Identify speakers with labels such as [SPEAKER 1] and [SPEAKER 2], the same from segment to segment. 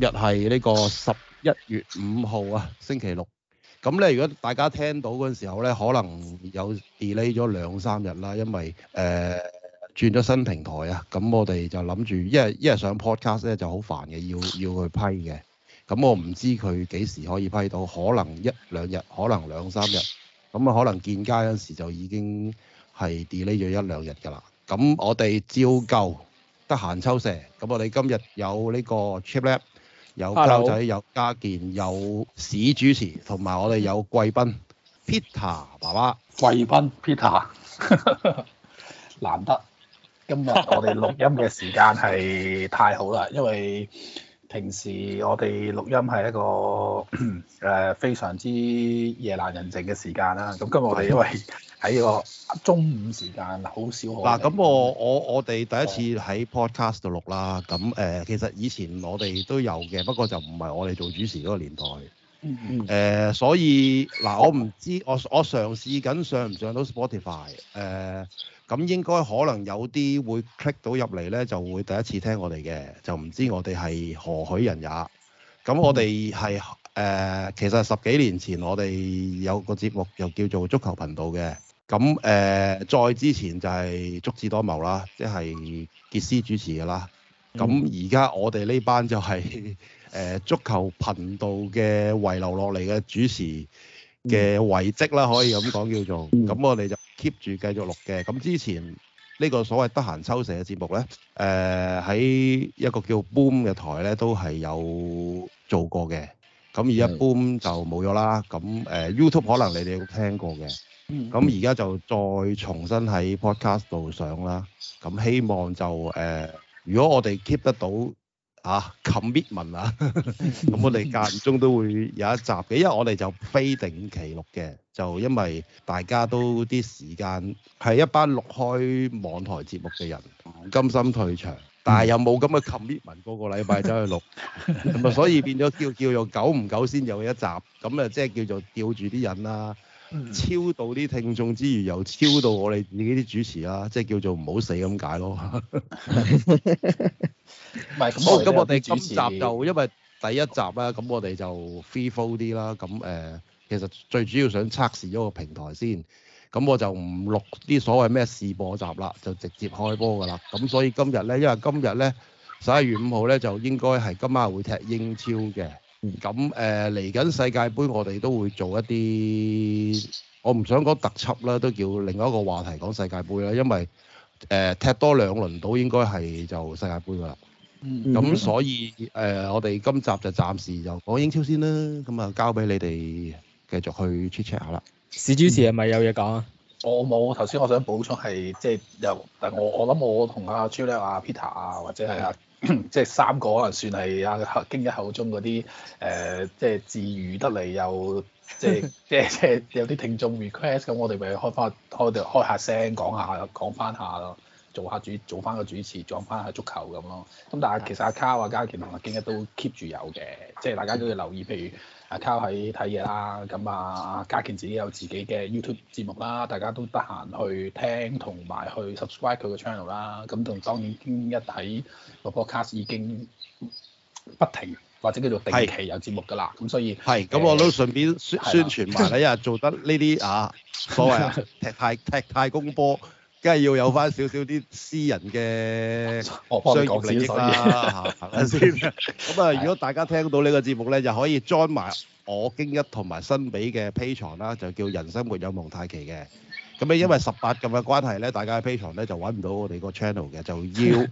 [SPEAKER 1] 今日係呢個十一月五號啊，星期六。咁咧，如果大家聽到嗰陣時候呢，可能有 delay 咗兩三日啦，因為誒、呃、轉咗新平台啊。咁我哋就諗住，一日一日上 podcast 咧就好煩嘅，要要去批嘅。咁我唔知佢幾時可以批到，可能一兩日，可能兩三日。咁啊，可能見街嗰陣時就已經係 delay 咗一兩日㗎啦。咁我哋照舊得閒抽射。咁我哋今日有呢個 Cheaplad。有 Karl 仔，有家健，有史主持，同埋我哋有貴賓 Peter 爸爸。貴賓 Peter，
[SPEAKER 2] 難得今日我哋錄音嘅時間係太好啦，因為平時我哋錄音係一個誒非常之夜闌人靜嘅時間啦。咁今日我哋因為喺個中午時間，好少。嗱
[SPEAKER 1] 咁、啊、我我我哋第一次喺 Podcast 度錄啦。咁、嗯、誒，其實以前我哋都有嘅，不過就唔係我哋做主持嗰個年代。嗯、呃、所以嗱、啊，我唔知我我嘗試緊上唔上到 Spotify、呃。誒，咁應該可能有啲會 click 到入嚟咧，就會第一次聽我哋嘅。就唔知我哋係何許人也。咁我哋係誒，其實十幾年前我哋有個節目，又叫做足球頻道嘅。咁誒、呃，再之前就係足智多謀啦，即係傑斯主持嘅啦。
[SPEAKER 3] 咁而
[SPEAKER 1] 家我哋呢班就係、是、誒、呃、足球頻道嘅遺留落嚟嘅主持嘅遺跡啦，可以咁講叫做。咁我哋就 keep 住繼續錄嘅。咁之前呢個所謂得閒抽秤嘅節目咧，誒、呃、喺一個叫 Boom 嘅台咧都係有做過嘅。咁而家「Boom」就冇咗啦。咁誒、呃、YouTube 可能你哋都聽過嘅。咁而家就再重新喺 Podcast 度上啦。咁希望就誒、呃，如果我哋 keep 得到啊，commitment 啊，咁、啊、 我哋間中都會有一集嘅。因為我哋就非定期錄嘅，就因為大家都啲時間係一班錄開網台節目嘅人，唔甘心退場，但係又冇咁嘅 commitment，個個禮拜走去錄，咁啊，所以變咗叫，叫叫做久唔久先有一集。咁啊，即係叫做吊住啲人啦。超到啲聽眾之餘，又超到我哋呢啲主持啦，即係叫做唔好死咁解咯。唔係咁好，咁我哋今集就因為第一集啦，咁我哋就 free flow 啲啦。咁誒、呃，其實最主要想測試咗個平台先。咁我就唔錄啲所謂咩試播集啦，就直接開波㗎啦。咁所以今日咧，因為今日咧十一月五號咧，就應該係今晚會踢英超嘅。咁誒嚟緊世界盃，我哋都會做一啲，我唔想講特輯啦，都叫另外一個話題講世界盃啦，因為誒、呃、踢多兩輪到應該係就世界盃啦。
[SPEAKER 3] 咁、嗯、所
[SPEAKER 1] 以誒、呃，我哋今集就暫時就講英超先啦。咁啊，交俾你哋繼續去 chat chat 下啦。史主持係咪有嘢講
[SPEAKER 2] 啊？我冇。頭先我想補充係即係由，但我我諗我同阿朱叻啊、Peter 啊或者係阿。即係三個可能算係阿京一口中嗰啲誒，即係自癒得嚟又即係 即係即係有啲聽眾 request 咁，我哋咪開翻開哋開下聲講下講翻下咯，做下主做翻個主持，撞翻下足球咁咯。咁但係其實阿卡阿家健同阿京一都 keep 住有嘅，即係大家都要留意，譬如。阿卡喺睇嘢啦，咁啊，家健自己有自己嘅 YouTube 節目啦，大家都得閒去聽同埋去 subscribe 佢嘅 channel 啦，咁同當然京一睇個 podcast 已經不停或者叫做定期有節目噶啦，咁是所以係咁我都順便宣、啊、宣傳埋你
[SPEAKER 1] 啊，做得呢啲啊所謂踢太踢太公波，梗係要有翻少少啲私人嘅商業利益啦嚇，咁啊，如果大家聽到呢個節目咧，就可以 join 埋我京一同埋新比嘅 Patreon 啦，就叫人生沒有蒙太奇嘅。咁咧因為十八禁嘅關係咧，大家喺 Patreon 咧就揾唔到我哋個 channel 嘅，就要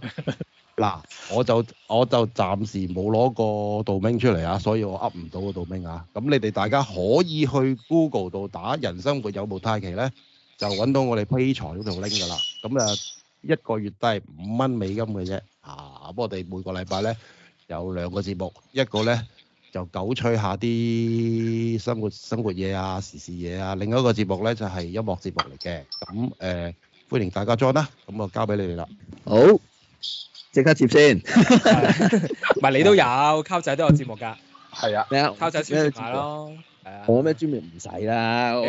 [SPEAKER 1] 嗱，我就我就暫時冇攞個 domain 出嚟啊，所以我噏唔到個 domain 啊。咁你哋大家可以去 Google 度打人生沒有蒙太奇咧，就揾到我哋批材嗰條拎噶啦，咁啊一個月都係五蚊美金嘅啫，吓，不過我哋每個禮拜咧有兩個節目，一個咧就狗吹下啲生活生活嘢啊、時事嘢啊，另外一個節目咧就係音樂節目嚟嘅，咁誒歡迎大家 join 啦，咁啊交俾你哋啦，好，
[SPEAKER 4] 即刻接先，唔係你都有，Karl 仔都有節目噶，係啊，
[SPEAKER 5] 咩啊，Karl 仔先唔啊，咯，
[SPEAKER 4] 我咩專門唔使啦，啲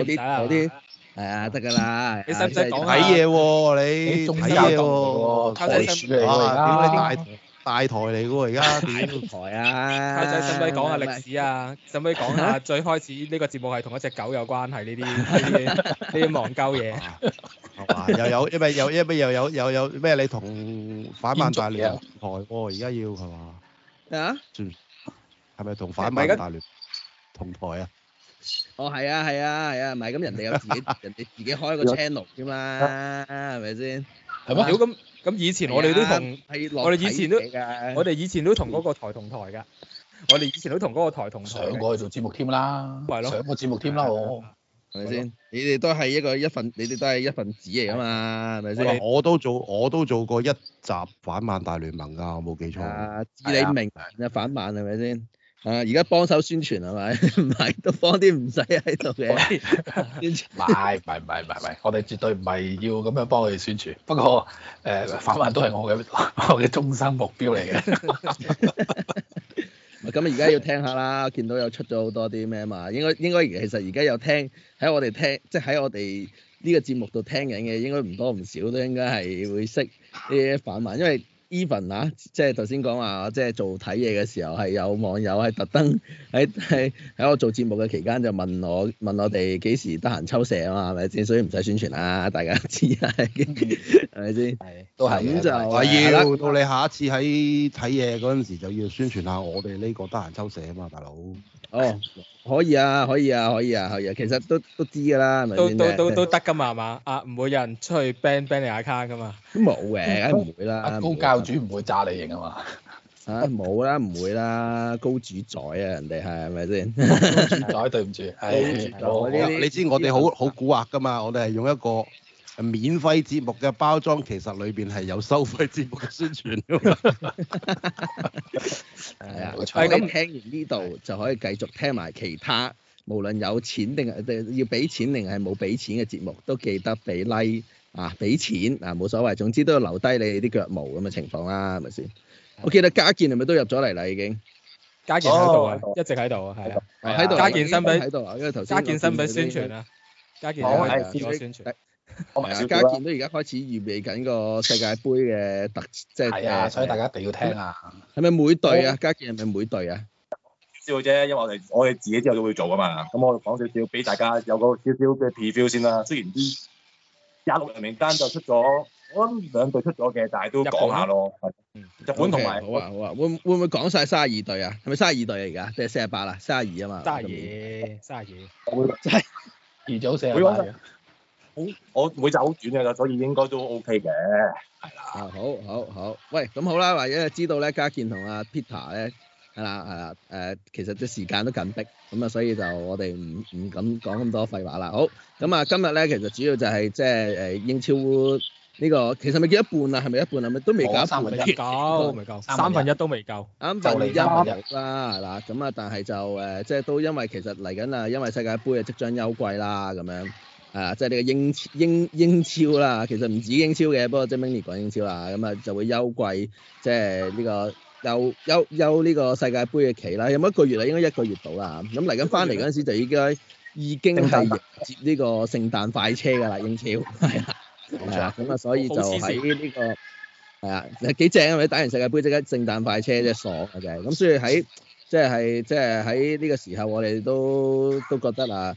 [SPEAKER 4] 我啲。係 啊，得㗎啦。你使唔使講嘢喎？你睇嘢喎，台嚟㗎。點解大大台
[SPEAKER 1] 嚟㗎？而家大台啊！使唔使講下歷
[SPEAKER 5] 史啊？使唔使講下最開始呢個節目係同一隻狗有關係呢啲呢啲呢啲忘鳩嘢
[SPEAKER 1] 係嘛？又有因為又因為又有又有咩？你反同反曼大聯台喎？而、哦、家要
[SPEAKER 4] 係嘛？啊？嗯，係咪同反曼大聯同台啊？哦，係啊，係啊，係啊，唔係咁，人哋有自己，人哋自己開個 channel 啫嘛，係咪先？係嘛？咁咁以前我哋都同係我哋以前都我哋
[SPEAKER 2] 以前都同嗰個台同台噶，我哋以前都同嗰個台同上過去做節目添啦，
[SPEAKER 4] 上個節目添啦，我係咪先？你哋都係一個一份，你哋都係一份子嚟噶嘛，
[SPEAKER 1] 係咪先？我都做我都做過一集反曼大聯盟噶，我冇記錯。啊，
[SPEAKER 4] 知你明反曼，係咪先？啊！而家幫手宣傳係咪？唔係都幫啲唔使喺度嘅宣傳。 唔係唔係唔係唔係，我哋絕對唔係要咁
[SPEAKER 2] 樣幫佢哋宣傳。不過誒、呃、反話都係我嘅我嘅終生目標嚟
[SPEAKER 4] 嘅。咁而家要聽下啦，見到有出咗好多啲咩嘛？應該應該其實而家有聽喺我哋聽，即係喺我哋呢個節目度聽緊嘅，應該唔多唔少都應該係會識啲反話，因為。Even 啊，即係頭先講話，即係做睇嘢嘅時候係有網友係特登喺喺喺我做節目嘅期間就問我問我哋幾時得閒抽射啊嘛係咪先？所以唔使宣傳啦，大家知啦，係咪先？係都係。咁 就話要到你下一次喺睇嘢嗰陣時就要宣傳下我哋呢個得閒抽射啊嘛，大佬。哦，可以啊，可以啊，可以啊，係啊，其實都都知噶啦，都都都都
[SPEAKER 5] 得噶嘛，係嘛？啊，唔會有人出去
[SPEAKER 2] ban ban 你下卡 c 噶嘛。咁
[SPEAKER 4] 冇嘅，梗唔會
[SPEAKER 2] 啦。高教主唔會炸你型啊嘛？
[SPEAKER 4] 啊冇啦，唔會啦，高主宰啊，人哋係，係咪先？高主
[SPEAKER 2] 宰對唔住，係。你知我哋好
[SPEAKER 1] 好蠱惑噶嘛？我哋係用一個。免費節目嘅包裝，其實裏邊係有收費節目嘅宣傳。
[SPEAKER 3] 係 啊，係、哎、咁
[SPEAKER 4] 聽完呢度就可以繼續聽埋其他，無論有錢定係要俾錢定係冇俾錢嘅節目，都記得俾 like 啊，俾錢啊，冇、哎、所謂，總之都要留低你啲腳毛咁嘅情況啦，係咪先？我記得嘉健係咪都入咗嚟啦已經？嘉健喺度啊，一直喺度啊，係喺度。嘉健新聞喺度啊，因為頭先嘉健新聞宣傳
[SPEAKER 5] 啊，嘉健新聞、啊、宣傳。 我咪家、啊、健
[SPEAKER 4] 都而家開始預備緊個世界盃嘅特，即係係啊，所以大家一定要聽啊！係咪每隊啊？家好健係咪每隊啊？
[SPEAKER 6] 少少啫，因為我哋我哋自己之後都會做噶嘛。咁我講少少俾大家有個少少嘅 preview 先啦。雖然啲廿六人名單就出咗，我諗兩隊出咗嘅，但係都講下咯。嗯，日本同埋。好
[SPEAKER 4] 啊好啊，會會唔會講晒三十二隊啊？係咪三十二隊啊？而家即係四十八啦，三十二啊嘛。三十
[SPEAKER 6] 二，
[SPEAKER 4] 三十二。會。二組四十八。我每集好短嘅，啦，所以應該都 OK 嘅，係啦。啊，好，好，好。喂，咁好啦，或者知道咧，家健同阿 Peter 咧，係啦，係啦，誒、呃，其實嘅時間都緊迫，咁啊，所以就我哋唔唔敢講咁多廢話啦。好，咁啊，今日咧其實主要就係即係誒英超呢、這個，其實咪叫一半啊，係咪一半啊？咪都未夠？三分一，夠咪夠，三分一都未夠。三分一六啦，係啦，咁啊，但係就誒、呃，即係都因為其實嚟緊啊，因為世界杯啊，即將休季啦，咁樣。啊，即係呢個英超、英英超啦，其實唔止英超嘅，不過即係 Minny 講英超啦，咁啊就會休季，即係呢個休休休呢個世界盃嘅期啦，有乜一個月啊？應該一個月到啦，咁嚟緊翻嚟嗰陣時就應該已經係迎接呢個聖誕快車噶啦，英超係啊，冇錯，咁啊，所以就喺呢個係啊，幾正啊！你打完世界盃即刻聖誕快車，即係爽嘅。咁、嗯、所以喺即係即係喺呢個時候我哋都都覺得啊。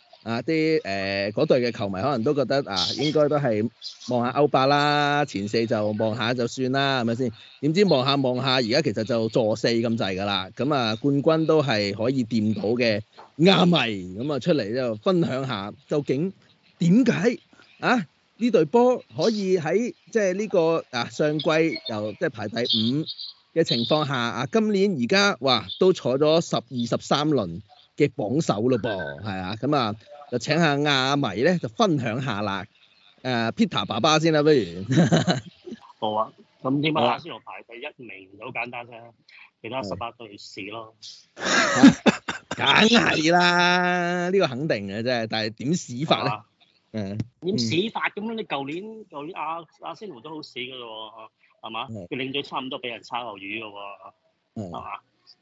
[SPEAKER 4] 啊！啲誒嗰隊嘅球迷可能都覺得啊，應該都係望下歐霸啦，前四就望下就算啦，係咪先？點知望下望下，而家其實就坐四咁滯噶啦。咁啊，冠軍都係可以掂到嘅亞迷咁啊，出嚟就分享下究竟點解啊呢、啊、隊波可以喺即係呢個啊上季又即係排第五嘅情況下啊，今年而家哇都坐咗十二十三輪嘅榜首咯噃，係啊咁啊～啊啊就請下亞迷咧，就分享下啦。誒、呃、Peter 爸爸先啦、啊，不如。我 啊，咁點解阿仙
[SPEAKER 7] 奴排第一名嘅？好簡單啫，其他十八隊屎咯。
[SPEAKER 4] 梗係啦，呢、呢個肯定嘅啫。但係點屎法咧？誒、啊。點、嗯、屎
[SPEAKER 7] 法咁咧？你舊年舊年阿阿仙奴都好屎嘅喎、啊，係嘛？佢是領隊差唔多俾人炒魷魚嘅喎、啊。嗯。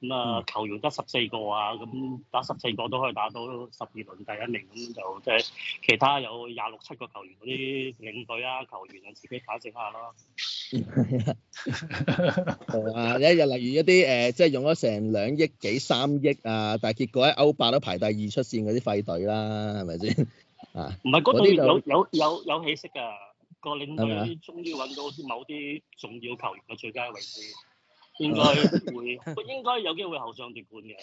[SPEAKER 7] 咁啊，嗯、球員得十四個啊，咁打十四個都可以打到十二輪第一名，咁就即係其他有廿六七個球員嗰啲領隊啊，球員
[SPEAKER 3] 啊自己解釋下咯。
[SPEAKER 4] 係啊、 嗯，一日例如一啲誒、呃，即係用咗成兩億幾三億啊，但係結果喺歐霸都排第二出線嗰啲廢隊啦，係咪先啊？唔係嗰啲有有
[SPEAKER 7] 有有，有起色㗎，個領隊終於搵到某啲重要球員嘅最佳位置。應該會，應
[SPEAKER 4] 該有機會後上奪冠嘅。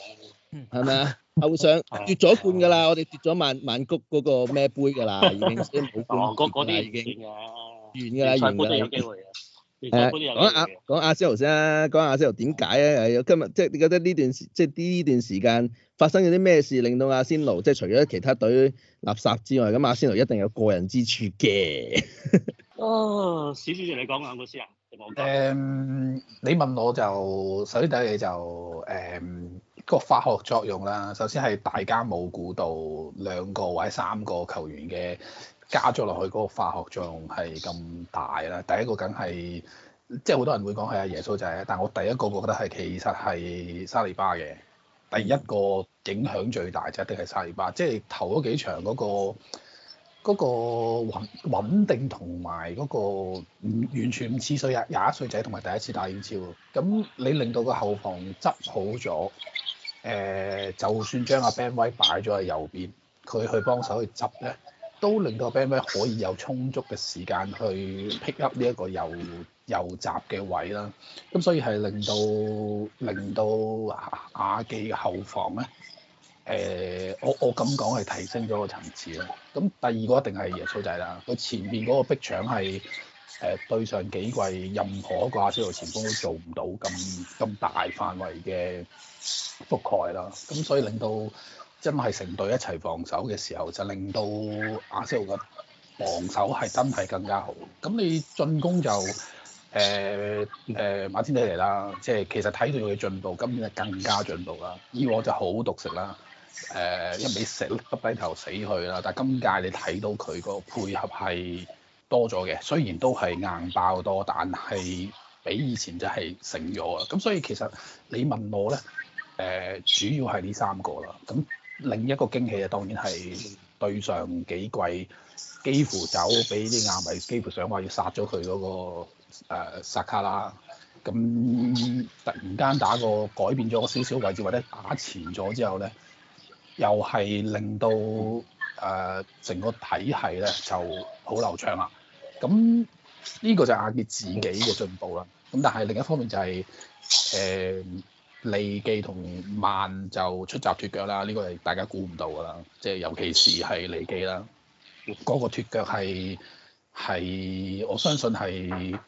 [SPEAKER 4] 係咪啊？後上奪咗冠噶啦，我哋奪咗曼曼谷嗰個咩杯噶啦，已經冇冠啦。哦，嗰嗰啲已經嘅。
[SPEAKER 3] 完
[SPEAKER 4] 噶啦，完噶啦。其實嗰啲有機會啊。誒，講阿講阿仙奴先啦，講阿仙奴點解咧？今日即係你覺得呢段即係呢段時間發生咗啲咩事，令到阿仙奴即係除咗其他隊垃圾之外，咁阿仙奴一定有個人之處嘅。哦，
[SPEAKER 3] 史
[SPEAKER 7] 主持你講有冇先啊？
[SPEAKER 4] 誒、嗯，你問我就首先
[SPEAKER 2] 第一嘢就誒、是嗯那個化學作用啦。首先係大家冇估到兩個或者三個球員嘅加咗落去嗰個化學作用係咁大啦。第一個梗係即係好多人會講係阿耶穌仔，但我第一個覺得係其實係沙利巴嘅。第一個影響最大就一定係沙利巴，即係頭嗰幾場嗰、那個。嗰個穩穩定同埋嗰個唔完全唔似歲廿廿一歲仔同埋第一次打英超，咁你令到個後防執好咗，誒、呃，就算將阿 Ben 威擺咗喺右邊，佢去幫手去執咧，都令到 Ben 威可以有充足嘅時間去 pick up 呢一個右右閘嘅位啦，咁所以係令到令到亞亞記嘅後防咧。誒、呃，我我咁講係提升咗個層次啦。咁第二個一定係耶穌仔啦。佢前面嗰個逼搶係，誒對上幾季任何一個阿仙奴前鋒都做唔到咁咁大範圍嘅覆蓋啦。咁所以令到真係成隊一齊防守嘅時候，就令到阿仙奴嘅防守係真係更加好。咁你進攻就誒誒、呃呃、馬天尼嚟啦。即係其實睇到佢嘅進步，今年係更加進步啦。以往就好獨食啦。誒、呃、一味食甩低頭死去啦！但係今屆你睇到佢個配合係多咗嘅，雖然都係硬爆多，但係比以前就係醒咗啦。咁所以其實你問我咧，誒、呃、主要係呢三個啦。咁另一個驚喜啊，當然係對上幾季幾乎走俾啲亞迷，幾乎想話要殺咗佢嗰個誒、呃、薩卡啦。咁突然間打個改變咗個少少位置，或者打前咗之後咧。又係令到誒成、呃、個體系咧就好流暢啦。咁呢、這個就阿杰自己嘅進步啦。咁但係另一方面就係、是、誒、呃、利記同曼就出閘脫腳啦。呢、這個係大家估唔到㗎啦。即係尤其是係利記啦，嗰、那個脫腳係係我相信係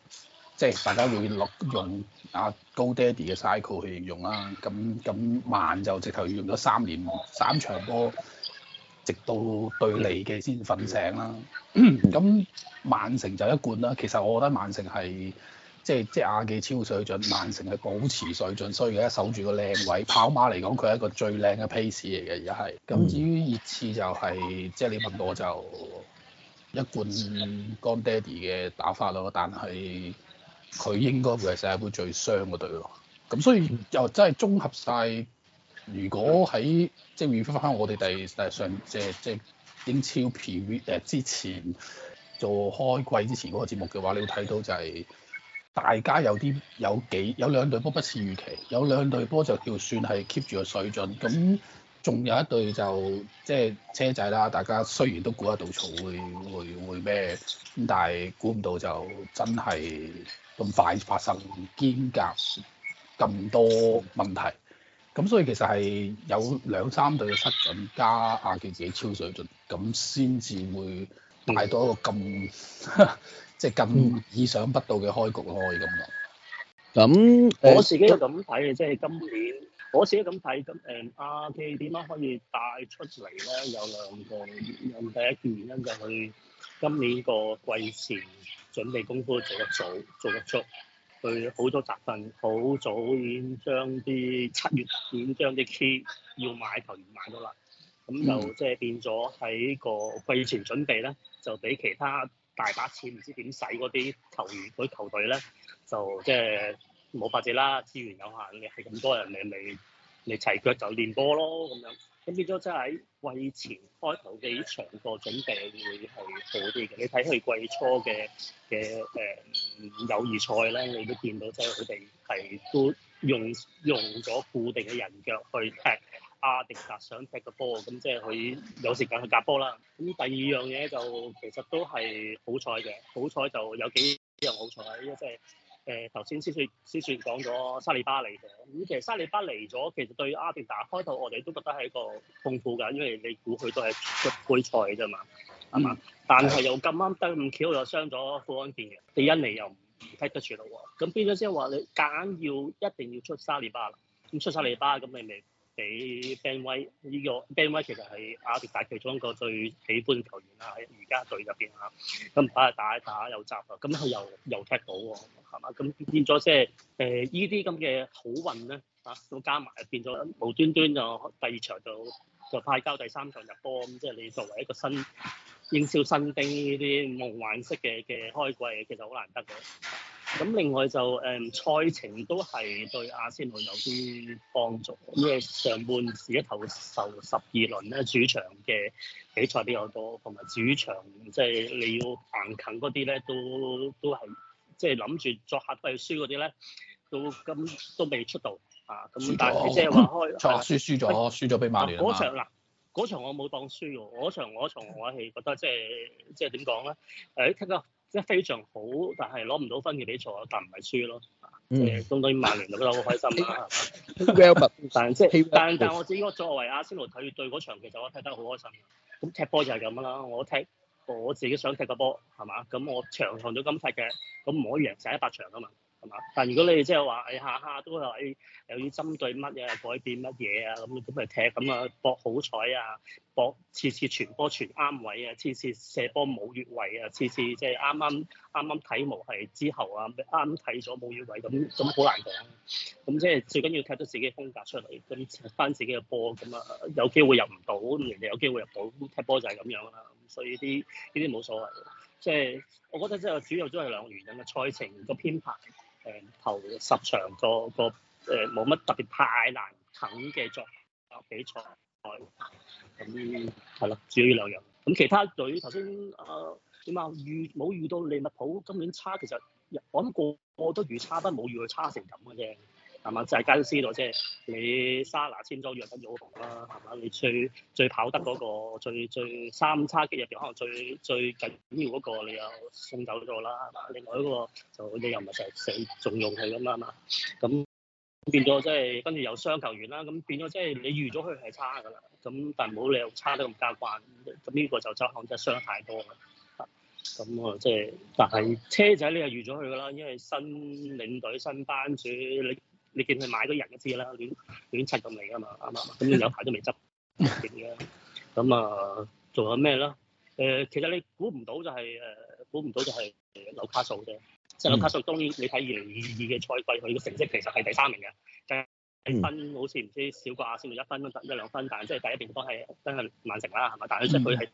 [SPEAKER 2] 即係大家會錄用。啊。高爹哋嘅 cycle 去形容啦，咁咁慢就直頭用咗三年三場波，直到對你嘅先瞓醒啦。咁曼城就一貫啦，其實我覺得曼城係即係即係亞記超水準，曼城係保持水準，所以而家守住個靚位跑馬嚟講，佢係一個最靚嘅 pace 嚟嘅而家係。咁至於熱刺就係、是、即係你問我就一貫乾爹哋嘅打法咯，但係。佢應該會係世界盃最傷嗰隊咯。咁所以又真係綜合晒，如果喺即係回覆翻我哋第第上即係即係英超 period 誒之前做開季之前嗰個節目嘅話，你會睇到就係大家有啲有幾有兩隊波不似預期，有兩隊波就叫算係 keep 住個水準。咁仲有一隊就即係車仔啦。大家雖然都估得到草會會會咩咁，但係估唔到就真係。咁快發生兼夾咁多問題，咁所以其實係有兩三隊嘅失準加阿記自己超水準，咁先至會帶到一個咁即係咁意想不到嘅開局咯，可以咁講。咁我自己都咁睇嘅即
[SPEAKER 7] 係今年，我自己咁睇咁誒阿記點樣可以帶出嚟咧？有兩個原因。第一件原因就係佢今年個季前。準備功夫做得早，做得足。佢好多集訓，好早已經將啲七月已經將啲 key 要買球員買咗啦。咁就即係變咗喺個季前準備咧，就俾其他大把錢唔知點使嗰啲球員嗰啲球隊咧，就即係冇法子啦。資源有限嘅，係咁多人你咪嚟齊腳就練波咯咁樣。咁變咗即係喺季前開頭嘅呢場個準備會係好啲嘅。你睇佢季初嘅嘅誒友誼賽咧，你都見到即係佢哋係都用用咗固定嘅人腳去踢阿、啊、迪達想踢嘅波，咁即係佢有時間去夾波啦。咁第二樣嘢就其實都係好彩嘅，好彩就有幾樣好彩，因為即係。誒頭先先講先講講咗沙利巴嚟嘅，咁其實沙利巴嚟咗，其實對阿迪達開頭我哋都覺得係一個痛苦㗎，因為你估佢都係出杯賽㗎啫嘛，係嘛、嗯？但係又咁啱得咁巧又傷咗富安健嘅，李恩利又唔踢得住啦喎，咁變咗即係話你夾硬要一定要出沙利巴啦，咁出沙利巴咁你未？俾 Ben White 呢個 Ben White 其實係阿迪達其中一個最喜歡球員啦，喺而家隊入邊啊，咁打下打下又集啊，咁係又又踢到喎，係嘛？咁變咗即係誒呢啲咁嘅好運咧嚇都加埋，變咗無端端就第二場就就派膠，第三場入波，咁即係你作為一個新英超新丁呢啲夢幻式嘅嘅開季，其實好難得嘅。咁另外就誒、嗯、賽程都係對阿仙奴有啲幫助，因為上半時一頭受十二輪咧主場嘅比賽比較多，同埋主場即係、就是、你要行近嗰啲咧，都都係即係諗住作客費輸嗰啲咧，都咁都未出道。
[SPEAKER 2] 啊！咁但係即係話開，錯輸了、哎、輸咗，輸咗俾馬聯啊！嗰場嗱，
[SPEAKER 7] 嗰場我冇當輸嘅，我場,場我場我,場我覺得即係即係點講咧？誒、哎，聽啊！即係非常好，但係攞唔到分嘅比賽，但唔係輸咯。嗯，
[SPEAKER 3] 即係
[SPEAKER 7] 相當於曼聯嗰粒好開心啦。 但即係，但但我自己作為阿仙奴隊對嗰場，其實我踢得好開心。咁踢波就係咁啦，我踢我自己想踢嘅波係嘛？咁我長創咗金踢嘅，咁唔可以贏曬一百場啊嘛。係嘛？但如果你即係話誒下下都話誒、哎、又要針對乜嘢、啊、改變乜嘢啊，咁咁嚟踢咁啊，搏好彩啊，搏次次傳波傳啱位啊，次次射波冇越位啊，次次即係啱啱啱啱睇慢鏡之後啊，啱啱睇咗冇越位咁，咁好難講、啊。咁即係最緊要踢到自己風格出嚟，咁踢翻自己嘅波，咁啊有機會入唔到，人哋有機會入到，踢波就係咁樣啦、啊。所以啲呢啲冇所謂，即、就、係、是、我覺得即係主要都係兩個原因啊，賽程個編排。誒頭十場個個，誒冇乜特別太難啃嘅作比賽賽，咁係啦，主要呢兩樣。咁其他隊頭先啊點啊遇冇遇到利物浦今年差，其實我諗個個都遇差預差得冇預佢差成咁嘅啫。係嘛？大家都知道即係你沙拿簽咗約跟好紅啦，係嘛？你最最跑得嗰、嗰個、最最三叉戟入邊可能最最緊要嗰個，你又送走咗啦，係嘛？另外一個就你又唔係成成仲用佢㗎嘛，係嘛？咁變咗即係跟住有傷球員啦，咁變咗即係你預咗佢係差㗎啦。咁但係唔好你差得咁加慣，咁呢個就走真係傷太多啦。咁啊，即、嗯、係、就是、但係車仔你又預咗佢㗎啦，因為新領隊、新班主你。你見佢買咗人一次啦，亂亂七咁嚟啊嘛，啱唔啱咁有排都未執型嘅，咁啊，仲有咩咯？誒、呃，其實你估唔到就係、是、誒，估唔到就係紐卡素啫。即係、嗯、紐卡素，當然你睇二零二二嘅賽季，佢嘅成績其實係第三名嘅，計、就是、分好似唔知少啩，少咗一分都得一兩分，但係即係第一邊方係真係曼城啦，係咪？但係即係佢係。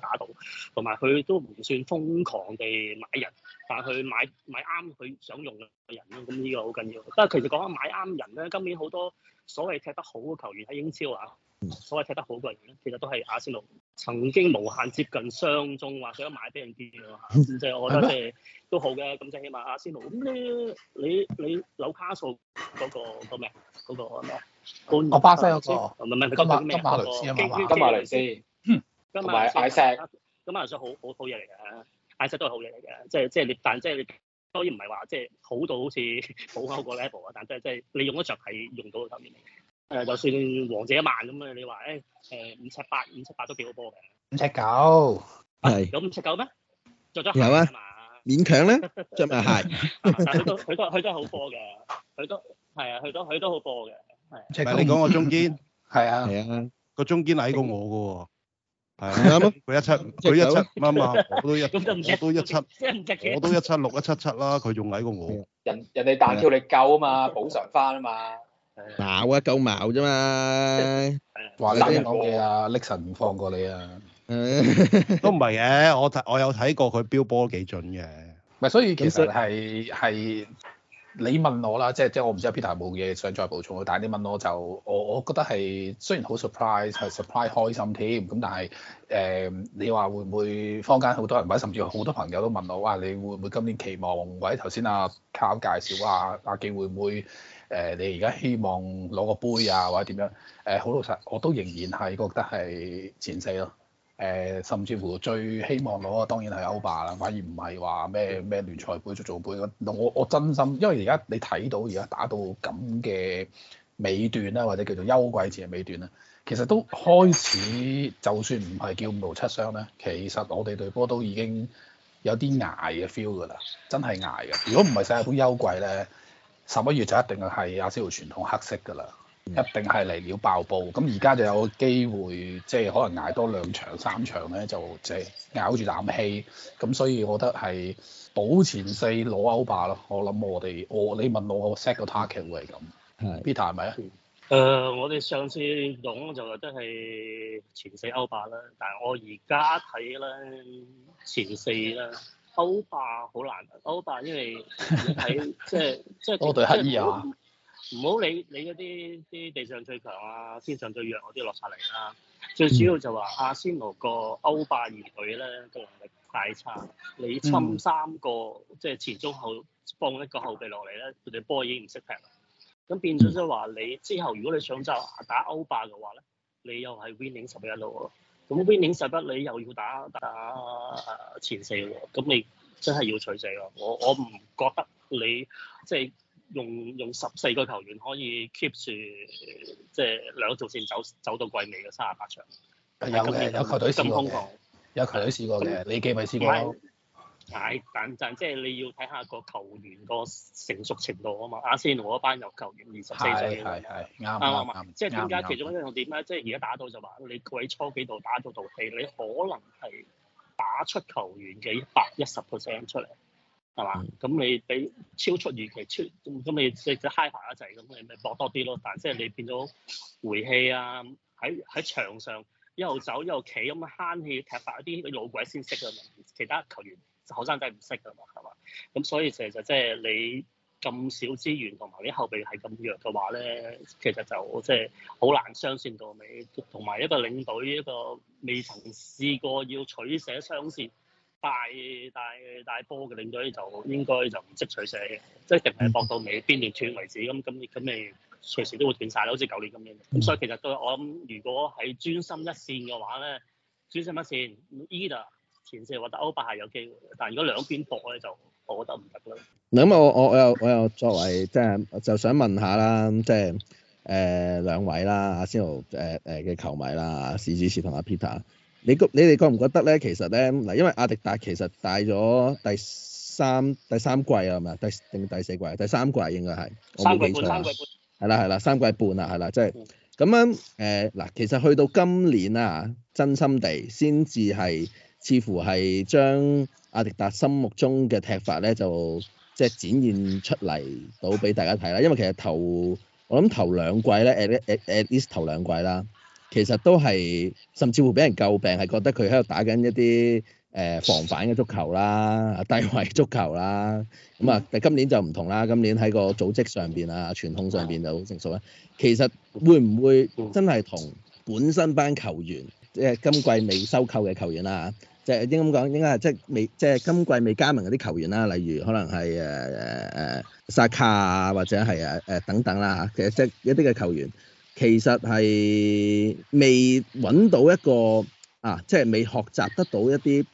[SPEAKER 7] 打到，同埋佢都唔算瘋狂地買人，但係佢買買啱佢想用嘅人咯。咁呢個好緊要。不過其實講緊買啱人咧，今年好多所謂踢得好嘅球員喺英超啊，所謂踢得好嘅人咧，其實都係阿仙奴曾經無限接近相中，或者想買俾人啲嘅嚇。即係我覺得即係嗎都好嘅。咁即係起碼阿仙奴。咁你你你紐卡素嗰個咩？嗰個咩？我巴西嗰個。唔係今今日雷斯。咁啊，大石，咁啊，所以好好好嘢嚟嘅，大石都係好嘢嚟嘅，即係即係你，但即係你當然唔係話即係好到好似好高個 level 啊，但即係即係你用得著係用到嘅級別。誒，就算王者一萬咁啊，你話誒誒五尺八、五尺八都幾好波
[SPEAKER 4] 嘅。五尺九，係。
[SPEAKER 7] 有五尺九咩？著咗鞋
[SPEAKER 4] 啊嘛，勉強咧。著埋鞋。佢都佢
[SPEAKER 7] 都佢都係好波嘅，佢都係啊，佢都佢都好波
[SPEAKER 1] 嘅。係你講個中堅，係啊，個中堅矮過我嘅喎。係啊，佢 一七，佢一七，啱啊，我都一七 我都一七，我都一七六一七七啦，佢仲矮過我
[SPEAKER 5] 人。人人哋彈跳力夠啊嘛，補償翻啊嘛。
[SPEAKER 1] 矛 啊，夠矛啫嘛！話齋講嘢
[SPEAKER 2] 啊 Nixon
[SPEAKER 1] 唔放過你啊。 都唔係嘅，我睇我有睇過佢標波幾準嘅。
[SPEAKER 2] 唔係，所以其實係係。你問我啦，即係即係我唔知啊 Peter 冇嘢想再補充，但係你問我就，我我覺得係雖然好 surprise，係 surprise 開心添，咁但係誒、呃，你話會唔會坊間好多人或者甚至好多朋友都問我，哇，你會唔會今年期望或者頭先阿 Karl 介紹啊阿記會唔會誒、呃，你而家希望攞個杯啊或者點樣？誒、呃，好老實，我都仍然係覺得係前四咯。誒，甚至乎最希望攞嘅，當然係歐霸啦，反而唔係話咩咩聯賽杯、足總杯。我我真心，因為而家你睇到而家打到咁嘅尾段啦，或者叫做休季前嘅尾段啦，其實都開始就算唔係叫五勞七傷咧，其實我哋隊波都已經有啲捱嘅 feel 㗎啦，真係捱嘅。如果唔係世界杯休季咧，十一月就一定係阿仙奴傳統黑色㗎啦。一定係嚟料爆煲，咁而家就有機會，即係可能捱多兩場三場咧，就即係咬住啖氣，咁所以我覺得係保前四攞歐霸咯。我諗我哋，我你問我我 set 個 target 會係咁。Peter 係咪啊？
[SPEAKER 3] 誒，
[SPEAKER 7] 我哋是、呃、上次講就都係前四歐霸啦，但係我而家睇咧前四咧歐霸好難，歐霸因為喺即係即係，我對黑衣啊！唔好理你嗰啲啲地上最強啊，天上最弱嗰啲落晒嚟啦。
[SPEAKER 3] 最主要
[SPEAKER 7] 就話阿仙奴個歐霸二隊咧，個能力太差，你侵三個即係、就是、前中後放一個後備落嚟咧，佢哋波已經唔識踢啦。咁變咗即係話你之後如果你想就打歐霸嘅話咧，你又係 winning 十一咯。咁 winning 十一你又要打打前四喎，咁你真係要取死咯。我我唔覺得你即係。就是用用十四個球員可以 keep 住即係兩條線走走到季尾嘅三十八場，
[SPEAKER 3] 有嘅有球
[SPEAKER 2] 隊試過，有球隊試過嘅，你幾位試過。
[SPEAKER 7] 唉，等等，即係你要睇下個球員個成熟程度啊嘛。阿仙奴嗰班有球員二十四歲
[SPEAKER 3] 嘅人，啱唔啱？即係點解其中
[SPEAKER 7] 一樣點咧？即係而家打到就話你喺初幾度打咗度氣，你可能係打出球員嘅一百一十 percent 出嚟。係嘛？咁、嗯、你俾超出預期超咁，你即係即係 high 翻一陣，咁你咪搏多啲咯。但係即係你變咗回氣啊！喺喺場上一路走一路企咁慳氣，踢法啲老鬼先識啊嘛，其他球員後生仔唔識啊嘛，係嘛？咁所以其實即係你咁少資源同埋你後備係咁弱嘅話咧，其實就即係好難雙線到尾，同埋一個領隊一個未曾試過要取捨雙線。大大大波嘅領隊就應該就唔識取捨嘅，即係定係搏到尾邊段斷為止。咁咁咁咪隨時都會斷晒咯。好似舊年咁樣。咁所以其實對我諗，如果喺專心一線嘅話咧，專心一線 e d 前四或者歐霸係有機會，但係如果兩邊搏咧，就我覺得唔得
[SPEAKER 4] 咯。嗱咁我有我我又我又作為即係就是就是、想問下啦，即係誒兩位啦，阿、啊、仙奴誒誒嘅球迷啦、啊，史主持同阿 Peter。你覺你哋覺唔覺得咧？其實咧嗱，因為阿迪達其實帶咗第三第三季啊，係咪啊？第定第四季？第三季啊，應該係。我冇記錯，三
[SPEAKER 3] 季
[SPEAKER 4] 半。係啦係啦，三季半啊係啦，即係咁樣誒嗱，其實去到今年啊，真心地先至係似乎係將阿迪達心目中嘅踢法咧，就即係展現出嚟到俾大家睇啦。因為其實頭我諗頭兩季咧，誒誒誒，at least 頭兩季啦。其實都係，甚至乎俾人詬病，係覺得佢喺度打緊一啲誒防反嘅足球啦，低位足球啦。咁啊，但今年就唔同啦，今年喺個組織上邊啊，傳控上邊就好成熟啦。其實會唔會真係同本身班球員，即係今季未收購嘅球員啦，即係應該咁講，應該係即係未即係今季未加盟嗰啲球員啦，例如可能係誒誒誒沙卡啊，或者係啊誒等等啦嚇。其實即係一啲嘅球員。其實係未揾到一個啊，即係未學習得到一啲誒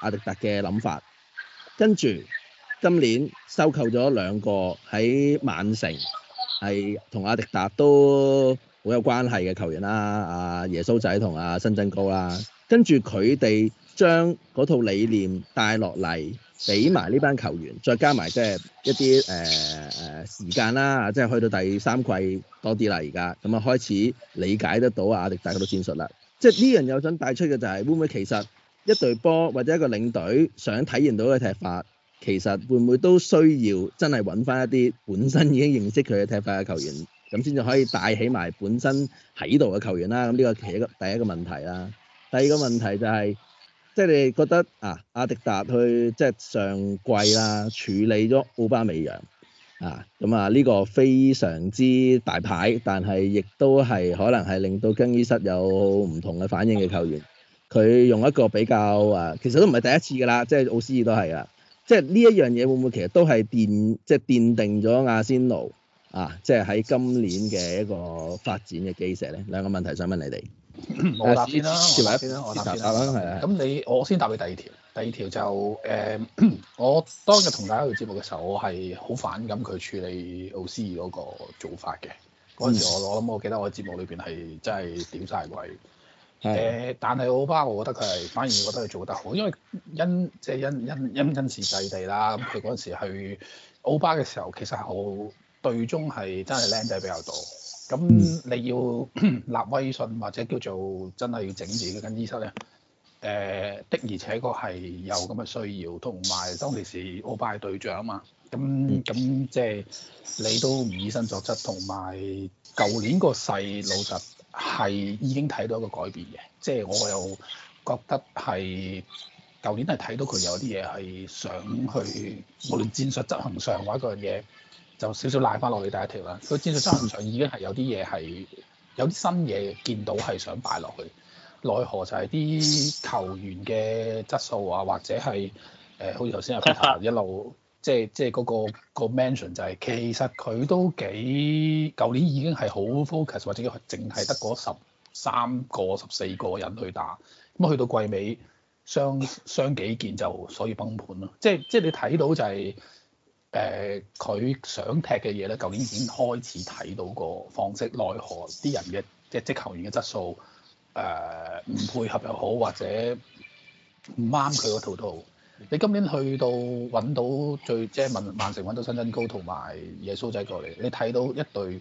[SPEAKER 4] 阿迪達嘅諗法，跟住今年收購咗兩個喺曼城係同阿迪達都好有關係嘅球員啦，阿耶穌仔同阿新振高啦，跟住佢哋將嗰套理念帶落嚟。俾埋呢班球員，再加埋即係一啲誒誒時間啦，即係去到第三季多啲啦，而家咁啊開始理解得到阿迪大嘅戰術啦。即係呢樣有想帶出嘅就係、是、會唔會其實一隊波或者一個領隊想體驗到嘅踢法，其實會唔會都需要真係揾翻一啲本身已經認識佢嘅踢法嘅球員，咁先至可以帶起埋本身喺度嘅球員啦。咁呢個第一個第一個問題啦，第二個問題就係、是。即係你覺得啊，阿迪達去即係、就是、上季啦，處理咗奧巴美揚啊，咁啊呢個非常之大牌，但係亦都係可能係令到更衣室有唔同嘅反應嘅球員。佢用一個比較啊，其實都唔係第一次㗎啦，即、就、係、是、奧斯爾都係啊。即係呢一樣嘢會唔會其實都係奠即係奠定咗阿仙奴啊，即係喺今年嘅一個發展嘅基石咧。兩個問題想問你哋。
[SPEAKER 3] 我答先啦、啊，我答先啦、啊，我答啦，係啊。咁、啊、
[SPEAKER 4] 你我先答你第二條。第二條就誒、呃，我當日同大
[SPEAKER 2] 家做節目嘅時候，我係好反感佢處理奧斯嗰個做法嘅。嗰陣時我我諗我記得我喺節目裏邊係真係屌晒鬼。誒、呃，但係奧巴，我覺得佢係反而覺得佢做得好，因為因即係、就是、因因因因，因時那那時制地啦。咁佢嗰陣時去奧巴嘅時候，其實係好對中係真係靚仔比較多。咁、嗯、你要 立威信或者叫做真係要整治己間醫室咧？誒、呃、的而且確係有咁嘅需要，同埋當其時奧巴係隊長啊嘛。咁咁即係你都唔以身作則，同埋舊年個細老實係已經睇到一個改變嘅。即、就、係、是、我又覺得係舊年係睇到佢有啲嘢係想去無論戰術執行上或者樣嘢。就少少賴翻落去第一條啦。佢戰術執行上已經係有啲嘢係有啲新嘢見到係想擺落去，奈何就係啲球員嘅質素啊，或者係誒、呃、好似頭先阿 Peter 一路即係即係、那、嗰個個 mention 就係、是、其實佢都幾舊年已經係好 focus 或者係淨係得嗰十三個十四個人去打，咁啊去到季尾雙雙幾件就所以崩盤咯。即係即係你睇到就係、是。誒佢、呃、想踢嘅嘢咧，究竟已經開始睇到個方式，奈何啲人嘅即係職球員嘅質素誒唔、呃、配合又好，或者唔啱佢嗰套都好。你今年去到揾到最即係曼曼城揾到新增高同埋耶穌仔過嚟，你睇到一隊誒、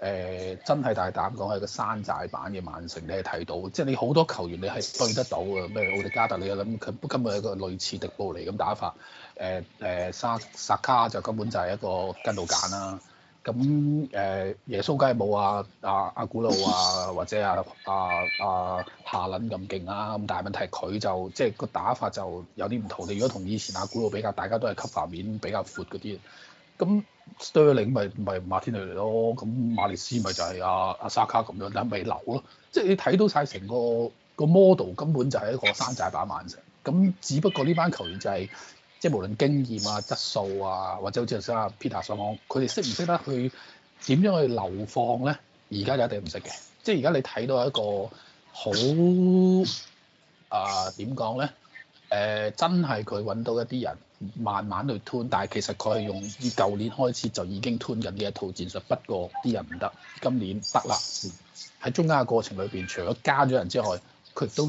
[SPEAKER 2] 呃、真係大膽講係個山寨版嘅曼城，你係睇到，即係你好多球員你係對得到嘅，咩奧迪加特你又諗佢，不根本係一個類似迪布尼咁打法。誒誒，沙沙卡就根本就係一個筋度揀啦。咁誒，耶穌梗係冇啊，阿阿、uh, 啊啊啊、古魯啊，或者阿啊啊，啊夏撚咁勁啦。咁但係問題佢就即係、就是、個打法就有啲唔同。你如果同以前阿古魯比較，大家都係吸發面比較，比較闊嗰啲。咁 Stirling 咪咪馬天尼嚟咯。咁馬利斯咪就係阿阿沙卡咁樣，但係咪流咯？即、就、係、是、你睇到晒成個個 model 根本就係一個山寨版曼城。咁只不過呢班球員就係、是。即係無論經驗啊、質素啊，或者好似阿 Peter 所講，佢哋識唔識得去點樣去流放咧？而家就一定唔識嘅。即係而家你睇到一個好啊，點講咧？誒、呃呃，真係佢揾到一啲人慢慢去吞，但係其實佢係用以舊年開始就已經吞緊呢一套戰術。不過啲人唔得，今年得啦。喺中間嘅過程裏邊，除咗加咗人之外，佢都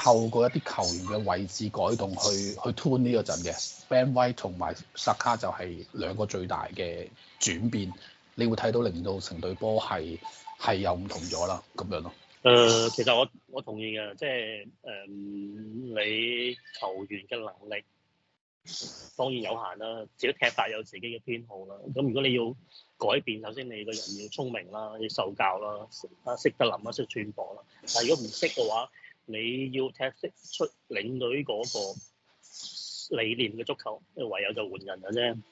[SPEAKER 2] 透過一啲球員嘅位置改動去去攤呢個陣嘅 Ben White 同埋 Saka 就係兩個最大嘅轉變，你會睇到令到成隊波係係又唔同咗啦，咁樣咯。誒、呃，其實
[SPEAKER 7] 我我同意嘅，即係誒、呃、你球員嘅能力當然有限啦，自己踢法有自己嘅偏好啦。咁如果你要改變，首先你個人要聰明啦，要受教啦，啊識得諗啦，識轉播啦。但係如果唔識嘅話，你要踢出領隊嗰個理念嘅足球，唯有就換人嘅啫。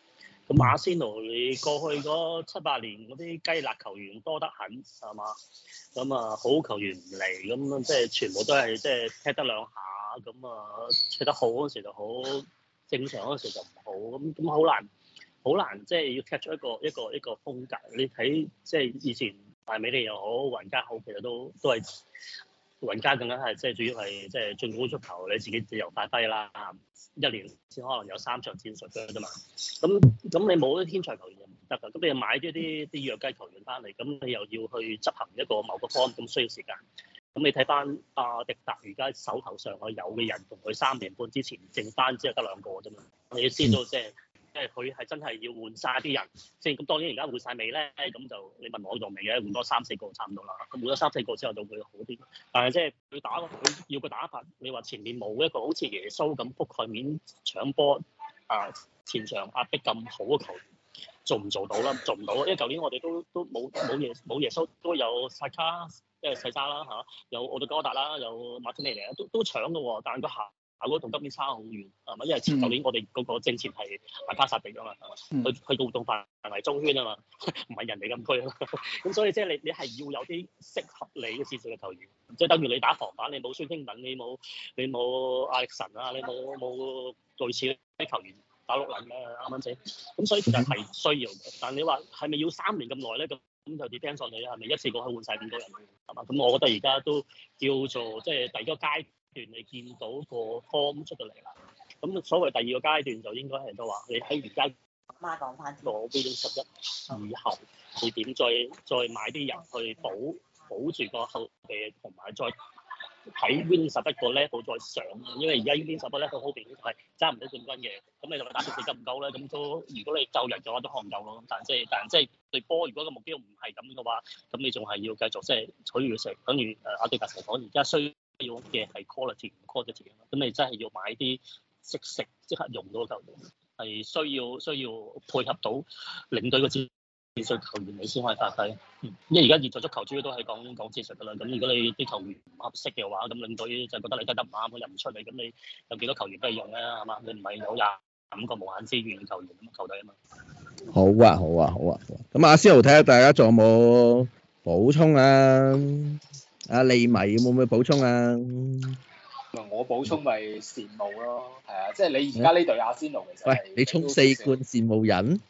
[SPEAKER 7] 咁阿仙奴，你過去嗰七八年嗰啲雞肋球員多得很，係嘛？咁啊，好球員唔嚟，咁樣即係全部都係即係踢得兩下，咁啊，踢得好嗰陣時就好，正常嗰陣時就唔好，咁咁好難，好難即係要踢出一個一個一個風格。你睇即係以前大美利又好，雲加好，其實都都係。雲加更加係，即係主要係即係進攻足球，你自己自由發揮啦。一年先可能有三場戰術㗎啫嘛。咁咁你冇啲天才球員就唔得㗎。咁你又買咗啲啲弱雞球員翻嚟，咁你又要去執行一個某個方案，咁需要時間。咁你睇翻阿迪達，而家手頭上我有嘅人，同佢三年半之前剩翻只有得兩個㗎啫嘛。你要知道即係。即係佢係真係要換晒啲人即係咁，咁當然而家換晒未咧，咁就你問我仲未嘅，換多三四個差唔多啦，咁換咗三四個之後就會好啲。但係即係佢打，佢要個打法，你話前面冇一個好似耶穌咁覆蓋面搶波啊，前場壓逼咁好嘅球，做唔做到啦？做唔到，因為舊年我哋都都冇冇耶冇耶穌，都有薩卡，即係細沙啦嚇、啊，有奧特加達啦，有馬天尼尼啊，都都搶嘅喎，但係個行。嗱，嗰個同今年差好遠，係咪？因為前舊年我哋嗰個政策係賣花殺地啊嘛，係咪？去到活動範圍中圈啊嘛，唔 係人哋咁區，咁 所以即係你你係要有啲適合你嘅線索嘅球員，即係等於你打防反，你冇孫興敏，你冇你冇艾歷臣啊，你冇冇類似啲球員打六輪嘅啱唔啱先？咁所以其實係需要，但係你話係咪要三年咁耐咧？咁就 depend on 你係咪一次過去換晒咁多人啊？係咪？咁我覺得而家都叫做即係第一個階。段你見到個 form 出到嚟啦，咁所謂第二個階段就應該係都話，你喺而家攞 win 十一以後，你點再再買啲人去保保住個後備，同埋再喺 win 十一個 level 再上，因為而家依 win 十一個 level 後邊係爭唔到冠軍嘅，咁你同佢打到四級唔夠咧，咁都如果你救人嘅話都救唔到咯。但即係但即係對波，如果個目標唔係咁嘅話，咁你仲係要繼續即係取餘嘅成，等住誒阿迪格成講，而家需。用嘅係 quality 唔 quality 啊嘛，咁你真係要買啲即食即刻用到嘅球員，係需要需要配合到領隊個戰術球員，你先可以發揮。嗯，因為而家現代足球主要都係講講戰術噶啦，咁如果你啲球員唔合適嘅話，咁領隊就覺得你得唔得啊？入唔出嚟？咁你有幾多球員可以用咧？係嘛，你唔係有廿五個無限資源嘅球員咁球隊啊嘛。
[SPEAKER 4] 好啊好啊好啊，咁阿思豪睇下大家仲有冇補充啊？阿利迷有冇咩補充啊？
[SPEAKER 5] 我補充咪羨慕咯，係啊，即係你而家呢隊阿仙奴其實，喂，你衝四
[SPEAKER 4] 冠羨慕人？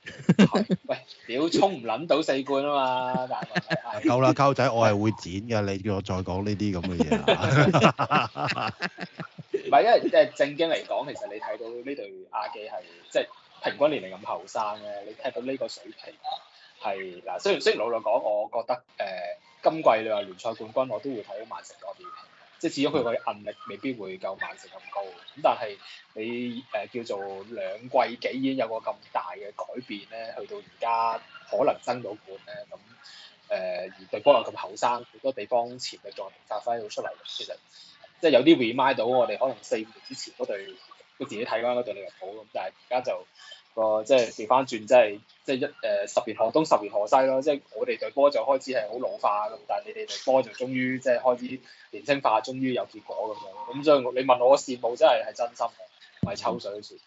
[SPEAKER 5] 喂，屌，衝唔諗到四冠啊嘛！但係
[SPEAKER 1] 夠啦，Karl 仔，我係會剪㗎，你叫我再講呢啲咁嘅嘢。唔
[SPEAKER 5] 係，因為誒正經嚟講，其實你睇到呢隊阿記係即係平均年齡咁後生咧，你睇到呢個水平係嗱，雖然雖然老老講，我覺得誒。今季你話聯賽冠軍，我都會睇好曼城嗰邊，即係始終佢嘅韌力未必會夠曼城咁高。咁但係你誒、呃、叫做兩季幾已經有個咁大嘅改變咧，去到而家可能爭到冠咧，咁、嗯、誒、呃、而對方又咁後生，好多地方潛嘅狀態發揮到出嚟，其實即係有啲 remind 到我哋可能四年之前嗰隊，自己睇翻嗰隊利物浦咁，但係而家就～個即係調翻轉，即係即係一誒、呃、十年河東十年河西咯，即、就、係、是、我哋隊波就開始係好老化咁，但係你哋隊波就終於即係、就是、開始年輕化，終於有結果咁樣。咁所以你問我羨慕真，真係係真心，嘅，係抽水嘅
[SPEAKER 1] 事。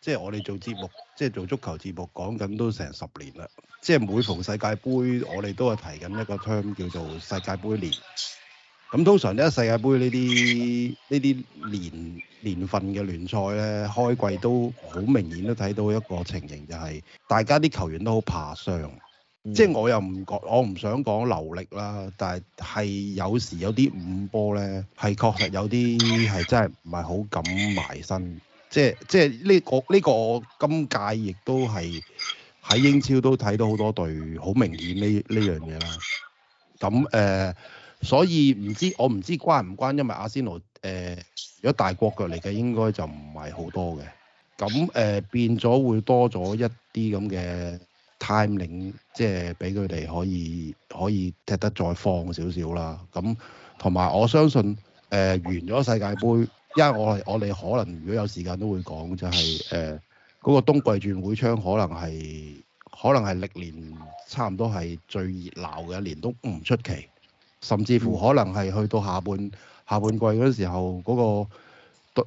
[SPEAKER 1] 即係我哋做節目，即係做足球節目，講緊都成十年啦。即係每逢世界盃，我哋都係提緊一個 term 叫做世界盃年。咁通常呢，世界杯呢啲呢啲年年份嘅聯賽呢，開季都好明顯都睇到一個情形就係、是、大家啲球員都好怕傷，即係我又唔覺，我唔想講流力啦，但係係有時有啲五波呢，係確實有啲係真係唔係好敢埋身，即係即係、這、呢個呢、呢個今屆亦都係喺英超都睇到好多隊好明顯呢呢樣嘢啦，咁誒。呃所以唔知我唔知關唔關，因為阿仙奴誒、呃、如果大國腳嚟嘅，應該就唔係好多嘅。咁誒、呃、變咗會多咗一啲咁嘅 timing，即係俾佢哋可以可以踢得再放少少啦。咁同埋我相信誒、呃、完咗世界杯，因為我我哋可能如果有時間都會講、就是，就係誒嗰個冬季轉會窗，可能係可能係歷年差唔多係最熱鬧嘅一年，都唔出奇。甚至乎可能係去到下半、嗯、下半季嗰時候，嗰、嗰個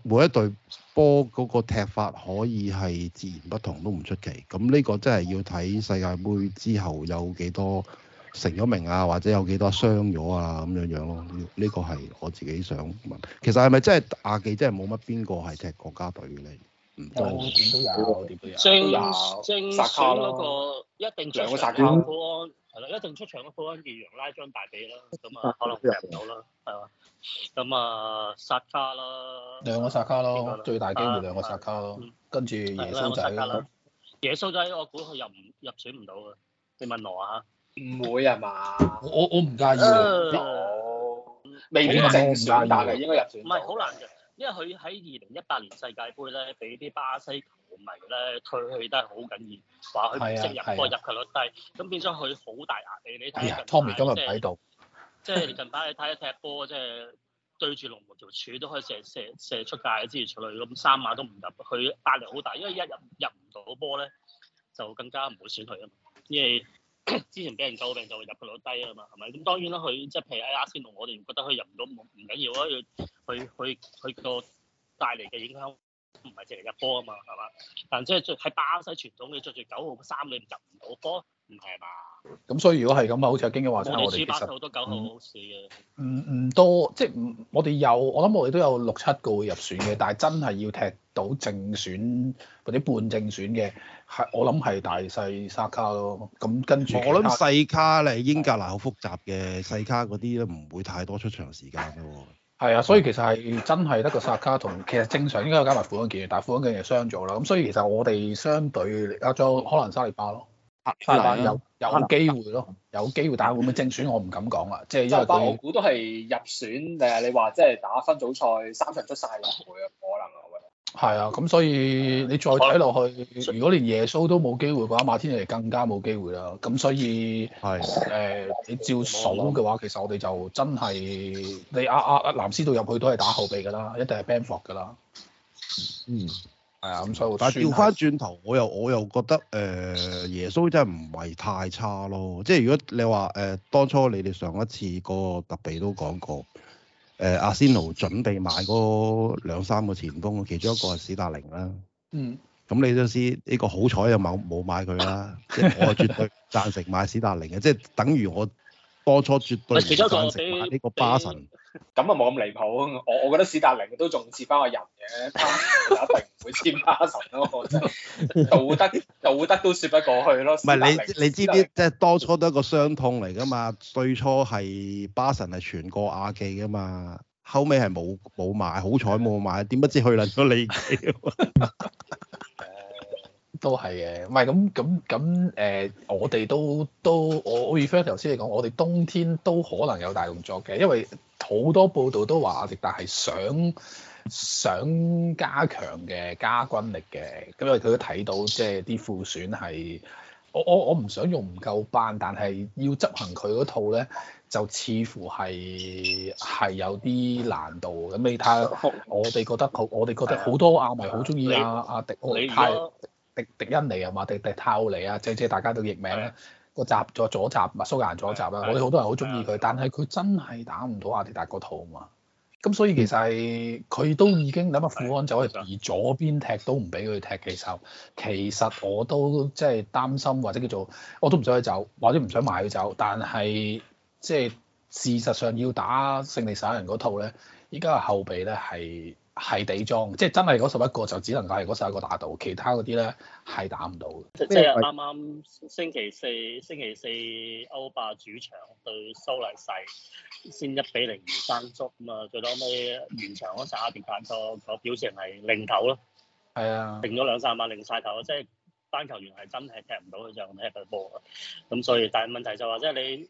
[SPEAKER 1] 每一隊波嗰個踢法可以係截然不同都唔出奇。咁呢個真係要睇世界盃之後有幾多成咗名啊，或者有幾多傷咗啊咁樣樣咯。呢、呢個係我自己想問。其實係咪真係阿記真係冇乜邊個係踢國家隊嘅咧？唔多
[SPEAKER 3] 都有，都一定
[SPEAKER 7] 著實一定出場咯，普安傑揚拉張大髀啦，咁啊可能入唔到啦，係啊。咁啊，薩卡啦，
[SPEAKER 2] 兩個薩卡咯，最大機會兩個薩卡咯，啊啊、跟住耶穌仔咯。那個、
[SPEAKER 7] 耶穌仔我估佢入唔入選唔到嘅，你問我啊
[SPEAKER 2] 唔會啊嘛？我我唔介意我、呃啊、
[SPEAKER 7] 未比過正選大嘅不應該入選。唔係好難嘅，因為佢喺二零一八年世界盃咧，畀啲巴西。唔係咧，退去都係好緊要。話佢唔識入波、啊、入球率低，咁、啊、變咗佢好大壓力。你睇，Tommy 今日唔喺度，即係近排你睇一踢波，即係對住龍門條柱都可以射射射出界之類咁，三碼都唔入，佢壓力好大。因為一入入唔到波咧，就更加唔會選佢啊。因為 之前俾人救命就會入球率低啊嘛，係咪？咁當然啦，佢即係譬如阿仙奴，我哋覺得佢入唔到唔緊要啊，佢佢佢佢個帶嚟嘅影響。唔係淨係入波啊嘛，係嘛？但係即係着喺巴西傳統，你着住九號衫裏邊入唔到波，唔係
[SPEAKER 2] 嘛？咁所以如果係咁啊，好似阿經理話咗，我哋其實，唔唔多，即係唔，我哋有，我諗我哋都有六七個會入選嘅，但係真係要踢到正選或者半正選嘅，係我諗係大細沙卡咯。咁跟住，我諗細
[SPEAKER 1] 卡咧，英格蘭好複雜嘅細卡嗰啲咧，唔會太多出場時間
[SPEAKER 2] 咯。係啊，所以其實係真係得個殺卡同，其實正常應該加埋富安健，但係富安健又傷咗啦。咁所以其實我哋相對啊，仲可能沙利巴咯，沙巴有有機會咯，有機會，打係會唔會，會正選我唔敢講啦。即係因為佢。沙我估
[SPEAKER 5] 都係入選誒，你話即係打分組賽三場出晒
[SPEAKER 2] 嚟會啊，可能。係啊，咁所以你再睇落去，如果連耶穌都冇機會嘅話，馬天尼更加冇機會啦。咁所以係誒的、呃，你照數嘅話，其實我哋就真係你阿阿阿藍斯道入去都係打後備㗎啦，一定係 Bamford 㗎啦。嗯，係啊，咁所以但係調返轉頭，我
[SPEAKER 1] 又我又覺得誒、呃、耶穌真係唔係太差咯。即係如果你話誒、呃、當初你哋上一次個特備都講過。誒阿仙奴準備買嗰兩三個前鋒，其中一個係史達寧啦。嗯。咁你都知呢、呢個好彩有冇冇買佢啦？ 我絕對贊成買史達寧嘅，即、就是、等於我當初絕對唔贊成買呢個巴神。
[SPEAKER 5] 咁啊冇咁離譜，我我覺得史達寧都仲似翻個人嘅，他一定唔會簽巴神咯， 我真道德道德都説不過去咯。唔係你你知啲，
[SPEAKER 1] 即係當初都一個傷痛嚟㗎嘛，最初係巴神係傳過亞記㗎嘛，後尾係冇冇買，好彩冇買，點 不知去輪咗你屌。
[SPEAKER 2] 都係嘅，唔係咁咁咁誒，我哋都都我我 refer 頭先你講，我哋冬天都可能有大動作嘅，因為。好多報道都話阿迪達係想想加強嘅加軍力嘅，咁因為佢都睇到即係啲副選係，我我我唔想用唔夠班，但係要執行佢嗰套咧，就似乎係係有啲難度。咁你睇，我哋覺得好，我哋覺得好多阿迷好中意阿阿迪，太迪迪恩尼啊嘛？迪迪泰奧尼啊，即係即係大家都譯名啦。個閘咗，左閘啊，蘇格蘭左閘啊，的我哋好多人好中意佢，的但係佢真係打唔到阿迪達嗰套啊嘛，咁所以其實係佢都已經諗下富安走係而左邊踢都唔俾佢踢嘅時候，其實我都即係擔心或者叫做我都唔想佢走，或者唔想賣佢走，但係即係事實上要打勝利牙人嗰套咧，依家後備咧係。係地裝，即係真係嗰十一個就只能夠係嗰十一個打到，其他嗰啲咧係打唔到嘅。即係啱
[SPEAKER 7] 啱星期四，星期四歐霸主場對蘇黎世，先一比零完翻足，咁啊最屘完場嗰陣阿迪卡多佢表示係擰頭咯。
[SPEAKER 3] 係啊，零
[SPEAKER 7] 咗兩三百，擰曬頭，即係班球員係真係踢唔到，佢就踢佢波啊。
[SPEAKER 3] 咁所以但
[SPEAKER 7] 係問題就話即係你。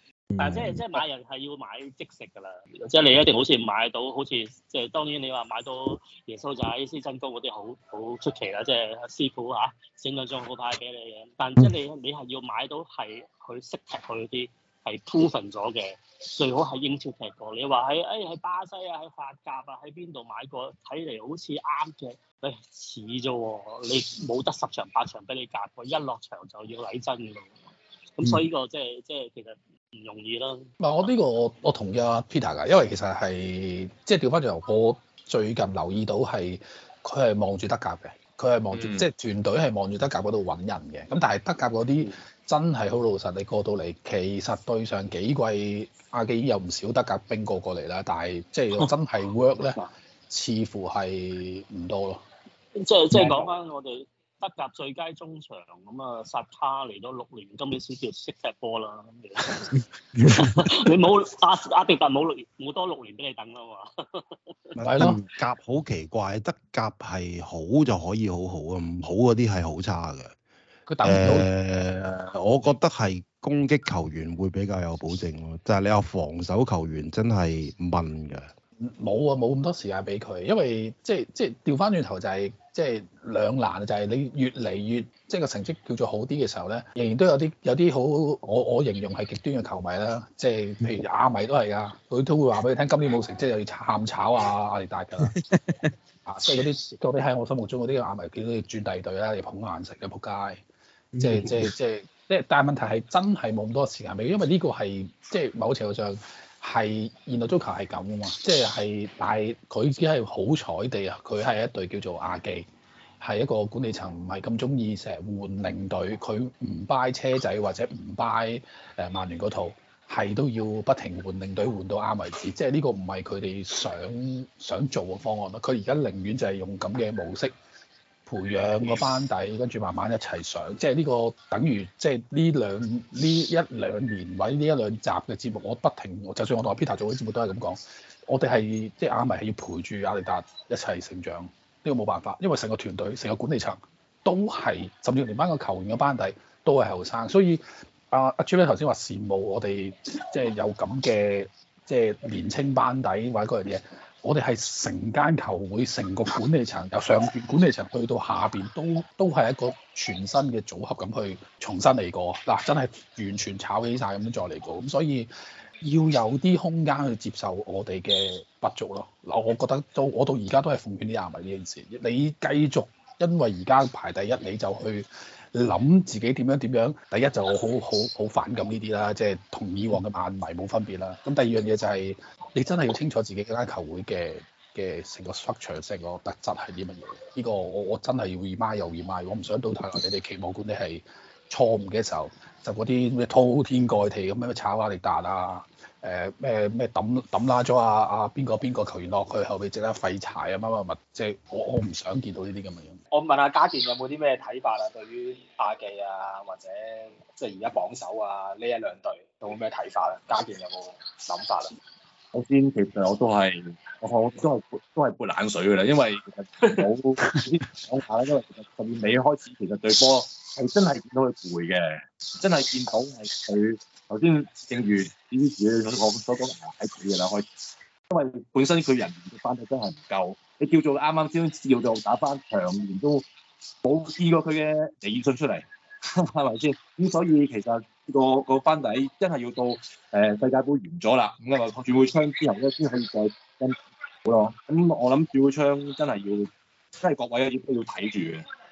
[SPEAKER 7] 但係即係即係買人係要買即食㗎啦，即係你一定好似買到好似即係當然你話買到耶穌仔辛真高嗰啲好好出奇啦，即係師傅嚇整兩張好牌俾你嘅。但即係你你係要買到係佢識踢佢啲係 proven 咗嘅，最好係英超踢過。你話喺誒喺巴西啊喺法甲啊喺邊度買過睇嚟好似啱嘅，誒似啫喎，你冇得十場八場俾你夾，佢一落場就要嚟真㗎咯。
[SPEAKER 3] 咁所以個
[SPEAKER 7] 即係即係其實。
[SPEAKER 2] 唔容易啦。嗱，我呢個我同意阿 Peter 噶，因為其實係即係調翻轉頭，我最近留意到係佢係望住德甲嘅，佢係望住即係團隊係望住德甲嗰度搵人嘅。咁但係德甲嗰啲、嗯、真係好老實地，你過到嚟其實對上幾季阿記有唔少德甲兵過過嚟啦，但係即係真係 work 咧，呵呵似乎係唔多咯。即係即係講翻
[SPEAKER 7] 我哋。德甲最佳中場咁啊，
[SPEAKER 1] 薩卡嚟咗六
[SPEAKER 7] 年，今年先至識踢波啦。 你冇阿阿迪達冇冇多六年俾你等啦
[SPEAKER 1] 嘛、啊。係 咯，德甲好奇怪，德甲係好就可以好好啊，唔好嗰啲係好差嘅。誒、呃，嗯、我覺得係攻擊球員會比較有保證咯，就係、是、你話防守球員真係問嘅。
[SPEAKER 2] 冇啊，冇咁多時間俾佢，因為即係即係調返轉頭就係、是。即係兩難啊！就係、是、你越嚟越即係、就是、個成績叫做好啲嘅時候咧，仍然都有啲有啲好我我形容係極端嘅球迷啦。即、就、係、是、譬如亞迷都係啊，佢都會話俾你聽，今年冇成績又、就是、要喊炒啊壓力大㗎。 啊，所以嗰啲當你喺我心目中嗰啲亞迷叫你轉第隊啦、啊，你捧硬食嘅仆街！即係即係即係即係，但係問題係真係冇咁多時間俾，因為呢個係即係某程度上。係現代足球係咁啊嘛，即係係，但係佢只係好彩地啊，佢係一隊叫做阿記，係一個管理層唔係咁中意成日換領隊，佢唔 buy 車仔或者唔 buy 誒曼聯嗰套，係都要不停換領隊換到啱為止，即係呢個唔係佢哋想想做嘅方案咯，佢而家寧願就係用咁嘅模式。培養個班底，跟住慢慢一齊上，即係呢個等於即係呢兩呢一兩年或者呢一兩集嘅節目，我不停，就算我同阿 Peter 做啲節目都係咁講。我哋係即係阿迷係要陪住亞利達一齊成長，呢個冇辦法，因為成個團隊、成個管理層都係甚至連班個球員嘅班底都係後生，所以阿阿 Jasper 頭先話羨慕我哋即係有咁嘅即係年青班底或者嗰樣嘢。我哋係成間球會，成個管理層由上邊管理層去到下邊，都都係一個全新嘅組合咁去重新嚟過。嗱，真係完全炒起曬咁樣再嚟過，咁所以要有啲空間去接受我哋嘅不足咯。嗱，我覺得都我到而家都係奉勸啲阿迷呢件事，你繼續因為而家排第一，你就去諗自己點樣點樣。第一就好好好反感呢啲啦，即係同以往嘅阿迷冇分別啦。咁第二樣嘢就係。你真係要清楚自己間球會嘅嘅成個 structure、成個特質係啲乜嘢？呢個我我真係要 e m 又二 m 我唔想到太耐，你哋期望管理係錯誤嘅時候，就嗰啲咩鋪天蓋地咁樣炒阿力達啊，誒咩咩抌抌拉咗啊啊邊個邊個球員落去後屘即刻廢柴啊乜乜物，即係我我唔想見到呢啲咁嘅樣。我，我
[SPEAKER 5] 這這樣問，我問下家健有冇啲咩睇法啊？對於阿記啊，或者即係而家榜首啊呢一兩隊有冇咩睇法咧？家健有冇諗法啊？
[SPEAKER 6] 首先其實我都係，我我都係都係潑冷水嘅啦，因為， 因為其實冇啲講法咧，因為其實十二月尾開始其實對方係真係見到佢攰嘅，真係見到係佢頭先正如呢啲事，我所講係佢嘅啦，開始，因為本身佢人嘅班底真係唔夠，你叫做啱啱先叫做打翻長年都冇見過佢嘅理信出嚟，係咪先？咁所以其實。個個班底真係要到誒世界盃完咗啦，咁啊轉會窗之後咧先可以再跟好咯。咁我諗轉會窗真係要，即係各位亦都要睇住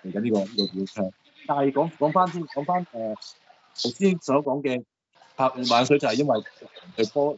[SPEAKER 6] 嚟緊呢個轉會窗。但係講講翻先，講翻誒頭先所講嘅拍慢水就係、是、因為對波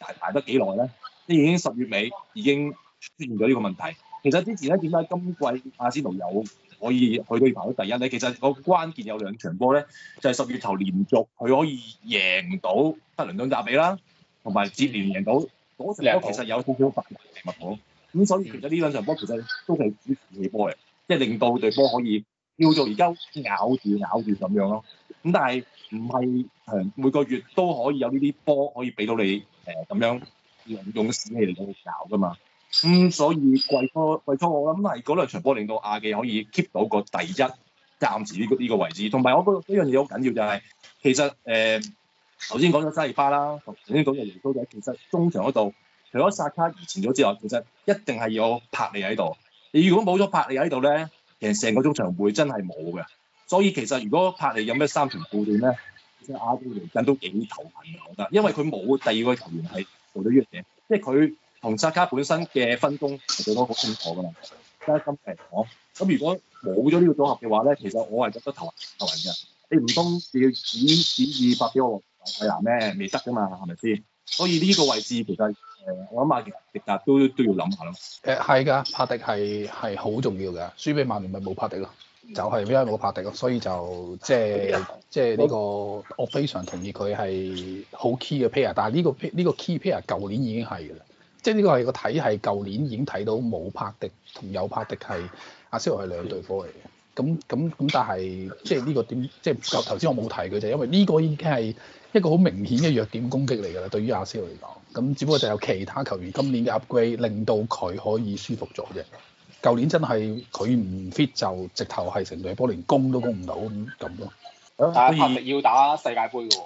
[SPEAKER 6] 排排得幾耐咧，即已經十月尾已經出現咗呢個問題。其實之前咧點解今季阿仙奴有可以去到排到第一，你其實個關鍵有兩場波咧，就係、是、十月頭連續佢可以贏到德倫頓扎比啦，同埋接連贏到嗰成兩場，其實有少少壓力嘅利物浦。咁所以其實呢兩場波其實都係士氣波嚟，即係令到隊波可以叫做而家咬住咬住咁樣咯。咁但係唔係係每個月都可以有呢啲波可以俾到你誒咁、呃、樣用啲士氣嚟咁搞噶嘛？咁、嗯、所以季初季初，我諗係嗰兩場波令到亞記可以 keep 到個第一暫時呢、呢個呢、呢個位置。同埋我覺得呢樣嘢好緊要就係、是，其實誒頭先講咗西爾巴啦，頭先講咗耶穌仔，其實中場嗰度除咗薩卡移前咗之外，其實一定係有柏利喺度。你如果冇咗柏利喺度咧，其實成個中場會真係冇嘅。所以其實如果柏利有咩三長兩短咧，其實亞記嚟緊都幾頭痕我覺得，因為佢冇第二個球員係做咗呢樣嘢，即係佢。同扎卡本身嘅分工其實都好清楚噶嘛，加金嚟講，咁如果冇咗呢個組合嘅話咧，其實我係得得頭頭嘅。你唔通你要指指二百俾我睇下咩？未得噶嘛，係咪先？所以呢個位置其實誒，我諗阿迪迪都都要諗下
[SPEAKER 2] 咯。誒係㗎，帕迪係係好重要㗎，輸俾曼聯咪冇帕迪咯，就係、是、因為冇帕迪咯，所以就即係即係呢個，我，我非常同意佢係好 key 嘅 pair，但係呢個呢個 key pair 舊年已經係㗎啦。即係呢個係個體系舊年已經睇到冇帕迪同有帕迪係阿仙奴係兩隊波嚟嘅。咁咁咁，但係即係呢個點？即係頭先我冇提佢就因為呢個已經係一個好明顯嘅弱點攻擊嚟㗎啦。對於阿仙奴嚟講，咁只不過就有其他球員今年嘅 upgrade 令到佢可以舒服咗啫。舊年真係佢唔 fit 就直頭係成隊波，連攻都攻唔到咁咁咯。但係帕迪
[SPEAKER 5] 要打世界盃喎。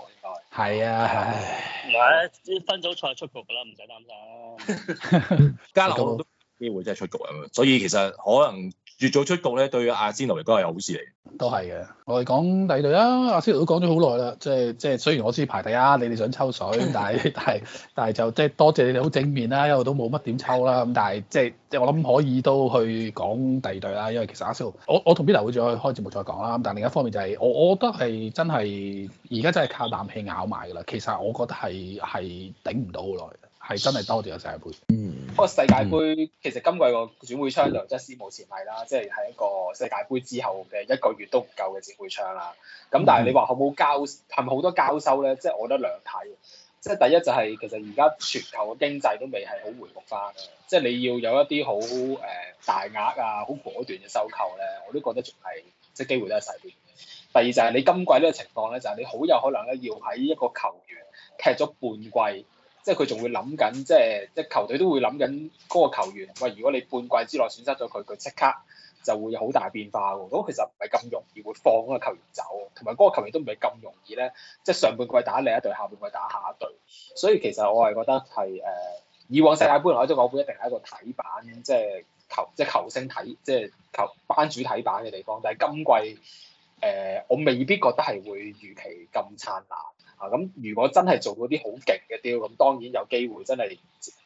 [SPEAKER 2] 係啊，係
[SPEAKER 5] 唔
[SPEAKER 7] 係，啲
[SPEAKER 2] 分組賽出局噶啦，唔使擔心。
[SPEAKER 5] 加六 都機會真係出局啊，
[SPEAKER 6] 所以其實可能。越早出局咧，對阿仙奴嚟都係好事嚟。
[SPEAKER 2] 都係嘅，我哋講第二隊啦。阿仙奴都講咗好耐啦，即係即係雖然我知排第一，你哋想抽水，但係 但係但係就即係多謝你哋好正面啦，一路都冇乜點抽啦。咁但係即係即係我諗可以都去講第二隊啦，因為其實阿仙奴，我我同 Bella 會再開節目再講啦。咁但係另一方面就係、是、我我覺得係真係而家真係靠啖氣咬埋㗎啦。其實我覺得係係頂唔到好耐，係真係多謝世界盃。嗯。
[SPEAKER 5] 不過世界盃其實今季個轉會窗就即係史冇前例啦，即係喺一個世界盃之後嘅一個月都唔夠嘅轉會窗啦。咁但係你話好唔好交係咪好多交收咧？即係我覺得兩睇。即係第一就係、是、其實而家全球嘅經濟都未係好回復翻，即係你要有一啲好誒大額啊、好果斷嘅收購咧，我都覺得仲係即係機會都係細啲。第二就係你今季呢個情況咧，就係、是、你好有可能咧要喺一個球員踢咗半季。即係佢仲會諗緊，即係即係球隊都會諗緊嗰個球員。喂，如果你半季之內損失咗佢，佢即刻就會有好大變化喎。咁、那個、其實唔係咁容易會放嗰個球員走，同埋嗰個球員都唔係咁容易咧。即係上半季打另一隊，下半季打下一隊。所以其實我係覺得係誒、呃，以往世界盃，盃來講，都一定係一個睇板，即係球即係球星睇，即係球班主睇板嘅地方。但係今季
[SPEAKER 2] 誒、呃，我未
[SPEAKER 5] 必覺得係會預期咁燦爛。啊，咁如果真係做到啲好勁嘅 deal，咁當然有機會真係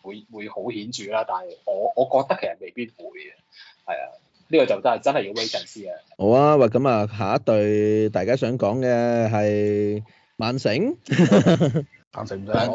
[SPEAKER 5] 會會好顯著啦。但係我我覺得其實未必會嘅，係啊，呢、這個就真係真係要 wait 陣先啊。
[SPEAKER 4] 好啊，喂，咁啊，下一對大家想講嘅係曼城。
[SPEAKER 2] 曼城唔使講，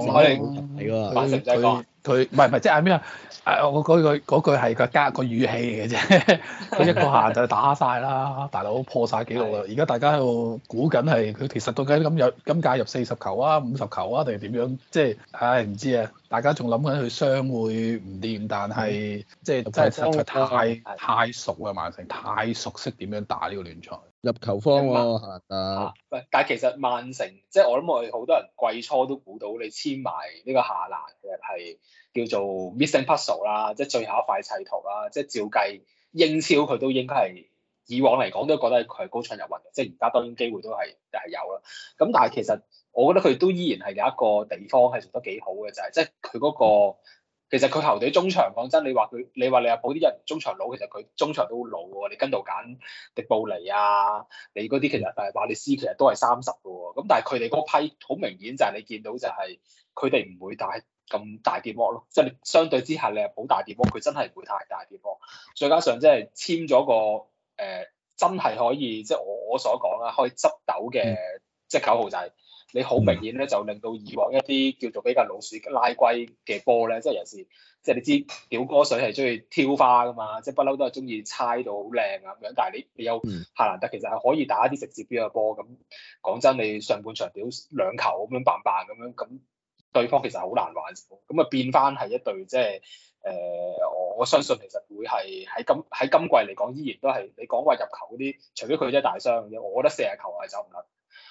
[SPEAKER 2] 唔使講，
[SPEAKER 4] 佢佢
[SPEAKER 2] 唔係唔係，即係咩啊？誒，我嗰句嗰句係佢加個語氣嘅啫。佢 一個下就打晒啦，大佬破晒紀錄啦。而家是的 大家喺度估緊係佢其實到底今日今屆入四十球啊、五十球啊，定係點樣？即係唉，唔知啊。大家仲諗緊佢傷會唔掂，但係即係真係實在太太熟啊，曼城正太熟悉點樣打呢個聯賽。入球方喎、哦、夏、啊
[SPEAKER 5] 啊、但係其實曼城即係我諗我哋好多人季初都估到你簽埋呢個夏蘭，其實係叫做 missing puzzle 啦，即、就、係、是、最後一塊砌圖啦。即、就、係、是、照計英超佢都應該係以往嚟講都覺得佢係高唱入雲，即係而家當然機會都係係有啦。咁但係其實我覺得佢都依然係有一個地方係做得幾好嘅，就係即係佢嗰個。嗯其實佢球隊中場講真，你話佢，你話利物浦啲人中場老，其實佢中場都老喎。你跟度揀迪布尼啊，你嗰啲其實係話你師，其實都係三十嘅喎。咁但係佢哋嗰批好明顯就係你見到就係，佢哋唔會打咁大跌摩咯。即係相對之下，你利物浦大跌摩，佢真係唔會太大跌摩。再加上即係簽咗個誒、呃，真係可以即係我我所講啦，可以執鬥嘅即係九號仔。你好明顯咧，就令到以往一啲叫做比較老鼠拉龜嘅波咧，即係有時即係你知屌哥水係中意挑花噶嘛，即係不嬲都係中意猜到好靚啊咁樣。但係你你有夏蘭特其實係可以打一啲直接啲嘅波。咁講真，你上半場屌兩球咁樣辦辦咁樣，咁對方其實好難玩。咁啊變翻係一隊即係誒、呃，我相信其實會係喺今喺今季嚟講，依然都係你講話入球嗰啲，除咗佢真係大傷嘅，我覺得四十球係走唔甩。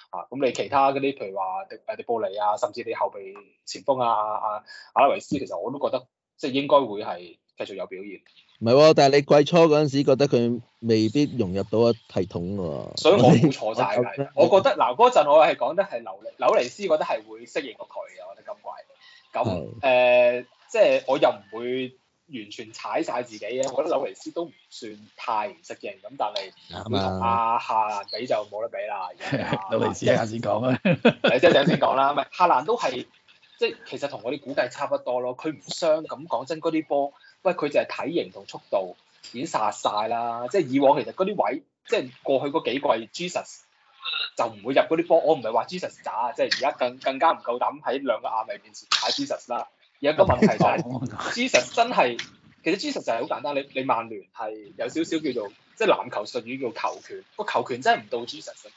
[SPEAKER 5] 啊，咁你其他嗰啲，譬如話迪誒迪布尼啊，甚至你後備前鋒啊、啊阿拉維斯，其實我都覺得即係應該會係繼續有表現。
[SPEAKER 4] 唔係喎，但係你季初嗰陣時覺得佢未必融入到個系統喎。所以我冇錯曬，
[SPEAKER 5] 我覺得嗱嗰陣我係講得係紐尼紐尼斯覺得係會適應過佢嘅，我覺得咁怪。
[SPEAKER 3] 咁誒的、
[SPEAKER 5] 呃，即係我又唔會。完全踩晒自己嘅，我覺得紐尼斯都唔算太唔適應咁，但係同阿夏蘭比就冇得比啦。紐 尼斯一下先講啊，即係陣先講啦，咪夏蘭都係即係其實同我哋估計差不多咯。佢唔傷，咁講真嗰啲波，喂佢就係體型同速度已經殺晒啦。即係以往其實嗰啲位，即係過去嗰幾季 Jesus 就唔會入嗰啲波。我唔係話 Jesus 渣，即係而家更更加唔夠膽喺兩個亞迷面前踩 Jesus 啦。有一個問題就係 G 神真係，其實 G 神就係好簡單，你你曼聯係有少少叫做即係籃球術語叫球權，個球權真係唔到 G 神嘅。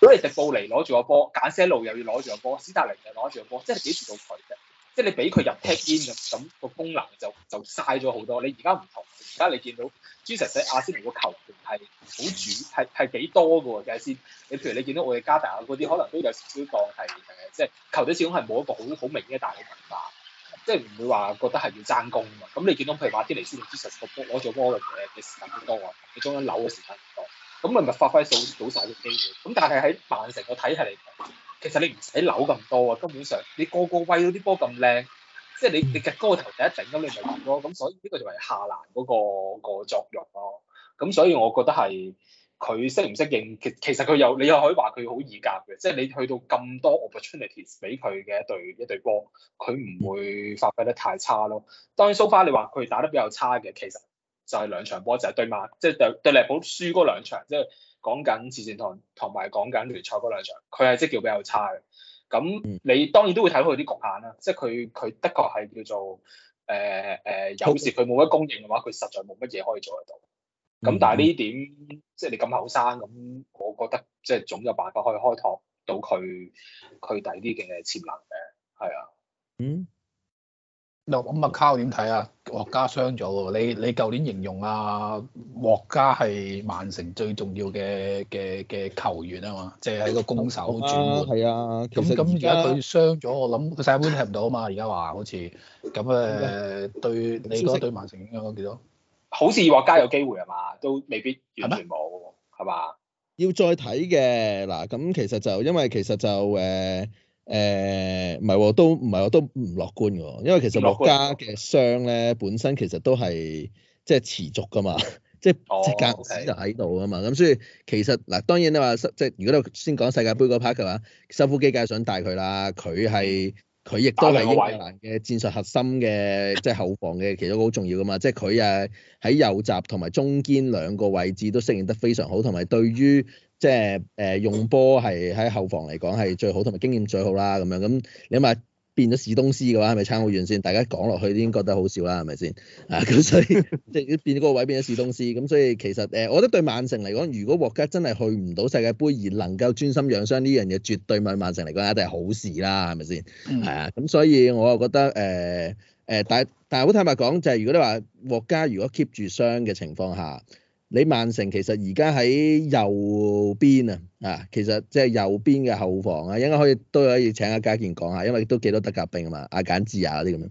[SPEAKER 5] 如果你迪布尼攞住個波，簡些路又要攞住個波，斯特林就攞住個波，即係幾時到佢啫？即係你俾佢入 take in 咁個功能就就嘥咗好多。你而家唔同，而家你見到 G 神喺阿仙奴個球權係好主，係係幾多嘅喎？睇下先。你譬如你見到我哋加達啊，嗰啲，可能都有少少當係誒，即係、就是、球隊始終係冇一個好好明顯嘅大嘅文化。即係唔會話覺得係要爭功啊嘛，咁你見到譬如話啲尼斯同 t i 個波攞咗波嘅嘅時間幾多啊？你中間扭嘅時間幾多？咁咪咪發揮到到曬個機會。咁但係喺曼城個體系嚟講，其實你唔使扭咁多啊，根本上你個個位嗰啲波咁靚，即係你你吉哥個頭第一頂咁，你咪贏咯。咁所以呢個就係下欄嗰個個作用咯。咁所以我覺得係。佢適唔適應？其其實佢又你又可以話佢好易夾嘅，即係你去到咁多 opportunities 俾佢嘅一隊一隊波，佢唔會發揮得太差咯。當然 so far，你話佢打得比較差嘅，其實就係兩場波，就係、是、對馬，即係對對利物浦輸嗰兩場，即、就、係、是、講緊慈善堂同埋講緊聯賽嗰兩場，佢係即叫比較差嘅。咁你當然都會睇到佢啲局限啦，即係佢佢的確係叫做誒誒、呃呃，有時佢冇乜供應嘅話，佢實在冇乜嘢可以做得到。咁但係呢點，即係你咁後生，咁我覺得即係總有辦法可以開拓到佢佢第啲嘅潛能嘅，係啊。嗯。
[SPEAKER 2] 嗱，咁阿卡點睇啊？獲加傷咗喎，你你舊年形容啊，獲加係曼城最重要嘅嘅嘅球員啊嘛，即係喺個攻守轉換。啊，咁咁而家佢傷咗，我諗世界盃踢唔到啊嘛。而家話好似咁誒，你覺得對曼城影響幾多？
[SPEAKER 5] 好似獲加有機會係嘛？都未必完全冇
[SPEAKER 4] 係嘛？吧吧要再睇嘅嗱，咁其實就因為其實就誒誒，唔係喎，都唔係喎，都唔樂觀嘅喎。因為其實獲加嘅傷咧，本身其實都係即係持續㗎嘛，吧即係格子就喺度㗎嘛。咁所以其實嗱，當然你話即係如果你先講世界盃嗰 part 嘅話，修夫基梗想帶佢啦，佢係。佢亦都係英格蘭嘅戰術核心嘅，即係後防嘅，其中一個好重要噶嘛。即係佢啊，喺右閘同埋中堅兩個位置都適應得非常好，同埋對於即係誒用波係喺後防嚟講係最好，同埋經驗最好啦咁樣。咁你諗下。變咗史東斯嘅話，係咪差好遠先？大家講落去已經覺得好笑啦，係咪先？啊，咁所以即係變咗個位變咗史東斯，咁所以其實誒，我覺得對曼城嚟講，如果獲加真係去唔到世界盃而能夠專心養傷呢樣嘢，絕對對曼城嚟講一定係好事啦，係咪先？
[SPEAKER 3] 係 啊，咁
[SPEAKER 4] 所以我又覺得誒誒、呃呃，但但係好坦白講，就係、是、如果你話獲加如果 keep 住傷嘅情況下。你曼城其實而家喺右邊啊啊，其實即係右邊嘅後防啊，應該可以都可以請阿家健講下，因為都幾多德甲兵啊嘛，阿簡治啊嗰啲咁樣。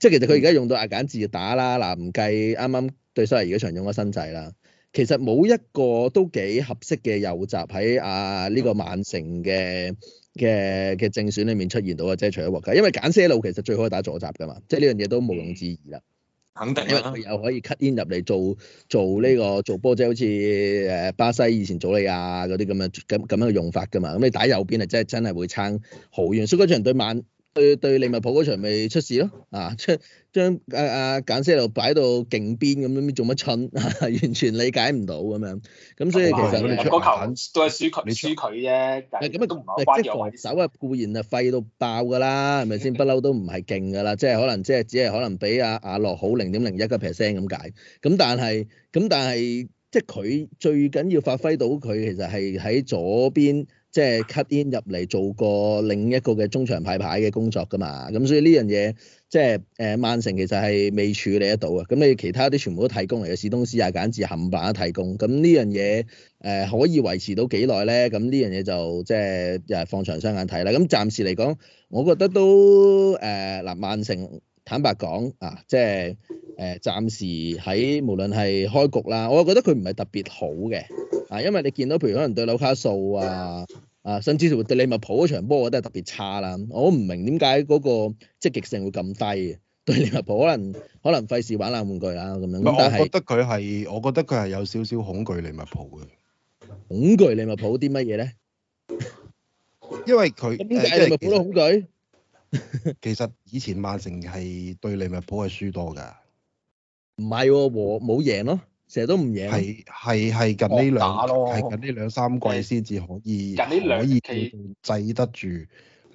[SPEAKER 4] 即係其實佢而家用到阿簡治打啦，嗱唔計啱啱對西維爾嗰場用個新制啦，其實冇一個都幾合適嘅右閘喺啊呢個曼城嘅嘅嘅正選裏面出現到啊，即係除咗獲加，因為簡西路其實最可以打左閘噶嘛，即係呢樣嘢都毋庸置疑啦。肯定啊，因為佢又可以 cut in 入嚟，做做呢個做波，即係好似誒巴西以前祖利亞嗰啲咁樣咁咁樣嘅用法噶嘛。咁你打右邊係真係真係會撐好遠。所以嗰場對曼對，對利物浦嗰場咪出事咯啊，出。 將阿阿簡些路擺到勁邊咁樣，做乜襯？ 完全理解唔到咁樣。咁所以其實佢哋都係輸你輸
[SPEAKER 5] 佢啫。咁啊，咁
[SPEAKER 4] 唔、嗯、是關我事。即防守啊，固然啊，廢到爆噶啦，係咪先？不嬲都唔係勁噶啦， 即係可能即係只係可能比阿阿洛好零點零一個 percent 咁解。咁但係咁但係即係佢最緊要發揮到佢，其實係喺左邊。即係 cut in 入嚟做過另一個嘅中場派牌嘅工作㗎嘛，咁所以呢樣嘢即係誒曼城其實係未處理得到嘅，咁你其他啲全部都提供嚟嘅，史東斯啊、簡智、冚棒都替工，咁呢樣嘢誒可以維持到幾耐咧？咁呢樣嘢就即係又係放長雙眼睇啦。咁暫時嚟講，我覺得都誒嗱曼城。呃坦白講啊，即係誒、呃，暫時喺無論係開局啦，我覺得佢唔係特別好嘅啊，因為你見到譬如可能對紐卡素啊、啊甚至乎對利物浦嗰場波，我覺得係特別差啦。我唔明點解嗰個積極性會咁低嘅，對利物浦可，可能可能費事玩爛玩具啊咁樣。唔係，我覺得佢係，我覺得佢係有少少恐懼利物浦嘅。恐懼利物浦啲乜嘢咧？
[SPEAKER 1] 因為佢。咁點解利物浦都恐懼？ 其實以前曼城係對利物浦係輸多㗎，唔係、哦、喎冇贏咯，成日、哦、都唔贏。係係係近呢兩係近呢兩三季先至可以，是可以近呢可以制得住。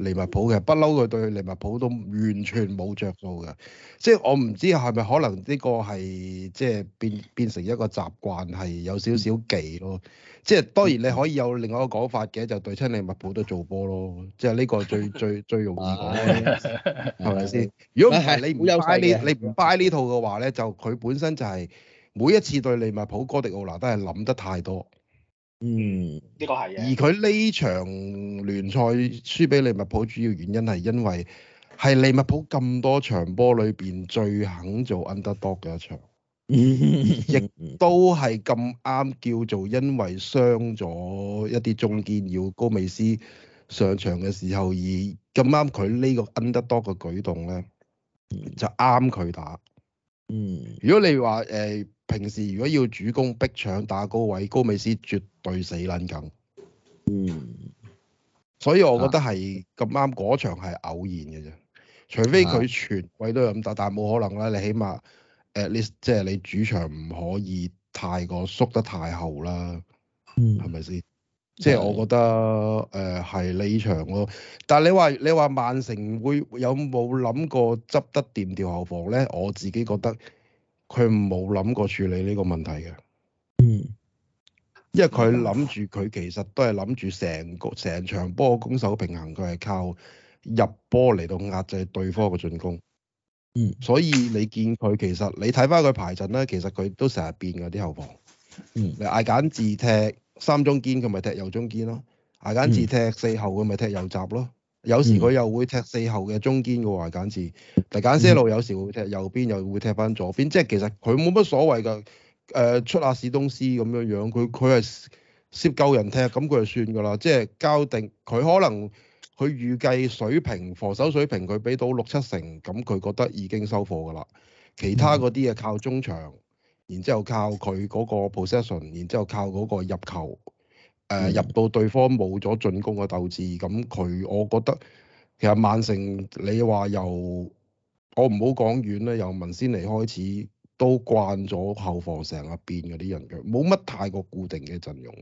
[SPEAKER 1] 利物浦嘅不嬲，佢對利物浦都完全冇着數嘅。即係我唔知係咪可能呢個係即係變變成一個習慣，係有少少忌咯。即係當然你可以有另外一個講法嘅，就對親利物浦都做波咯。即係呢個最最最容易講，係
[SPEAKER 3] 咪先？ 如果唔係你唔 buy bu 呢，你
[SPEAKER 1] 唔 buy 呢套嘅話咧，就佢本身就係每一次對利物浦哥迪奧拿都係諗得太多。嗯，呢個係啊。而佢呢場聯賽輸俾利物浦，主要原因係因為係利物浦咁多場波裏邊最肯做 underdog 嘅一場，亦都係咁啱叫做因為傷咗一啲中堅，要高美斯上場嘅時候，而咁啱佢呢個 underdog 嘅舉動咧，就啱佢打。嗯，如果你話誒。欸平時如果要主攻逼搶打高位，高美斯絕對死撚梗。嗯，所以我覺得係咁啱嗰場係偶然嘅啫。除非佢全位都有咁打，啊、但係冇可能啦。你起碼誒、啊，你即係、就是、你主場唔可以太過縮得太後啦。嗯，係咪先？即係、嗯、我覺得誒係呢場咯。但係你話你話曼城會有冇諗過執得掂條後防咧？我自己覺得。佢冇諗過處理呢個問題嘅，嗯，因為佢諗住佢其實都係諗住成個成場波攻守平衡，佢係靠入波嚟到壓制對方嘅進攻，嗯，所以你見佢其實你睇翻佢排陣咧，其實佢都成日變㗎啲後防，
[SPEAKER 3] 嗯，
[SPEAKER 1] 你挨揀字踢三中堅，佢咪踢右中堅咯，挨揀字踢四後，佢咪踢右閘咯。有時佢又會踢四後嘅中堅嘅喎，簡字。但係簡些路有時會踢右邊，又會踢翻左邊。即係其實佢冇乜所謂嘅。誒、呃、出下史東斯咁樣樣，佢佢係涉夠人踢，咁佢就算㗎啦。即係交定佢可能佢預計水平防守水平，佢俾到六七成，咁佢覺得已經收貨㗎啦。其他嗰啲啊靠中場，然之後靠佢嗰個 possession，然之後靠嗰個入球。誒入到對方冇咗進攻嘅鬥志，咁佢我覺得其實曼城你話由我唔好講遠咧，由文仙尼開始都慣咗後防成日變嗰啲人腳，冇乜太過固定嘅陣容。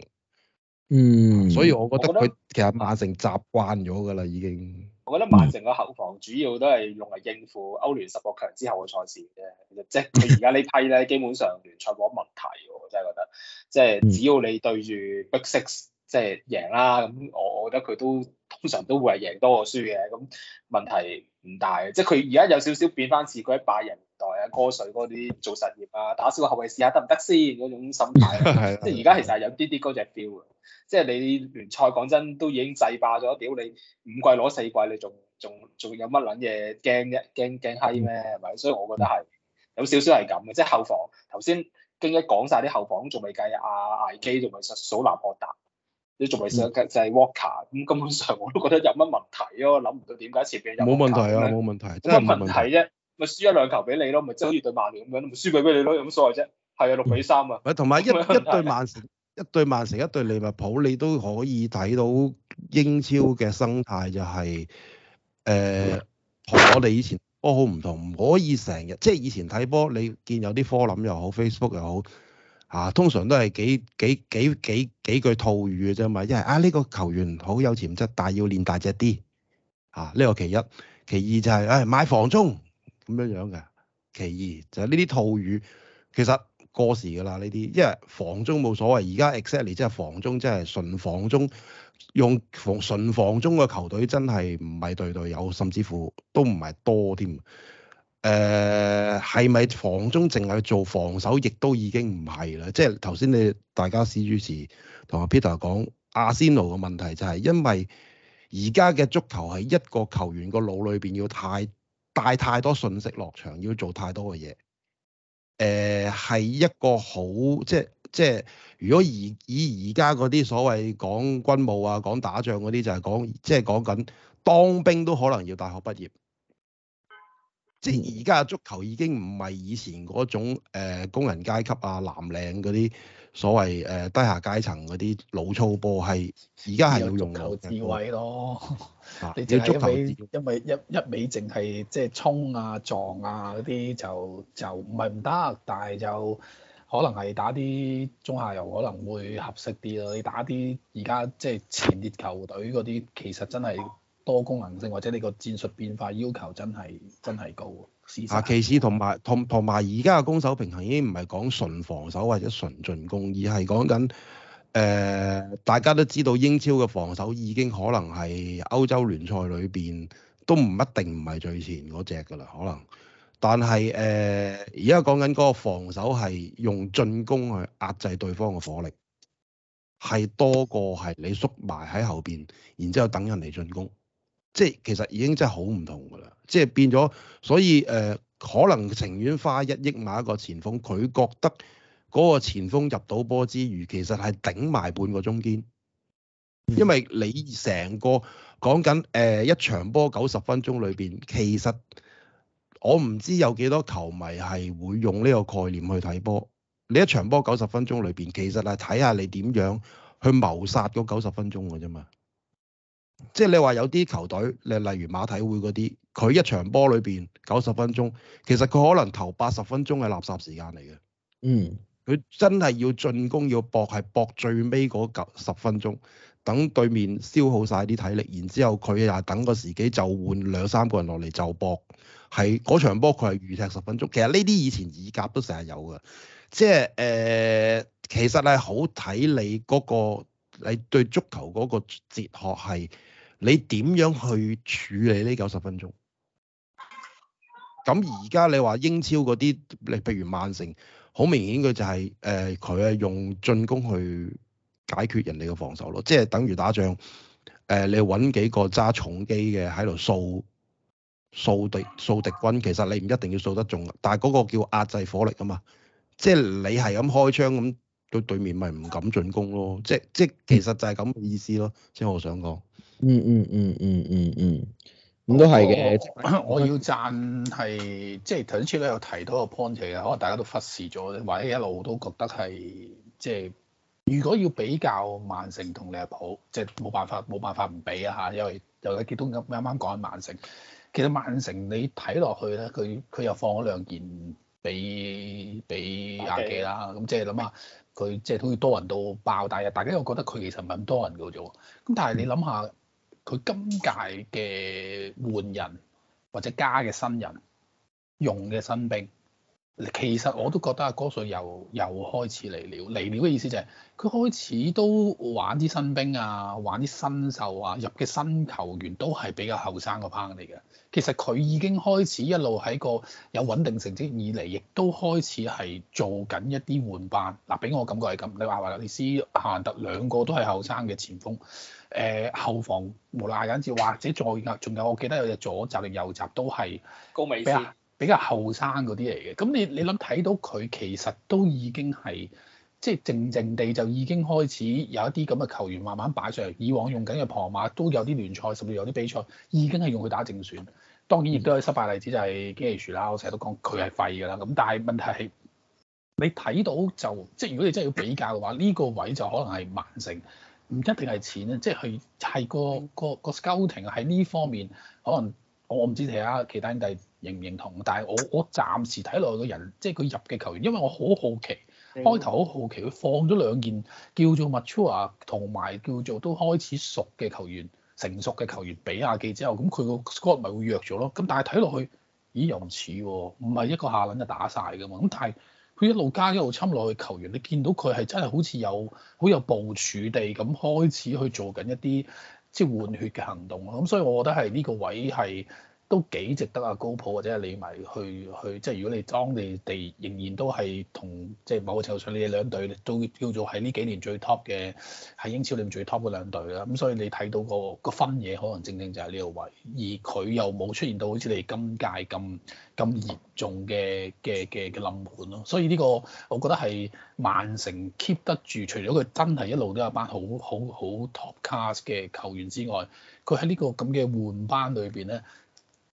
[SPEAKER 3] 嗯，所以我
[SPEAKER 1] 覺得佢其實曼城習慣咗㗎啦，已經。
[SPEAKER 5] 我覺得曼城嘅後防主要都係用嚟應付歐聯十六強之後嘅賽事啫，即係佢而家呢批咧，基本上聯賽冇乜問題，我真係覺得，即係只要你對住 Big Six 即係贏啦，咁我我覺得佢都。通常都會係贏多過輸嘅，咁問題唔
[SPEAKER 2] 大嘅。即係佢而
[SPEAKER 5] 家有少少變翻似嗰啲八零年代啊，哥水嗰啲做實業啊，打少個後備試下得唔得先嗰種心態。 即係而家其實係有啲啲嗰隻 feel 即係你聯賽講真都已經制霸咗，屌你五季攞四季你，你仲仲仲有乜撚嘢驚一驚驚閪咩？係咪？所以我覺得係有少少係咁嘅。即係後防頭先經一講晒啲後防，仲未計阿艾基，仲、啊、未數數納波達。你仲為上就係 walker，咁根本上我都覺得有乜問題咯，諗唔到點解前面冇問,問題啊，冇
[SPEAKER 1] 問題，真係有乜問題
[SPEAKER 5] 啫？咪輸一兩球俾你咯，咪即係好似對曼聯咁樣，咪輸佢俾你咯，有乜所謂啫？係啊，六比三
[SPEAKER 1] 啊。咪同埋一一對曼城，一對曼城，一對利物浦，你都可以睇到英超嘅生態就係誒同我哋以前波好唔同，唔可以成日即係以前睇波，你見有啲科諗又好，Facebook 又好。啊，通常都係幾幾幾幾幾,幾句套語嘅啫嘛，因為啊呢個球員好有潛質，但係要練大隻啲，啊呢個其一，其二就係誒買防中咁樣樣嘅，其二就係呢啲套語其實過時㗎啦呢啲，因為防中冇所謂，而家 exactly 即係防中即係純防中，用防純防中嘅球隊真係唔係隊隊有，甚至乎都唔係多添。誒係咪防中淨係做防守，亦都已經唔係啦。即係頭先你大家史主持同阿 Peter 講阿仙奴嘅問題，就係因為而家嘅足球係一個球員個腦裏邊要太帶太多信息落場，要做太多嘅嘢。誒、呃、係一個好即係即係，就是就是、如果而以而家嗰啲所謂講軍務啊、講打仗嗰啲，就係、是、講即係講緊當兵都可能要大學畢業。即係而家足球已經唔係以前嗰種、呃、工人階級啊、藍領嗰啲所謂誒低下階層嗰啲老粗波，係而家係要用足
[SPEAKER 2] 球智慧咯。
[SPEAKER 3] 你一味
[SPEAKER 2] 因為一一味淨係即係衝啊撞啊嗰啲就就唔係唔得，但係就可能係打啲中下游可能會合適啲咯。你打啲而家即係前列球隊嗰啲，其實真係～多功能性或者呢個戰術變化要求真係
[SPEAKER 1] 真係高。啊，其次同埋同同埋而家嘅攻守平衡已經唔係講純防守或者純進攻，而係講緊誒大家都知道英超嘅防守已經可能係歐洲聯賽裏邊都唔一定唔係最前嗰隻噶啦，可能。但係誒而家講緊嗰個防守係用進攻去壓制對方嘅火力，係多過係你縮埋喺後邊，然之後等人嚟進攻。即係其實已經真係好唔同噶啦，即係變咗，所以誒、呃、可能情願花一億買一個前鋒，佢覺得嗰個前鋒入到波之餘，其實係頂埋半個中堅，因為你成個講緊誒、呃、一場波九十分鐘裏邊，其實我唔知有幾多球迷係會用呢個概念去睇波。你一場波九十分鐘裏邊，其實係睇下你點樣去謀殺嗰九十分鐘嘅啫嘛。即係你話有啲球隊，你例如馬體會嗰啲，佢一場波裏邊九十分鐘，其實佢可能頭八十分鐘係垃圾時間嚟嘅。嗯，佢真係要進攻要搏，係搏最尾嗰十分鐘，等對面消耗晒啲體力，然之後佢又等個時機就換兩三個人落嚟就搏，係嗰場波佢係預踢十分鐘。其實呢啲以前意甲都成日有嘅，即係誒、呃，其實係好睇你嗰、嗰個。你對足球嗰個哲學係你點樣去處理呢九十分鐘？咁而家你話英超嗰啲，你譬如曼城，好明顯佢就係誒佢係用進攻去解決人哋嘅防守咯，即係等於打仗。誒、呃，你揾幾個揸重機嘅喺度掃掃敵掃敵軍，其實你唔一定要掃得中，但係嗰個叫壓制火力啊嘛，即係你係咁開槍咁。咁對面咪唔敢進攻咯，即即其實就係咁嘅意思咯，即我想
[SPEAKER 2] 講。
[SPEAKER 3] 嗯嗯嗯嗯嗯嗯，咁、嗯嗯嗯嗯、都係嘅。
[SPEAKER 2] 我要贊係即頭先咧有提到個 point 嘅，可能大家都忽視咗或者一路都覺得係即如果要比較曼城同利物浦，即冇辦法冇辦法唔比啊嚇，因為又有結東啱啱講緊曼城。其實曼城你睇落去咧，佢佢又放咗兩件俾俾亞記啦，咁 Okay. 即係諗下。佢即係好似多人到爆大，大啊，大家又覺得佢其實唔係咁多人嘅啫。咁但係你諗下，佢今屆嘅換人或者加嘅新人，用嘅新兵。其實我都覺得阿哥帥又又開始嚟了，嚟了嘅意思就係、是、佢開始都玩啲新兵啊，玩啲新秀啊，入嘅新球員都係比較後生嘅班嚟嘅。其實佢已經開始一路喺個有穩定成績以嚟，亦都開始係做緊一啲換班。嗱，俾我感覺係咁，你話華你斯、夏蘭特兩個都係後生嘅前鋒。誒、呃，後防無論亞簡志或者再入，仲有我記得有隻左閘定右閘都係高美斯比較後生嗰啲嚟嘅，咁你你諗睇到佢其實都已經係即係靜靜地就已經開始有一啲咁嘅球員慢慢擺上嚟，以往用緊嘅帕馬都有啲聯賽，甚至有啲比賽已經係用佢打正選。當然亦都有失敗例子就係 g e h 啦，我成日都講佢係廢㗎啦。咁但係問題係你睇到就即係、就是、如果你真係要比較嘅話，呢、這個位就可能係曼城，唔一定係錢啊，即係係個個個 scouting 喺呢方面，可能我我唔知睇下其他兄弟。認唔認同？但係我我暫時睇落去，個人，即係佢入嘅球員，因為我好好奇，開頭好好奇，佢放咗兩件叫做 mature 啊，同埋叫做都開始熟嘅球員，成熟嘅球員比阿記之後，咁佢個 score 咪會弱咗咯。咁但係睇落去，咦又唔似喎，唔係一個下撚就打晒噶嘛。咁但係佢一路加一路侵落去球員，你見到佢係真係好似有好有部署地咁開始去做緊一啲即係換血嘅行動咯。咁所以我覺得係呢個位係。都幾值得啊，高普或者李迷去去，即係如果你當地地仍然都係同即係某個程度上，你哋兩隊都叫做係呢幾年最 top 嘅，喺英超你哋最 top 嗰兩隊啦。咁所以你睇到，嗰個個分野，可能正正就係呢個位，而佢又冇出現到好似你今屆咁咁嚴重嘅嘅嘅嘅冧盤咯。所以呢個我覺得係曼城 keep 得住，除咗佢真係一路都有班好好好 top class 嘅球員之外，佢喺呢個咁嘅換班裏邊咧。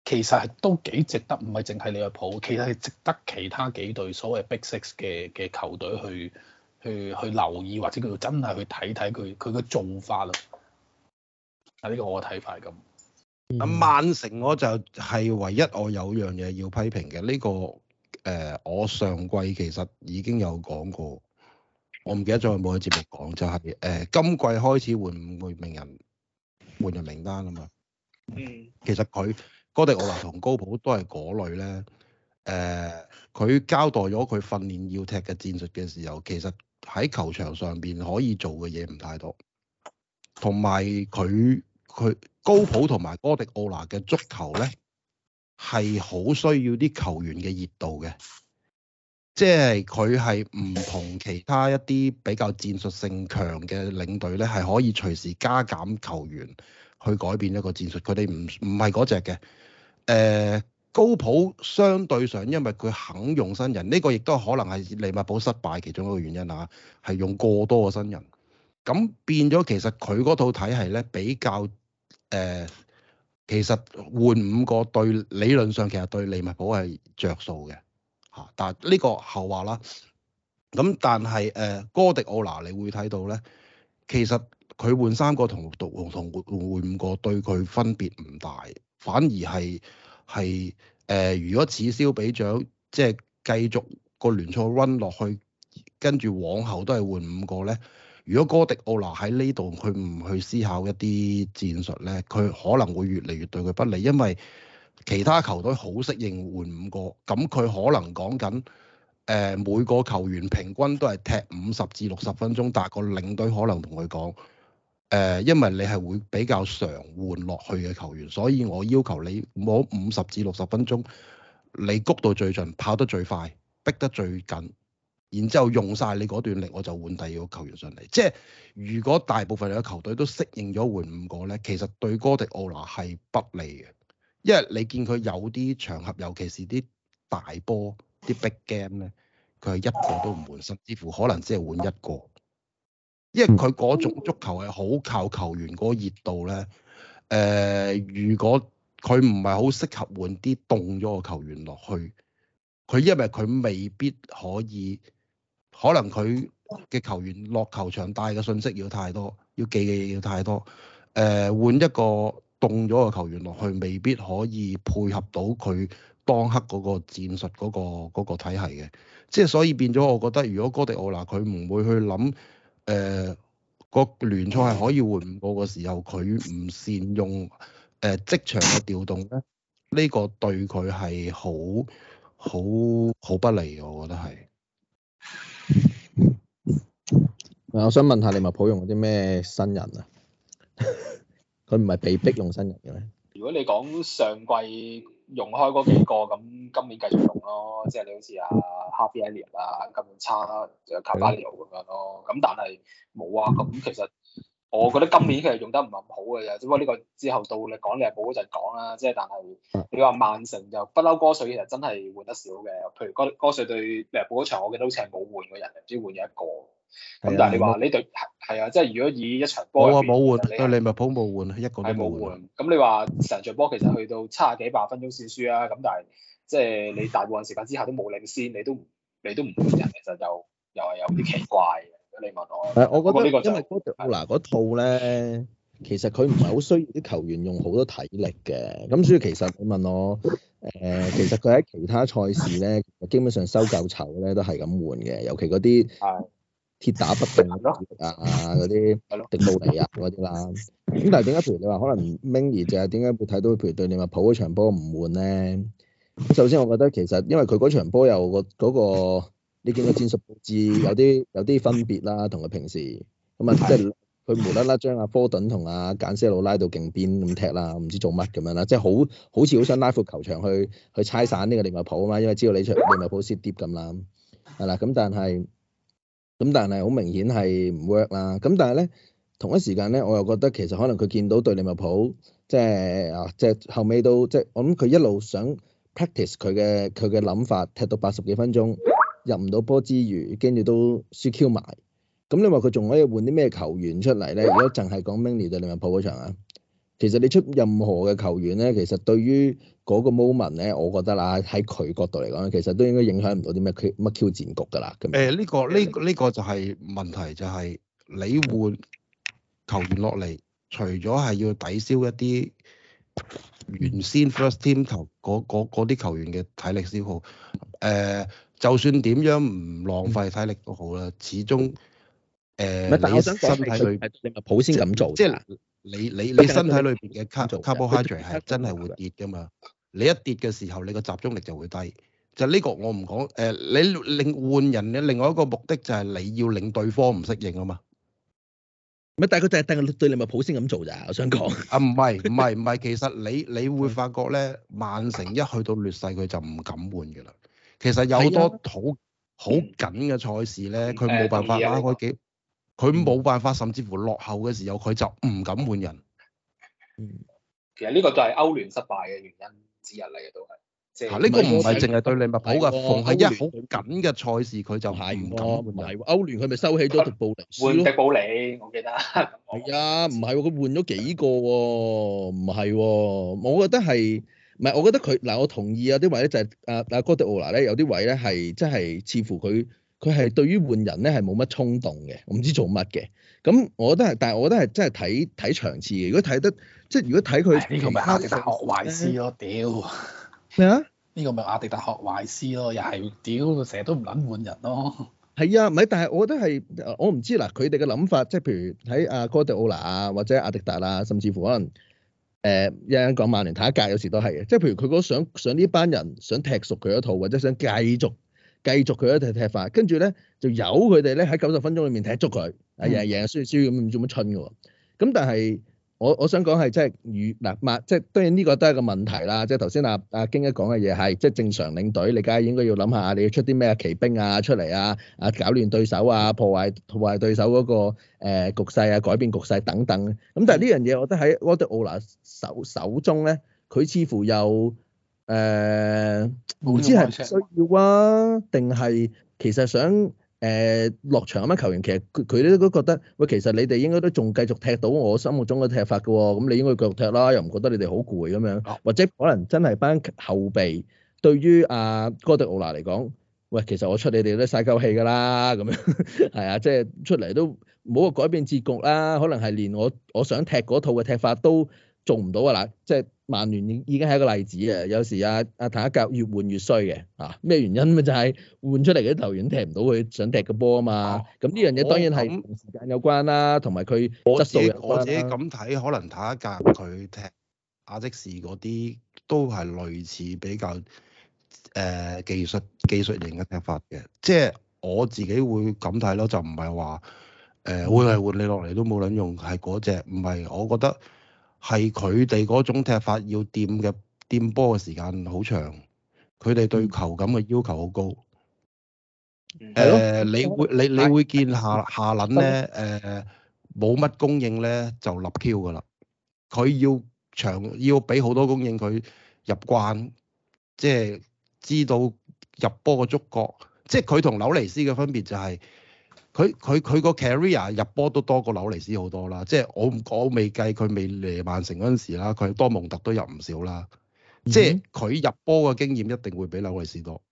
[SPEAKER 2] 其實係都幾值得，唔係淨係你去抱。其實係值得其他幾隊所謂 Big Six 嘅嘅球隊去去去留意，或者佢真係去睇睇佢佢嘅做法啦。啊，呢個我嘅睇法係咁。
[SPEAKER 1] 啊、嗯，曼城我就係唯一我有樣嘢要批評嘅。呢、這個誒、呃，我上季其實已經有講過，我唔記得有冇喺節目講，就係、是、誒、呃、今季開始換唔換名人換人名單啊嘛。嗯。其實佢。嗯哥迪奧拿同高普都係嗰類咧，誒、呃，佢交代咗佢訓練要踢嘅戰術嘅時候，其實喺球場上邊可以做嘅嘢唔太多。同埋佢佢高普同埋哥迪奧拿嘅足球咧，係好需要啲球員嘅熱度嘅，即係佢係唔同其他一啲比較戰術性強嘅領隊咧，係可以隨時加減球員去改變一個戰術，佢哋唔唔係嗰隻嘅。誒、呃、高普相對上，因為佢肯用新人，呢、這個亦都可能係利物浦失敗其中一個原因啦。係用過多個新人，咁變咗其實佢嗰套體系咧比較誒、呃，其實換五個對理論上其實對利物浦係着數嘅嚇，但係呢個後話啦。咁但係誒、呃、哥迪奧拿，你會睇到咧，其實佢換三個同同換換五個對佢分別唔大。反而係係誒，如果此消彼長，即係繼續個聯賽 run 落去，跟住往後都係換五個咧。如果哥迪奧拿喺呢度，佢唔去思考一啲戰術咧，佢可能會越嚟越對佢不利，因為其他球隊好適應換五個，咁佢可能講緊誒每個球員平均都係踢五十至六十分鐘，但係個領隊可能同佢講。誒，因為你係會比較常換落去嘅球員，所以我要求你攞五十至六十分鐘，你谷到最盡，跑得最快，逼得最緊，然之後用晒你嗰段力，我就換第二個球員上嚟。即係如果大部分嘅球隊都適應咗換五個呢，其實對哥迪奧拿係不利嘅，因為你見佢有啲場合，尤其是啲大波、啲 big game 呢，佢係一個都唔換，甚至乎可能只係換一個。因為佢嗰種足球係好靠球員嗰個熱度咧，誒，如果佢唔係好適合換啲凍咗嘅球員落去，佢因為佢未必可以，可能佢嘅球員落球場帶嘅信息要太多，要記嘅嘢要太多，誒，換一個凍咗嘅球員落去未必可以配合到佢當刻嗰個戰術嗰個嗰個體系嘅，即係所以變咗，我覺得如果哥迪奧拿佢唔會去諗。誒，呃，那個聯賽係可以換唔到嘅時候，佢唔善用誒，即、呃、場嘅調動咧，呢、這個對佢係
[SPEAKER 4] 好好好不利嘅，我覺得係。嗱、嗯，我想問下利物浦用咗啲咩新人啊？佢唔係被逼用新人嘅咩？
[SPEAKER 5] 如果你講上季。用開嗰幾個咁，今年繼續用咯，即係你好似阿 Harvey Elliott 啊、金門差啊、Carvalho 咁樣咯。咁但係冇啊。咁其實我覺得今年其實用得唔係咁好嘅啫。只不過呢個之後到你講利物浦嗰陣講啦。即係但係你話曼城就不嬲歌水其實真係換得少嘅。譬如歌哥瑞對利物浦嗰場我記得好似係冇換過人，唔知換咗一個。
[SPEAKER 1] 咁但係你
[SPEAKER 5] 話你對，係啊，即係如果以一場波我話冇換，啊、你
[SPEAKER 1] 利物浦冇換，一個都冇換。
[SPEAKER 5] 咁你話成場波其實去到七啊幾八分鐘先輸啊，咁但係即係你大部分時間之下都冇領先，你都你都唔換人，其實又又係有啲奇怪嘅。你
[SPEAKER 4] 問我，我我覺得呢個因為哥迪奧拿嗰套咧，的其實佢唔係好需要啲球員用好多體力嘅，咁所以其實你問我誒，其實佢喺其他賽事咧，基本上收夠籌咧都係咁換嘅，尤其嗰啲的跌打不定啊，嗰啲迪布尼啊嗰啲啦，咁但係點解譬如你話可能 m i 明兒就係點解會睇到譬如對利物浦嗰場波唔換咧？咁首先我覺得其實因為佢嗰場波有、嗰個嗰、嗰個你見到戰術佈置有啲有啲分別啦，同佢平時咁啊，即係佢無啦啦將阿科頓同阿簡斯洛拉到邊邊咁踢啦，唔知做乜咁樣啦，即、就、係、是、好好似好想拉闊球場去去拆散呢個利物浦啊，因為知道你場利物浦蝕碟咁啦係啦，咁但係。咁但係好明顯係唔 work 啦。咁但係咧，同一時間咧，我又覺得其實可能佢見到對利物浦，即係啊，即係後尾到即係，我諗佢一路想 practice 佢嘅佢嘅諗法，踢到八十幾分鐘入唔到波之餘，跟住都輸 Q 埋。咁你話佢仲可以換啲咩球員出嚟咧？如果淨係講 mini 對利物浦嗰場啊，其實你出任何嘅球員咧，其實對於嗰個 moment 咧，我覺得啦，喺佢角度嚟講，其實都應該影響唔到啲咩，Q 乜 Q 戰局噶啦。誒，呢、呃這
[SPEAKER 1] 個呢呢、這個這個就係問題，就係、是、你換球員落嚟，除咗係要抵消一啲原先 first team 球嗰啲球員嘅體力消耗。誒、呃，就算點樣唔浪費體力都好啦，始終誒、呃、但 你身體佢普先咁做，即係嗱，你你你身體裏邊嘅 car 碳飽荷載係真係活跌噶嘛。你一跌嘅時候，你個集中力就會低。就呢、是、個我唔講。誒、呃，你令換人嘅另外一個目的就係你要令對方唔適應啊嘛。咪， 但係佢就係但係對利物浦先咁做咋。我想講。啊，唔係唔係唔係，其實你你會發覺咧，曼城一去到劣勢，佢就唔敢換嘅啦。其實有好多好好、啊、緊嘅賽事咧，佢冇、嗯、辦法拉開幾，佢冇、嗯、辦法，甚至乎落後嘅時候，佢就唔敢換人。嗯。其實
[SPEAKER 5] 呢個就係歐聯失敗嘅原因。指人嚟嘅都係，
[SPEAKER 3] 啊呢個唔係淨係對利物浦嘅，逢係一好
[SPEAKER 4] 緊嘅賽事佢、啊、就唔敢換人、啊。歐聯佢咪收起咗迪布尼嚟換迪布尼嚟，我記得。係 啊，唔係喎，佢換咗幾個喎、啊，唔係喎，我覺得係，唔係我覺得佢嗱，我同意、就係、啊。啲位咧就係阿阿哥迪奧拿咧，有啲位咧係真係似乎佢佢係對於換人咧係冇乜衝動嘅，我唔知做乜嘅。咁我都係，但係我都係真係睇睇場次嘅。如果睇得即係如果睇佢呢個咪阿迪達學壞師咯，屌咩、哎、啊？呢個咪阿迪達學壞師咯，又係屌，成日都唔撚換人咯。係啊，唔係、啊，但係我都係，我唔知嗱，佢哋嘅諗法，即係譬如喺阿哥迪奧拿啊，或者阿迪達啦，甚至乎可能一啱啱講曼聯睇一格，有時都係嘅。即係譬如佢覺得想想呢班人想踢熟佢一套，或者想繼續。繼續佢一隊踢法，跟住咧就由佢哋咧喺九十分鐘裏面踢足佢，日日贏贏輸輸咁，做乜春嘅喎？咁但係我我想講係即係與嗱麥，即係當然呢個都係一個問題啦。即係頭先阿阿京一講嘅嘢係即係正常領隊，你梗係應該要諗下你要出啲咩奇兵啊出嚟啊，啊搞亂對手啊，破壞破壞對手嗰個誒局勢啊，改變局勢等等。咁但係呢樣嘢，我覺得喺安德奧拿手手中咧，佢似乎又～誒，唔知係唔需要啊，定係其實想誒落場咁樣球員，其實佢佢哋都覺得喂，其實你哋應該都仲繼續踢到我心目中嘅踢法嘅喎，咁你應該繼續踢啦，又唔覺得你哋好攰咁樣，或者可能真係班後備對於阿哥迪奧拿嚟講，喂，其實我出你哋都嘥鳩氣㗎啦，咁樣係啊，即係出嚟都冇改變結局啦，可能係連我我想踢嗰套嘅踢法都做唔到啊嗱，即係曼聯已經係一個例子啊！有時啊，阿滕哈格越換越衰嘅，嚇、啊、咩原因咪就係、是、換出嚟嘅啲球員踢唔到佢想踢嘅波啊嘛！咁呢、啊、樣嘢當然係同時間有關啦、啊，同埋佢質素有關啦、啊。我自己我自
[SPEAKER 1] 己咁睇，可能滕哈格佢踢阿積士嗰啲都係類似比較誒、呃、技術技術型嘅踢法嘅，即、就、係、是、我自己會咁睇咯，就唔係話誒換嚟換你落嚟都冇卵用，係嗰隻唔係我覺得。係佢哋嗰種踢法要，要掂嘅掂波嘅時間好長，佢哋對球感嘅要求好高。誒，你會、嗯、你你會見下下輪咧誒，冇乜、嗯呃、供應咧就立 Q 㗎啦。佢要長要俾好多供應佢入慣，即、就、係、是、知道入波嘅觸覺。即係佢同紐尼斯嘅分別就係、是。佢佢佢個 career 入波都多過紐尼斯好多啦，即係我我未計佢未嚟曼城嗰陣時啦，佢多蒙特都入唔少啦，即係佢入波嘅經驗一定會比紐尼斯多，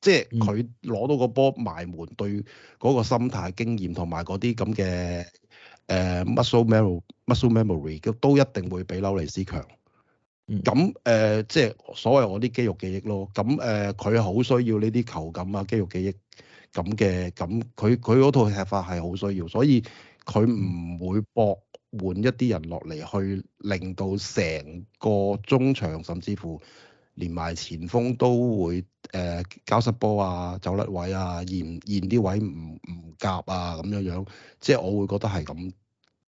[SPEAKER 1] 即係佢攞到個波埋門對嗰個心態經驗同埋嗰啲咁嘅誒 muscle memory muscle memory 都一定會比紐尼斯強。咁誒即係所謂我啲肌肉記憶咯。咁誒佢好需要呢啲球感啊肌肉記憶。咁嘅咁佢佢嗰套踢法係好需要，所以佢唔會博換一啲人落嚟，去令到成個中場甚至乎連埋前鋒都會誒、呃、交失波啊、走甩位啊、延延啲位唔唔夾啊
[SPEAKER 4] 咁樣樣，即係我會覺得係咁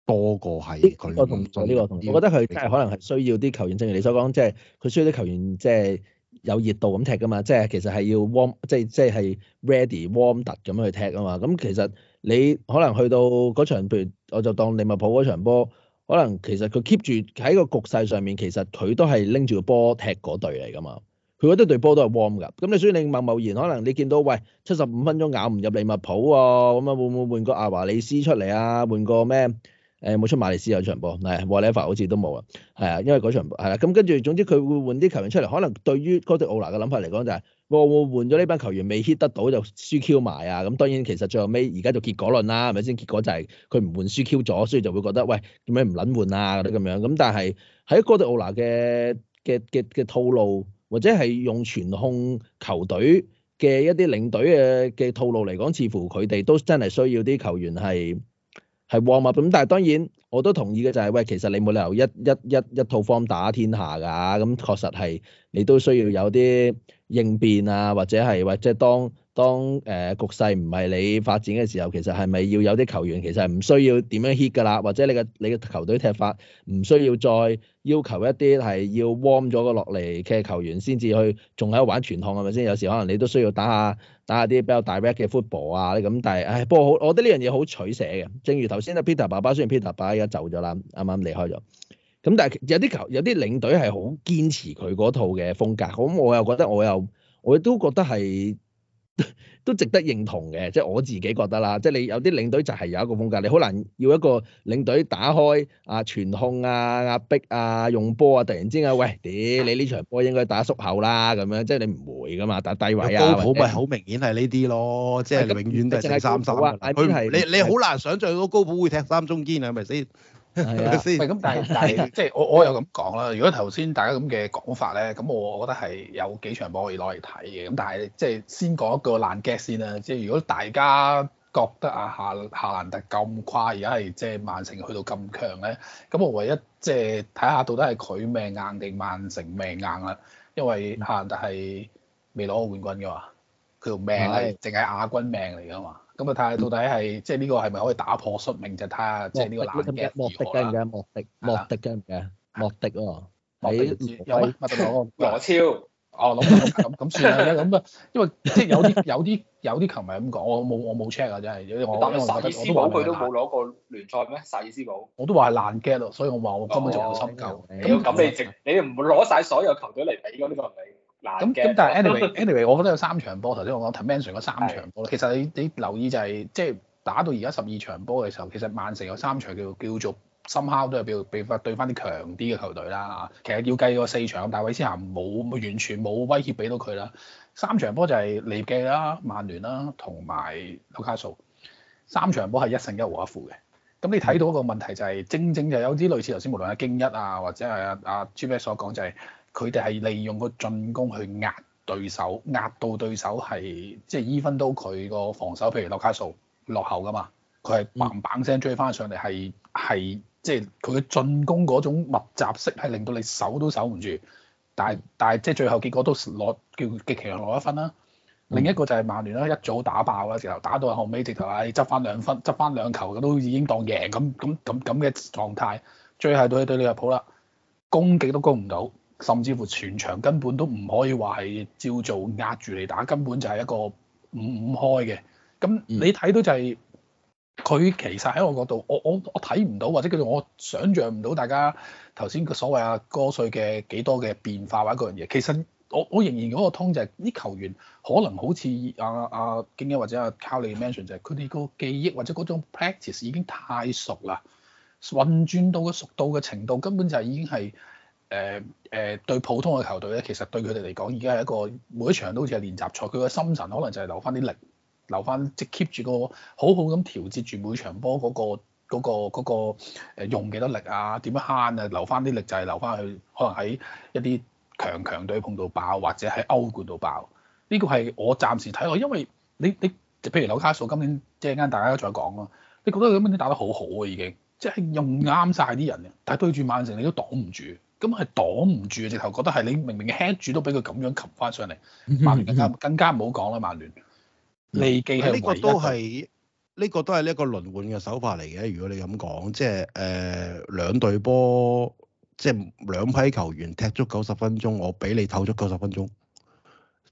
[SPEAKER 4] 多過係佢。呢、呢個我同、呢個、我覺得佢真係可能係需要啲球、即係、球員，正如你所講，即係佢需要啲球員即係。有熱度咁踢噶嘛，即係其實係要 warm，即係即係 ready warm 突咁樣去踢啊嘛。咁其實你可能去到嗰場，譬如我就當利物浦嗰場波，可能其實佢 keep 住喺個局勢上面，其實佢都係拎住個波踢嗰隊嚟噶嘛。佢嗰啲隊波都係 warm 㗎。咁你所以你冒冒然可能你見到，喂，七十五分鐘咬唔入利物浦喎、啊，咁啊會唔會換個阿華里斯出嚟啊？換個咩？誒，冇出馬利斯場有場波？係，whatever，好似都冇啊。係啊，因為嗰場係啊。咁跟住，總之佢會換啲球員出嚟。可能對於哥迪奧拿嘅諗法嚟講、就是，就係我會換咗呢班球員，未 hit 得到就輸 Q 埋啊。咁當然，其實最後尾而家就結果論啦，係咪先？結果就係佢唔換輸 Q 咗，所以就會覺得，喂，點解唔撚換啊？啲咁樣。咁但係喺哥迪奧拿嘅嘅嘅嘅套路，或者係用傳控球隊嘅一啲領隊嘅嘅套路嚟講，似乎佢哋都真係需要啲球員係。係旺物咁，但係當然我都同意嘅就係、是、喂，其實你冇理由一一一一套方打天下噶。咁確實係你都需要有啲。應變啊，或者係或者當當誒，局勢唔係你發展嘅時候，其實係咪要有啲球員其實係唔需要點樣 hit 㗎啦，或者你嘅你嘅球隊踢法唔需要再要求一啲係要 warm 咗個落嚟嘅球員先至去仲喺度玩全控係咪先？有時可能你都需要打下打下啲比較 direct 嘅 football 啊，咁但係唉、哎，不過好，我覺得呢樣嘢好取捨嘅。正如頭先阿 Peter 爸爸，雖然 Peter 爸爸而家走咗啦，啱啱離開咗。咁但係有啲球有啲領隊係好堅持佢嗰套嘅風格，咁我又覺得我又我都覺得係都值得認同嘅，即係我自己覺得啦。即係你有啲領隊就係有一個風格，你好難要一個領隊打開啊傳控啊壓逼啊，迫啊用波啊，突然之間喂，屌你呢場波應該打縮後啦咁樣，即係你唔會噶嘛打低位啊。高普咪好
[SPEAKER 1] 明顯係呢啲咯，即、就、係、是、永遠都係四三三。佢、啊、你你好
[SPEAKER 2] 難想像到高普會踢三中堅係咪先？是係咁，
[SPEAKER 3] 但係但係，
[SPEAKER 2] 即係我我又咁講啦。如果頭先大家咁嘅講法咧，咁我我覺得係有幾場波可以攞嚟睇嘅。咁但係即係先講一個爛 gag 先啦。即係如果大家覺得啊，夏夏蘭特咁誇，而家係即係曼城去到咁強咧，咁我唯一即係睇下到底係佢命硬定曼城命硬啦。因為夏蘭特係未攞過冠軍㗎嘛。佢條命係淨係亞軍命嚟㗎嘛？咁啊睇下到底係即係呢個係咪可以打破宿命？就睇下即係呢個難嘅如何啦。莫
[SPEAKER 4] 迪嘅唔嘅莫迪，莫迪喎，你又咪就
[SPEAKER 2] 攞羅超？哦，攞咁咁算啦，咁啊， 因為即係有啲有啲有啲球迷咁講，我冇我冇 check 啊，真係因為我因為我覺得佢都冇
[SPEAKER 5] 攞過聯賽咩？細意思寶
[SPEAKER 2] 我都話係難 get 咯，所以我話我，我根本就冇深
[SPEAKER 5] 究。咁咁、哦、是你直你唔攞曬所有球隊嚟比嘅呢個唔理。咁咁，但係 any anyway，anyway，
[SPEAKER 2] 我覺得有三場波。頭先我講 mention 嗰三場波，其實你你留意就係即係打到而家十二場波嘅時候，其實曼城有三場叫叫做深敲，都有俾俾翻對翻啲強啲嘅球隊啦、啊。其實要計個四場，但係韋斯咸冇完全冇威脅俾到佢啦。三場波就係利記啦、曼聯啦同埋紐卡素。三場波係一勝一和一負嘅。咁你睇到一個問題就係、是嗯、正正就有、是、啲類似頭先，無論係京一啊，或者係阿阿 G M E 所講就係、是。佢哋係利用個進攻去壓對手，壓到對手係即係依分到佢個防守，譬如紐卡素落後㗎嘛。佢係 bang bang 聲追翻上嚟，係係即係佢嘅進攻嗰種密集式係令到你守都守唔住。但係但係即係最後結果都攞叫極其量攞一分啦、啊。另一個就係曼聯啦，一早打爆啦，直頭打到後尾，直頭你執翻兩分、執翻兩球嘅都已經當贏咁咁咁咁嘅狀態。最後對對利物浦啦，攻擊都攻唔到。甚至乎全場根本都唔可以話係照做壓住嚟打，根本就係一個五五開嘅。咁你睇到就係、是、佢其實喺我角度，我我我睇唔到或者叫做我，我想像唔到大家頭先個所謂啊哥帥嘅幾多嘅變化或者嗰樣嘢。其實我我仍然嗰個通就係、是、啲球員可能好似阿阿京一或者阿、啊、Karl mention 就係佢哋個記憶或者嗰種 practice 已經太熟啦，運轉到個熟到嘅程度，根本就係已經係。誒誒，對普通嘅球隊咧，其實對佢哋嚟講，而家係一個每一場都好似係練習賽。佢個心神可能就係留翻啲力，留翻即係 keep 住個好好咁調節住每場波嗰、嗰個嗰、嗰個、嗰個呃、用幾多力啊？點樣慳啊？留翻啲力就係留翻去可能喺一啲強強隊碰到爆，或者喺歐冠度爆。呢、呢個係我暫時睇落，因為你你譬如紐卡素今年即係啱大家再講咯，你覺得佢咁樣打得好好啊，已經即係用啱晒啲人嘅，但係對住曼城你都擋唔住。咁係擋唔住，直頭覺得係你明明 head 住、er、都俾佢咁樣擒翻上嚟，曼聯 更加更加唔好講啦！曼聯利記係呢個都係呢、呢個都係
[SPEAKER 1] 一個輪換嘅手法嚟嘅。如果你咁講，即係誒、呃、兩隊波，即係兩批球員踢足九十分鐘，我俾你透足九十分鐘。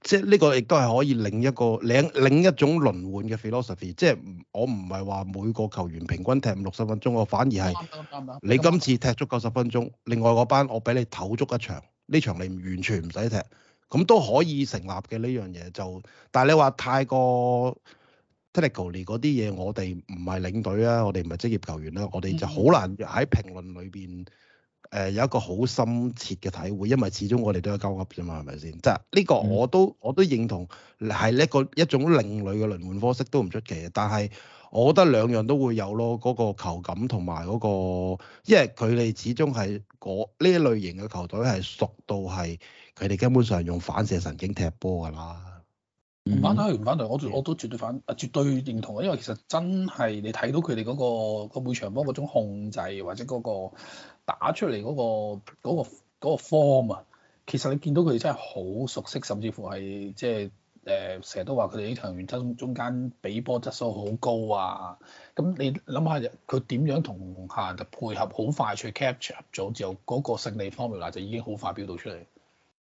[SPEAKER 1] 即係呢個亦都係可以另一個另另一種輪換嘅 philosophy，即係我唔係話每個球員平均踢五六十分鐘，我反而係你今次踢足九十分鐘，另外嗰班我俾你唞足一場，呢場你完全唔使踢，咁都可以成立嘅，呢樣嘢就，但係你話太過 technical 嗰啲嘢，我哋唔係領隊啊，我哋唔係職業球員啦，我哋就好難喺評論裏邊。誒有一個好深切嘅體會，因為始終我哋都有交集啫嘛，係咪先？即係呢個我都我都認同係呢個一種另類嘅輪換方式都唔出奇嘅。但係我覺得兩樣都會有咯，嗰、嗰個球感同埋嗰個，因為佢哋始終係嗰呢一類型嘅球隊係熟到係佢哋根本上用反射神經踢波㗎啦。
[SPEAKER 2] 唔反對係唔、嗯、反對，我都我都絕對反啊，絕對認同。因為其實真係你睇到佢哋嗰個個每場波嗰種控制或者嗰、嗰個。打出嚟嗰個嗰個嗰個 form 啊，其實你見到佢哋真係好熟悉，甚至乎係即係誒成日都話佢哋呢球員中中間比波質素好高啊。咁、嗯、你諗下佢點樣同下就配合好快速 capture 咗之後，嗰個勝利 formula 就已經好快表露出嚟，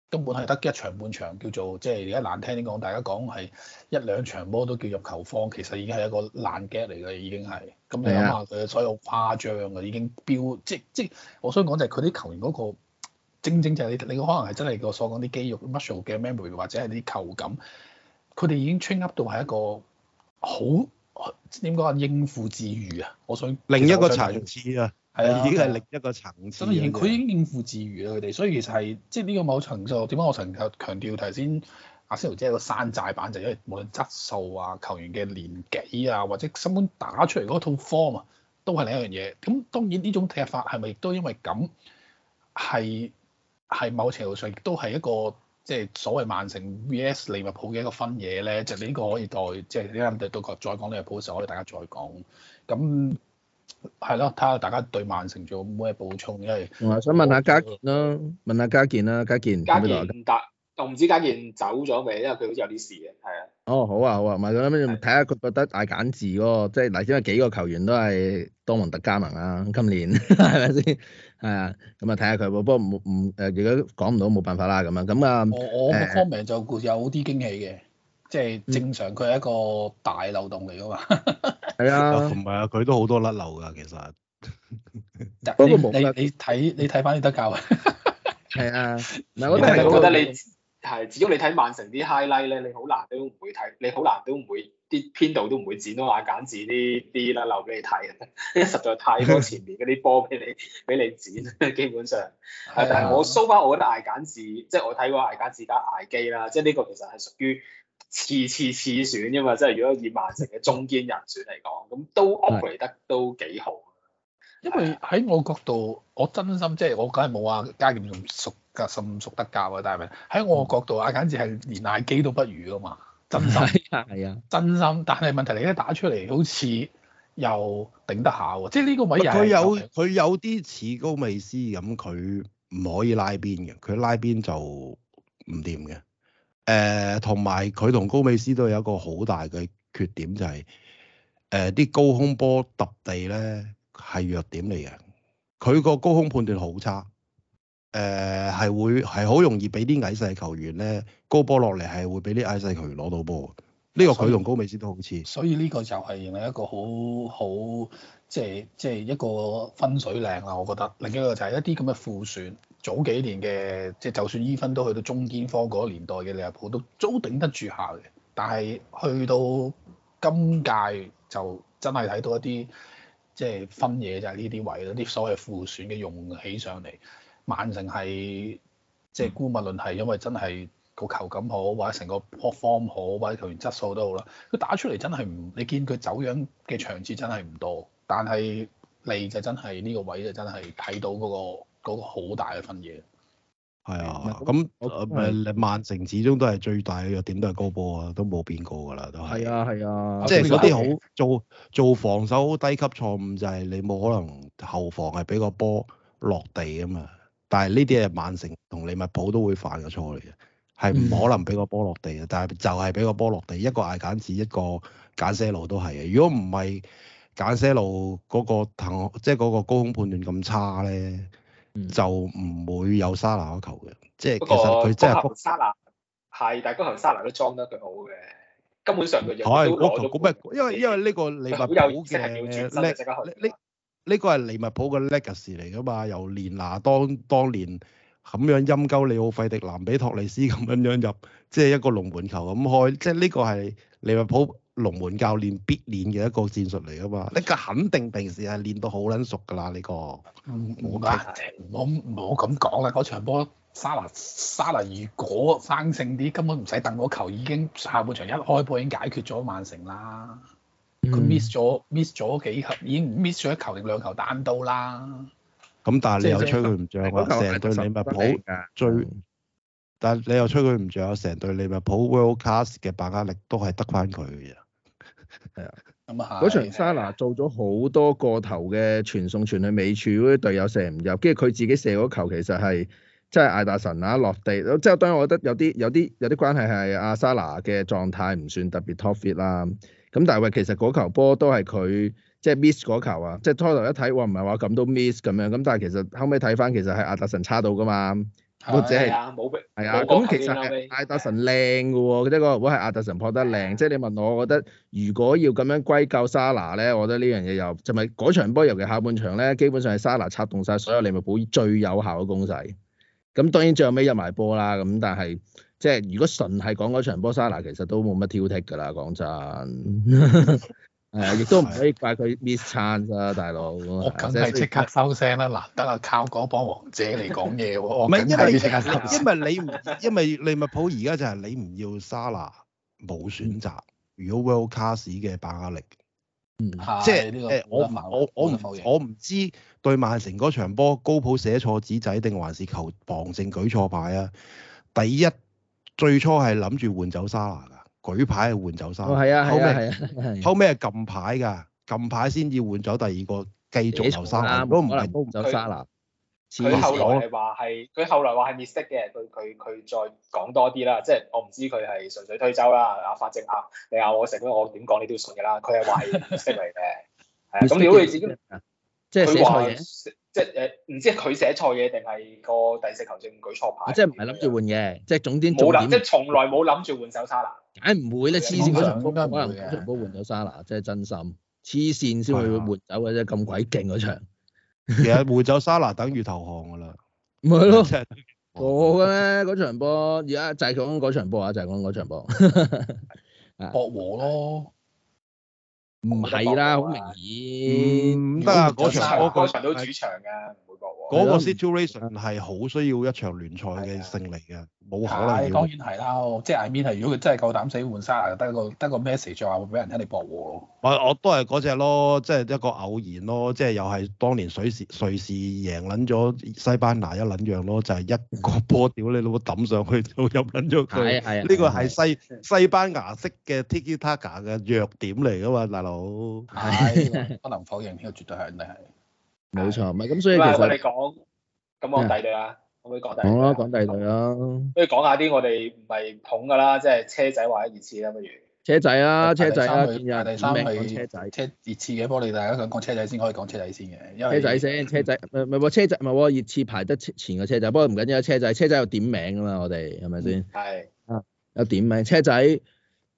[SPEAKER 2] 根本係得一場半場叫做即係而家難聽啲講，大家講係一兩場波都叫入球方，其實已經係一個爛 gag 嚟嘅已經係。咁你諗下佢所有誇張嘅已經標，即即我想講就係佢啲球員嗰、那個，正正就係、是、你你可能係真係個所講啲肌肉 muscle 嘅 memory 或者係啲球感，佢哋已經 train up 到係一個好點講啊應付自如啊！我想另一個層
[SPEAKER 1] 次啊，係啊已經係另
[SPEAKER 2] 一個層次。當然佢已經應付自如啦，佢哋所以其實係即呢個某層數點解我成日強調頭先。阿仙奴只係個山寨版，就因為無論質素啊、球員嘅年紀啊，或者根本打出嚟嗰套 form 啊，都係另一樣嘢。咁當然呢種踢法係咪亦都因為咁係係某程度上亦都係一個即係、就是、所謂曼城 vs 利物浦嘅一個分野咧？就呢、是、個可以代即係啱啱到講再講利物浦嘅時候，可以大家再講。咁係咯，睇下大家對曼城做咩補充，因為我係想問
[SPEAKER 4] 下嘉健啦、啊，問下嘉健啦、啊，嘉健喺邊
[SPEAKER 2] 度？
[SPEAKER 3] 就唔
[SPEAKER 4] 知家健走咗未？因為佢好似有啲事嘅。係啊。哦，好啊，好啊，咪咁樣睇下佢覺得大簡字嗰即係嗱，先，為幾個球員都係多蒙特加盟啊。今年係咪先？係啊。咁啊，睇下佢。不過唔誒，如果講唔到，冇辦法啦。咁咁啊。我我方
[SPEAKER 2] 面就有啲驚喜嘅，即係正常，佢係一個大漏洞嚟啊
[SPEAKER 3] 嘛。係啊。同
[SPEAKER 2] 埋啊，佢都好多甩漏㗎，其實。嗰啲冇得。你睇你睇翻啲德
[SPEAKER 3] 教啊。係啊。嗱，我真覺得你。你
[SPEAKER 5] 係，只要你睇曼城啲 highlight 咧，你好難都唔會睇，你好難都唔會啲編導都唔會剪到捱剪字呢啲啦，留俾你睇，因為實在太多前面嗰啲波俾你俾你剪， 基本上係。但係我 show 翻、哎、呀我覺得捱剪字，即、就、係、是、我睇過捱剪字打捱機啦，即係呢個其實係屬於次次次，次選㗎嘛。即、就、係、是、如果以曼城嘅中堅人選嚟講，咁都 operate 得都幾好。
[SPEAKER 2] 是的因為喺我角度，我真心即係、就是、我梗係冇話加點咁熟。格深熟得教啊，但係喺我角度，阿、嗯、簡直係連艾基都不如噶嘛，真心係啊， 真心。但係問題你一打出嚟好似又頂得下喎，即係呢個位又佢有
[SPEAKER 1] 佢有啲似高美斯咁，佢唔可以拉邊嘅，佢拉邊就唔掂嘅。誒、呃，同埋佢同高美斯都有一個好大嘅缺點，就係，就係誒啲高空波突地咧係弱點嚟嘅，佢個高空判斷好差。誒，係、呃、會係好容易俾啲矮細球員咧，高波落嚟係會俾啲
[SPEAKER 2] 矮細球員攞到波。呢、這個佢同高美斯都好似所。所以呢個就係另一個好好，即係即係一個分水嶺啦。我覺得另一個就係一啲咁嘅副選，早幾年嘅，即係就算伊芬都去到中堅科嗰個年代嘅利物浦都都頂得住下嘅，但係去到今屆就真係睇到一啲即係分嘢，就係呢啲位啦，啲所謂副選嘅用起上嚟。曼城係即係姑勿論係，因為真係個球感好，或者成個 perform 好，或者球員質素都好啦。佢打出嚟真係唔，你見佢走樣嘅場次真係唔多。但係利就真係呢、這個位就真係睇到嗰、那個好、那個、大嘅分
[SPEAKER 4] 野。
[SPEAKER 1] 係啊，咁誒好、嗯、曼城始終都係最大嘅弱點都係高波啊，都冇變過噶啦，
[SPEAKER 4] 都係。係啊係啊，即係嗰啲好、OK、
[SPEAKER 1] 做做防守好低級錯誤就係你冇可能後防係俾個波落地啊嘛。但係呢啲係曼城同利物浦都會犯嘅錯嚟嘅，係唔可能俾個波落地嘅。但係就係俾個波落地，一個捱簡子，一個簡舍路都係嘅。如果唔係簡舍路、嗰個，嗰個即係嗰個高空判斷咁差咧，嗯、就唔會有沙拿球嘅。即係但 其實佢真係。沙拿
[SPEAKER 5] 係，但係嗰球沙拿都
[SPEAKER 1] 裝得佢好嘅，根本上佢亦都係咩？因為因為呢個利物浦嘅人叻。呢個係利物浦嘅 legacy 嚟噶嘛？由蓮拿當當年咁樣陰鳩利奧費迪南比托利斯咁樣樣入，即、就、係、是、一個龍門球咁開，即係呢個係利物浦龍門教練必練嘅一個戰術嚟噶嘛？呢、
[SPEAKER 2] 這個肯定平時係練到好撚熟㗎啦！呢、這個唔、嗯、我唔好唔好咁講啦。嗰我看、啊、場波沙拿沙拿如果生性啲，根本唔使等。嗰球，已經下半場一開波已經解決咗曼城啦。佢、嗯、miss 咗，miss 咗幾盒，已經 miss 咗一球定兩球單刀啦。
[SPEAKER 1] 咁但係你又吹佢唔着，我成 隊利物浦最， 但係你又吹佢唔着，著，成隊利物浦 World Class 嘅把握力都係得翻佢嘅啫。係 啊、
[SPEAKER 2] 嗯，
[SPEAKER 4] 嗰場 Sala 做咗好多個頭嘅傳送，傳去尾處嗰啲隊友射唔入，跟住佢自己射嗰球其實係真係艾大神啊落地。即係當然，我覺得有啲有啲有啲關係係阿 Sala 嘅狀態唔算特別 top fit 啦。咁但係喂、就是，其實嗰球波都係佢即係 miss 嗰球啊！即係初頭一睇，哇，唔係話咁都 miss 咁樣。咁但係其實後尾睇返，其實係艾達臣差到㗎嘛，或者係
[SPEAKER 6] 係啊。咁、啊啊、沒其實係
[SPEAKER 4] 艾達臣靚嘅喎，即係如果波係艾達臣撲得靚。即係你問我，我覺得如果要咁樣歸咎莎拿咧，我覺得呢樣嘢又就咪、是、嗰場波，尤其下半場咧，基本上係莎拿策動晒所有利物浦最有效嘅攻勢。咁當然最後尾入埋波啦。咁但係。即係如果純係講嗰場波莎拿，其實都冇乜挑剔噶啦，講真，誒，亦都唔可以怪佢 miss chance 啊，大佬。我梗係即刻收聲啦！難得啊，靠嗰幫王者嚟
[SPEAKER 1] 講嘢
[SPEAKER 2] 喎， 我梗係即刻收因
[SPEAKER 1] 為你，因為利物浦而家就係你唔要莎拿，冇選擇。如果 world class 嘅把握力，嗯、 就是，即係誒，我唔我我唔，我唔知對曼城嗰場波高普寫錯紙仔定還是求旁證舉錯牌啊？第一。第一最初係諗住換走沙拿噶，舉牌係換走沙拿。哦、啊，係啊，係啊，係、啊。啊、後尾係近排㗎，近排先至換走第二個，繼續留沙拿。都唔、啊、可都唔走沙拿。
[SPEAKER 4] 佢次後來
[SPEAKER 1] 話
[SPEAKER 5] 係，佢迫後來話係 mistake 嘅，佢佢佢再講多啲啦。即係我唔知佢係純粹推走啦。阿法正鴨，你話我食，我點講你都信嘅啦。佢係話係 mistake 嚟
[SPEAKER 3] 嘅。係啊， 咁如果你自己，即係四個
[SPEAKER 5] 即係呃、唔知
[SPEAKER 4] 係佢寫錯嘢定係個第四球證舉錯牌。即係唔係諗住換
[SPEAKER 5] 嘅，即係總之有
[SPEAKER 3] 重
[SPEAKER 4] 點。即係從來冇諗住換走沙拿。梗係唔會啦，黐線嗰場波可能冇換走沙拿，即係真心黐線先會換走嘅啫，咁鬼勁嗰場。其實換走沙拿等於投降㗎啦。
[SPEAKER 3] 唔係
[SPEAKER 4] 咯，我嘅咩嗰場波，而家就係講嗰場波啊，就係、係、講嗰場波， 博和咯。唔係啦，好明
[SPEAKER 2] 顯。咁但係嗰場嗰場都主場㗎、啊。嗰個
[SPEAKER 1] situation 係
[SPEAKER 2] 好需要一場聯賽嘅勝利嘅，冇可能。係、哎、當然係啦，即係 I mean 係，如果佢真係夠膽死換沙拿就得個得個 message 就話會俾人睇你博和咯。我
[SPEAKER 1] 我，我都係嗰隻咯，即係一個偶然咯，即係又係當年瑞士瑞士贏撚咗西班牙一撚樣咯，就係一個波屌你老母抌上去就入撚咗佢。係呢個係西西班牙式嘅 Tiki Taka 嘅弱點嚟噶嘛，大佬。係，
[SPEAKER 2] 不能否認呢個，絕對係，一定係。
[SPEAKER 4] 冇錯，咪咁所以其實你哋講
[SPEAKER 2] 咁
[SPEAKER 1] 我
[SPEAKER 5] 第隊啊，可唔可以
[SPEAKER 4] 講第隊啊？講咯，講第隊咯。
[SPEAKER 5] 不如講下啲我哋唔系統噶啦，即係車
[SPEAKER 2] 仔或者熱刺啦，不
[SPEAKER 4] 如。車仔啊，車仔啊，排第三名係車仔，車
[SPEAKER 2] 熱刺嘅波，你大家想講車仔先可以講車仔先嘅，因為。車
[SPEAKER 4] 仔先，車仔唔係喎，車仔唔係喎，熱刺排得前嘅車仔，不過唔緊要啊，車仔，車仔有點名噶嘛，我哋係咪先？係。啊！有點名，車仔。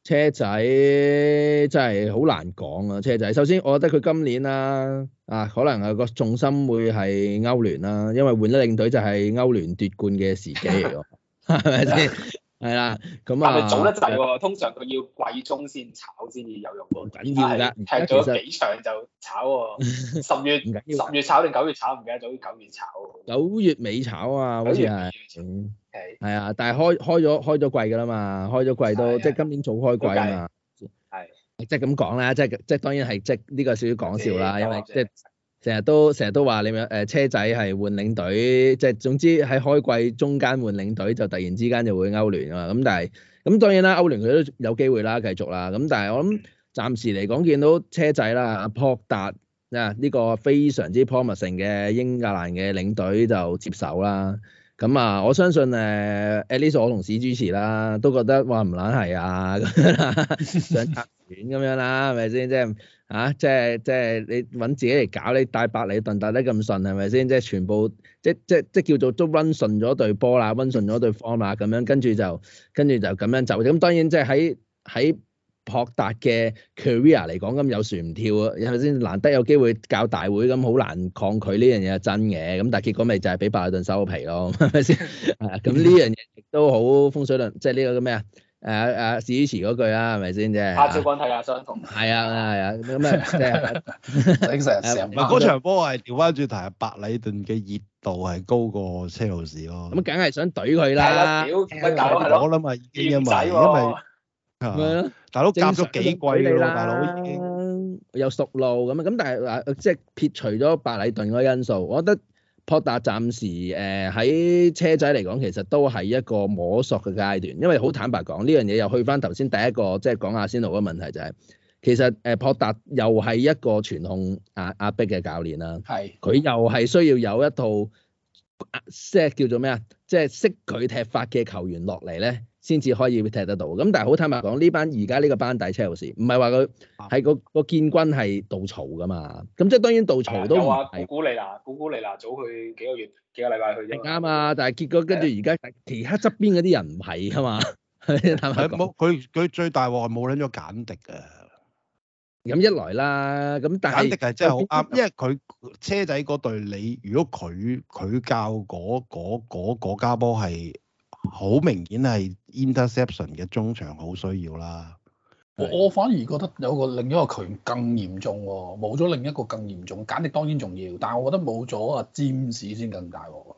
[SPEAKER 4] 車仔真係好難講啊！車仔，首先我覺得佢今年啦、啊，啊，可能個重心會係歐聯啦、啊，因為換咗領隊就係歐聯奪冠嘅時機嚟咯，係咪先？係啦，咁啊，但係早得滯，
[SPEAKER 5] 通常佢要季中先炒先至有用喎，緊要㗎，踢咗幾場就炒
[SPEAKER 4] 喎，十月十月
[SPEAKER 5] 炒定九月炒唔記得咗，九月炒，
[SPEAKER 4] 九月尾炒啊，好似係，係，係啊，但係開開咗開咗季噶啦嘛，開咗季都即係今年早開季啊嘛，係，即係咁講啦，即係即係當然係即係呢個少少講笑啦，因為即係。成日都成日都話你咪誒車仔係換領隊，即係總之喺開季中間換領隊就突然之間就會歐聯啊咁但係咁當然啦，歐聯佢都有機會啦，繼續啦，咁但係我諗暫時嚟講見到車仔啦，阿博達啊呢個非常之 promising 嘅英格蘭嘅領隊就接手啦，咁啊我相信誒 at least 我同史主持啦都覺得哇唔懶係啊，想集團咁樣啦，係咪先即係？啊！即係即係你揾自己嚟搞，你帶百里頓帶得咁順係咪先？即係全部即即即叫做都温順咗對波啦，温順咗對方啦，咁樣跟住就跟住就咁樣走，咁。當然即係喺喺博達嘅 career 嚟講，咁有船唔跳啊，係咪先？難得有機會搞大會，咁好難抗拒呢樣嘢係真嘅。咁但係結果咪就係俾百里頓收皮咯，係咪先？係咁呢樣嘢亦都好風水論，即係呢個叫咩啊？誒誒史詩嗰句啦，係咪先啫？阿小君
[SPEAKER 3] 睇
[SPEAKER 4] 下相同。係啊係啊，咁啊即係成日成日。嗱，嗰場波
[SPEAKER 1] 係調翻轉頭，白禮頓嘅熱度係高過車
[SPEAKER 4] 路士咯。咁梗係想懟佢啦。大佬，我諗係因為因為咩咧？大佬減咗幾貴㗎咯，大佬已經有熟路咁啊！咁但係嗱，即係撇除咗白禮頓嗰個因素，我覺得。博達暫時誒喺車仔嚟講，其實都係一個摸索嘅階段，因為好坦白講，呢樣嘢又去翻頭先第一個即係講阿仙奴嘅問題就係，其實誒博達又係一個傳控壓壓迫嘅教練啦，係佢又係需要有一套，即係叫做咩啊，即係識佢踢法嘅球員落嚟咧。先至可以踢得到。咁但係好坦白講，呢班而家呢個班底車路士唔係話佢係個、啊、個，個建軍係杜曹㗎嘛。咁即係當然杜曹都係。我話、啊、古古利
[SPEAKER 5] 拿古古利拿早去幾個月幾個禮拜去啫。啱
[SPEAKER 4] 啊！但係結果跟住而家其他側邊嗰啲人唔係啊嘛。佢冇佢佢最大鑊係冇拎咗簡迪啊！咁一來啦，咁但係
[SPEAKER 3] 簡迪係真係好啱，因為
[SPEAKER 1] 佢車仔嗰隊你如果佢佢教嗰家波係。好明顯係 interception 嘅中場好需要啦。
[SPEAKER 2] 我是我反而覺得有個另一個球員更嚴重喎，啊，冇咗另一個更嚴重，簡力當然重要，但係我覺得冇咗啊，啊，占士先更大鑊。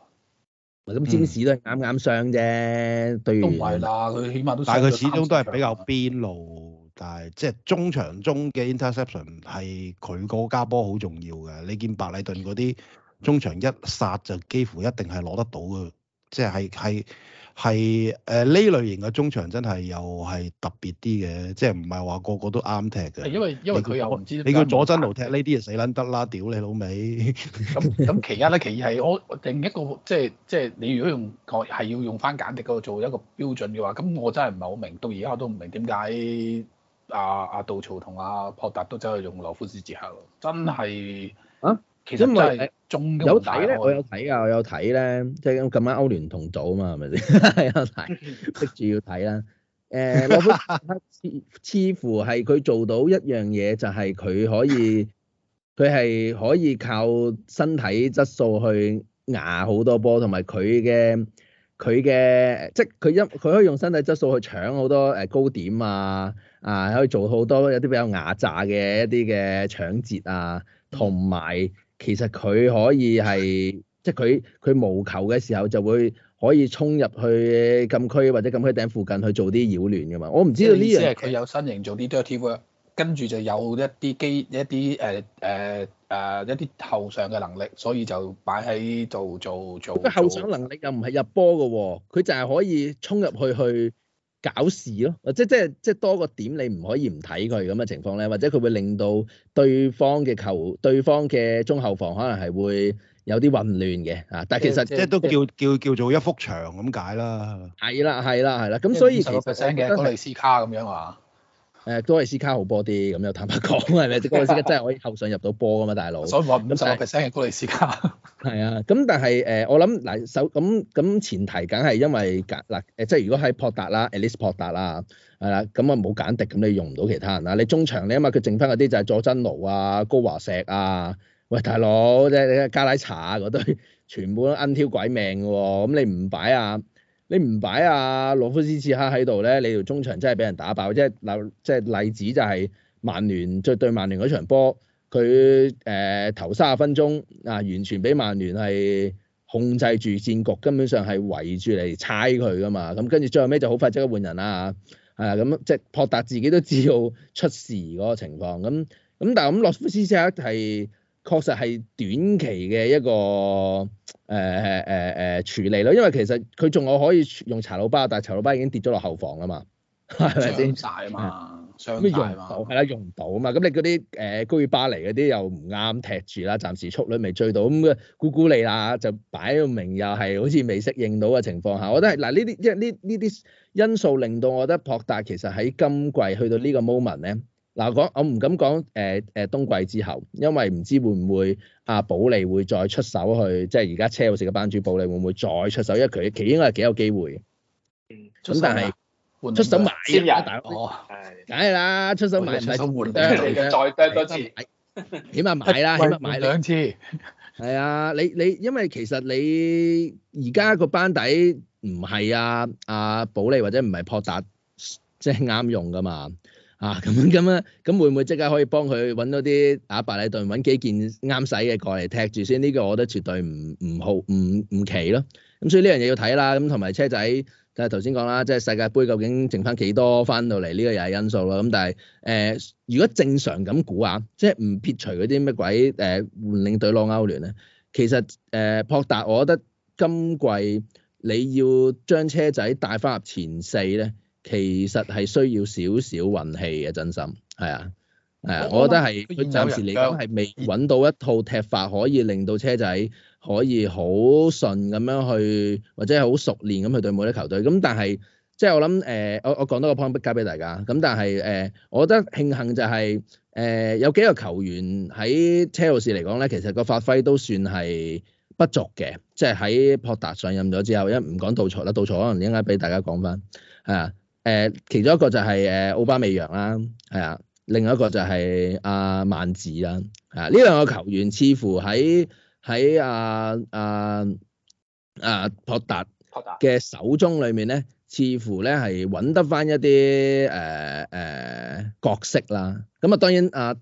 [SPEAKER 4] 咁占士都係啱啱上啫，對。都唔係啦，
[SPEAKER 2] 佢起碼都。但係佢始終都係比較邊路，但
[SPEAKER 1] 係即係中場中嘅 interception 係佢個加波好重要嘅。你見白禮頓嗰啲中場一殺就幾乎一定係攞得到嘅，即係係。係誒呢類型嘅中場真係又係特別啲嘅，即係唔係話個個都啱踢嘅。因
[SPEAKER 2] 為因為佢又唔知你叫佐真奴踢，踢呢啲，就死撚得啦！屌你老味！咁咁，其一啦，其二係我另一個即係即係你如果用係要用翻簡迪嗰個做一個標準嘅話，咁我真係唔係好明，到而家我都唔明點解阿阿杜曹同阿博達都走去用羅夫斯捷克，真係啊！其實因為仲有睇咧，我有
[SPEAKER 4] 睇啊，我有睇咧，即係咁今晚歐聯同組啊嘛，係咪先？係 啊，睇逼住要睇啦。誒、欸，我覺得似乎係佢做到一樣嘢，就係、係、佢可以，佢係可以靠身體質素去壓好多波，同埋佢嘅佢嘅，即係佢一佢可以用身體質素去搶好多誒高點啊，啊，可以做好多有啲比較牙炸嘅一啲嘅搶截啊，同埋。其實佢可以係，即係佢佢無球嘅時候就會可以衝入去禁區或者禁區頂附近去做啲擾亂㗎嘛。我唔知
[SPEAKER 2] 道呢樣。意思係佢有身型做啲 dirty work，跟住就有一啲機一啲誒誒誒一啲後上嘅能力，所以就擺喺度做做。個後
[SPEAKER 4] 上能力又唔係入波㗎喎，哦，佢就係可以衝入去去。搞事咯，或者即係即係多個點，你唔可以唔睇佢咁嘅情況咧，或者佢會令到對方嘅球、對方嘅中後防可能係會有啲混亂嘅啊！但係其實即係都叫叫叫,叫做一幅牆咁解啦。係啦，係啦，係啦，咁所,所以其實 percent 嘅多利斯卡咁樣啊。誒高利斯卡好波啲，咁又坦白講係咪？嗰個時刻真係可以後上入到波噶嘛，大佬。 所以話五十個 percent 嘅高利斯卡。係 啊，咁但係誒，我諗嗱，首咁咁前提梗係因為格嗱誒，即係如果係博達啦，at least 博達啦，係啦，咁啊冇簡迪，咁你用唔到其他人啦。你中場你因為佢剩翻嗰啲就係佐真奴啊、高華石啊，喂大佬，即係你加奶茶啊嗰堆，全部都揞條鬼命嘅喎，咁你唔擺啊？你唔擺啊，洛夫斯切克喺度咧，你條中場真係俾人打爆。即係嗱，即係例子就係曼聯對對曼聯嗰場波，佢誒、呃、頭三十分鐘啊，完全俾曼聯係控制住戰局，根本上係圍住嚟猜佢噶嘛。咁跟住最後尾就好快即刻換人啦嚇，係啊咁即係博達自己都知道出事嗰個情況。咁、嗯、咁、嗯、但係咁洛夫斯切克係。確實係短期嘅一個誒誒誒誒處理咯，因為其實佢仲有可以用茶老巴，但係茶老巴已經跌咗落後房啦嘛，係咪先？
[SPEAKER 3] 傷大啊嘛，傷
[SPEAKER 4] 大啊嘛，係啦，用唔到啊嘛，咁你嗰啲誒高爾巴黎嗰啲又唔啱踢住啦，暫時速率未追到，咁嘅古古利亞就擺到明，又係好似未適應到嘅情況下，我覺得嗱呢啲即係呢呢啲因素令到我覺得博達其實喺今季去到個呢個 moment 咧。嗱，我我唔敢講誒誒冬季之後，因為唔知會唔會阿保利會再出手去，即係而家車路士嘅班主保利會唔會再出手？因為佢其應該係幾有機會嘅。咁但係出手買先人，大佬，梗係啦，出手買，出手換，再再多次買，起碼買啦，起碼買兩次。係啊，你你因為其實你而家個班底唔係阿阿保利或者唔係樸達，即係啱用㗎嘛。啊咁樣咁啊，咁會唔會即刻可以幫佢揾多啲啊，白禮頓揾幾件啱使嘅過嚟踢住先？呢、這個我覺得絕對唔唔好唔唔奇咯。咁、嗯、所以呢樣嘢要睇啦。咁同埋車仔，但誒頭先講啦，即係世界盃究竟剩翻幾多翻到嚟？呢、這個又係因素啦。咁、嗯、但係誒、呃，如果正常咁估啊，即係唔撇除嗰啲乜鬼誒換、呃、領隊攞歐聯咧，其實誒博、呃、達，我覺得今季你要將車仔帶翻入前四咧。其實係需要少少運氣嘅，真心係啊，係啊，我覺得係佢暫時嚟講係未揾到一套踢法可以令到車仔可以好順咁樣去，或者係好熟練咁去對每啲球隊。咁但係即係我諗誒、呃，我我講多個 point 筆解俾大家。咁但係誒、呃，我覺得慶幸就係、是、誒、呃、有幾個球員喺車路士嚟講咧，其實個發揮都算係不俗嘅。即係喺博達上任咗之後，因為唔講杜錯啦，杜錯可能應該俾大家講翻啊。誒，其中一個就係誒奧巴美揚啦，係啊，另外一個就係阿曼子啦，啊，呢兩、啊、個球員似乎喺喺阿阿阿博達嘅手中裏面咧，似乎咧係揾得翻一啲誒誒角色啦。咁啊，當然阿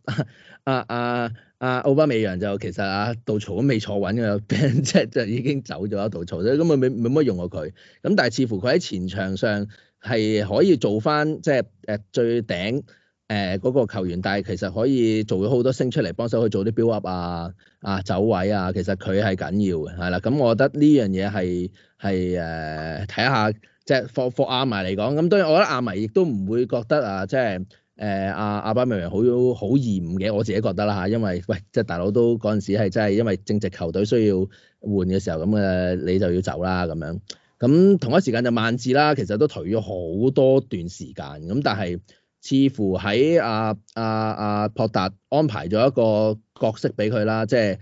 [SPEAKER 4] 阿阿阿奧巴美揚就其實阿、啊、杜曹都未坐穩嘅 b e 就已經走咗啦，杜曹都咁啊，冇冇乜用過佢。咁但係似乎佢喺前場上。係可以做返即係誒最頂誒嗰個球員，但係其實可以做咗好多星出嚟幫手去做啲 build up 啊、啊走位啊。其實佢係緊要嘅，係啦。咁我覺得呢樣嘢係係誒睇下即係服服阿迷嚟講。咁當然我覺得阿迷亦都唔會覺得啊、就是，即係誒阿阿巴梅爾好好疑嘅。我自己覺得啦嚇，因為喂即係、就是、大佬都嗰陣時係真係因為正值球隊需要換嘅時候咁嘅，你就要走啦咁樣。咁同一時間就萬字啦，其實都退咗好多段時間。咁但係似乎喺阿阿阿博達安排咗一個角色俾佢啦，即係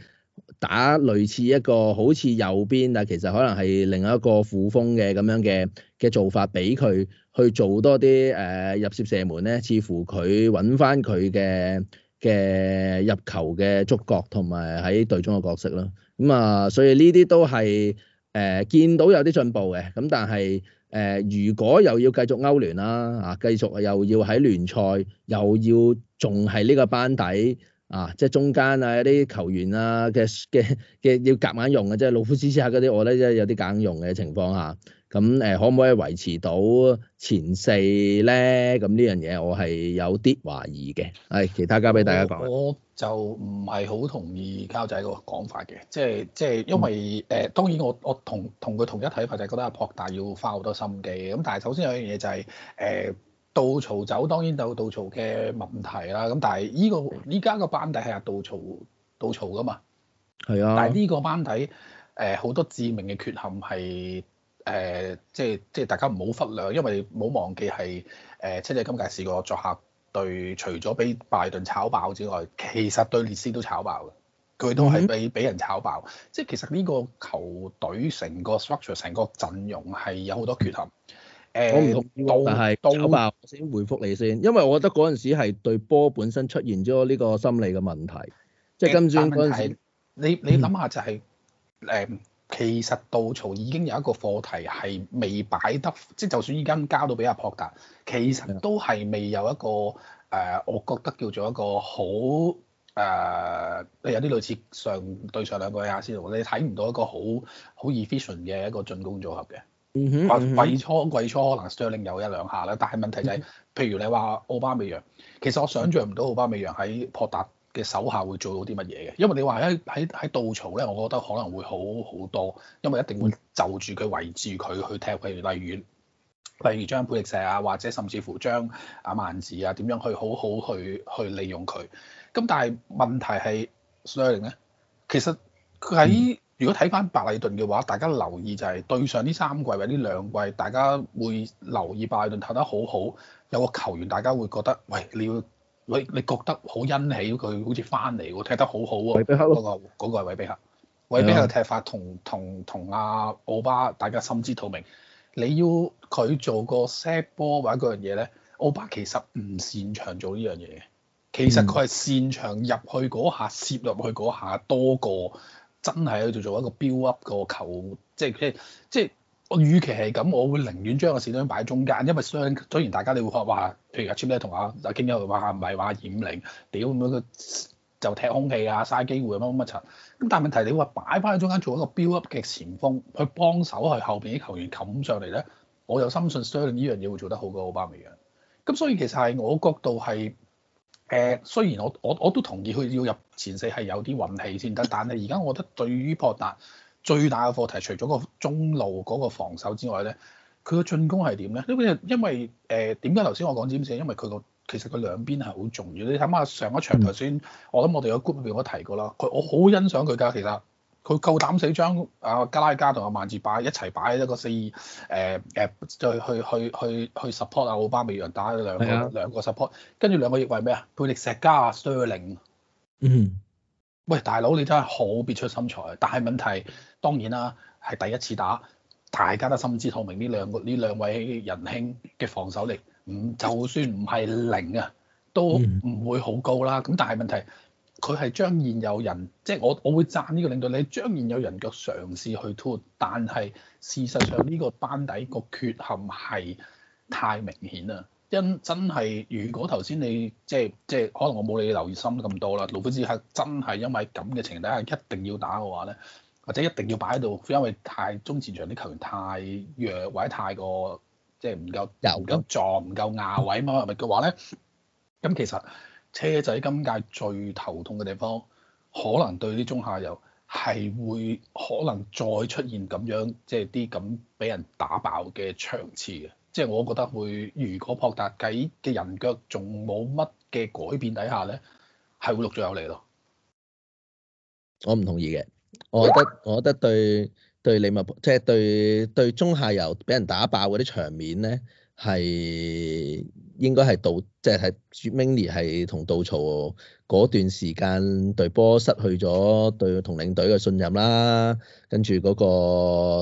[SPEAKER 4] 打類似一個好似右邊，但其實可能係另一個副鋒嘅咁樣嘅嘅做法俾佢去做多啲誒、啊、入攝射門咧。似乎佢揾翻佢嘅嘅入球嘅觸角同埋喺隊中嘅角色咯。咁啊，所以呢啲都係。誒見到有啲進步嘅，咁但係誒、呃、如果又要繼續歐聯啦啊，啊，繼續又要喺聯賽又要仲係呢個班底啊，即係中間啊一啲球員啊嘅嘅嘅要夾硬，硬用嘅，即係老夫子之下嗰啲，我咧真係有啲夾硬用嘅情況下。咁誒可唔可以維持到前四咧？咁呢樣嘢我係有啲懷疑嘅。係、哎，其他交俾大家講。
[SPEAKER 2] 我就唔係好同意 Karl 仔個講法嘅，即係即係因為誒、嗯呃、當然我我同同佢同一睇法，就係覺得阿博大要花好多心機。咁但係首先有一樣嘢就係、是、誒、呃、杜曹走，當然有杜曹嘅問題啦。咁但係呢、這個依家、啊、個班底係阿杜曹，杜曹㗎嘛？
[SPEAKER 3] 係啊。但係呢
[SPEAKER 2] 個班底誒好多致命嘅缺陷係。誒、呃，即係即係大家唔好忽略，因為你唔好忘記係誒、呃，七仔今屆試過作客對，除咗俾拜登炒爆之外，其實對列斯都炒爆嘅，佢都係俾俾人炒爆。即係其實呢個球隊成個 structure、
[SPEAKER 4] 成個陣容係有好多缺陷。誒、呃，我唔同意，到但係炒爆到我先回覆你先，因為我覺得嗰陣時係對波本身出現咗呢個心理嘅問題。即係今朝嗰陣時，你你諗下就係、是、誒。嗯其實杜曹已經有
[SPEAKER 2] 一個課題係未擺得，即、就、係、是、就算依家交到俾阿朴達，其實都係未有一個誒、呃，我覺得叫做一個好誒、呃，有啲類似上對上兩個亞視同，你睇唔到一個好好 efficient 嘅一個進攻組合嘅。嗯季、
[SPEAKER 3] mm hmm, mm hmm.
[SPEAKER 2] 初季初可能 Sterling 有一兩下啦，但係問題就係、是，mm hmm. 譬如你話奧巴美揚，其實我想像唔到奧巴美揚喺朴達。嘅手下會做到啲乜嘢嘅？因為你話喺喺喺倒嘈咧，我覺得可能會好好多，因為一定會就住佢圍住佢去踢佢。例如，例如將布力士啊，或者甚至乎將阿、啊、曼治啊，點樣去好好去去利用佢。咁但係問題係 s l o 咧，其實佢喺、嗯、如果睇返白禮頓嘅話，大家留意就係、是、對上呢三季或者呢兩季，大家會留意白禮頓踢得好好，有個球員大家會覺得，喂，你要。你你覺得好欣喜佢好似翻嚟喎，踢得好好、哦、啊。韋比克嗰個係韋比克，韋、那個那個、比克嘅踢法同同同阿、啊、奧巴大家心知肚明。你要佢做個 set 波或者嗰樣嘢咧，奧巴其實唔擅長做呢樣嘢嘅。其實佢係擅長入去嗰下，攝入去嗰下多過真係去度做一個 build up 個球，即係即係即係。我與其係咁，我會寧願將個史登擺喺中間，因為史雖然大家你會話，譬如 Ch 阿 Chip 咧同阿阿經又話唔係話掩五零，屌咁樣嘅就踢空氣啊，嘥機會啊，乜乜乜。咁但係問題你話擺翻喺中間做一個 build up 嘅前鋒，去幫手去後邊啲球員冚上嚟咧，我又深信史登呢樣嘢會做得好過奧巴美嘅。咁所以其實係我角度係，誒雖然我我我都同意佢要入前四係有啲運氣先得，但係而家我覺得對於博達。最大嘅課題除咗個中路嗰個防守之外咧，佢個進攻係點咧？因為因、呃、為誒點解頭先我講點寫？因為佢個其實佢兩邊係好重要。你睇下上一場頭先、嗯，我諗我哋個 group 裏邊我提過啦。佢我好欣賞佢㗎，其實佢夠膽死將啊加拉加同阿曼字擺一齊擺喺一個四誒誒，再、呃、去去去去，去 support 阿奧巴美揚打兩個、嗯、兩個 support，跟住兩個亦為咩啊？貝力石加阿斯特靈。Ing, 嗯。喂，大佬你真係好別出心裁，但係問題當然啦，係第一次打，大家都心知肚明，呢兩個呢兩位仁兄嘅防守力唔就算唔係零啊，都唔會好高啦。咁但係問題佢係將現有人，即係我我會贊呢個領導，你將現有人腳嘗試去拖，但係事實上呢個班底個缺陷係太明顯啦。因真係，如果頭先你即係即係，可能我冇你留意深咁多啦。老虎刺客真係因為咁嘅情況底下，一定要打嘅話咧，或者一定要擺喺度，因為太中前場啲球員太弱或者太過即係唔夠有咁撞，唔夠壓位嘛，係咪嘅話咧？咁其實車仔今屆最頭痛嘅地方，可能對啲中下游係會可能再出現咁樣即係啲咁俾人打爆嘅場次嘅。即係我覺得會，如果博達計嘅人腳仲冇乜嘅改變底下咧，係會陸續有嚟咯。
[SPEAKER 4] 我唔同意嘅，我覺得我覺得對對利物浦，即係對對中下游俾人打爆嗰啲場面咧係。應該係導，即係係 j 明 m i 係同杜曹嗰段時間對波失去咗對同領隊嘅信任啦，跟住嗰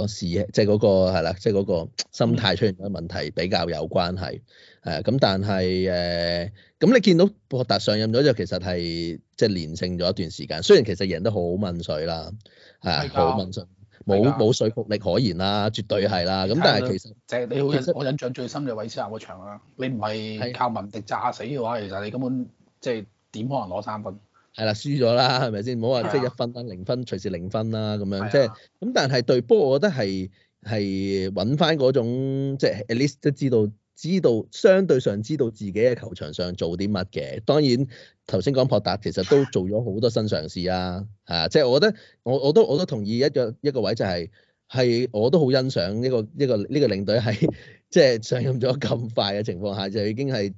[SPEAKER 4] 個事，即係嗰個係啦，即係嗰個心態出現咗問題，比較有關係。誒，咁但係誒，咁、呃、你見到博達上任咗就其實係即係連勝咗一段時間，雖然其實贏得好掹水啦，係啊，好掹水。冇冇說服力可言啦，絕對係啦。咁但係其實
[SPEAKER 2] 即係實你好似我印象最深就韋斯亞個場啦，你唔係靠文迪炸死嘅話，的其實你根本即係點可能攞三分？
[SPEAKER 4] 係啦，輸咗啦，係咪先？唔好話即係一分、啦的，零分、隨時零分啦咁樣。即係咁，但係對波，我覺得係係揾翻嗰種即係、就是、at least 都知道。知道，相對上知道自己喺球場上做啲乜嘅。當然頭先講博達其實都做咗好多新嘗試啊，啊，即係我覺得我我都我都同意一個一個位就係，係我都好欣賞呢個呢個呢個領隊喺即係上任咗咁快嘅情況下，就已經係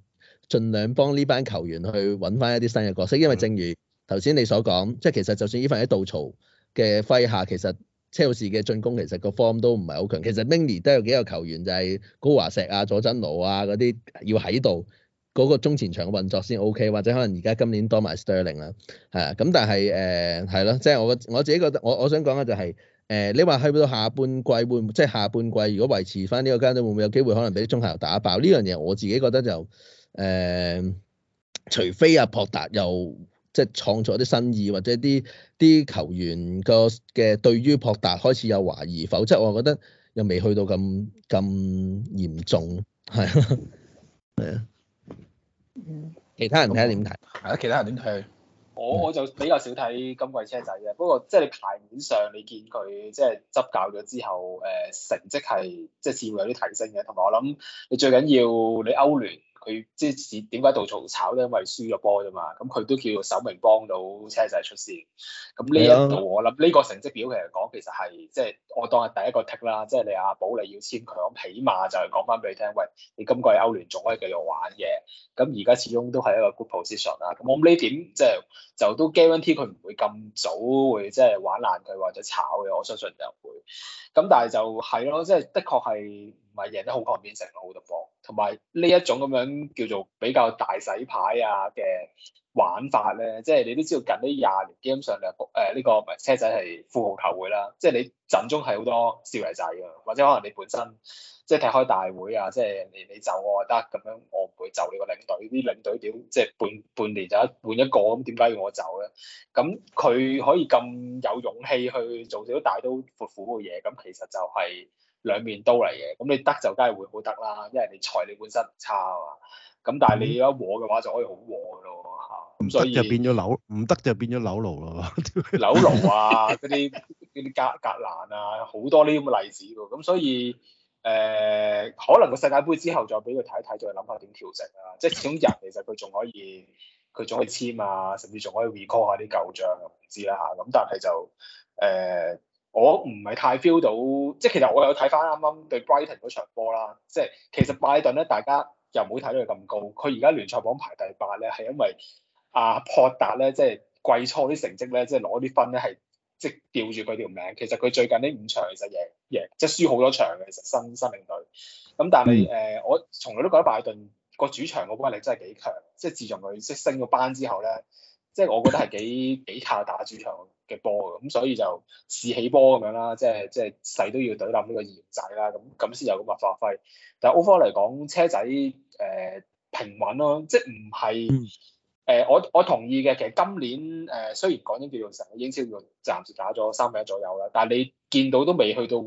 [SPEAKER 4] 盡量幫呢班球員去揾翻一啲新嘅角色，因為正如頭先你所講，即係其實就算呢份喺稻草嘅麾下其實。車路士嘅進攻其實個 form 都唔係好強，其實 Mingyi 都有幾個球員就係、是、高華石啊、佐真奴啊嗰啲要喺度，嗰、那個中前場嘅運作先 OK，或者可能而家今年多埋 Sterling 啦，係啊，咁但係誒係咯，即、呃、係、就是、我我自己覺得我我想講嘅就係、是、誒、呃、你話去到下半季會即係下半季如果維持翻呢個階段會唔會有機會可能俾啲中下游打爆呢樣嘢？這個、我自己覺得就誒、呃，除非阿博達又。即係創作啲新意，或者啲啲球員個嘅對於博達開始有懷疑，否則我覺得又未去到咁咁嚴重，係 咯，
[SPEAKER 2] 係
[SPEAKER 4] 啊。其他人睇下點睇？係啊，其他人點睇？
[SPEAKER 2] 我我就比較少睇
[SPEAKER 5] 今季車仔嘅，不過即係你排面上你見佢即係執教咗之後，誒成績係即係似乎有啲提升嘅，同埋我諗你最緊要你歐聯。佢即係點解杜重炒咧？因為輸咗波啫嘛。咁佢都叫首名幫到車仔出線。
[SPEAKER 3] 咁呢的一度我諗
[SPEAKER 5] 呢個成績表其實講其實係即係我當係第一個 tick 啦。即係你阿寶你要簽佢咁，起碼就係講翻俾你聽，喂，你今季喺歐聯仲可以繼續玩嘅。咁而家始終都係一個 good position 啦。咁我諗呢點即係、就係、就都 guarantee 佢唔會咁早會即係玩爛佢或者炒嘅。我相信就會。咁但係就係、係、咯，即、就、係、係、的確係。咪贏得好抗變成咯，好突破。同埋呢一種咁樣叫做比較大洗牌啊嘅玩法咧，即係你都知道近呢廿年基本上嘅呢個唔車仔係富豪球會啦，即係你陣中係好多少爺仔啊，或者可能你本身即係踢開大會啊，即係人你，你就我得咁樣，我唔會就你個領隊。啲領隊點即係半半年就一換一個咁，點解要我走咧？咁佢可以咁有勇氣去做啲大刀闊斧嘅嘢，咁其實就係、是。兩面刀嚟嘅，咁你得就梗係會好得啦，因為你才你本身唔差啊，咁但係你一和嘅話，就可以好和咯吓，咁、嗯、所以就變咗扭，
[SPEAKER 1] 唔得就變咗扭爐咯，
[SPEAKER 5] 扭爐 啊，嗰啲啲格格蘭啊，好多呢啲咁嘅例子喎、啊，咁所以誒、呃，可能個世界杯之後再俾佢睇睇，再諗下點調整啊，即係始終人其實佢仲可以佢仲 可以簽啊，甚至仲可以 recall 下啲舊將，唔知啦吓、啊，咁但係就誒。呃我唔係太 feel 到，即係其實我有睇翻啱啱對 Brighton 嗰場波啦，即係其實拜登咧，大家又冇睇到佢咁高。佢而家聯賽榜排第八咧，係因為阿珀達咧，即係季初啲成績咧，即係攞啲分咧，係即係吊住佢條命。其實佢最近呢五場其實贏贏，即係輸好多場嘅。其實新新領隊咁，但係誒、呃，我從來都覺得拜登個主場嗰個威力真係幾強，即係自從佢即升咗班之後咧，即係我覺得係幾幾卡打主場。.嘅波咁所以就試起波咁樣啦，即係即係細都要懟冧呢個二仔啦，咁咁先有咁嘅發揮。但係歐方嚟講，車仔誒、呃、平穩咯，即係唔係誒我我同意嘅。其實今年誒、呃、雖然講緊叫做成個英超用暫時打咗三分一左右啦，但係你見到都未去到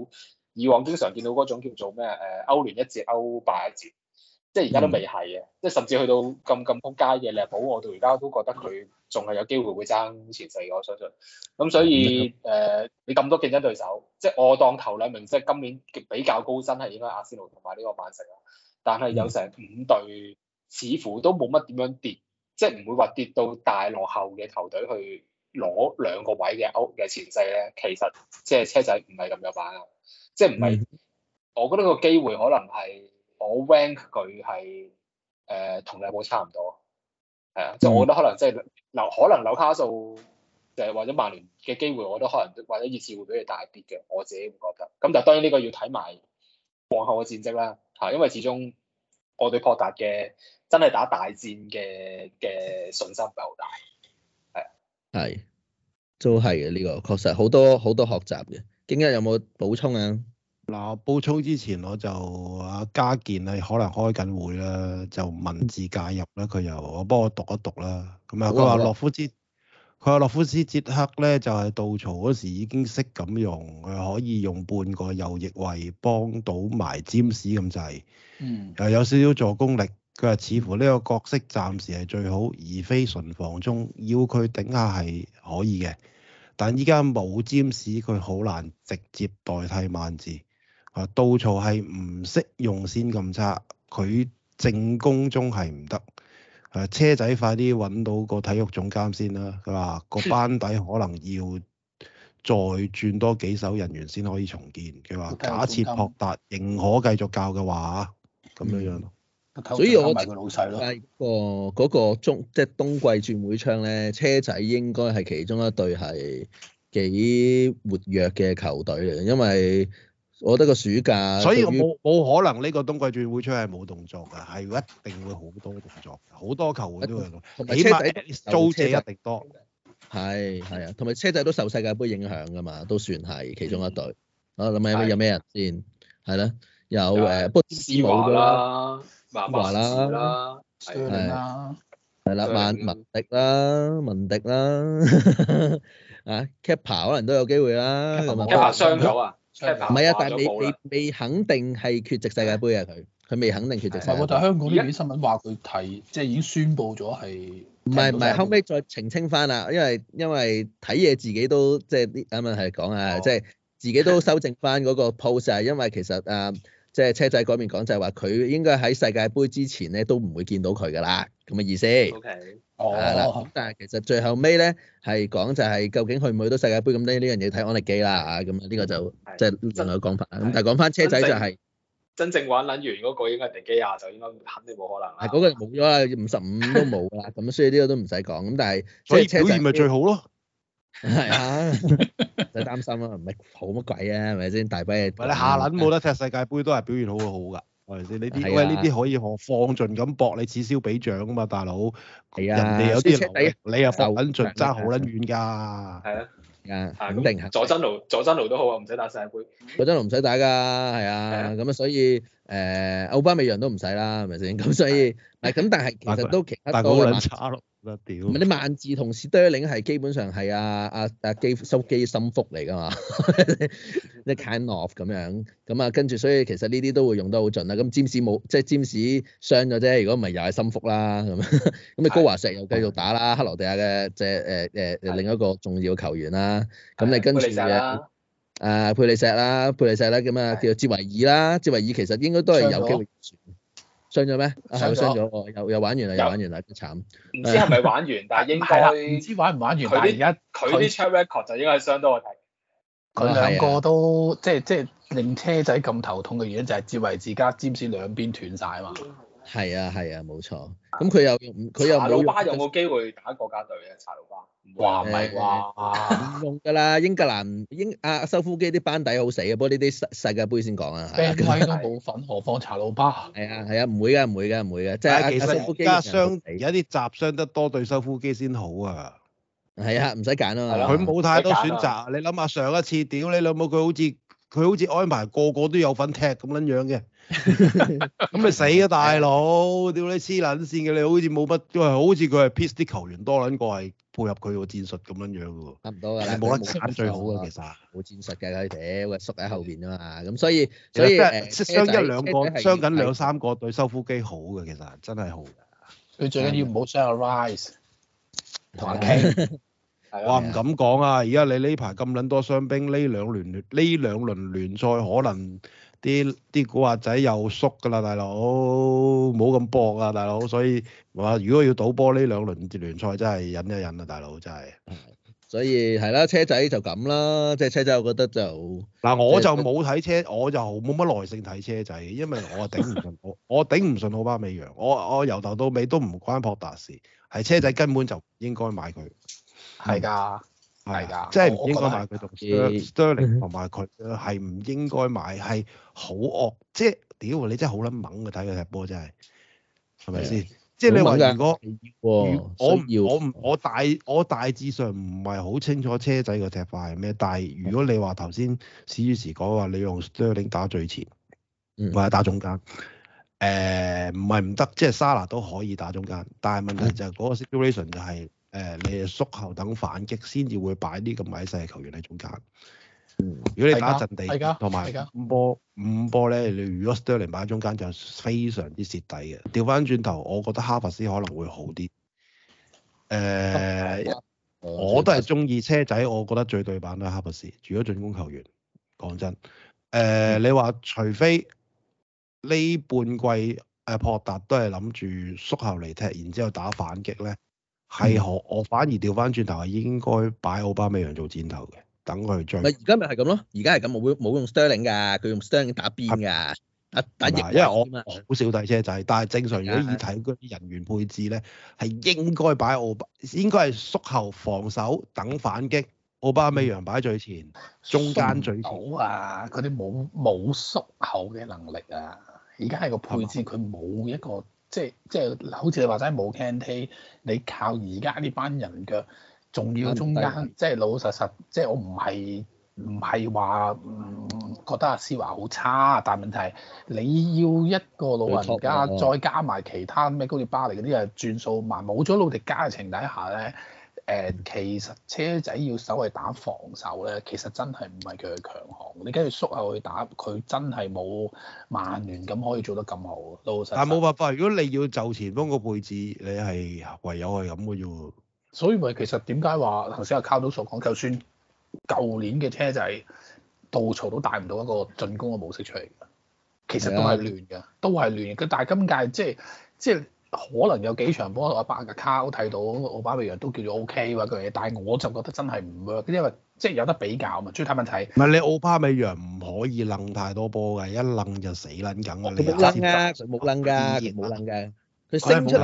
[SPEAKER 5] 以往經常見到嗰種叫做咩誒、呃、歐聯一節歐霸一節。即係而家都未係嘅，即係甚至去到咁咁撲街嘅利物浦我到而家都覺得佢仲係有機會會爭前四，我相信。咁所以誒、嗯呃，你咁多競爭對手，即係我當頭兩名，即係今年比較高薪係應該阿仙奴同埋呢個曼城啊。但係有成五隊似乎都冇乜點樣跌，即係唔會話跌到大落後嘅球隊去攞兩個位嘅歐嘅前四咧。其實即係車仔唔係咁有把握，即係唔係？嗯、我覺得個機會可能係。我 rank 佢係誒同利物浦差唔多，係啊，即係我覺得可能即係留可能紐卡素誒或者曼聯嘅機會，我覺得可能或者熱刺會比佢大啲嘅，我自己會覺得。咁但係當然呢個要睇埋往後嘅戰績啦，吓，因為始終我對博達嘅真係打大戰嘅嘅信心唔係好大，
[SPEAKER 4] 係啊，係都係嘅呢個，確實好多好多學習嘅。京一有冇補充啊？嗱，補充之前我就阿嘉健咧，可能開緊會啦，就文字介
[SPEAKER 1] 入咧，佢又我幫我讀一讀啦。咁啊，佢話洛夫斯，佢話洛夫斯捷克咧就係杜曹嗰時已經識咁用，佢可以用半個右翼位幫到埋占士咁滯。
[SPEAKER 3] 嗯。
[SPEAKER 1] 又有少少助攻力，佢話似乎呢個角色暫時係最好，而非純防中。要佢頂下係可以嘅，但依家冇占士，佢好難直接代替萬字。啊，倒嘈係唔識用先咁差，佢正攻中係唔得。啊，車仔快啲揾到個體育總監先啦。佢話個班底可能要再轉多幾手人員先可以重建。佢話假設博達
[SPEAKER 4] 仍可繼續教嘅話，咁樣樣、
[SPEAKER 2] 嗯。
[SPEAKER 1] 所以我、那
[SPEAKER 4] 個嗰、那個中即係、就是、冬季轉會窗咧，車仔應該係其中一隊係幾活躍嘅球隊嚟，因為。我覺得個暑假，
[SPEAKER 3] 所以冇
[SPEAKER 1] 冇可能呢個冬季轉會出係冇動作噶，係一定會好多動作，
[SPEAKER 4] 好多球會
[SPEAKER 3] 都會有，起碼租車一定
[SPEAKER 4] 多。係係啊，同埋車仔都受世界盃影響噶嘛，都算係其中一隊。我諗下有咩人先？係啦，有誒，不過施噶啦，
[SPEAKER 3] 馬巴斯啦，傷
[SPEAKER 4] 啦，係啦，曼文迪啦，文迪啦，啊，Kappa 可能都有機會啦。Kappa 傷咗啊？
[SPEAKER 3] 唔係啊，是是，了但係你，你
[SPEAKER 4] 未肯定係缺席世界盃啊，佢，佢未肯定缺席世界盃的。香港啲新聞話佢睇，在即係已經
[SPEAKER 2] 宣布咗係。
[SPEAKER 4] 唔係唔係，後尾再澄清翻啦，因為因為睇嘢自己都即係啲啱啱係講啊，即係、哦、自己都修正翻嗰個 post 啊的，因為其實誒。Uh, 即係車仔嗰邊講就係話，佢應該喺世界盃之前咧都唔會見到佢噶啦，咁嘅意思。O K，哦。係啦，但係其實最後尾咧係講就係究竟去唔去到世界盃咁呢？呢樣嘢睇安力基啦嚇，咁啊呢個就即係另外講法。咁但係講翻車仔就係
[SPEAKER 5] 真正玩撚完嗰個應該迪基亞
[SPEAKER 4] 就應該肯定冇可能啦。係嗰個冇咗啦，五十五都冇啦，咁所以呢個都唔使講。咁但係所以表現咪最好咯。係啊。就擔心啊，唔係好乜鬼啊，係咪先？大把嘢。唔係你下輪冇得踢世界盃都係表現好好好噶，係咪先？呢啲喂呢啲可
[SPEAKER 1] 以放放盡咁搏，你此消彼
[SPEAKER 4] 長啊嘛，大佬。係啊。人哋有啲人，你又搏緊盡爭好撚遠㗎。係啊。肯定係。佐真奴佐真奴都好啊，唔使打世界盃。佐真奴唔使打㗎，係啊。咁啊，所以誒奧巴美揚都唔使啦，係咪先？咁所以。係咁，但係其實都其他都差咯，唔係啲萬字同事 Dealing 係基本上係阿阿阿基收基心腹嚟㗎嘛，你 h e kind of 咁樣，咁啊跟住所以其實呢啲都會用得好盡啦。咁詹士冇即係詹士傷咗啫，如果唔係又係心腹啦咁。咁你高華石又繼續打啦，克羅地亞嘅即係誒誒另一個重要球員啦。咁你跟住就誒佩利什啦，佩利什啦咁啊，feet, 叫做哲維爾啦，哲維爾其實應該都係有機會。傷咗咩？受傷咗，又又玩完啦，又玩
[SPEAKER 2] 完啦，真慘又。唔知係咪玩完， 但係應該唔、啊、知玩唔玩完。但係而家佢啲 check
[SPEAKER 5] record 就應該係傷多我睇。
[SPEAKER 2] 佢兩個都、哦啊、即係即係令車仔咁頭痛嘅原因就係、是、接為自家尖線兩邊斷晒啊嘛。係啊係啊，冇、啊、錯。咁
[SPEAKER 4] 佢又佢又冇。查魯巴有冇機
[SPEAKER 5] 會打國家隊嘅查魯巴？話咪
[SPEAKER 4] 話，唔用噶啦，英格蘭英阿阿修夫基啲班底好死嘅，不過呢啲世世界杯先講啊，咩威都冇份何況茶老巴，係啊係啊，唔會噶唔會噶唔會噶，即係阿修夫基而家傷
[SPEAKER 1] 而家啲集傷得多對修夫基先好啊，
[SPEAKER 4] 係啊，唔使揀咯，佢冇太多選擇，
[SPEAKER 1] 你諗下上一次屌你老母佢好似佢好似安排個個都有份踢咁樣樣嘅。咁咪死啊大佬！屌你黐撚線嘅你好似冇乜，因為好似佢係 piece 啲球
[SPEAKER 4] 員多撚個係配合佢個戰術咁樣樣嘅喎。差唔多㗎，你冇得攢最好嘅其實。冇戰術嘅佢哋會縮喺後邊啊嘛，咁所以所以傷一兩個傷緊兩三個對收腹肌好嘅其實真係好嘅。
[SPEAKER 1] 佢最緊要唔好傷阿 Rice 同阿 K。我唔敢講啊！而家你呢排咁撚多傷兵，呢兩輪聯呢兩輪聯賽可能。啲啲古惑仔又縮㗎啦，大佬，冇咁搏啊，大佬，所以話如果要賭波呢兩輪聯賽，真係忍一忍啊，大佬，真
[SPEAKER 4] 係。所以係啦，車仔就咁啦，即係車仔，我覺得就嗱，我就冇
[SPEAKER 1] 睇車，我就冇乜耐性睇車仔，因為我頂唔順， 我我頂唔順奧巴美揚，我我由頭到尾都唔關博達事，係車仔根本就應該買佢，係㗎、嗯。
[SPEAKER 3] 係噶，即係唔應該買佢做
[SPEAKER 1] 司。Sterling 同埋佢係唔應該買，係好惡， 即係屌你真係好撚猛，嘅睇佢踢波真係，係咪先？
[SPEAKER 3] 的即係你話如果，如果，如果我要我我，我，
[SPEAKER 1] 我大我大致上唔係好清楚車仔個踢法係咩，但係如果你話頭先史女士史主持講話你用 Sterling 打最前，或者 打中間，誒唔係唔得，即係沙拿都可以打中間，但係問題就係嗰個 situation 就係、是。 誒，你係縮後等反擊先至會擺啲咁矮細嘅球員喺中間，嗯。如果你打陣地，同埋五波五波咧，你如果史特靈嚟擺喺中間就非常之蝕底嘅。調翻轉頭，我覺得哈弗斯可能會好啲。誒、呃，我都係中意車仔，我覺得最對版。都係哈弗斯，除咗進攻球員。講真，誒、呃，的你話除非呢半季誒珀達都係諗住縮後嚟踢，然之後打反擊咧。係何？我反而調翻轉頭係應該擺奧巴美揚
[SPEAKER 4] 做箭頭嘅，等佢追。而家咪係咁咯，而家係咁冇冇用 Sterling 㗎，佢用 Sterling 打邊㗎。啊，等亦打營 因為我好少睇車仔，但係正常的如果以睇人員配
[SPEAKER 1] 置咧，係的應該擺奧巴應該係縮後防守等反擊，
[SPEAKER 2] 奧巴美揚擺最前，中間最好啊，嗰啲冇冇縮後嘅能力啊！而家係個配置，佢冇一個。即係即係，即係好似你話齋冇 Canteen 你靠而家呢班人嘅，仲要中間，即係老老實實，即係我唔係唔係話覺得阿思華好差，但問題係你要一個老人家再加埋其他咩高迪巴黎嗰啲啊，轉數慢，冇咗老迪加嘅情底下咧。誒，其實車仔要稍為打防守咧，其實真係唔係佢嘅強項。你跟住縮下去打，佢真係冇曼聯咁可以做得咁好。老實，但係冇
[SPEAKER 1] 辦法，如果你要就前鋒個配置，
[SPEAKER 2] 你係唯有係咁嘅啫喎。所以咪其實點解話頭先阿 Karl 都所講，就算舊年嘅車仔杜曹都帶唔到一個進攻嘅模式出嚟，
[SPEAKER 3] 其實都係亂
[SPEAKER 2] 嘅，的都係亂嘅。咁但係今屆即係即係。可能有幾場波同阿巴嘅卡都睇到，奧巴美揚都叫做 O K 喎，佢哋但係我就覺得真係唔，因為即係、就是、有得比較嘛，追睇乜睇。
[SPEAKER 1] 唔係你奧巴美揚
[SPEAKER 2] 唔可以撚太多波嘅，一撚就死撚緊你哋。
[SPEAKER 1] 點撚啊？佢
[SPEAKER 4] 冇撚㗎？冇撚㗎。佢、啊、升出，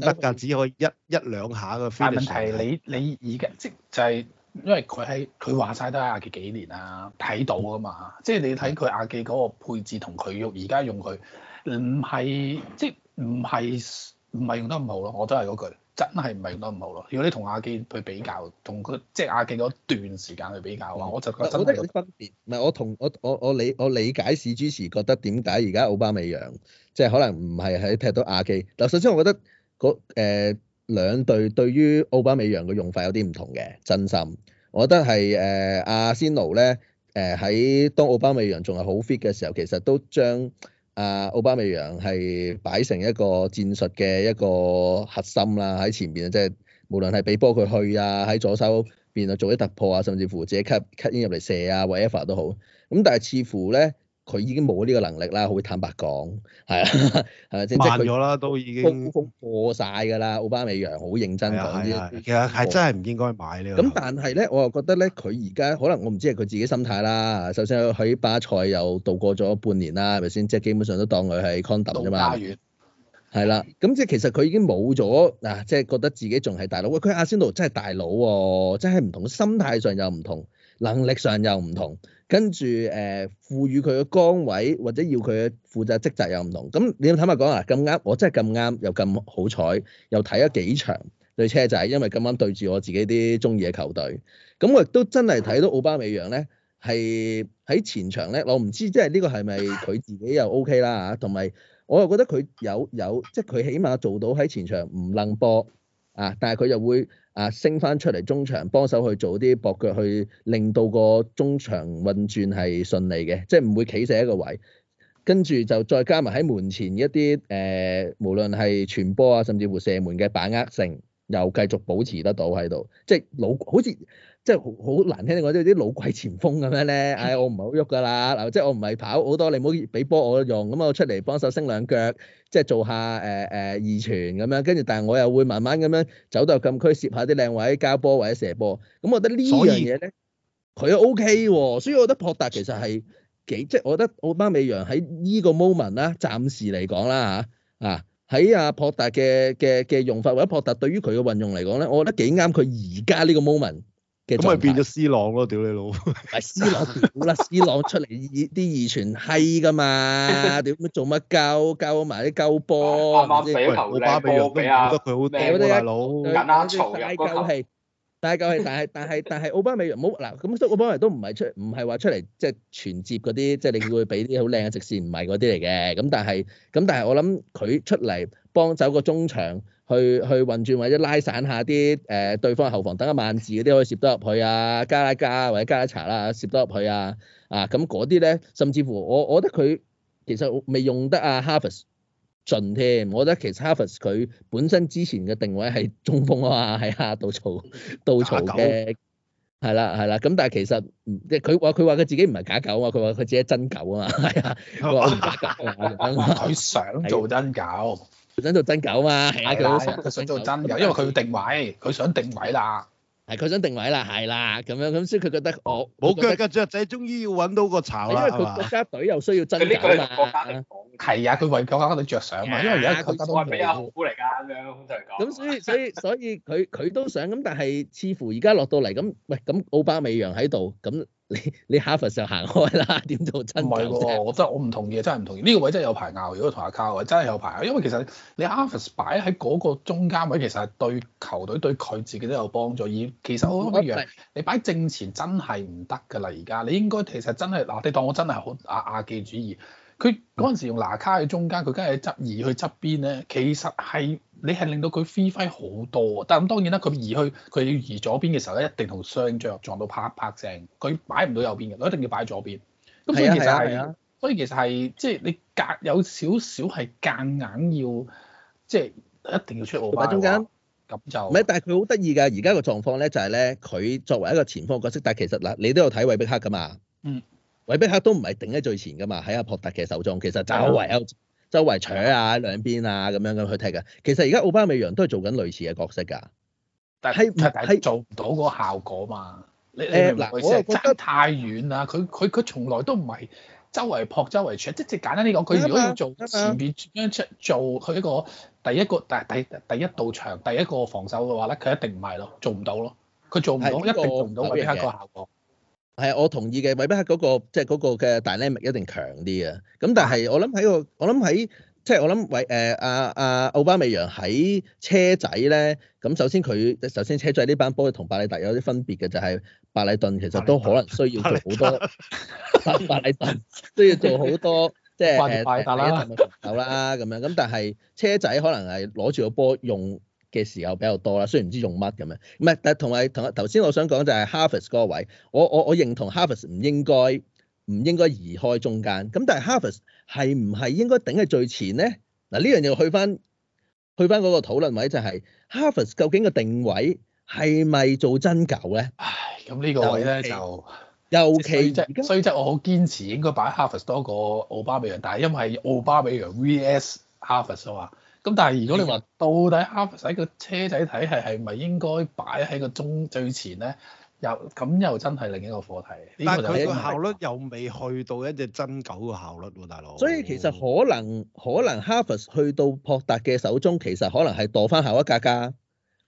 [SPEAKER 4] 得
[SPEAKER 1] 㗎，
[SPEAKER 2] 只可以一一兩下
[SPEAKER 4] 嘅。但係問題你
[SPEAKER 2] 你而家即係就係、是、因為佢係佢話晒都係阿記幾年啦，睇到㗎嘛，即係你睇佢阿記嗰個配置同佢用而家用佢唔係即係。即唔係唔係用得唔好咯，我都係嗰句，真係唔係用得唔好咯。如果你同亞記去比較，同佢即係亞記嗰段時間去比較嘅話，我就覺、嗯、覺得有啲分
[SPEAKER 4] 別。唔係我同我我我理我理解史主持覺得點解而家奧巴美揚即係可能唔係喺踢到亞記。嗱，首先我覺得嗰誒、呃、兩隊對於奧巴美揚嘅用法有啲唔同嘅，真心。我覺得係誒阿仙奴咧，誒、呃、喺當奧巴美揚仲係好 fit 嘅時候，其實都將。啊，奧巴美揚係擺成一個戰術嘅一個核心啦，喺前邊，即係無論係俾波佢去啊，喺左手邊啊做啲突破啊，甚至乎自己 cut cut in 入嚟射啊，whatever 都好。咁但係似乎咧。佢已經冇呢個能力啦，好坦白講，係啊，係咪先？慢咗啦，都已經高峰過晒㗎啦。奧巴美揚好認真講啲嘢，係、啊啊、真係唔應該買個呢個。咁但係咧，我又覺得咧，佢而家可能我唔知係佢自己心態啦。首先喺巴塞又度過咗半年啦，係咪先？即係基本上都當佢係康登啫嘛。巴係啦，咁即係其實佢已經冇咗嗱，即係覺得自己仲係大佬。喂，佢阿仙奴真係大佬喎，哦，真係唔同心態上又唔同，能力上又唔同。跟住誒，賦予佢嘅崗位或者要佢負責職責又唔同。咁你坦白講啊，咁啱我真係咁啱又咁好彩，又睇咗幾場對車仔，因為咁啱對住我自己啲中意嘅球隊。咁我亦都真係睇到奧巴美揚咧，係喺前場咧，我唔知即係呢個係咪佢自己又 OK 啦嚇，同埋我又覺得佢有有即係佢起碼做到喺前場唔愣波啊，但係佢又會。啊，升翻出嚟中場，幫手去做啲駁腳，去令到個中場運轉係順利嘅，即係唔會企死一個位。跟住就再加埋喺門前一啲誒，無論係傳波啊，甚至乎射門嘅把握性，又繼續保持得到喺度，即係老好似。即係好好難聽啲講，即係啲老鬼前鋒咁樣咧。唉，我唔係好喐噶啦，嗱，即係我唔係跑好多，你唔好俾波我用。咁我出嚟幫手升兩腳，即係做下誒誒、呃、二傳咁樣。跟住，但係我又會慢慢咁樣走到禁區，攝下啲靚位交波或者射波。咁我覺得呢樣嘢咧，佢 O K 喎。所以我我我 ent，我覺得博達其實係幾即係我覺得奧巴美揚喺呢個 moment 啦，暫時嚟講啦嚇啊，喺阿博達嘅嘅嘅用法或者博達對於佢嘅運用嚟講咧，我覺得幾啱佢而家呢個 moment。咁咪變咗 C 朗咯，屌你老！咪 C 朗啦，C 朗出嚟啲二傳係噶嘛，屌做乜救救埋啲救波，奧巴美揚都覺得佢好大佬，緊啲大救氣，大救氣，但係但係但係奧巴美揚冇嗱咁，都奧巴美揚都唔係出唔係話出嚟即係傳接嗰啲，即係你叫佢俾啲好靚嘅直線，唔係嗰啲嚟嘅，咁但係咁但係我諗佢出嚟幫走個中場。去去運轉或者拉散下啲誒，對方後防等一萬字嗰啲可以攝得入去啊，加拉加或者加拉查啦，攝得入去啊啊，咁嗰啲咧，甚至乎我我覺得佢其實未用得啊 Harvest 盡添，我覺得其實 Harvest 佢本身之前嘅定位係中鋒啊嘛，係啊，道槽道槽嘅係啦係啦，咁狗、啊啊、但係其實即係佢話佢話佢自己唔係假狗，他他狗啊，佢話佢自己真狗啊嘛，佢想做真狗。 佢想做真狗嘛？係啊，佢想佢想做真狗，因為佢要定位，佢想定位啦。係，佢想定位啦，係啦，咁樣咁，所以佢覺得我冇腳嘅雀仔，終於要揾到個巢
[SPEAKER 2] 啦。因為佢國
[SPEAKER 3] 家
[SPEAKER 4] 隊又需要真
[SPEAKER 3] 嘅狗啊！
[SPEAKER 4] 係啊，佢為國家隊着想啊。因為而家國家隊唔好。係啊，佢係比較好嚟㗎咁樣，就
[SPEAKER 3] 係講。
[SPEAKER 4] 咁所以所以所以佢佢都想，咁但係似乎而家落到嚟咁，喂咁奧巴美揚喺度咁。你你哈佛就行開啦，點做真唔係喎？我真我唔
[SPEAKER 2] 同意，真係唔同意。呢、這個位真係有排拗，如果同阿卡位真係有排拗。因為其實你你哈佛擺喺嗰個中間位，其實係對球隊對佢自己都有幫助。而其實樣我覺得，楊你擺正前真係唔得㗎啦。而家你應該其實真係嗱，你當我真係好亞亞記主義。佢嗰陣時用嗱卡喺中間，佢梗係側移去側邊咧，其實係。你係令到佢 free 飛好多，但係咁當然啦，佢移去佢要移左邊嘅時候咧，一定同雙腳撞到啪啪聲。佢擺唔到右邊嘅，佢一定要擺左邊。
[SPEAKER 3] 咁
[SPEAKER 2] 所以其實係，啊啊啊、所以其實係即係你隔有少少係間硬要，即、就、係、是、一定要出奧巴。擺中間，
[SPEAKER 4] 咁就。唔係，但係佢好得意㗎。而家個狀況咧就係咧，佢作為一個前方角色，但係其實嗱，你都有睇韋碧克㗎嘛。嗯。韋碧克都唔係頂喺最前㗎嘛，喺阿博達嘅手中，其實稍為周圍搶啊，兩邊啊咁樣咁去踢嘅。其實而家奧巴美揚都係做緊類似嘅角色㗎，係係但是做唔到嗰個效果嘛。欸、
[SPEAKER 3] 你，你，嗱，我係覺得
[SPEAKER 2] 太遠啦。佢佢佢從來都唔係周圍撲、周圍搶，即係簡單啲講，佢如果要做前邊將出做佢一個第一個，但係第第
[SPEAKER 4] 一道牆、第一個防守嘅話咧，佢一定唔係咯，做唔到咯，佢做唔到，到這個、一定做唔到嗰啲黑個效果。係，我同意嘅。未必嗰個即係嗰個嘅 dynamic 一定強啲、就是呃、啊。咁但係我諗喺個，我諗喺即係我諗偉誒阿阿奧巴美揚喺車仔咧。咁首先佢首先車仔呢班波同巴里達有啲分別嘅就係、是、巴里頓其實都可能需要做好多巴里頓都要做好多
[SPEAKER 3] 即係誒大一陣嘅防
[SPEAKER 4] 守啦咁樣。咁但係車仔可能係攞住個波用嘅時候比較多啦，雖然唔知用乜咁樣，唔係，但同埋同頭先我想講就係 Harvest 嗰個位，我我我認同 Harvest 唔應該唔應該移開中間，咁但係 Harvest 係唔係應該頂喺最前咧？嗱呢樣嘢去翻去翻嗰個討論位，就係 Harvest 究竟個定位係咪做真狗咧？唉，咁、這、呢個位咧其就尤其即衰質，然我好堅
[SPEAKER 2] 持應該擺 Harvest 多過奧巴美揚，但係因為奧巴美揚 VS Harvest 嘅話。咁但係如果你話到底 Harvest 個車仔體系係咪應該擺喺個中最前咧？又咁又真係另一個課題。呢個效率又未去到一隻真狗嘅效率喎，啊，大
[SPEAKER 4] 佬。所以其實可能可能 Harvest 去到博達嘅手中，其實可能係墮翻下一格㗎，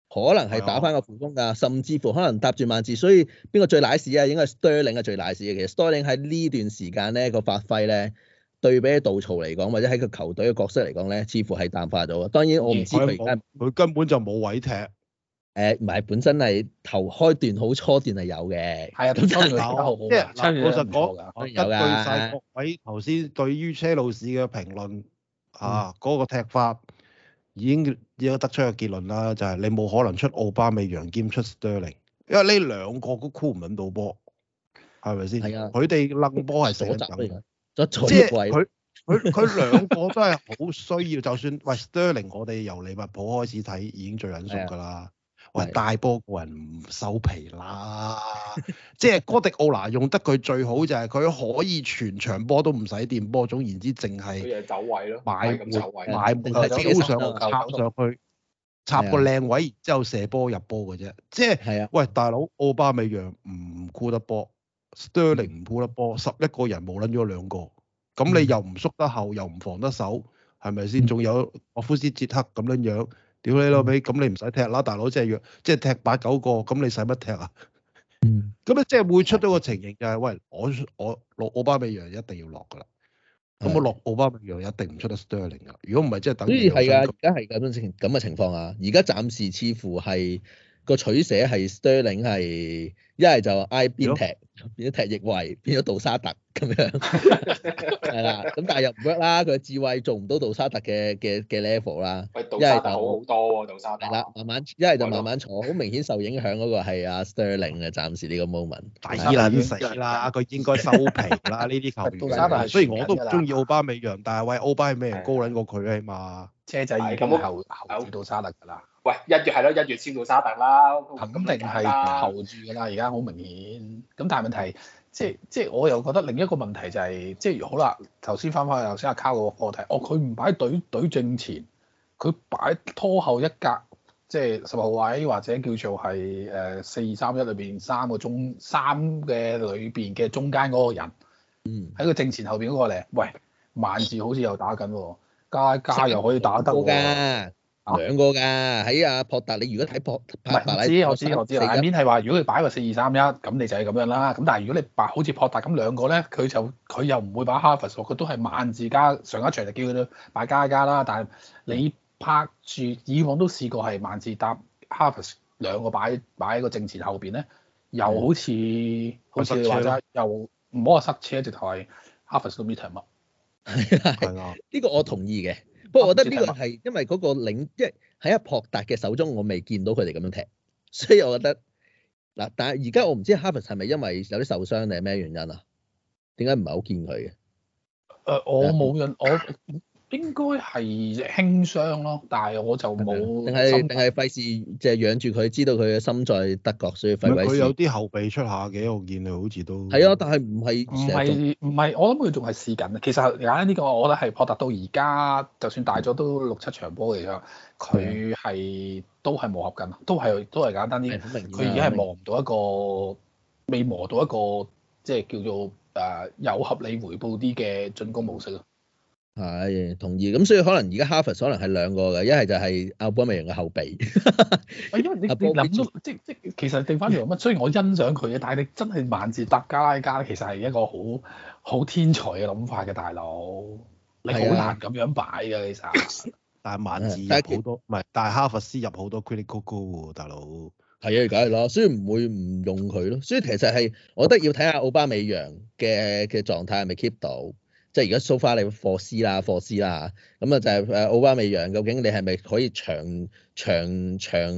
[SPEAKER 4] 可能係打翻個副攻㗎，的甚至乎可能搭住萬字。所以邊個最賴屎啊？應該 Sterling 係最賴屎嘅。其實 Sterling 喺呢段時間咧、那個發揮咧。對比啲導嚟講，或者喺個球隊嘅角色嚟講咧，似乎係淡化咗。當然我唔知佢根本就冇位踢。誒，唔係本身係頭開段好，初段係有嘅。係啊，都差唔多，即係老實講，一句晒各
[SPEAKER 1] 位頭先對於車路士嘅評論啊，嗰個踢法已經已經得出個結論啦，就係你冇可能出奧巴梅揚兼出 Sterling，因為呢兩個都箍唔到波，係咪先？係啊，佢哋掕波係死擇即係佢、佢、佢兩個都係好需要，就算喂 Sterling，我哋由利物浦開始睇已經最緊熟噶啦。喂，大波個人唔收皮啦，即係哥迪奧拿用得佢最好就係佢可以全場波都唔使掂波，總言之淨係
[SPEAKER 2] 走位咯，買活、買標，上插上去
[SPEAKER 1] 插個靚位之後射波入波嘅啫。即係喂大佬，奧巴美揚唔箍得波。Sterling 唔鋪粒波，十一個人冇撚咗兩個，咁你又唔縮得後，又唔防得手，係咪先？仲有沃夫斯捷克咁樣樣，屌你老尾，咁、嗯、你唔使踢啦，大佬即係若即係踢八九個，咁你使乜踢啊？嗯，咁啊，即係會出到個情形就係、是：喂，我我落奧巴美揚一定要落㗎啦。咁
[SPEAKER 4] 我落奧巴美揚一定唔出得 Sterling 噶。如果唔係，即係等。所以係啊，而家係咁樣情咁嘅情況啊。而家暫時似乎係個取捨係 Sterling 係一係就挨邊踢。變咗踢翼位，變咗杜沙特咁
[SPEAKER 3] 樣，係啦，咁
[SPEAKER 4] 但係又唔 work 啦，佢嘅智慧做唔到杜沙特嘅嘅嘅 level 啦，一係就好好多，杜沙特係啦，慢慢一係就慢慢坐，好明顯受影響嗰個係阿 Sterling 啊，暫時呢個 moment 大卵死
[SPEAKER 1] 啦，佢應該收皮啦，呢啲球員，雖然我都中意奧巴美揚，但係喂，奧巴美揚高撚過佢啊，起碼車仔咁後後住杜沙特噶
[SPEAKER 5] 啦，喂一月係咯，一月先到沙特啦，
[SPEAKER 2] 咁定係後住噶啦，而家好明顯，咁但係。問題，即係即係，我又覺得另一個問題就係、是，即係好啦。頭先翻翻頭先阿卡個課題，哦，佢唔擺隊隊正前，佢擺拖後一格，即係十號位或者叫做係誒四二三一裏邊三個中三嘅裏邊嘅中間嗰個人，喺個、嗯、正前後邊嗰個咧，喂，
[SPEAKER 4] 慢字好似又打緊喎，加一加又可以打得喎。兩個㗎，喺阿博達你如果睇博唔
[SPEAKER 3] 知我知我知，面面
[SPEAKER 2] 係話如果你擺個四二三一，咁你就係咁樣啦。咁但係如果你擺好似博達咁兩個咧，佢就佢又唔會擺 harvest，佢都係萬字加上一場就叫佢都擺加加啦。但係你拍住以往都試過係萬字搭 harvest 兩個擺擺喺個正前後邊咧，又好似好似話齋又唔好話塞車，直頭係 harvest 都冇嘢乜。
[SPEAKER 4] 係啊，呢個我同意嘅。不過我覺得呢個係因為嗰個領，即係喺阿博達嘅手中，我未見到佢哋咁樣踢，所以我覺得嗱，但係而家我唔知 Harvard 係咪因為有啲受傷定係咩原因啊？點解唔係好見佢嘅？誒、呃，我冇引我。
[SPEAKER 2] 應該係輕傷咯，但係我就冇。定係
[SPEAKER 4] 定係費事，即係養住佢，知道佢嘅心在德國，所以費鬼事。佢有啲後備出下
[SPEAKER 1] 嘅，我見你好似都。係
[SPEAKER 4] 啊，但係唔係唔係唔係，我諗佢仲係試緊。其實簡
[SPEAKER 2] 單呢個，我覺得係撲達到而家，就算大咗都六七場波嚟講，佢係都係磨合緊，都係都係簡單啲。佢已經係磨唔到一個，未磨到一個，即係叫做誒有合理回報啲嘅進攻模式咯。
[SPEAKER 4] 係同意，咁所以可能而家哈佛可能係兩個嘅，一係就係奧巴美揚嘅後備。啊， 因為你你諗咗，即即，即，即，即其實定翻條乜？雖然我欣賞佢嘅，但係你
[SPEAKER 2] 真係萬智搭加拉加，家家其實係一個好好天才嘅諗法嘅，大佬你好難咁樣擺嘅，其實。但係萬智入好多，唔係但係是哈佛
[SPEAKER 4] 斯入好多 credit go c o 嘅，大佬。係啊，梗係啦，所以唔會唔用佢咯。所以其實係，我覺得要睇下奧巴美揚嘅嘅狀態係咪 keep 到。即係而家 so far，你課司啦，課司啦咁啊就係誒，奧巴美揚究竟你係咪可以長？長長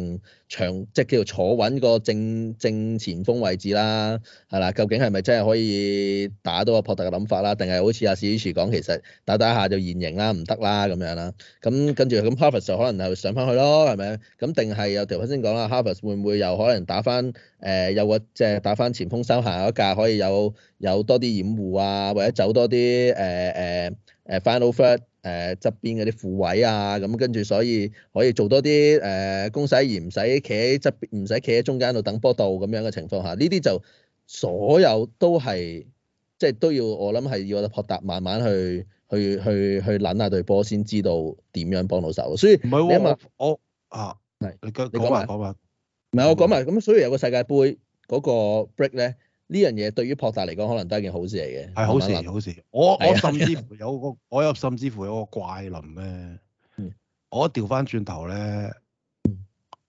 [SPEAKER 4] 長，即係叫做坐穩個正正前鋒位置啦，係啦，究竟係咪真係可以打到阿 p a 嘅諗法啦？定係好似阿史書講，其實打打下就現形啦，唔得啦咁樣啦。咁跟住咁 Harvus 就可能又上翻去咯，係咪？咁定係有條友先講啦 h a r v e s 會唔會又可能打翻誒有個即係打翻前鋒三下嗰架，可以有有多啲掩護啊，或者走多啲誒誒、呃、誒、呃、Final f v e r 誒側、呃、邊嗰啲副位啊，咁、嗯、跟住所以可以做多啲誒、呃、攻勢而唔使企喺側邊，唔使企喺中間度等波度咁樣嘅情況下。呢啲就所有都係即係都要，我諗係要我哋擴大慢慢去去去去撚下對波先知道點樣幫到手。所以唔係喎，我啊係你講你講埋講埋，唔係我講埋咁。所以有個世界盃嗰、那個 break 咧。呢樣嘢對於博達嚟講，可能都係一件好事嚟嘅。係好事，好事。我我甚至乎
[SPEAKER 1] 有個，我有甚至乎有個怪論咧。我調翻轉頭咧，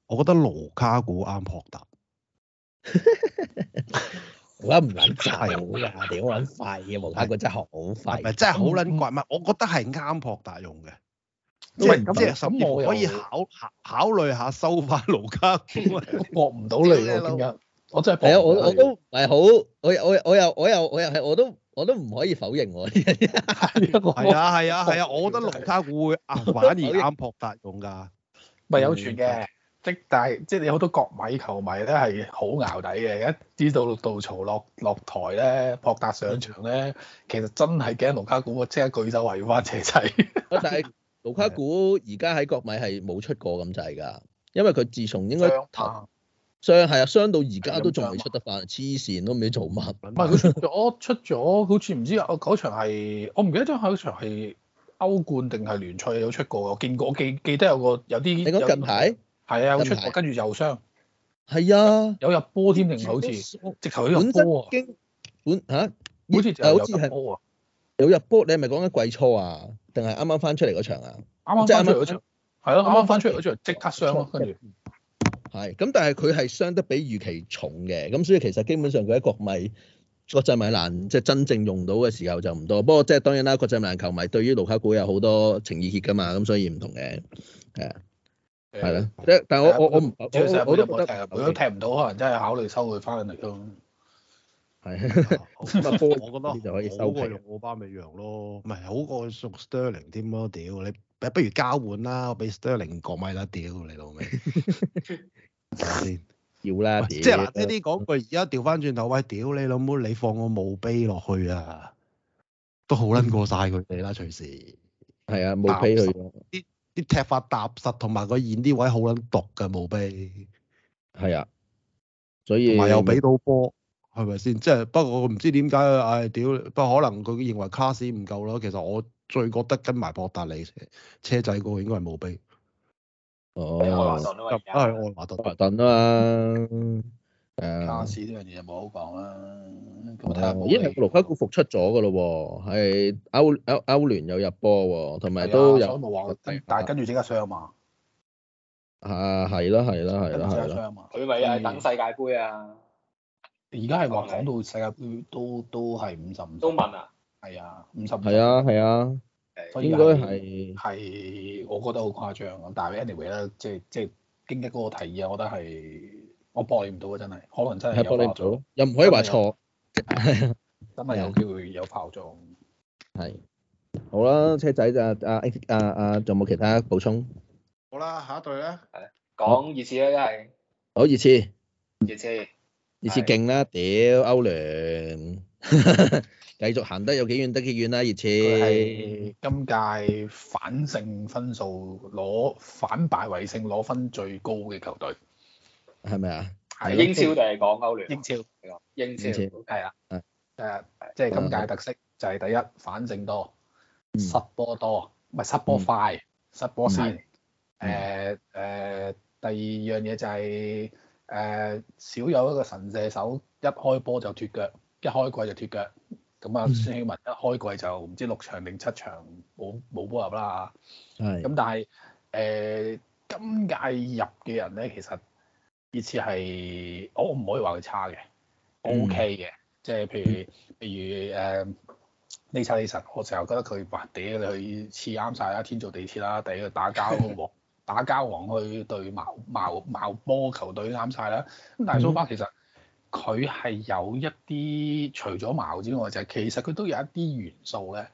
[SPEAKER 1] 我覺得盧卡古啱博達。我唔撚賺㗎，屌撚快啊！盧卡古真係好快，唔係真係好撚怪乜？我覺得係啱博達用嘅。
[SPEAKER 3] 即係即係，甚至可以
[SPEAKER 1] 考考考慮
[SPEAKER 4] 下收翻盧卡古。博唔到你喎，點解？我真係係啊！我我都唔好，我我我又我又我又係，我都我都唔可以否認喎 我。係啊係啊係啊！我覺得盧卡古會 反而啱撲達用㗎。咪有傳
[SPEAKER 2] 嘅、嗯，即但係即你好多國米球迷咧係好淆底嘅，一知道杜曹落落台咧，撲達上場咧，其實真係驚盧卡古即刻舉手
[SPEAKER 4] 維翻斜仔。 但係盧卡古而家喺國米係冇出過咁滯㗎，因為佢自從應該,應該上。傷係啊，傷到而家都仲未出得翻，黐線都唔知做乜。唔係佢出咗，出咗，好似唔知啊。嗰場係我唔記得咗，嗰場
[SPEAKER 2] 係歐冠定係聯賽有出過。我見過，我記記得有個有啲。你講近排？
[SPEAKER 4] 係啊，出跟住又傷。係啊，有入波添定係好似直頭？本身已經本吓，好似好似係有入波。你係咪講緊季初啊？定係啱啱翻出嚟嗰場啊？啱啱即係啱啱嗰場
[SPEAKER 2] 係咯，啱啱翻出嚟嗰場即刻傷咯，
[SPEAKER 4] 跟住。係，咁但係佢係傷得比預期重嘅，咁所以其實基本上佢喺國米、國際米蘭即係、就是、真正用到嘅時候就唔多。不過即係當然啦，國際米蘭球迷對於盧卡古有好多情意結㗎嘛，咁所以唔同嘅，係啊，係啦。即係但係我我我唔，我都我都踢唔、okay、到，可能
[SPEAKER 2] 真係考慮收佢翻嚟咯。係、嗯嗯、我覺得
[SPEAKER 1] 就可以收佢用奧巴美揚咯，唔係好過佢。不如交換啦，我俾 Sterling 國米啦，屌你老味！
[SPEAKER 4] 先， 要啦， 即係難聽啲
[SPEAKER 1] 講句，而家調翻轉頭，喂，屌你老母，你放個墓碑落去啊，都好撚過晒佢哋啦，隨時。係、
[SPEAKER 4] 嗯、啊，墓碑佢啲
[SPEAKER 1] 啲踢法踏實，同埋個現啲位好撚毒㗎，墓碑。
[SPEAKER 3] 係啊，
[SPEAKER 4] 所
[SPEAKER 1] 以同埋又俾到波，係咪先？即、就、係、是、不過唔知點解，唉、哎、屌，不過可能佢認為卡士唔夠咯，其實我。最覺得跟埋博達利車仔嗰個應該係冇悲。哦。
[SPEAKER 2] 咁都係愛華頓啦。誒。卡斯呢樣嘢就冇好
[SPEAKER 4] 講啦。咁啊太冇。依係盧卡古復出咗㗎咯喎，係歐歐歐，歐聯又入波喎，同埋都有。但係跟住整架傷嘛。啊，係啦，係啦，係啦，係啦。佢咪又係等世界盃啊？而家係
[SPEAKER 2] 話講到世界盃都都係五十五。都問啊？係啊，是啊，五十。係啊，係啊。誒，應該係係，我覺得好誇張。但係，anyway 啦，即係即係，經得嗰個提議啊，我覺得係我幫你唔到啊，真係，可能真係又幫你唔
[SPEAKER 3] 到，又唔、啊、可以話錯，真係有機
[SPEAKER 2] 會有炮仗。
[SPEAKER 3] 係。
[SPEAKER 4] 好啦，車仔就阿 X，阿仲有冇其他補充？
[SPEAKER 5] 好啦，下一對咧，講熱刺啦，真
[SPEAKER 4] 係。好，熱刺次。
[SPEAKER 5] 熱
[SPEAKER 4] 刺次。熱刺勁啦，屌歐良。歐歐 繼續行得有幾遠得幾遠啦！熱刺係
[SPEAKER 2] 今屆反勝分數攞，反敗為勝攞分最高嘅球隊，
[SPEAKER 4] 係咪
[SPEAKER 2] 啊？係英超定係講歐聯？英超，英超係啦，誒誒，即係今屆特色就係第一反勝多，失波多，唔係失波快，失波先，誒誒，第二樣嘢就係誒少有一個神射手，一開波就脫腳，一開季就脫腳。咁啊，孫興文一開季就唔知六場定七場冇冇波入啦。係。咁但係誒今屆入嘅人咧，其實呢次係我唔可以話佢差嘅，OK 嘅。OK 嗯、即係譬如譬如誒，李察利臣，我成日覺得佢話屌你去次啱晒啦，天造地設啦。第二個打交王， 打交王去對矛矛茂波球隊啱晒啦。
[SPEAKER 3] 咁但係蘇巴
[SPEAKER 2] 其實。嗯嗯佢係有一啲除咗矛之外，就係其實佢都有一啲元素咧，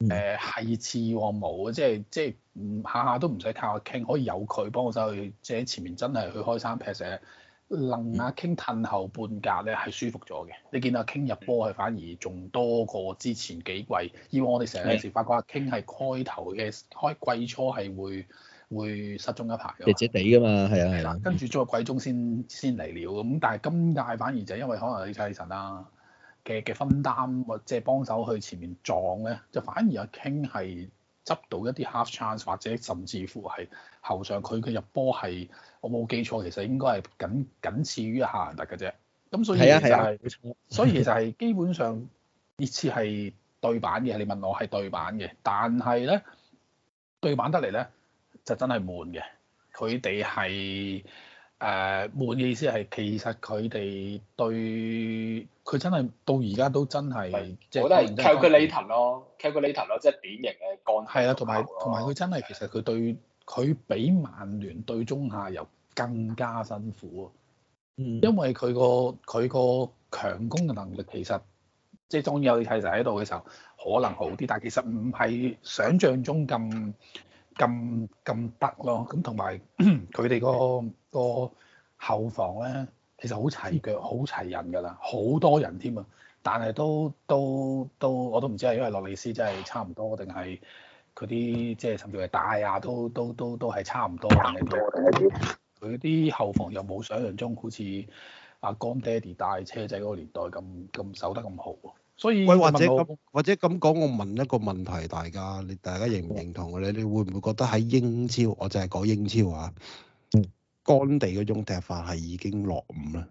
[SPEAKER 2] 誒係似喎冇，即係即係唔下下都唔使靠阿傾，可以有佢幫我走去即係前面真係去開山劈石，能阿傾褪後半格咧係舒服咗嘅。你見到阿傾入波係反而仲多過之前幾季，以往我哋成日有時發覺阿傾係開頭嘅開季初係會。會失蹤一排，寂寂地㗎嘛，係啊，係啦、啊，跟住進入季中先先嚟了，咁但係今屆反而就係因為可能李世臣啦嘅嘅分擔，或、就、者、是、幫手去前面撞咧，就反而阿 King 係執到一啲 half chance，或者甚至乎係後上佢嘅入波係，我冇記錯，其實應該係僅僅次於夏蘭特嘅啫。咁所以就係，所以其實係、啊啊、基本上呢次係對版嘅，你問我係對版嘅，但係咧對版得嚟咧。就真係悶嘅，佢哋係誒悶嘅意思係其實佢哋對佢真係到而家都真係是即係。我都係 calculating
[SPEAKER 5] 咯 calculating 咯，即係典型
[SPEAKER 2] 嘅鋼。係啊，同埋同埋佢真係是的 其實佢對佢比曼聯對中下游更加辛苦啊！嗯，因為佢個佢個強攻嘅能力其實即係當有啲齊實喺度嘅時候可能好啲，但係其實唔係想像中咁。咁咁得咯，咁同埋佢哋個個後防咧，其實好齊腳、好齊人㗎啦，好多人添啊！但係都都都，我都唔知係因為洛里斯真係差唔多，定係佢啲即係甚至係大啊，都都都都係差唔多嘅多佢啲後防又冇想象中好似阿干爹哋帶車仔嗰個年代咁咁守得咁好
[SPEAKER 1] 所以或者咁我或者咁講，我問一個問題大，大家你大家認唔認同咧？你會唔會覺得喺英超，我淨係講英超啊？
[SPEAKER 4] 干地嗰種踢法係已經落伍啦，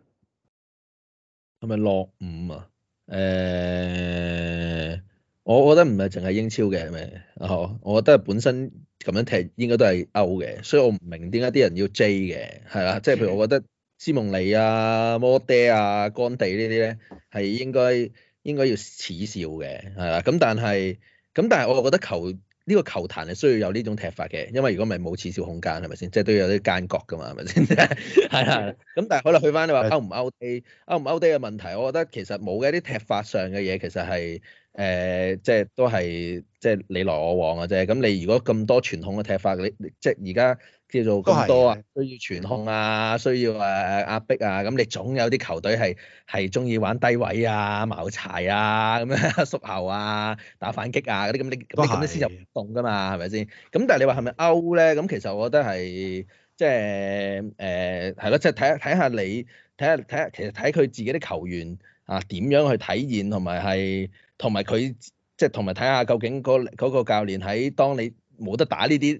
[SPEAKER 4] 係咪落伍啊？誒、欸，我覺得唔係淨係英超嘅，咩？哦，我覺得本身咁樣踢應該都係歐嘅，所以我唔明點解啲人要 J 嘅，係啊，即、就、係、是、譬如我覺得斯蒙尼啊、摩爹啊、干地呢啲咧係應該。應該要恥笑嘅，係啦。咁但係，咁但係我覺得球呢、這個球壇係需要有呢種踢法嘅，因為如果唔係冇恥笑空間，係咪先？即、就、係、是、都要有啲間隔㗎嘛，係咪先？係啦 的。咁、嗯、但係可能去翻你話勾唔勾地，勾唔勾地嘅問題，我覺得其實冇嘅啲踢法上嘅嘢，其實係。誒、呃，即係都係，即係你來我往嘅啫。咁你如果咁多傳控嘅踢法，你即係而家叫做咁多啊，需要傳控啊，是需要誒壓迫啊，咁你總有啲球隊係係中意玩低位啊、矛柴啊、咁 樣縮喉啊、打反擊啊嗰啲。咁你咁樣先入動㗎嘛，係咪先？咁但係你話係咪勾咧？咁其實我覺得係即係誒，係咯，即係睇睇下你睇下睇下，其實睇佢自己啲球員啊點樣去體驗同埋係。同埋佢即係同埋睇下究竟嗰嗰個教練喺，當你冇得打呢啲誒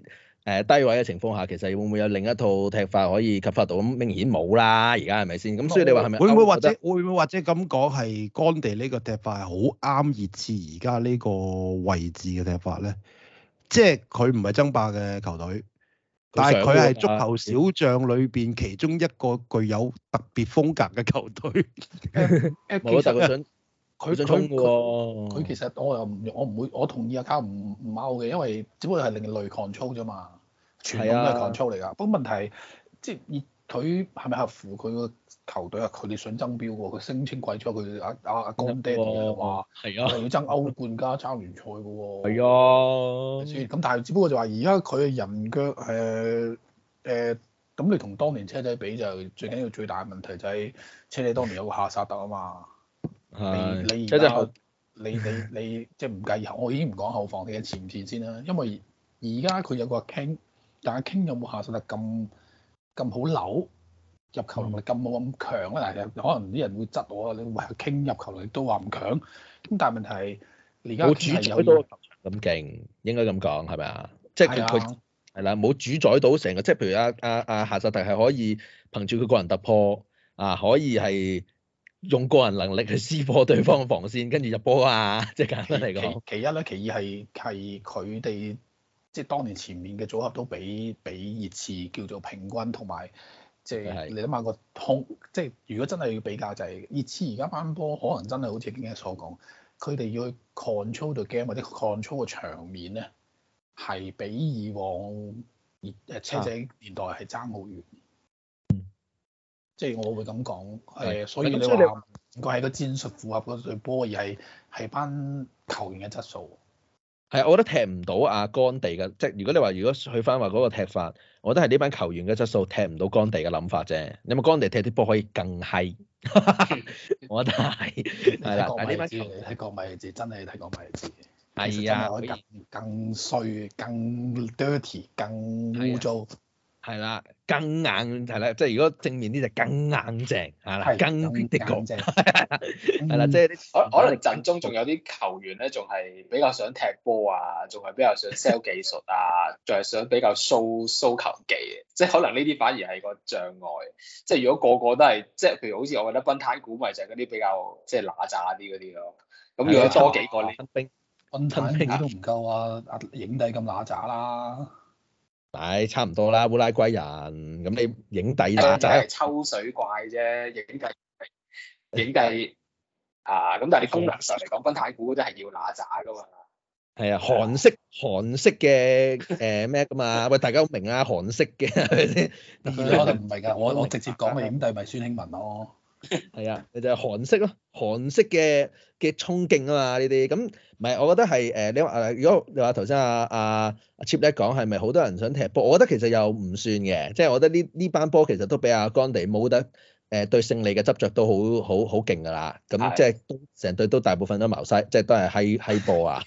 [SPEAKER 4] 低位嘅情況下，其實會唔會有另一套踢法可以激發到，咁明顯冇啦，而家係咪先？咁所以你話係咪會唔會或者
[SPEAKER 1] 會唔會或者咁講，係干地呢個踢法係好啱熱刺而家呢個位置嘅踢法咧？即係佢唔係爭霸嘅球隊，但係佢係足球小將裏邊其中一個具有特別風格嘅球隊。
[SPEAKER 2] 冇咗嗰陣。佢佢佢其實我又唔我唔會我同意阿卡唔唔拗嘅，因為只不過係另類 control 啫嘛，
[SPEAKER 3] 全部都係 control
[SPEAKER 2] 嚟噶。不過、啊、問題即係佢係咪合乎佢個球隊啊？佢哋想爭標喎，佢聲稱鬼咗佢阿阿阿江爹哋話、啊、又要爭歐冠加爭聯賽㗎喎。係啊。先咁，但係只不過就話而家佢嘅人腳誒誒，咁、呃、你同當年車仔比就最緊要最大嘅問題就係車仔當年有個夏薩特啊嘛。你即係即你你你即係唔計後，我已經唔講後防你嘅前線先啦。因為而家佢有個傾，但係傾有冇下實力咁咁好扭？入球能力咁冇咁強咧？嗱，可能啲人會窒我，你話佢傾
[SPEAKER 4] 入球能力都話唔強。咁但係問題係而家冇主宰到咁勁，應該咁講係咪啊？即係佢佢係啦，冇主宰到成個，即係譬如阿阿阿夏實特係可以憑住佢個人突破啊，可以係。用個人能力去撕破對方嘅防線，跟住入波啊！即、就、係、是、簡單嚟講，其
[SPEAKER 2] 一咧，其二係係佢哋即係當年前面嘅組合都比比熱刺叫做平均，同埋即係你諗下個空，即、就、係、是、如果真係要比較就係熱刺而家班波，可能真係好似啲嘢所講，佢哋要去 control the game 或者 control 個場面咧，係比以往熱誒車仔年代係爭好遠。即係我會咁講，誒，所以你話唔該係個戰術符合嗰隊波，而係係班球員嘅質素。
[SPEAKER 4] 係啊，我覺得踢唔到阿干地嘅，即係如果你話如果去翻話嗰個踢法，我覺得係呢班球員嘅質素踢唔到干地嘅諗法啫。你冇干地踢啲波可以更閪？我覺得係。係啦，國米
[SPEAKER 2] 知 你睇國米字，真係睇國米字。
[SPEAKER 4] 係啊、哎
[SPEAKER 2] 呀。可以更，更衰、更 dirty、 更污臭糟、
[SPEAKER 4] 哎。係啦。更硬係啦，即係如果正面啲就更硬淨係啦，更硬正的確係啦，即
[SPEAKER 5] 係可可能陣中仲有啲球員咧，仲係比較想踢波啊，仲係比較想 sell 技術啊，仲係 想比較 show show 球技即係可能呢啲反而係個障礙。即係如果個個都係，即係譬如好似我覺得軍坦股咪就係嗰啲比較即係乸渣啲嗰啲咯。咁、
[SPEAKER 4] 就是、如果多幾個兵，軍坦、 啊、兵都唔夠啊！影帝咁乸渣啦～唉，差唔多啦烏拉圭人，咁你影帝嗱，就係抽
[SPEAKER 5] 水怪啫，影帝影帝啊，咁但係你功能上嚟講翻太古真係要嗱喳噶
[SPEAKER 4] 嘛，係啊韓式韓式嘅，誒咩噶嘛，喂，大家好明啊，韓式嘅係咪可能唔明噶？我我直接講咪影帝咪孫興文咯，啊。係啊，你就係、是、韓式咯，韓式嘅嘅衝勁啊嘛，呢啲咁唔係我覺得係誒你話，如果你話頭先阿阿 Cheap 咧講係咪好多人想踢波？我覺得其實又唔算嘅，即、就、係、是、我覺得呢呢班波其實都比阿干地冇得誒、欸、對勝利嘅執着，都好好好勁㗎喇。咁即係成隊都大部分都茅曬，即、就、係、是、都係閪閪波啊，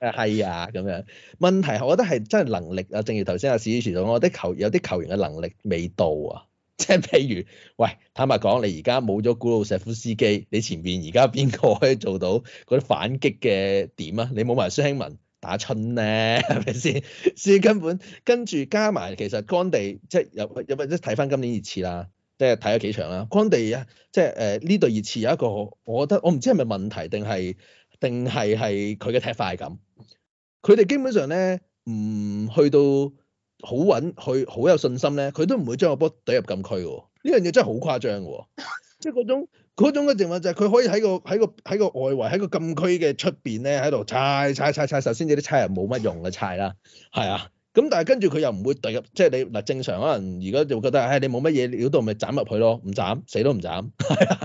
[SPEAKER 4] 閪 啊咁樣。問題我覺得係真係能力啊，正如頭先阿史主持所講，啲球有啲球員嘅能力未到啊。即係譬如，喂，坦白講，你而家冇咗古魯瑟夫斯基，你前面而家邊個可以做到嗰啲反擊嘅點啊？你冇埋孫興文打春咧，係咪先？所 根本跟住加埋，其實干地即係有又咪即係睇翻今年熱刺啦，即係睇咗幾場啦。干地啊，即係誒呢隊熱刺有一個，我覺得我唔知係咪問題定係定係係佢嘅踢快係咁。佢哋基本上咧唔、嗯、去到。好穩，佢好有信心咧，佢都唔會將個波抵入禁區喎。呢樣嘢真係好誇張嘅，即係嗰種嗰種嘅情況就係佢可以喺個喺個喺個外圍喺個禁區嘅出邊咧喺度拆拆拆拆。首先啲啲差人冇乜用嘅拆啦，係啊。咁但係跟住佢又唔會抵入，即係你嗱正常可能而家就覺得唉，你冇乜嘢料到咪斬入去咯？唔斬，死都唔斬，係啊。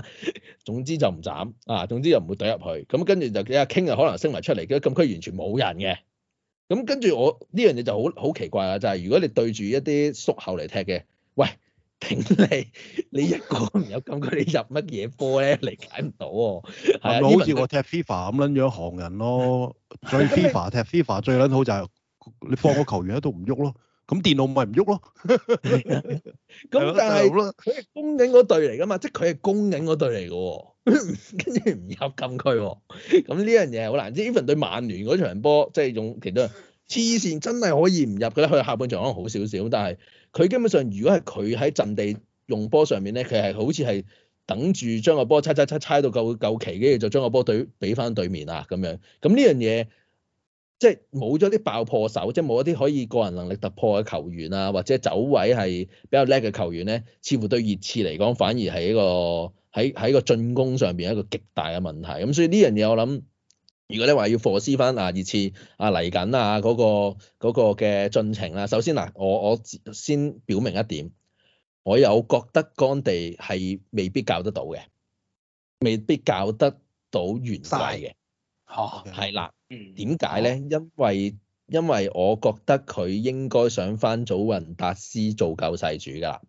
[SPEAKER 4] 總之就唔斬啊，總之又唔會抵入去。咁跟住就傾啊，就可能升埋出嚟，因為禁區完全冇人嘅。咁跟住我呢樣嘢就好好奇怪啊！就係、是、如果你對住一啲縮後嚟踢嘅，喂，頂你，你一個唔有禁區，你入乜嘢波咧？理解唔到喎。
[SPEAKER 3] 係啊，好似我
[SPEAKER 1] 踢 FIFA 咁撚樣行人咯。最 FIFA 踢 FIFA 最撚好就係你放個球員喺度唔喐咯，咁電腦咪唔喐咯。
[SPEAKER 4] 咁 但係，攻緊嗰隊嚟㗎嘛？即係佢係攻緊嗰隊嚟嘅喎， 跟住唔入禁區喎。咁呢樣嘢好難知。即 Even 對曼聯嗰場波，即係用其他。黐線真係可以唔入嘅咧，佢下半場可能好少少，但係佢基本上如果係佢喺陣地用波上面咧，佢係好似係等住將個波猜猜猜猜到夠夠期，跟住就將個波對俾翻對面啊咁樣。咁呢樣嘢即係冇咗啲爆破手，即係冇一啲可以個人能力突破嘅球員啊，或者走位係比較叻嘅球員咧，似乎對熱刺嚟講反而係一個喺喺個進攻上邊一個極大嘅問題。咁所以呢樣嘢我諗。如果你話要駁施翻啊二次啊嚟緊啊嗰個嘅、嗰個、進程啦，首先嗱，我我先表明一點，我有覺得干地係未必教得到嘅，未必教得到完晒嘅，嚇曬，係啦、啊，點解咧？因為因為我覺得佢應該想翻祖雲達斯做救世主噶。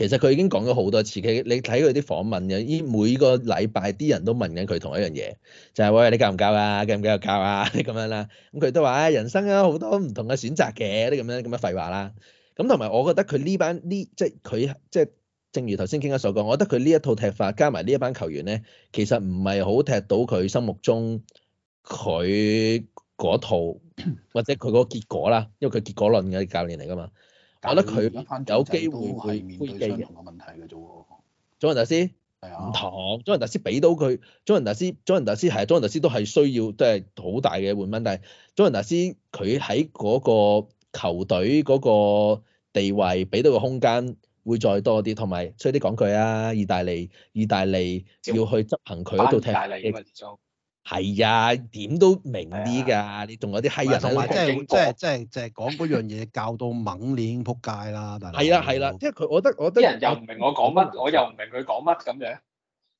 [SPEAKER 4] 其實佢已經講咗好多次，佢你睇佢啲訪問嘅，依每個禮拜啲人都問緊佢同一樣嘢，就係，喂，你教唔教啊，教唔教啊教啊，你咁樣啦，咁佢都話啊人生啊好多唔同嘅選擇嘅，啲咁樣咁嘅廢話啦。咁同埋我覺得佢呢班呢即係佢即係正如頭先京一所講，我覺得佢呢一套踢法加埋呢一班球員咧，其實唔係好踢到佢心目中佢嗰套或者佢嗰個結果啦，因為佢結果論嘅教練嚟噶嘛。我覺得佢有機會會面對相同嘅問題嘅啫喎，祖雲達斯唔 同祖雲達斯俾到佢，祖雲達斯祖雲達斯係祖雲達斯都係需要都係好大嘅換班。但係祖雲達斯佢喺嗰個球隊嗰個地位俾到嘅空間會再多啲，同埋出啲講句啊，意大利意大利要去執行佢嗰度踢。係啊，點都明啲噶，你仲有啲閪人都同埋，即係即係即係就係
[SPEAKER 1] 講嗰樣嘢，教到
[SPEAKER 4] 猛啲已經撲街啦，係啦係啦，即係佢，
[SPEAKER 1] 我覺得我覺得人又唔
[SPEAKER 4] 明我講乜，我又唔明佢講乜咁樣。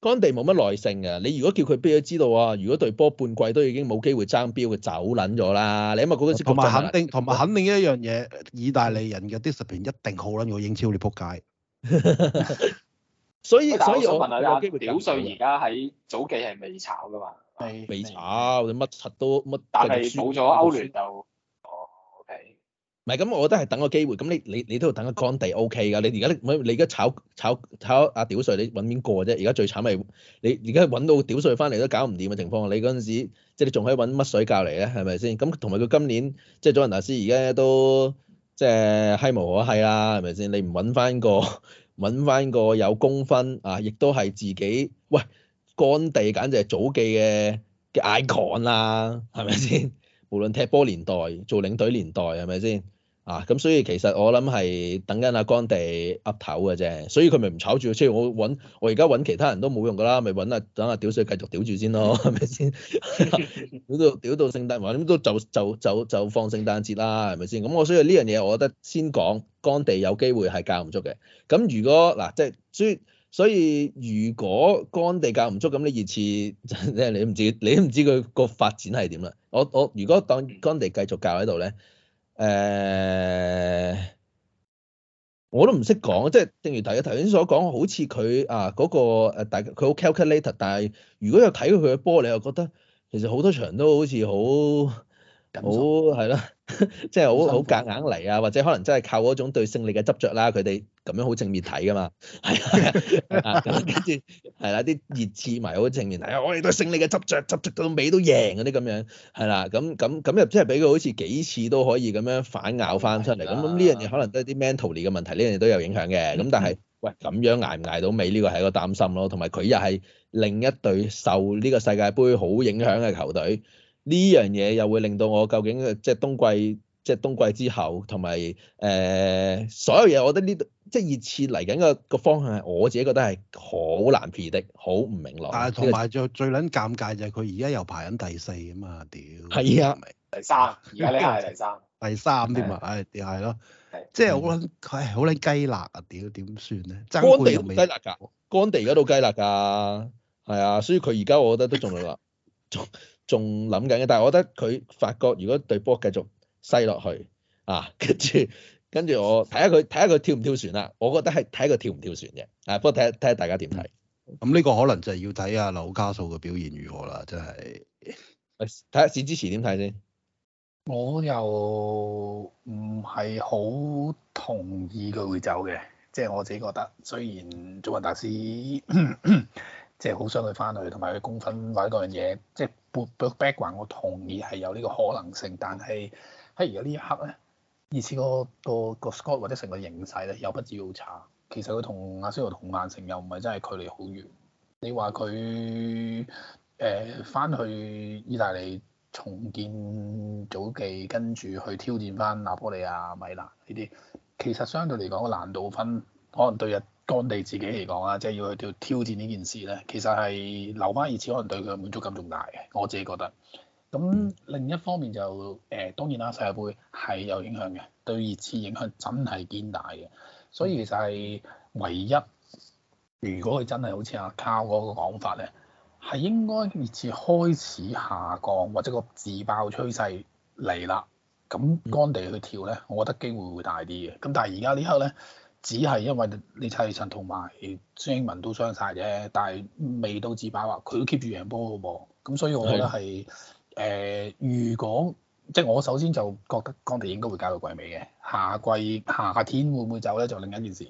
[SPEAKER 4] 干地冇乜耐性噶，你如果叫佢俾佢知道啊？如果隊波半季都已經冇機會爭標，佢走捻咗啦。你諗下嗰個同埋肯
[SPEAKER 1] 定，同埋肯定一樣嘢，意大利人嘅 discipline 一定好捻我英超
[SPEAKER 4] 你撲街。
[SPEAKER 5] 所以所以我問下，屌帥而家喺早期係未炒噶嘛？
[SPEAKER 4] 被炒或者乜柒都乜，都但係冇咗歐聯就，哦，O K，唔係咁，okay、我覺得係等個機會。咁你你你都要等個干地 O K 噶。你而家你而家炒炒炒阿屌碎，你搵邊個啫？而家最慘係你而家搵到屌碎翻嚟都搞唔掂嘅情況。你嗰陣時即係你仲可以搵乜水教嚟咧？係咪先？咁同埋佢今年即係祖雲達斯而家都即係嗨無可閪啦，係咪先？你唔搵翻個搵翻個有公分啊，亦都係自己喂。干地簡直係祖記嘅嘅 icon 啦，係咪先？無論踢波年代，做領隊年代，係咪先？ 啊，咁所以其實我諗係等緊阿干地噏頭嘅啫，所以佢咪唔炒住？即係我揾我而家揾其他人都冇用噶啦，咪揾啊等阿屌水繼續屌住先咯，係咪先？屌 到屌到聖誕，話點都就就就就，就放聖誕節啦，係咪先？咁 我所以呢樣嘢，我覺得先講干地有機會係教唔足嘅。咁如果嗱，即係所以。就是所以如果乾地教唔足，咁咧二次即係 你都唔知，你都唔知佢個發展係點啦。我我如果當乾地繼續教喺度咧，誒、呃，我都唔識講。即、就、係、是、正如頭頭先所講，好似佢啊嗰、那個大佢好 c a l c u l a t e r 但係如果有睇過佢嘅波，你又覺得其實好多場都好似好好係啦，即係好好夾硬嚟啊，或者可能真係靠嗰種對勝利嘅執着啦，佢哋。咁樣好正面睇噶嘛，係啊，啊。跟住係啦，啲熱刺迷好正面睇啊、哎，我哋都勝利嘅執着，執着到尾都贏嗰啲咁樣，係啦，咁咁咁又即係俾佢好似幾次都可以咁樣反咬翻出嚟，咁咁呢樣嘢可能都係啲 mentality 嘅問題，呢樣嘢都有影響嘅。咁但係的喂，咁樣捱唔捱到尾，呢個係一個擔心咯，同埋佢又係另一隊受呢個世界盃好影響嘅球隊，呢樣嘢又會令到我究竟即係冬季即係冬季之後同埋誒所有嘢，我覺得呢即係熱刺嚟緊個個方向係我自己覺得係好難捥的，好唔明朗，但係同埋
[SPEAKER 1] 最最撚尷尬就係佢而家又排緊第四啊嘛，屌！係啊，3 第三而家咧係第三，第三添啊，唉，係咯，即係好撚佢係好撚雞肋啊，屌點算咧？干地唔雞
[SPEAKER 4] 肋㗎，干地而家都雞肋㗎，係啊，所以佢而家我覺得都仲係話仲仲諗緊嘅， 但係我覺得佢發覺如果隊波繼續細落去啊，跟住。跟住我睇下佢睇下佢跳唔跳船啦，啊，我覺得係睇下佢跳唔跳船嘅，啊不過睇睇下大家點睇。咁呢、嗯、個可能就係要睇阿紐卡素嘅表現如何啦，真係。睇下史主持點睇先。
[SPEAKER 2] 我又唔係好同意佢會走嘅，即、就、係、是、我自己覺得，雖然祖雲達斯即係好想去翻去，同埋佢公分或者嗰樣嘢，即係 boot back 我同意係有呢個可能性，但係喺而家呢一刻咧。二次個個個 score 或者成個形勢咧，又不至好差。其實佢同阿蘇同曼城又唔係真係距離好遠。你話佢誒翻去意大利重建祖記，跟住去挑戰翻拿玻里啊、米蘭呢啲，其實相對嚟講個難度分，可能對干地自己嚟講啊，即係要去挑挑戰呢件事咧，其實係留翻二次，可能對佢滿足感仲大嘅。我自己覺得。咁、嗯、另一方面就誒、呃、當然啦，世界盃係有影響嘅，對熱刺影響真係堅大嘅。所以其實係唯一，如果佢真係好似阿 Karl 嗰個講法咧，係應該熱刺開始下降或者個自爆趨勢嚟啦，咁乾地去跳咧，我覺得機會會大啲嘅。咁但係而家呢刻咧，只係因為李察李信同埋孫興慜都傷晒啫，但係未到自爆啊，佢都 keep 住贏波嘅噃。咁所以我覺得係。誒、呃，如果即係我首先就覺得干地應該會搞到季尾嘅，夏季夏天會唔會走咧？就另一件事。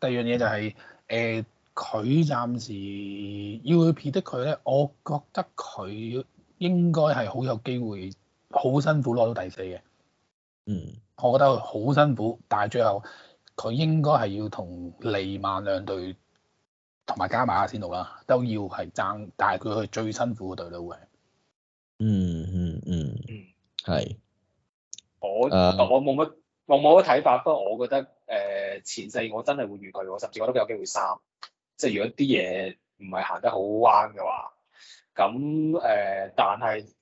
[SPEAKER 2] 第二樣嘢就係、是、誒，佢、呃、暫時要去撇得佢咧，我覺得佢應該係好有機會，好辛苦攞到第四嘅。
[SPEAKER 3] 嗯，
[SPEAKER 2] 我覺得好辛苦，但係最後佢應該係要同利曼兩隊同埋加埋先到啦，都要係爭，但係佢去最辛苦嘅隊啦，會。
[SPEAKER 3] 嗯
[SPEAKER 5] 嗯嗯嗯，係。我我冇乜我冇乜睇法，不過我覺得誒、呃、前四我真係會遇佢，我甚至我都有機會三。即係如果啲嘢唔係行得好彎嘅話，咁誒、呃，但係。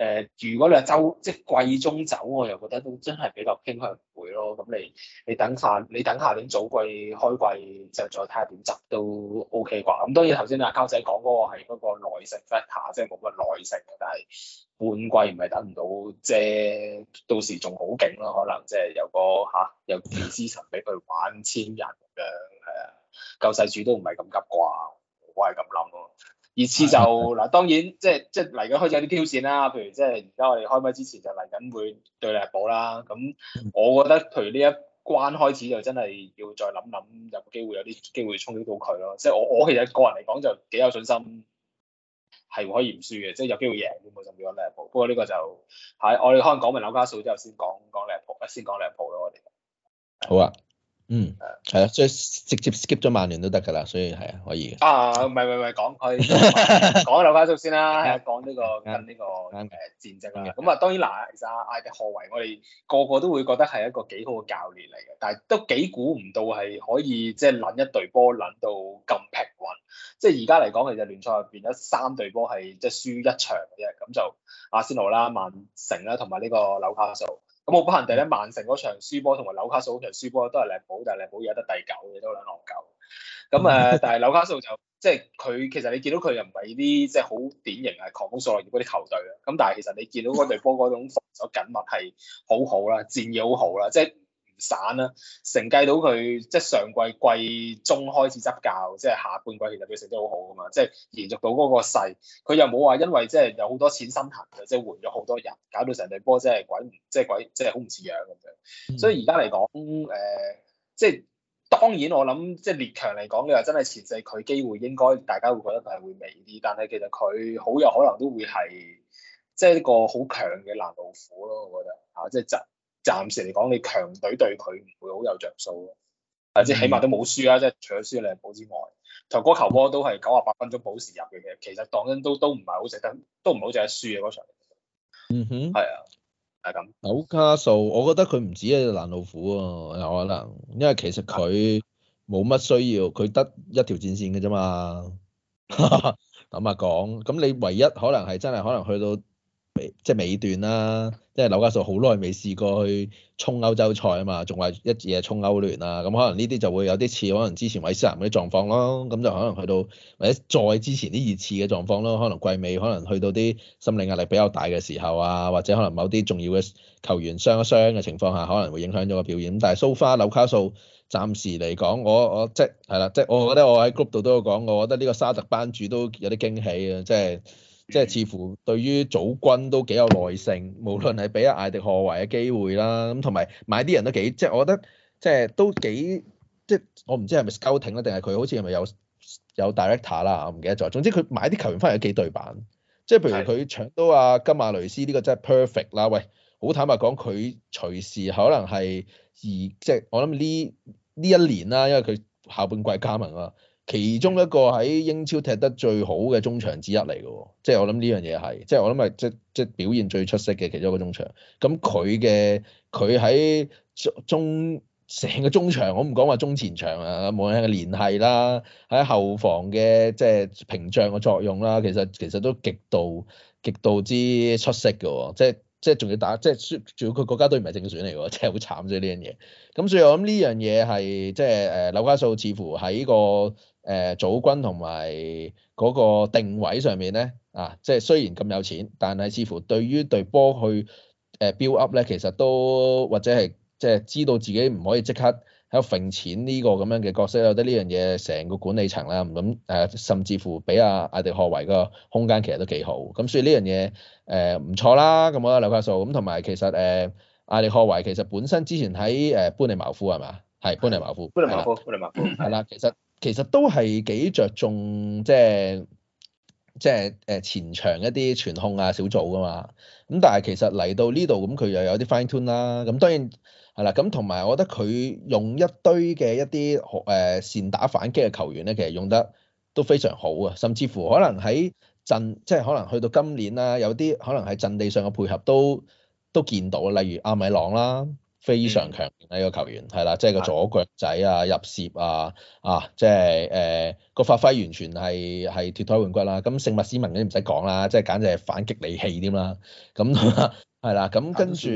[SPEAKER 5] 誒、呃，如果你係周即季中走，我又覺得都真係比較傾向會咯。咁你你等下你等下年早季開季，就再睇下點執都 O K 啩。咁當然頭先阿膠仔講嗰個係嗰個耐性 factor，即係冇乜耐性但係半季唔係等唔到啫，到時仲好勁咯，可能即係有個吓有啲資深俾佢玩千人咁樣，係啊，救世主都唔係咁急啩，我係咁諗咯。其次就嗱，當然即係即係嚟緊開始有啲挑戰啦。譬如即係而家我哋開咪之前就嚟緊會對利物浦啦。咁我覺得譬如呢一關開始就真係要再諗諗，有機會有啲機會衝擊到佢咯。即係我我其實個人嚟講就幾有信心係可以唔輸嘅，即係有機會贏嘅冇咁少嘅利物浦。不過呢個就係我哋可能講完紐卡素之後先講講利物浦，先講利物浦咯。我哋
[SPEAKER 3] 好啊。嗯，係啊，所以
[SPEAKER 4] 直接 skip 咗曼聯都得噶啦，所以係啊，可以
[SPEAKER 5] 啊，唔係唔係講佢，講紐卡素先啦，係啊，講呢個揀呢個誒戰績啦，咁啊當然嗱，其實阿艾迪何維，我哋個個都會覺得係一個幾好嘅教練嚟嘅，但係都幾估唔到係可以即係撚一隊波撚到咁平穩，即係而家嚟講其實聯賽入邊得三隊波係即係輸一場啫，咁就阿仙奴啦、曼城啦同埋呢個紐卡素。咁我個人對，曼城嗰場輸波同埋紐卡素嗰場輸波都係力保，但係力保有得第九嘅都兩攞九。咁誒，但係紐卡素就即係佢其實你見到佢又唔係呢啲即係好典型嘅狂風掃落葉嗰啲球隊啦。咁但係其實你見到嗰隊波嗰種防守緊密係好好啦，戰意好好啦，即係。散啦，承繼，啊、到佢即係上季季中開始執教，即係下半季其實佢成績好好㗎嘛，即係延續到嗰個勢。佢又冇話因為即係有好多錢身痕嘅，即係換咗好多人，搞到成隊波真係鬼即係鬼即係好唔似樣咁樣。所以而家嚟講誒，即係當然我諗即係列強嚟講，嘅話真係前世佢機會應該大家會覺得係會微啲，但係其實佢好有可能都會係即係一個好強嘅攔路虎咯，我覺得嚇、啊、即係就。暫時嚟講，你強隊對佢唔會好有着數咯，或者起碼都冇輸啦，即係除咗輸兩鋪之外，頭嗰球波都係九啊八分鐘補時入嘅，其實當真都都唔係好值得，都唔好值得輸嘅嗰、那個、場。嗯哼，
[SPEAKER 3] 係
[SPEAKER 5] 啊，係咁。
[SPEAKER 4] 紐卡素，我覺得佢唔止係攔路虎啊。有可能因為其實佢冇乜需要，佢得一條戰線嘅啫嘛，咁 講，咁你唯一可能係真係可能去到。即係尾段啦、啊，即係紐卡素好耐未試過去衝歐洲賽啊嘛，仲話一夜衝歐聯啊，咁可能呢啲就會有啲似可能之前韋斯咸嗰啲狀況咯，咁就可能去到或者再之前啲熱刺嘅狀況咯，可能季尾可能去到啲心理壓力比較大嘅時候啊，或者可能某啲重要嘅球員傷一傷嘅情況下，可能會影響咗個表演。但係蘇花紐卡素暫時嚟講，我我即係係啦，即、就、係、是就是、我覺得我喺 group 度都有講，我覺得呢個沙特班主都有啲驚喜啊，即、就、係、是。即係似乎對於組軍都幾有耐性，無論係俾阿艾迪何為嘅機會啦，咁同埋買啲人都幾，即係我覺得即係都幾，即係我唔知係咪 scouting 啦，定係佢好似係咪有有 director 啦，我唔記得咗。總之佢買啲球員翻嚟都幾對版，即係譬如佢搶到啊金馬雷斯呢個真係 perfect 啦。喂，好坦白講，佢隨時可能係而即係我諗呢呢一年啦，因為佢下半季加盟啊。其中一個喺英超踢得最好嘅中場之一嚟嘅，即係我諗呢樣嘢係，即係我諗係即即表現最出色嘅其中一個中場。咁佢嘅佢喺中成個中場，我唔講話中前場啊，冇嘅聯繫啦。喺後防嘅即係屏障嘅作用啦，其實其實都極度極度之出色嘅，即係即係仲要打，即係仲要佢國家都唔係正選嚟喎，即係好慘啫呢樣嘢。咁所以我諗呢樣嘢係即係誒，紐卡素似乎喺個。誒組軍同埋嗰個定位上面咧啊，即係雖然咁有錢，但係似乎對於對波去誒 build up 咧，其實都或者係即係知道自己唔可以即刻喺度揈錢呢個咁樣嘅角色，我覺得呢樣嘢成個管理層啦，咁、啊、誒甚至乎俾阿艾力霍維個空間，其實都幾好。咁所以呢樣嘢誒唔錯啦。咁我覺得劉教授咁同埋其實誒艾力霍維其實本身之前喺誒班尼茅夫係嘛，係班尼茅夫，班尼茅夫，班尼茅夫係啦，其實了。其實都係幾着重，即係即係誒前場一啲傳控啊小組噶嘛。咁但係其實嚟到呢度咁，佢又有啲 fine tune 啦。咁當然係啦。咁同埋我覺得佢用一堆嘅一啲誒善打反擊嘅球員咧，其實用得都非常好啊。甚至乎可能喺陣，即係可能去到今年啦，有啲可能係陣地上嘅配合都都見到，例如阿米朗啦。非常強勁啊！呢個球員係啦，即係個左腳仔啊，入攝啊啊，即係誒個發揮完全係係脱胎換骨啦。咁聖馬斯文嗰啲唔使講啦，即係簡直係反擊利器添啦。咁係啦，咁跟住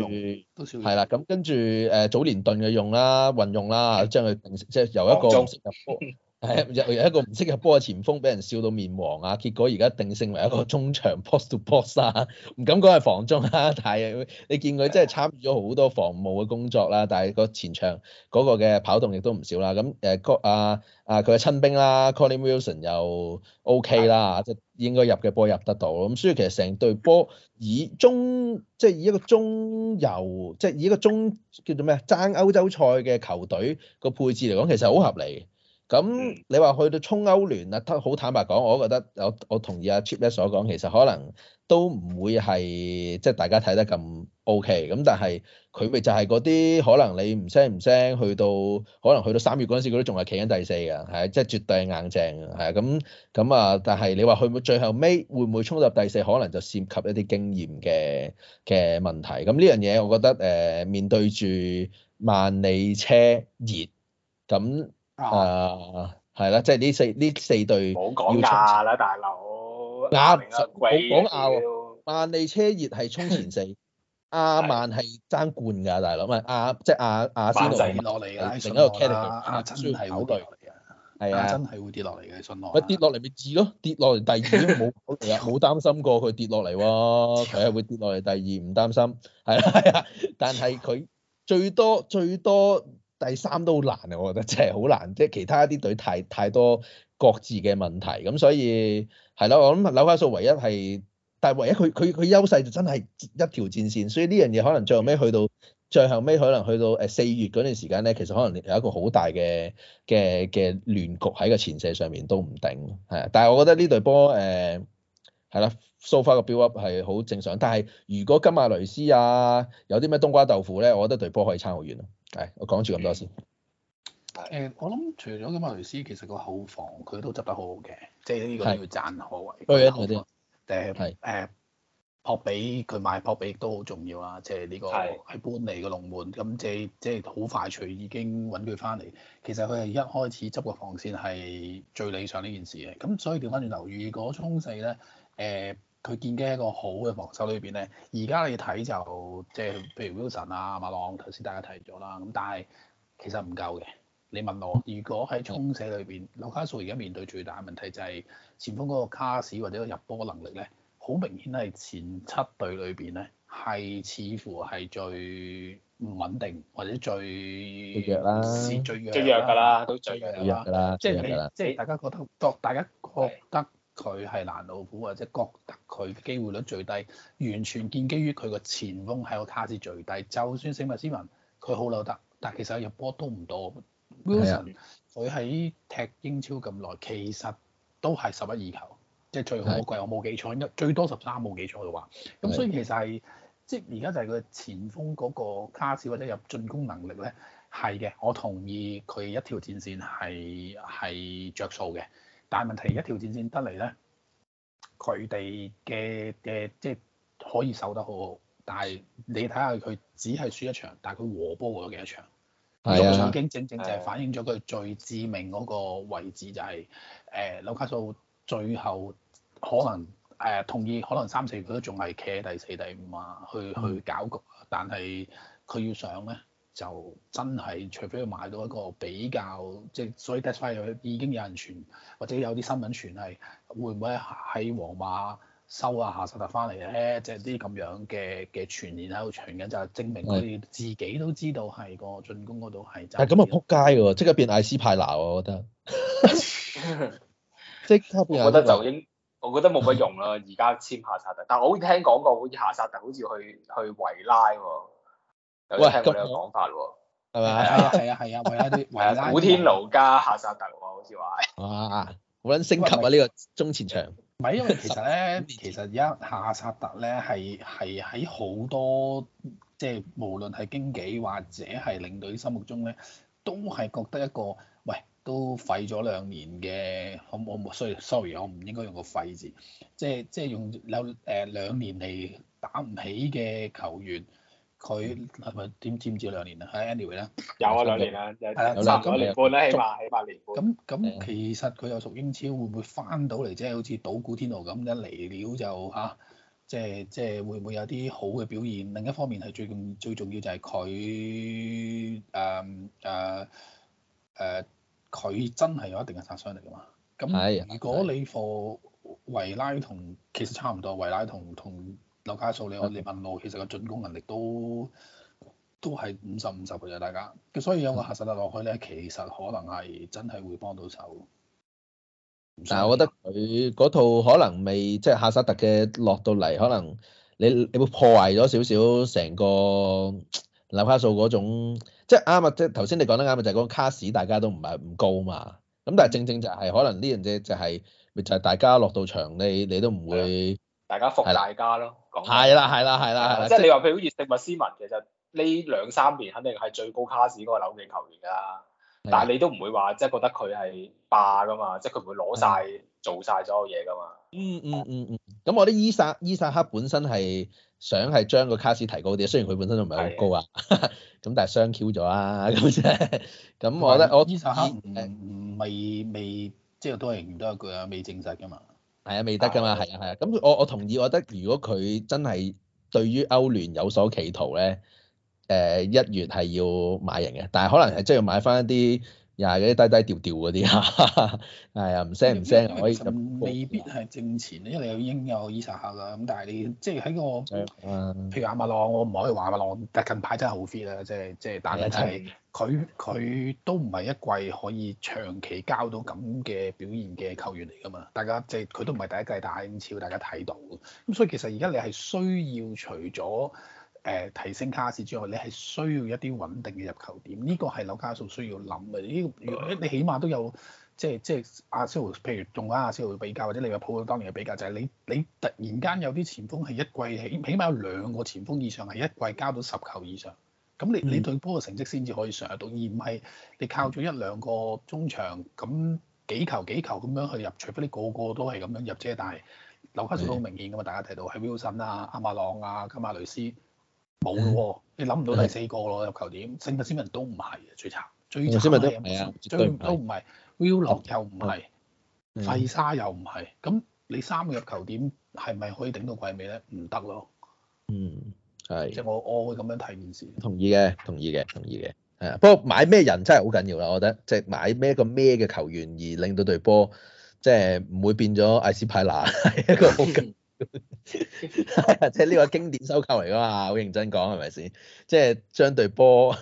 [SPEAKER 4] 係啦，咁跟住誒、呃、早年盾嘅用啦，運用啦，的將佢定即係由一
[SPEAKER 3] 個 係
[SPEAKER 4] 入一個唔識嘅波嘅前鋒，俾人笑到面黃啊！結果而家定性為一個中場 post to post 啊，唔敢講係防中啦、啊，但係你見佢真係參與咗好多防務嘅工作啦、啊。但係個前場嗰個嘅跑動亦都唔少啦。咁誒啊啊，佢嘅親兵啦、啊，Colin Wilson 又 OK 啦，即係應該入嘅波入得到咁所以其實成隊波以中即係、就是、以一個中游，即、就、係、是、以一個中叫做咩爭歐洲賽嘅球隊個配置嚟講，其實好合理。咁你話去到衝歐聯啊，都好坦白講，我都覺得我我同意阿、啊、Cheap 咧所講，其實可能都唔會係即係大家睇得咁 OK。咁但係佢咪就係嗰啲可能你唔聲唔聲去到可能去到三月嗰陣時，佢都仲係企緊第四嘅，係即係絕對係硬淨嘅，啊咁咁啊。但係你話會唔會最後尾會唔會衝入第四，可能就涉及一啲經驗嘅嘅問題。咁呢樣嘢，我覺得誒、呃、面對住萬里車熱咁。啊，係啦，即係呢四呢四隊要衝前啦，大佬。啱，好講啱。萬里車業係衝前四，阿曼係爭冠噶，大佬。唔係即係阿阿思龍跌落嚟啊，另一個 category 需要考慮。係啊，真係會跌落
[SPEAKER 2] 嚟嘅，信我。咪跌
[SPEAKER 4] 落嚟咪字咯，跌落嚟第二冇冇擔心過佢跌落嚟喎，佢係會跌落嚟第二，唔擔心。係啦係啊，但係佢最多最多。第三都好難啊！我覺得真係好難，即係其他啲隊太太多各自嘅問題，咁所以係啦。我諗紐卡素唯一係，但係唯一佢佢佢優勢就真係一條戰線，所以呢樣嘢可能最後尾去到最後尾可能去到誒四月嗰段時間咧，其實可能有一個好大嘅嘅嘅亂局喺個前射上面都唔定。係啊，但係我覺得呢隊波誒係啦，so far 嘅 build up 係好正常。但係如果金馬雷斯啊有啲咩冬瓜豆腐咧，我覺得隊波可以差好遠咯。係，我講住咁多先。
[SPEAKER 2] 誒、呃，我諗除咗咁馬雷斯，其實個後防佢都執得好好嘅，即係呢個要讚可為。對啊的，嗰啲誒誒，博房的、呃、比佢買博比亦都好重要啊，即係呢個係搬嚟個龍門，咁即係即係好快脆已經揾佢翻嚟。其實佢係一開始執個防線係最理想呢件事嘅，咁所以調翻轉頭，如果衝勢咧，誒、呃。佢建基一個好嘅防守裏邊咧，而家你睇就即係譬如 Wilson 啊，馬朗頭先大家提咗啦，咁但係其實唔夠嘅。你問我，如果喺衝射裏邊，紐卡素而家面對最大嘅問題就係前鋒嗰個卡士或者個入波能力咧，好明顯係前七隊裏邊咧係似乎係最唔穩定或者最弱
[SPEAKER 3] 啦，最弱最弱㗎啦，最弱
[SPEAKER 2] 係嘛？即係即係大家覺得覺大家覺得。佢係難老虎或者覺得佢機會率最低，完全建基於佢個前鋒喺個卡士最低。就算聖馬斯文佢好扭得，但其實入波都唔多。
[SPEAKER 3] 的 Wilson
[SPEAKER 2] 佢喺踢英超咁耐，其實都係十一二球，即係最好嗰季的我冇記錯，應該最多十三冇記錯嘅話。咁所以其實係的即係而家就係佢前鋒嗰個卡士或者入進攻能力咧係嘅，我同意佢一條戰線係係著數嘅。但係問題，一條戰線得嚟咧，佢哋嘅嘅即係可以守得好好，但係你睇下佢只係輸一場，但係佢和波咗幾多場？
[SPEAKER 3] 係啊，經正，
[SPEAKER 2] 正正就係反映咗佢最致命嗰個位置，就是，就係誒紐卡素最後可能誒、呃、同意可能三四月都仲係企喺第四、第五啊，去去搞局，但係佢要上咧。就真係，除非佢買到一個比較，即係所以 that's why 已經有人傳，或者有啲新聞傳係會唔會喺皇馬收啊夏薩特翻嚟咧，即係啲咁樣嘅嘅傳言喺度傳緊，就係證明佢哋自己都知道係個、嗯、進攻嗰度係。係咁啊！
[SPEAKER 4] 仆街喎，即刻變艾斯派拿喎，我覺得。即 刻變。我覺得就已
[SPEAKER 2] 經，我覺得冇乜用咯。
[SPEAKER 5] 而家 簽夏薩特，但我好似聽講過，好似夏薩特好似去去維拉喎。
[SPEAKER 3] 個喂，係咁樣講法喎，係
[SPEAKER 5] 咪啊？係啊係啊，唔係一啲，係啊， 喂古天奴加夏
[SPEAKER 4] 薩特喎，好似話，哇，好捻升級啊！呢為個中前場為，唔係因為其
[SPEAKER 2] 實咧， 其實而家夏薩特咧係係喺好多，即係無論係經紀或者係領隊心目中咧，都係覺得一個喂都廢咗兩年嘅，可唔可唔 sorry，sorry 我唔應該用個廢字，即係即係用有誒兩年嚟打唔起嘅球員。佢係咪點簽住兩年啊？係 anyway 咧，有啊兩年啊，係啊三個零半咧，起碼起八年。咁咁其實佢又屬英超，會唔會翻到嚟？即係好似賭古天奴咁一嚟料就嚇？即係即係會唔會有啲好嘅表現？另一方面係最重最重要就係佢誒誒誒，佢真係有一定嘅殺傷力㗎嘛？咁如果你放維拉同其實差唔多，維拉同同。紐卡素你我哋問路，其實個進攻能力都都係五十五十嘅，啫大家，所以有個哈薩特落去咧，其實可能係真係會幫到手。
[SPEAKER 4] 但係我覺得佢嗰套可能未，即係哈薩特嘅落到嚟，可能你你會破壞咗少少成個紐卡素嗰種，即係啱啊！即係頭先你講得啱啊，就係個卡士大家都唔係唔高嘛。咁但係正正就係可能呢樣嘢就係咪就係大家落到場你你都唔會。大家服大家咯，係啦係啦係啦係啦，即係你話
[SPEAKER 5] 譬如好似食物斯文，其實呢兩三年肯定係最高卡士嗰個扭勁球員啦，
[SPEAKER 3] 但係你都唔
[SPEAKER 5] 會話即係覺得佢係霸噶嘛，即係佢唔會攞晒做晒所有嘢噶嘛。嗯嗯嗯嗯，
[SPEAKER 4] 咁我覺得伊薩伊薩克本身係想係將個卡士提高啲，雖然佢本身仲唔係好高啊，咁但係雙 Q 咗啦，咁咁我覺得我伊薩克
[SPEAKER 3] 唔
[SPEAKER 2] 唔
[SPEAKER 4] 未，即係都係都係一句啊，未證實噶嘛。係啊，未得噶嘛，係啊，係啊，咁我的我同意，我覺得如果佢真係對於歐聯有所企圖咧，誒，一月係要買人嘅，但係可能係真係要買翻一啲。又係嗰啲低低調調嗰啲嚇，係 啊唔聲唔聲可以咁未必係正前，因為你有已經
[SPEAKER 2] 有意查啦咁。但係你即係喺個，嗯、譬如阿馬朗，我唔可以話馬朗。但係近排真係好 fit 啦，即係即係大家真係佢佢都唔係一季可以長期交到咁嘅表現嘅球員嚟噶嘛。大家即係佢都唔係第一季打英超，大家睇到咁。所以其實而家你係需要除咗，誒提升卡士之外，你係需要一啲穩定嘅入球點，呢個係紐卡素需要諗嘅。呢、這個你起碼都有，即係即係阿斯圖，譬如用阿斯圖比較，或者利物浦當年嘅比較，就係、是、你你突然間有啲前鋒係一季起，起碼有兩個前鋒以上係一季交到十球以上，咁你你對波嘅成績先至可以上得到，而唔係你靠咗一兩個中場，咁幾球幾球咁樣去入，除非你個個都係咁樣入啫。但係紐卡素都好明顯噶嘛，的大家睇到係 Wilson 啊、son、阿馬朗啊、金馬雷斯。冇喎，你諗唔到第四個咯，入球點，聖克斯文都唔係最差，最差都
[SPEAKER 3] 唔係，
[SPEAKER 2] 最都唔係，Will 洛又唔係，費沙又唔係，咁你三個入球點係咪可以頂到季尾咧？唔得咯。嗯，係。即係我我會咁樣睇件事同。
[SPEAKER 4] 同意嘅，同意嘅，同意嘅。係啊，不過買咩人真係好緊要啦，我覺得即係、就是、買咩個咩嘅球員而令到隊波即係唔會變咗艾斯派拿係一個好緊。 即係呢個經典收購嚟噶嘛，好認真講係咪先？即係將對波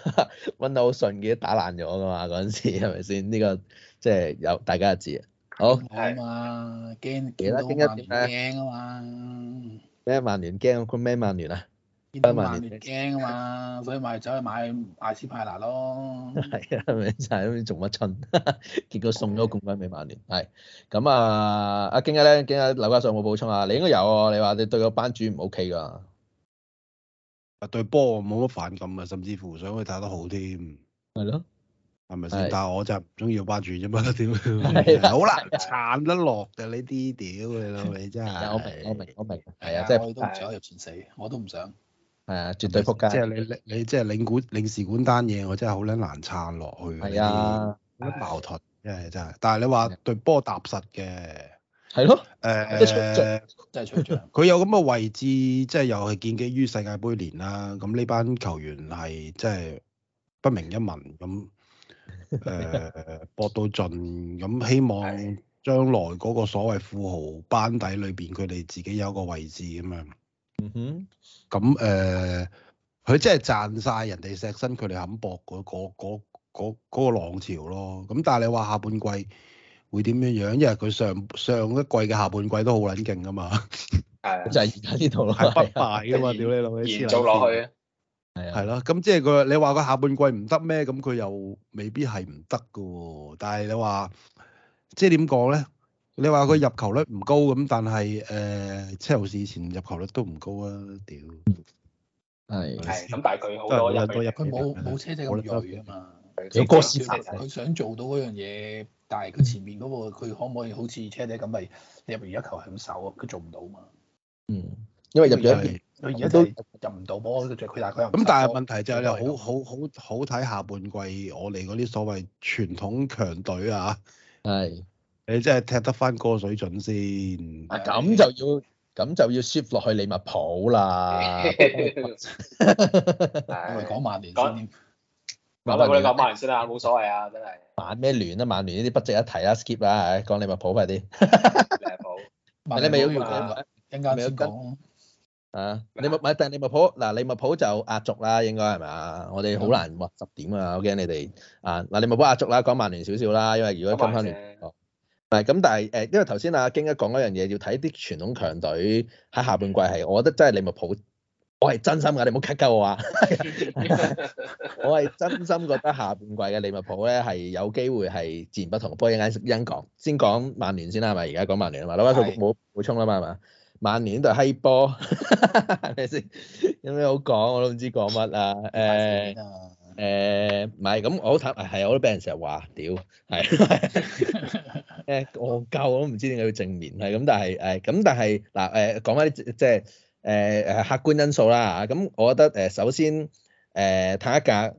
[SPEAKER 4] 揾得好順嘅打爛咗噶嘛，嗰陣時係咪先？呢個即係有大家知啊。好。驚啊！驚幾多
[SPEAKER 2] 萬嘅嘢啊嘛？
[SPEAKER 4] 咩曼聯驚？我講咩曼聯啊？啲曼聯驚啊
[SPEAKER 2] 嘛，所以咪
[SPEAKER 4] 走去買艾斯派拿咯，係啊，咪就係好似做乜春，結果送咗個冠軍俾曼聯。係咁啊，阿京一呢，京一，劉家健有冇補充啊？你應該有啊，你話你對個班主唔 OK 㗎，啊對波冇乜反感
[SPEAKER 1] 啊，甚至乎想佢打得好添，係咯，係咪先？但係我就唔中意個班主啫
[SPEAKER 4] 嘛，點好難
[SPEAKER 2] 撐得落㗎呢啲屌你咯，你真係。我明，我明，我明。
[SPEAKER 3] 係啊，即係我
[SPEAKER 2] 唔想入前四，我都唔想。
[SPEAKER 4] 誒，絕對撲街！即係你領
[SPEAKER 2] 你
[SPEAKER 1] 即係領館領事館單嘢，我真係好捻難撐落去。係啊，
[SPEAKER 2] 啲矛盾真
[SPEAKER 1] 係真係。但係你話對波踏實嘅，係咯？誒，真係係佢有咁嘅位置，即係又係建基於世界盃年啦。咁呢班球員係即係不明一文咁，誒，搏、呃、 到盡咁，希望將來嗰個所謂富豪班底裏邊，佢哋自己有個位置咁樣。嗯哼，咁誒，佢即係賺晒人哋錫身，佢哋肯搏嗰個浪潮咯。咁但係你話下半季會點樣樣？因為佢上上一季嘅下半季都好撚勁噶嘛，係、啊、 就係而家呢度咯，係不敗噶嘛，屌你老味，延續落去係啊，係咯。咁即係佢，你話佢下半季唔得咩？咁佢又未必係唔得噶喎。但係你話即係點講咧？就是你話佢入球率唔高咁、啊，但係誒、呃，
[SPEAKER 2] 車路士以前入球率都唔高啊！屌，係係咁，
[SPEAKER 3] 但係
[SPEAKER 2] 佢好多入，佢冇冇車仔咁銳啊嘛。有哥斯達，佢想做到嗰樣嘢，但係佢前面嗰個，佢可唔可以好似車仔咁咪入完一球係咁守啊，佢做唔到嘛？
[SPEAKER 4] 嗯，因為入咗入佢
[SPEAKER 2] 而家都入唔到波嘅着，佢但係佢又咁，但係問題就係、是、你好
[SPEAKER 1] 好好好睇下半季我哋嗰啲所謂傳統強隊啊，係。你真係踢得翻個水準先，咁就要
[SPEAKER 4] 咁就要 shift 落去利物浦啦。我哋講曼
[SPEAKER 3] 聯先，我哋
[SPEAKER 4] 講曼聯
[SPEAKER 2] 先啦，冇所謂啊，
[SPEAKER 4] 真係。曼咩聯啊？曼聯呢啲不值一提啦，skip 啦，講利物浦快啲。利物浦，你咪要換啊？一陣先講啊！利物浦，但係利物浦嗱，利物浦就壓軸啦，應該係咪？我哋好難哇，十點啊，我驚你哋啊嗱，利物浦壓軸啦，講曼聯少少啦，因為如果金靴聯。係咁，但係誒，因為頭先阿京一講嗰樣嘢，要睇啲傳統強隊喺下半季係，我覺得真係利物浦，我係真心噶，你唔好拮鳩我啊！ 我係真心覺得下半季嘅利物浦咧，係有機會係截然不同。不過一陣間先講，先講曼聯先啦，係咪？而家講曼聯啊嘛，老阿叔冇補充啦嘛，係嘛？曼聯呢度閪波係咪先？有咩好講？我都唔知講乜啊？誒誒、啊，唔係咁，我好坦白，係我都俾人成日話，屌，係。 誒戇鳩，我都唔知點解要正面係咁，但係誒咁，但係嗱誒講翻啲即係誒誒客觀因素啦嚇。咁我覺得誒首先誒睇、呃、一格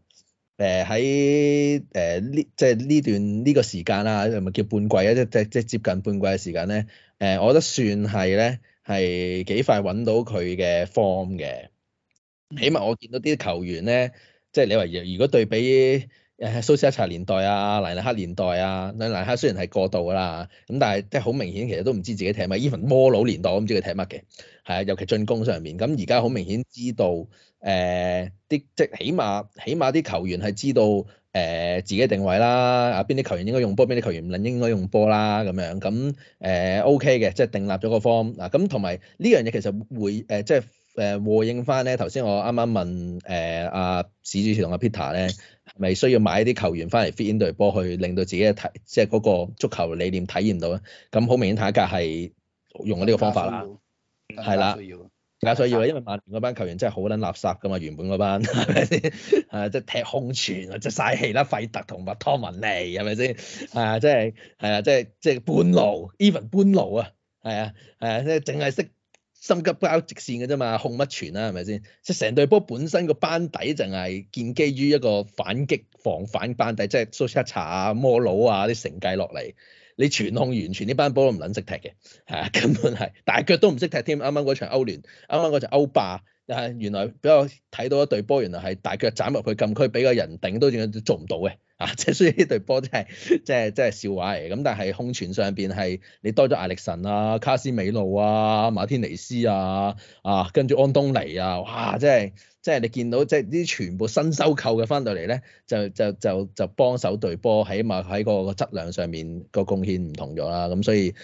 [SPEAKER 4] 誒喺誒呢即係呢段呢、呢個時間啦，係咪叫半季啊？即即即接近半季嘅時間咧，誒、呃、我覺得算係咧係幾快揾到佢嘅 form 嘅。起碼我見到啲球員咧，即係你話如果對比。誒蘇斯克查年代啊，蘭尼克年代啊，蘭尼克雖然係過渡啦，咁但係即係好明顯，其實都唔知自己踢乜。Even 摩魯年代都唔知佢踢乜嘅，係啊，尤其進攻上面。咁而家好明顯知道，誒、呃、啲即係起碼起碼啲球員係知道誒、呃、自己定位啦，啊邊啲球員應該用波，邊啲球員唔論應該用波啦咁樣。咁、呃、誒 OK 嘅，即係定立咗個 form 啊。咁同埋呢樣嘢其實會誒、呃、即係。誒和應翻咧，頭先我啱啱問誒阿史主持同阿 Peter 咧，係咪需要買一啲球員翻嚟 fit in 隊波，去令到自己嘅體，即係嗰個足球理念體驗到咧？咁好明顯睇下架係用咗呢個方法啦，
[SPEAKER 3] 係啦，
[SPEAKER 4] 加索要啊，因為曼聯嗰班球員真係好撚垃圾噶嘛，原本嗰班係咪先？係即係踢空傳啊，即係嘥氣啦，費特同麥湯文尼係咪先？係 啊，即係係啊，即係即係半路，even 半路啊，係啊，係、嗯、啊，即係淨係識。心急交直線嘅啫嘛，控乜全啦、啊，係咪先？即係成隊波本身個班底就係建基於一個反擊防反班底，即係 Sulcacha 啊、摩佬啊啲成計落嚟，你全控完全呢班波都唔撚識踢嘅。係啊，根本係大腳都唔識踢添。啱啱嗰場歐聯，啱啱嗰場歐霸。啊！原來比較睇到一隊波，原來係大腳斬入去禁區，俾個人頂都仲做唔到嘅啊！即係所以呢隊波真係即係即係笑話嚟咁。但係空傳上邊係你多咗艾歷臣啊、卡斯美露啊、馬天尼斯啊、啊跟住安東尼啊，哇！即係即係你見到即係啲全部新收購嘅翻到嚟咧，就就就就幫手隊波，起碼喺個個質量上面個貢獻唔同咗啦。咁、啊、所以誒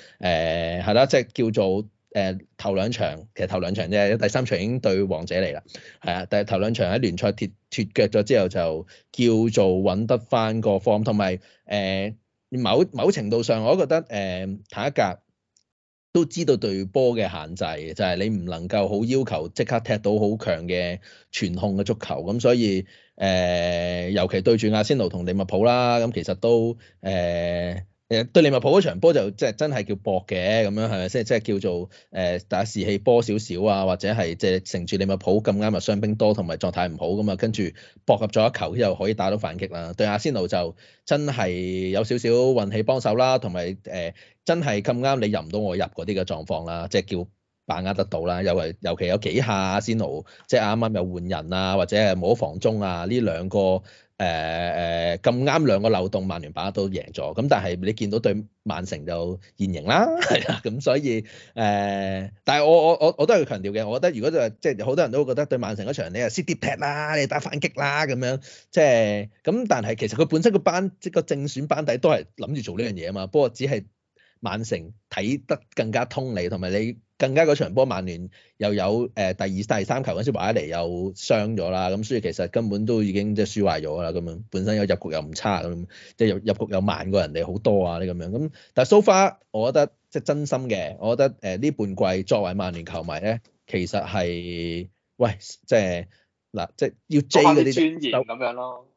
[SPEAKER 4] 係啦，即係叫做。誒、呃、頭兩場其實頭兩場啫，第三場已經對王者嚟啦，係啊！但係頭兩場喺聯賽脫脱腳咗之後，就叫做揾得翻個 form，同埋誒某某程度上，我都覺得誒下、呃、一格都知道對波嘅限制，就係你唔能夠好要求即刻踢到好強嘅傳控嘅足球，咁所以誒、呃，尤其對住阿仙奴同利物浦啦，咁其實都誒。呃誒對利物浦嗰場波就即係真係叫搏嘅咁樣係咪？即係即係叫做誒、呃、打士氣波少少啊，或者係即係乘住利物浦咁啱又傷兵多同埋狀態唔好咁啊，跟住搏入咗一球又可以打到反擊啦。對阿仙奴就真係有少少運氣幫手啦，同埋誒真係咁啱你入唔到我入嗰啲嘅狀況啦，即係叫把握得到啦。尤其尤其有幾下阿仙奴即係啱啱又換人啊，或者係冇咗防中啊呢兩個。誒誒咁啱兩個漏洞，曼聯把都贏咗，咁但係你見到對曼城就現形啦，係啊，咁所以誒、呃，但係我我我我都係要強調嘅，我覺得如果就即係好多人都覺得對曼城嗰場你係 sit back 啦，你打反擊啦咁樣，即係咁，但係其實佢本身個班即個正選班底都係諗住做呢樣嘢啊嘛，不過只係曼城睇得更加通利同埋你。更加嗰場波，曼聯又有誒第二、第三球嗰時華拉尼又傷咗啦，咁所以其實根本都已經即係輸壞咗啦，咁樣本身有入局又唔差，咁即係入入局又慢過人哋好多啊，啲咁樣。咁但係 so far，我覺得即係真心嘅，我覺得誒呢半季作為曼聯球迷咧，其實係喂，即係嗱，即係要 jay 啲。專業咁樣咯。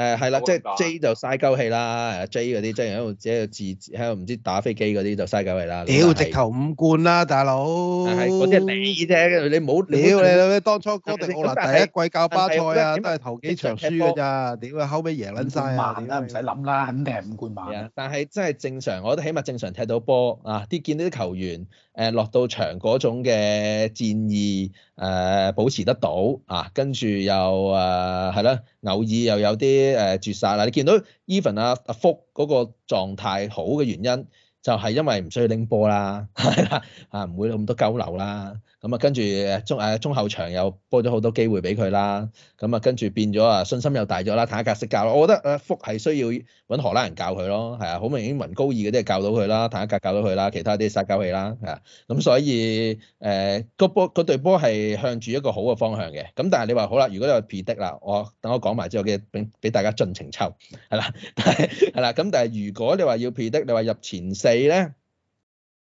[SPEAKER 4] 誒係啦，即係 J 就嘥鳩氣啦，J 嗰啲 J 人喺度喺度自喺度唔知打飛機嗰啲就嘥鳩氣啦。屌，直頭五冠啦，大佬。嗰啲嚟啫，你唔好。屌，你你當初哥迪奧拿第一季教巴塞啊，都係頭幾場輸嘅咋。屌，後尾贏撚晒啦，唔使諗啦，肯定係五冠嘛。但係真係正常，我覺得起碼正常踢到波啊！啲見到啲球員誒落到場嗰種嘅戰意誒保持得到啊，跟住又誒係啦。偶爾又有啲誒絕殺啦，你見到 Evan 阿福嗰個狀態好嘅原因，就係、是、因為唔需要拎波啦，係啦，嚇唔會咁多交流啦。咁啊，跟住中誒中後場又播咗好多機會俾佢啦。咁啊，跟住變咗啊，信心又大咗啦，坦一格識教咯。我覺得誒福係需要揾荷蘭人教佢咯，係啊，好明顯文高爾嗰啲係教到佢啦，坦一格教到佢啦，其他啲嘥鳩氣啦，係啊。咁所以誒波嗰隊波係向住一個好嘅方向嘅。咁但係你話好啦，如果你有撇的啦，我等我講埋之後，跟俾俾大家盡情抽係啦，係啦、啊。咁但係、啊、如果你話要撇的，你話入前四咧，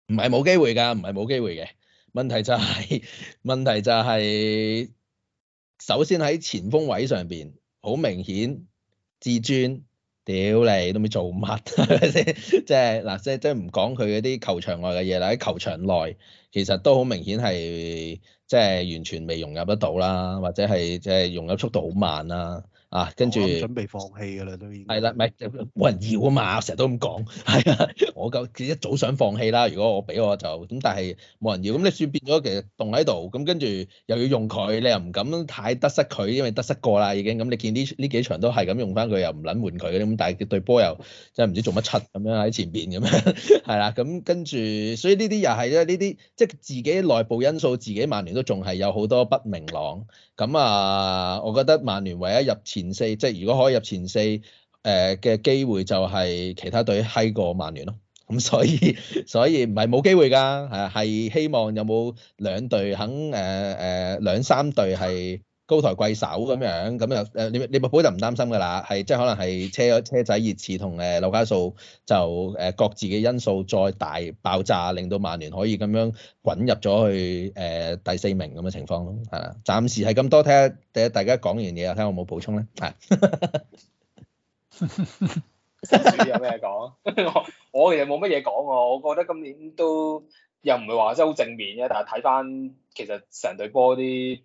[SPEAKER 4] 唔係冇機會㗎，唔係冇機會嘅。問題就係、是、問題就係、是，首先喺前鋒位上邊好明顯至尊屌你都未做乜，即係嗱，即係即係唔講佢嗰啲球場外嘅嘢啦，喺球場內其實都好明顯係即係完全未融入得到啦，或者係即係融入速度好慢啦。啊，跟住準備放棄嘅啦，都已經係啦，咪冇人要啊嘛，成日都咁講，係啊，我夠一早想放棄啦。如果我俾我就咁，但係冇人要，咁你算變咗其實凍喺度，咁跟住又要用佢，你又唔敢太得失佢，因為得失過啦已經。咁你見呢呢幾場都係咁用翻佢，又唔撚換佢嗰，咁但係對波又真係唔知做乜柒咁樣喺前邊咁樣，係啦，咁跟住所以呢啲又係咧，呢啲即係自己內部因素，自己曼聯都仲係有好多不明朗。咁啊，我覺得曼聯唯一入前四即係如果可以入前四，誒嘅機會，就係其他隊閪過曼聯咯，咁所以所以唔係冇機會噶，係啊，係希望有冇兩隊肯誒誒兩三隊係。高抬貴手咁樣，咁又誒，李李慕普就唔擔心㗎喇，係即係可能係車車仔熱刺同誒紐卡素就誒各自嘅因素再大爆炸，令到曼聯可以咁樣滾入咗去誒、呃、第四名咁嘅情況咯，係啦，暫時係咁多，睇下睇下大家講完嘢，睇下我冇補充咧，
[SPEAKER 3] 係。有咩講？
[SPEAKER 5] 我我其實冇乜嘢講喎，我覺得今年都～又唔會話即係好正面嘅，但係睇翻其實成隊波啲誒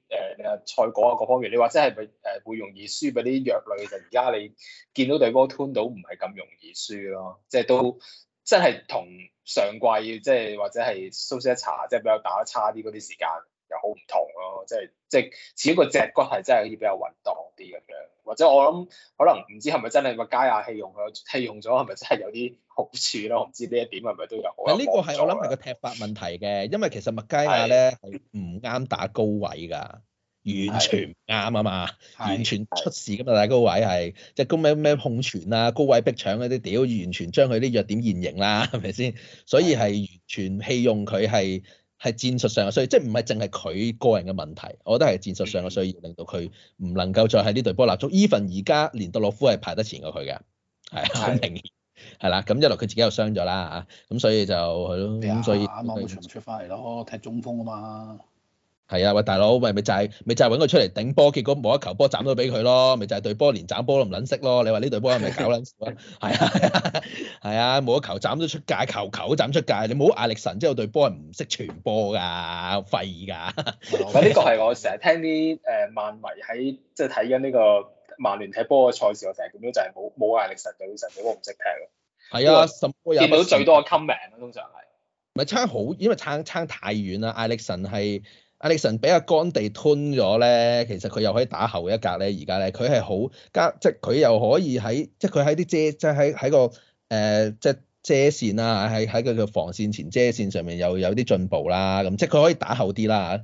[SPEAKER 5] 賽果啊各方面，你話真係咪誒會容易輸俾啲弱隊？就而家你見到隊波 turn 到唔係咁容易輸咯，即係都真係同上季即係或者係蘇斯克查即係比較打得差啲嗰啲時間。又好唔同咯，即係即係，始終個脊骨係真係好似比較穩當啲咁樣，或者我諗可能唔知係咪真係麥佳亞棄用佢棄用咗，係咪真係有啲好處咯？我唔知呢一點係咪都有好。但呢個係我諗係
[SPEAKER 4] 個踢法問題嘅，因為其實麥佳亞咧係唔啱打高位噶，完全唔啱啊嘛，是的 完，全完全出事嘅嘛，打高位係即係咁咩咩控拳啊、高位逼搶嗰啲，屌完全將佢啲弱點現形啦，係咪先？所以係完全棄用佢係。係戰術上嘅需要，即係唔係淨係佢個人嘅問題，我覺得係戰術上嘅需要，令到佢唔能夠再喺呢隊波立足。even 而家連德洛夫係排得前過佢嘅，係啊，聰是的 明，係啦，咁一來佢自己又傷咗啦嚇，咁所以就係咯，咁、哎、呀所以佢打望都
[SPEAKER 2] 出翻嚟咯，踢中鋒啊嘛。
[SPEAKER 4] 係啊，喂，大佬，咪咪就係、是、咪就係揾佢出嚟頂波，結果冇一球波斬到俾佢咯，咪就係對波連斬波都唔撚識咯。你話呢隊波係咪搞撚？係 啊，係啊，冇一球斬都出界，球球都斬出界。你冇艾歷臣，之後對波係唔識傳波㗎，廢㗎。呢個係我
[SPEAKER 5] 成日聽啲誒曼迷喺即係睇緊呢個曼聯踢波嘅賽事，我成日見到就係冇冇艾歷臣就成隊波唔識踢咯。
[SPEAKER 4] 係啊，十有。見到最多
[SPEAKER 5] 嘅 comment 通常係。
[SPEAKER 4] 咪差好，因為差差太遠啦，艾歷臣係。艾歷臣俾阿干地吞咗咧，其實佢又可以打後一格咧。而家咧，佢係好加即係佢又可以喺即係佢喺啲遮即係喺喺個誒即係遮線啦，喺喺佢嘅防線前遮線上面又有啲進步啦咁。即係佢可以打後啲啦。誒、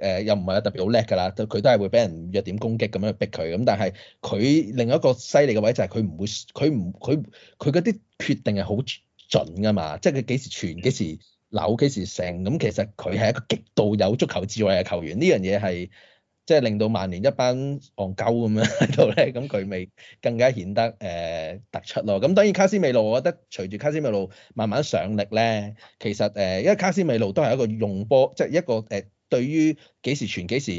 [SPEAKER 4] 呃、誒又唔係特別好叻㗎啦，佢都係會俾人弱點攻擊咁樣逼佢。咁但係佢另一個犀利嘅位就係佢唔會佢唔佢佢嗰啲決定係好準㗎嘛。即係佢幾時傳幾時。扭幾時成咁？其實佢係一個極度有足球智慧嘅球員，呢樣嘢係即係令到曼聯一班戇鳩咁樣喺度咧，咁佢咪更加顯得誒、呃、突出咯。咁當然卡斯美路，我覺得隨住卡斯美路慢慢上力咧，其實誒、呃，因為卡斯美路都係一個用波，即、就、係、是、一個誒。呃對於幾時傳幾時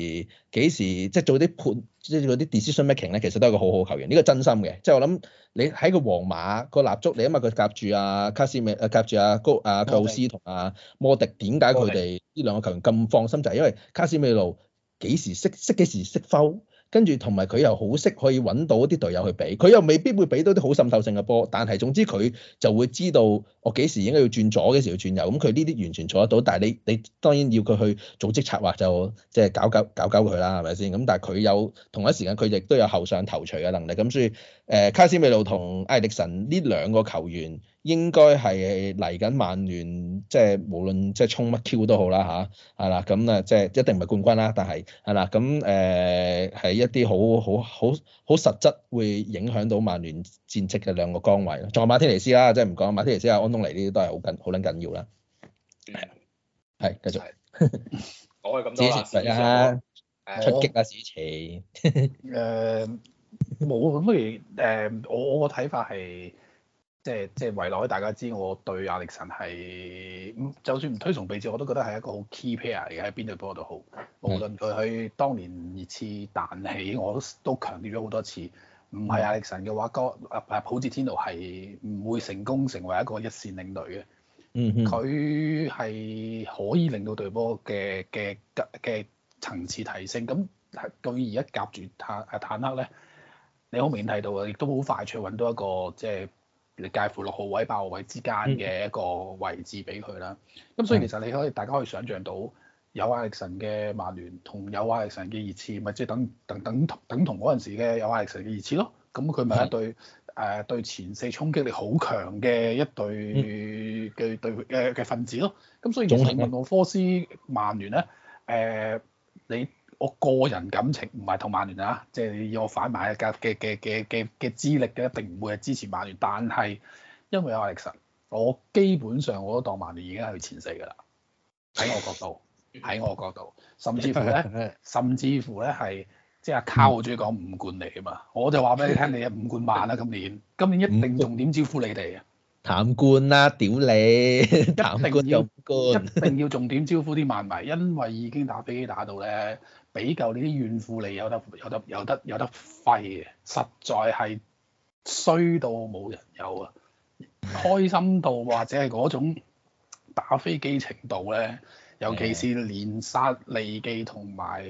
[SPEAKER 4] 幾時即係、就是、做啲判即係嗰啲 decision making 咧，其實都係一個好好球員。呢個真心嘅，即、就、係、是、我諗你喺個皇馬、那個蠟燭你啊嘛，佢夾住阿卡斯米啊，夾住阿高阿舊斯同阿、啊、摩迪，點解佢哋呢兩個球員咁放心就係、是、因為卡斯米路幾時識識幾時識收，跟住同埋佢又好識可以揾到啲隊友去俾佢，又未必會俾到啲好滲透性嘅波，但係總之佢就會知道。我幾時應該要轉左，幾時要轉右，咁佢呢啲完全做得到，但係你你當然要佢去組織策劃就即係搞搞搞搞佢啦係咪先？咁但係佢有同一時間佢亦都有後上頭鎚嘅能力，咁所以誒、呃、卡斯米路同艾歷臣呢兩個球員應該係嚟緊曼聯，即、就、係、是、無論即係衝乜 Q 都好啦吓，係、啊、啦，咁啊即係一定唔係冠軍啦，但係係啦咁誒係一啲好好好好實質會影響到曼聯戰績嘅兩個崗位咯，仲有馬天尼斯啦，即係唔講馬天尼斯啊。嚟呢啲都係好緊好撚緊要啦，係係、
[SPEAKER 2] 嗯、繼續，講開咁多啦，市
[SPEAKER 4] 場 出擊啊市場，
[SPEAKER 2] 誒冇咁不如誒、呃、我我個睇法係即係即係為落大家知，我對艾歷臣係就算唔推崇備至，我都覺得係一個好 key player 而喺邊隊波都好，無論佢喺當年熱刺彈起，我都，都強調咗好多次。唔係艾歷臣嘅話，哥啊啊普智天奴係唔會成功成為一個一線領隊嘅。嗯，佢哼係可以令到隊波嘅嘅嘅層次提升。咁佢而家夾住坦啊坦克咧，你好明顯睇到啊，亦都好快脆揾到一個即係、就是、介乎六號位八號位之間嘅一個位置俾佢啦。咁、嗯、哼所以其實你可以大家可以想像到。有艾歷臣嘅曼聯同有艾歷臣嘅熱刺，咪即係等等等，等同等同嗰陣時嘅有艾歷臣嘅熱刺咯。咁佢咪一隊誒對前四衝擊力好強嘅一隊嘅隊嘅嘅分子咯。咁、嗯嗯嗯、所以總係曼諾科斯曼聯咧誒、哎，你我個人感情唔係同曼聯啊，即係你要我反埋一格嘅嘅嘅嘅嘅資歷嘅，一定唔會係支持曼聯。但係因為有艾歷臣，我基本上我都當曼聯已經係前四㗎啦，喺我角度。哎嗯喺我角度，甚至乎咧， 甚至乎咧係，即係靠住我講五冠嚟啊嘛，我就話俾你聽，你五啊五冠萬啦，今年，今年一定重點招呼你哋
[SPEAKER 4] 啊。談冠啦，屌你！官有官一定冠
[SPEAKER 2] 就冠，一定要重點招呼啲曼迷，因為已經打飛機打到咧，比舊你啲怨婦嚟有得有得有得有得揮嘅，實在係衰到冇人有啊，開心到或者係嗰種打飛機程度咧。尤其是連殺利記同埋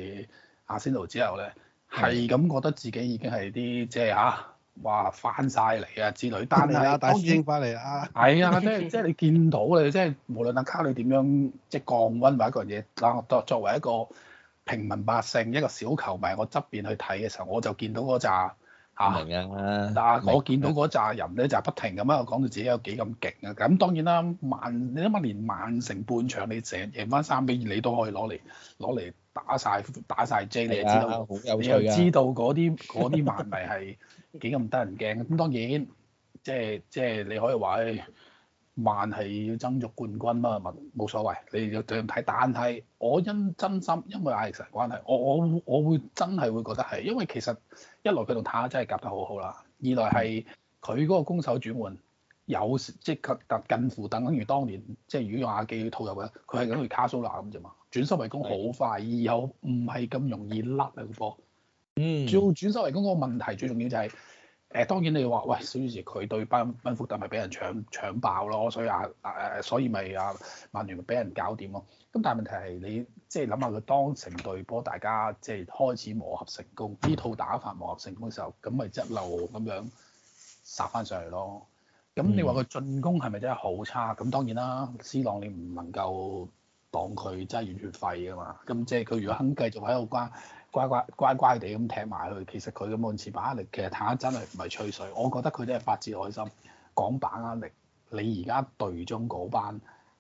[SPEAKER 2] 阿仙奴之後咧，係咁的的覺得自己已經係啲即係嚇，哇翻曬嚟啊之類。單的但係，但係大師兄翻嚟啊，係啊， 即係即係你見到你即係無論阿卡裏點樣即係、就是、降温或者個嘢，作作作為一個平民百姓一個小球迷，我側邊去睇嘅時候，我就見到嗰扎。
[SPEAKER 4] 但嗱、啊、我見到
[SPEAKER 2] 嗰扎人咧就係、不停咁啊講到自己有幾咁勁啊！咁當然啦，萬你諗下連曼城半場你贏贏翻三比二，你都可以攞嚟攞嚟打晒。打晒 J，的你知道有知道嗰啲嗰啲曼迷係幾咁得人驚咁，當然即係即係你可以話。萬係要爭咗冠軍嘛？冇所謂，你就咁睇。但係我因真心，因為 Alex 嘅關係，我我我會真係會覺得係，因為其實一來佢同塔真係夾得好好啦，二來係佢嗰個攻守轉換有，即係近乎等，等於當年即係如果用阿記套入嘅，佢係咁去卡蘇拉咁啫嘛。轉守為攻好快，而又唔係咁容易甩啊個波。做的嗯。仲轉守為攻嗰個問題最重要就係。誒當然你話喂，小時佢對班福特咪俾人搶搶爆咯，所以阿阿誒所以咪阿曼聯咪俾人搞掂咯。咁但係問題係你即係諗下佢當成隊波，大家即係、就是、開始磨合成功，呢套打法磨合成功嘅時候，咁咪一路咁樣殺翻上嚟咯。
[SPEAKER 3] 咁你話佢
[SPEAKER 2] 進攻係咪真係好差？咁當然啦，C 朗你唔能夠當佢真係完全廢㗎嘛。咁即係佢如果肯繼續喺度關。乖乖乖乖地咁踢埋去，其實佢咁按持把握力，其實彈一真係唔係吹水。我覺得佢都係發自內心講把握力。你而家隊中嗰班，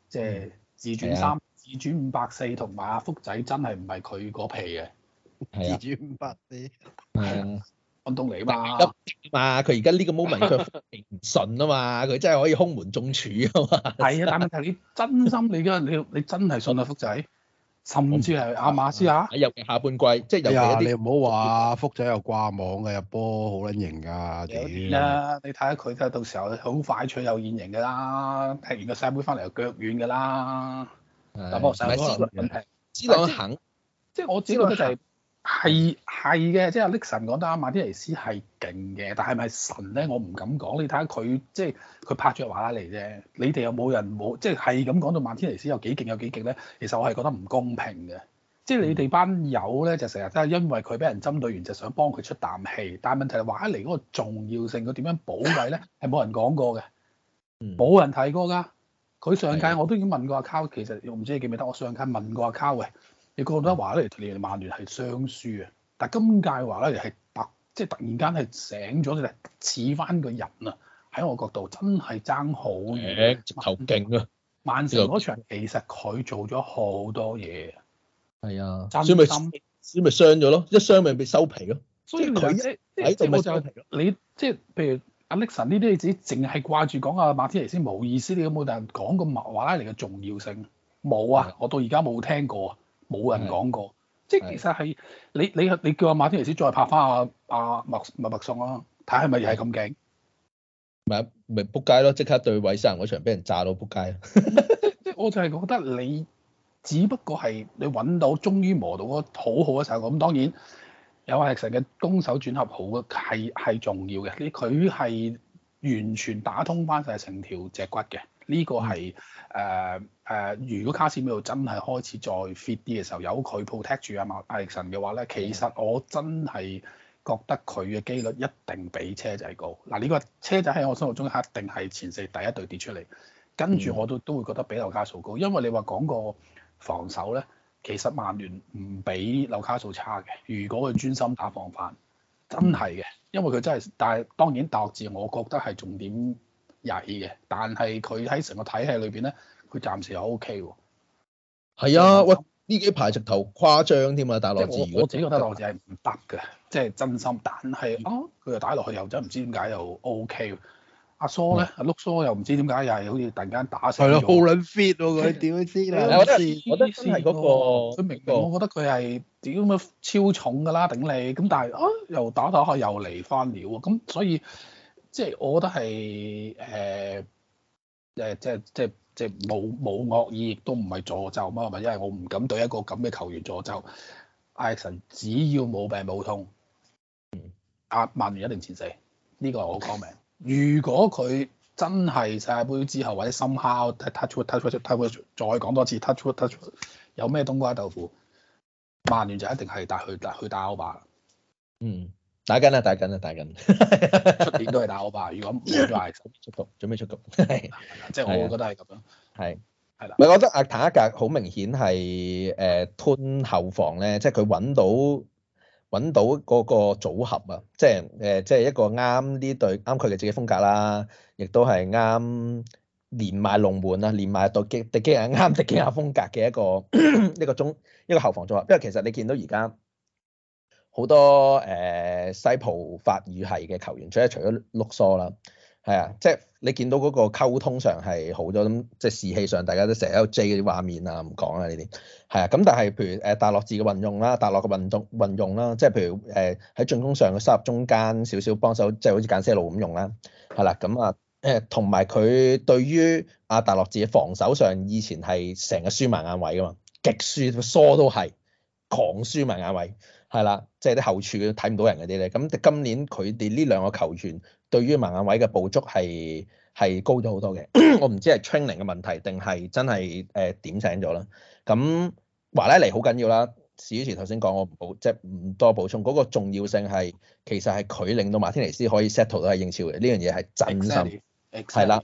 [SPEAKER 2] 即係自轉三，嗯、自轉五百四同埋阿福仔，真係唔係佢嗰批嘅。自轉五百四，阿東嚟
[SPEAKER 4] 嘛？一佢而家呢個 moment 佢唔信啊嘛！佢真係可以空門中柱
[SPEAKER 2] 啊嘛！係啊，但係你真心，你而家你你真係信阿福仔？甚至係亞、啊、馬斯啊！入嘅、哎、呀下半季，即係尤、哎、你唔好話福仔又掛網嘅入波，好撚型㗎。點啦、啊？你睇下佢睇下到時候好快脆又現形㗎啦，踢完個細妹翻嚟又腳軟㗎啦。係的。唔係踢，資能知道肯，即係我覺得就係。係係嘅，即係阿 Nixon 講得啊，馬天尼斯係勁嘅，但係咪神咧？我唔敢講。你睇下佢，即係佢拍咗華拉尼啫。你哋有冇人冇即係係咁講到馬天尼斯有幾勁有幾勁咧？其實我係覺得唔公平嘅。即係你哋班友咧，就成日都係因為佢俾人針對完就想幫佢出啖氣，但係問題係華拉尼嗰個重要性佢點樣補救咧？係冇 人講過嘅，冇人提過㗎。佢上屆的我都已經問過阿溝，其實又唔知你記唔記得，我上屆問過阿溝嘅。你覺得話咧，你曼聯係雙輸啊！但係今屆話咧係突即係突然間係醒咗，你似翻個人啊！喺我角度真係爭好遠，球勁啊！曼城嗰場其實佢做咗好多嘢，係啊、哎呀，
[SPEAKER 4] 所以咪傷咗咯，一傷咪被收皮咯。所以佢喺度咪
[SPEAKER 2] 就係你即係、就是、譬如阿 Nixon 呢啲，你自己淨係掛住講阿馬天尼先冇意思。你有冇但講過馬華拉尼嘅重要性？冇啊！的我到而家冇聽過啊！冇人講過，即係其實係你你你叫阿馬天尼斯再拍翻阿阿麥麥麥送
[SPEAKER 4] 啦，睇下咪又係咁勁，咪咪仆街咯！即刻對韋斯人嗰場俾人炸到仆街。
[SPEAKER 2] 即係我就係覺得你，只不過係你揾到，終於磨到個好好嘅效候。咁當然有阿 X 嘅攻守轉合好嘅係係重要嘅，佢係完全打通翻晒成條脊骨嘅。呢個係誒誒，如果卡斯米路真係開始再 fit 啲嘅時候，有佢 protect 住阿、啊、馬艾歷臣嘅話咧，其實我真係覺得佢嘅機率一定比車仔高。嗱，呢個車仔喺我心目中一定係前四第一隊跌出嚟，跟住我都、嗯、都會覺得比紐卡素高，因為你話講個防守咧，其實曼聯唔比紐卡素差嘅。如果佢專心打防反，真係嘅，因為佢真係，但係當然大學治，我覺得係重點。曳嘅，但係佢喺成個體系裏邊咧，佢暫時又 O K 喎。
[SPEAKER 4] 係啊，喂！呢幾排直頭誇張添啊，大羅子。我我自己覺得大羅子係
[SPEAKER 2] 唔得嘅，即係真心。但係啊，佢又打落去又真唔知點解又 O K 阿疏咧，阿碌疏又唔知點解又好似突然間打衰咗。係咯，好卵 fit 喎！佢點都知咧。我覺得我覺得真係個，我覺得佢係屌咁超重噶啦，頂你咁，但係啊，又打打下又嚟翻了喎，咁所以。即係我覺得係誒誒，即係即係即係冇冇惡意，亦都唔係詛咒啊嘛，係咪？因為我唔敢對一個咁嘅球員詛咒。艾神只要冇病冇痛啊，曼聯一定前四呢，這個係我講明，如果佢真係世界杯之後或者深烤 touch wood, touch wood, touch touch touch 再講多次 touch wood, touch wood, 有咩冬瓜豆腐，曼聯就一定係帶去去打歐霸啦嗯
[SPEAKER 4] 打緊啦，打緊啦，打緊。出點都係打我吧，如果唔係出局， 準備出局。即 係、 就是、我覺得係咁樣。係，係啦。的我覺得阿坦一格好明顯係誒、呃、吞後防咧，即係佢揾到揾到嗰個組合啊，即係誒即係一個啱呢隊啱佢哋自己風格啦，亦都係啱連埋龍門啊，連埋到迪基亞啱迪基亞風格嘅一個一個中一個後防組合，因為其實你見到而家。好多誒西葡法語系嘅球員，即係除咗碌疏啦，係啊，即係你見到嗰個溝通上係好咗，咁即係士氣上大家都成日喺 J 嗰啲畫面啊，唔講啦呢啲，係啊，咁但係譬如誒大洛字嘅運用啦，大洛嘅運用運用啦，即係譬如誒喺進攻上嘅插入中間少少幫手，即係好似簡些路咁用啦，係啦，咁啊誒同埋佢對於阿大洛字嘅防守上以前係成日輸埋眼位噶嘛，極輸疏都係狂輸埋眼位。係啦，即係啲後處睇唔到人嗰啲咧。咁今年佢哋呢兩個球員對於盲眼位嘅捕捉係係高咗好多嘅。 我唔知係 training 嘅問題定係真係誒點醒咗啦。咁華拉尼好緊要啦。史主持頭先講，我補即係唔多補充嗰、嗰個重要性係其實係佢令到馬天尼斯可以 settle 到喺英超嘅呢樣嘢係真心係啦 Exactly, exactly.，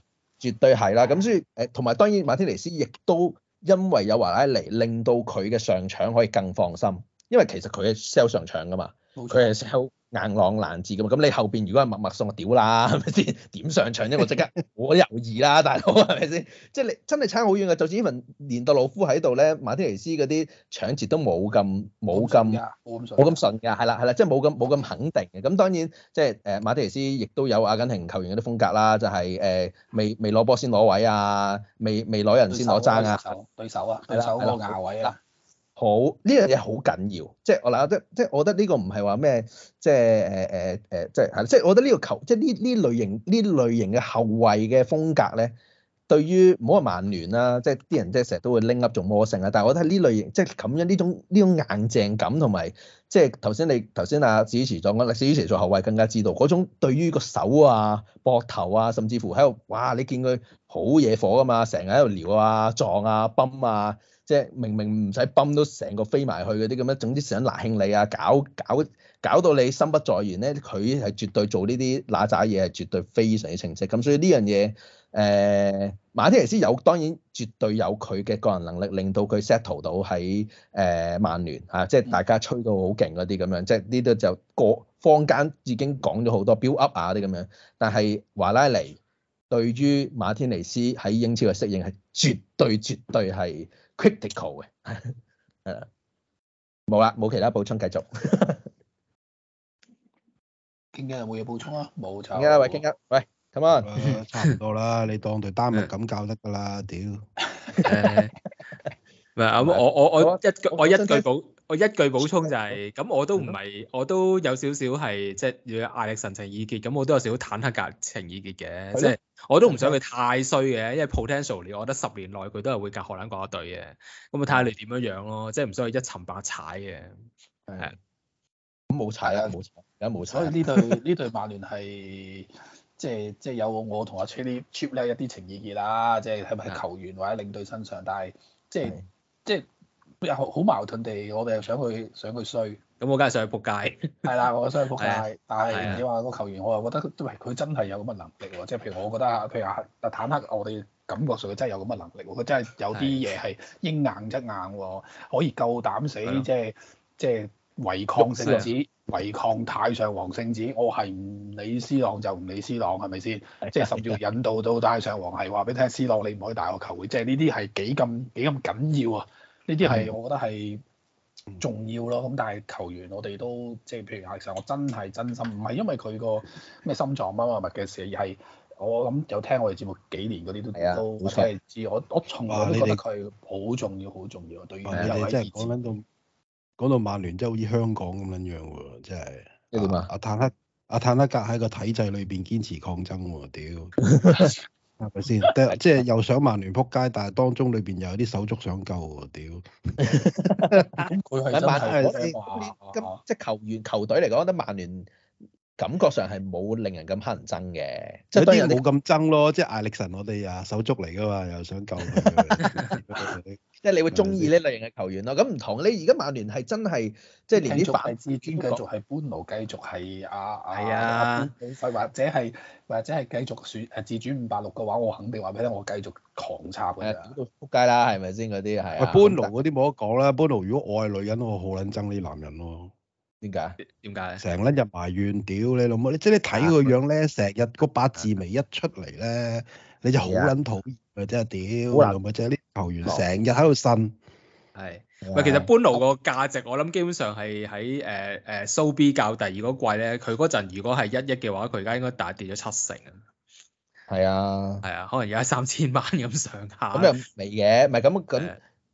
[SPEAKER 4] 絕對係啦。咁所以誒，同埋當然馬天尼斯亦都因為有華拉尼令到佢嘅上場可以更放心。因為其實佢係 sell 上場噶嘛，佢係 sell 硬朗難治噶嘛，咁你後邊如果係默默送，屌啦，係咪先？點上場啫？我即刻我猶豫啦，大佬係咪先？即係你真係差好遠嘅，就算呢份連代洛夫喺度咧，馬蒂尼斯嗰啲搶截都冇咁冇咁冇咁順嘅，係啦係啦，即係冇咁冇咁肯定嘅。咁當然即係誒馬蒂尼斯亦都有阿根廷球員嗰啲風格啦，就係誒未未攞波先攞位啊，未未攞人先攞爭啊，
[SPEAKER 2] 對手啊，對手嗰個牙位啊。
[SPEAKER 4] 好，呢樣嘢好緊要，即係我嗱，即係即係我覺得呢個唔係話咩，即係誒誒誒，即係係，即、呃、係、就是、我覺得呢個球，即係呢呢類型呢類型嘅後衞嘅風格咧，對於唔好話曼聯啦、啊，即係啲人即係成日都會拎粒做魔性啦、啊，但係我覺得呢類型即係噉樣呢種呢種硬淨感同埋，即係頭先你頭先阿史主持講，歷史主持做後衞更加知道嗰種對於個手啊、膊頭啊，甚至乎喺度哇，你見佢好惹火㗎嘛，成日喺度撩啊、撞啊、泵啊。即係明明唔使泵都成個飛埋去嗰啲咁樣，總之想拿興你啊，搞搞搞到你心不在焉咧，佢係絕對做呢啲垃圾嘢，係絕對非常之清晰。咁所以呢樣嘢，誒、呃、馬天尼斯有當然絕對有佢嘅個人能力，令到佢 settle 到喺誒、呃、曼聯嚇，即、啊、係、就是、大家吹到好勁嗰啲咁樣，即係呢度就個坊間已經講咗好多 build up 啊啲咁樣。但係華拉尼對於馬天尼斯喺英超嘅適應係絕對絕對係。critical 嘅，係啦，冇啦，冇其他補充，繼續。
[SPEAKER 2] 京一有冇嘢補充啊？冇錯。
[SPEAKER 1] 而家喂京一，
[SPEAKER 4] 喂，咁啊，差唔多啦，你當對單物咁教得
[SPEAKER 1] 㗎啦，
[SPEAKER 3] 屌。
[SPEAKER 5] 唔係啊，咁我我我一句我一句補。我一句補充就係、是，咁我都唔係，的我都有少少係即係艾歷臣情意結，咁我都有少少坦克格情意結嘅，即係的、就
[SPEAKER 3] 是、我都唔想佢
[SPEAKER 5] 太衰嘅，因為 potential 我覺得十年內佢都係會隔荷蘭過一隊嘅，咁啊睇下你點樣樣咯，即係唔需要一沉百踩
[SPEAKER 2] 嘅，係的，咁冇的踩啦、啊，冇踩，有冇踩？踩啊、 所以呢隊呢隊曼聯係，即係即係有我同阿 Chief Cheaplad 一啲情意結啦，即係係咪球員或者領隊身上，但係即係即係。好矛盾地，我哋又想去想佢衰，咁
[SPEAKER 5] 我梗係想去仆街。
[SPEAKER 2] 係啦，我想去仆街，但係你話個球員，我又覺得喂佢真係有咁嘅能力喎？即係譬如我覺得吓，譬如阿坦克，我哋感覺上佢真係有咁嘅能力，佢真係有啲嘢係應硬則硬，可以夠膽死，即係即係違抗聖旨，違抗太上皇聖旨。我係唔理斯朗就唔理斯朗，係咪先？即係甚至要引導到太上皇係話俾你聽斯朗，你唔可以大我球會，即係呢啲係幾咁幾咁緊要啊！呢啲係我覺得係重要咯，咁、嗯、但係球員我哋都即係、就是、譬如阿成，我真係真心唔係因為佢個咩心臟啊或乜嘅事，而係我諗有聽我哋節目幾年嗰啲都都即係知，我哇我從來都覺得佢好重要，好哇重要。哇對現，你哋真係講到
[SPEAKER 1] 講到曼聯，即係好似香港咁樣樣喎，真、就、係、是。咩點、啊、阿坦克阿坦克格喺個體制裏邊堅持抗爭喎，屌！ 係咪、 嗯、先？即係又想曼聯撲街，但係當中裏邊又有啲手足想救佢喎，屌！
[SPEAKER 4] 咁、 嗯、即係球員球隊嚟講，得曼聯感覺上係冇令人咁乞人憎嘅，即當然冇
[SPEAKER 1] 咁憎咯。即係艾力神，我哋啊手足
[SPEAKER 4] 嚟噶嘛，
[SPEAKER 3] 又想救佢。
[SPEAKER 4] 即係你會中意呢類型嘅球員咯，咁唔同嘅。你而家曼聯係真係即係連啲反資轉，繼續係班奴，繼續係阿
[SPEAKER 2] 阿，或者係或者係繼續選誒自主五百六嘅話，我肯定話俾你聽，我繼續
[SPEAKER 4] 狂插㗎啦。撲街啦，係咪先嗰啲係啊。班
[SPEAKER 1] 奴嗰啲冇得講啦，班奴。如果我係女人，我好撚憎呢啲男人咯。點解？點解？成撚日埋怨屌你老母，即係你睇佢樣咧，成日個八字眉一出嚟咧，你就好撚討厭嘅啫，屌你老母啫。球員成日喺度呻，係咪是？是其實
[SPEAKER 5] 搬奴個價值，我諗基本上係喺誒誒蘇比教第二嗰季咧，佢嗰陣如果係一億嘅
[SPEAKER 4] 話，佢而家應該大跌咗七成啊！
[SPEAKER 5] 係啊，係啊，可能而家三千萬咁
[SPEAKER 4] 上下咁又未嘅，咪咁咁。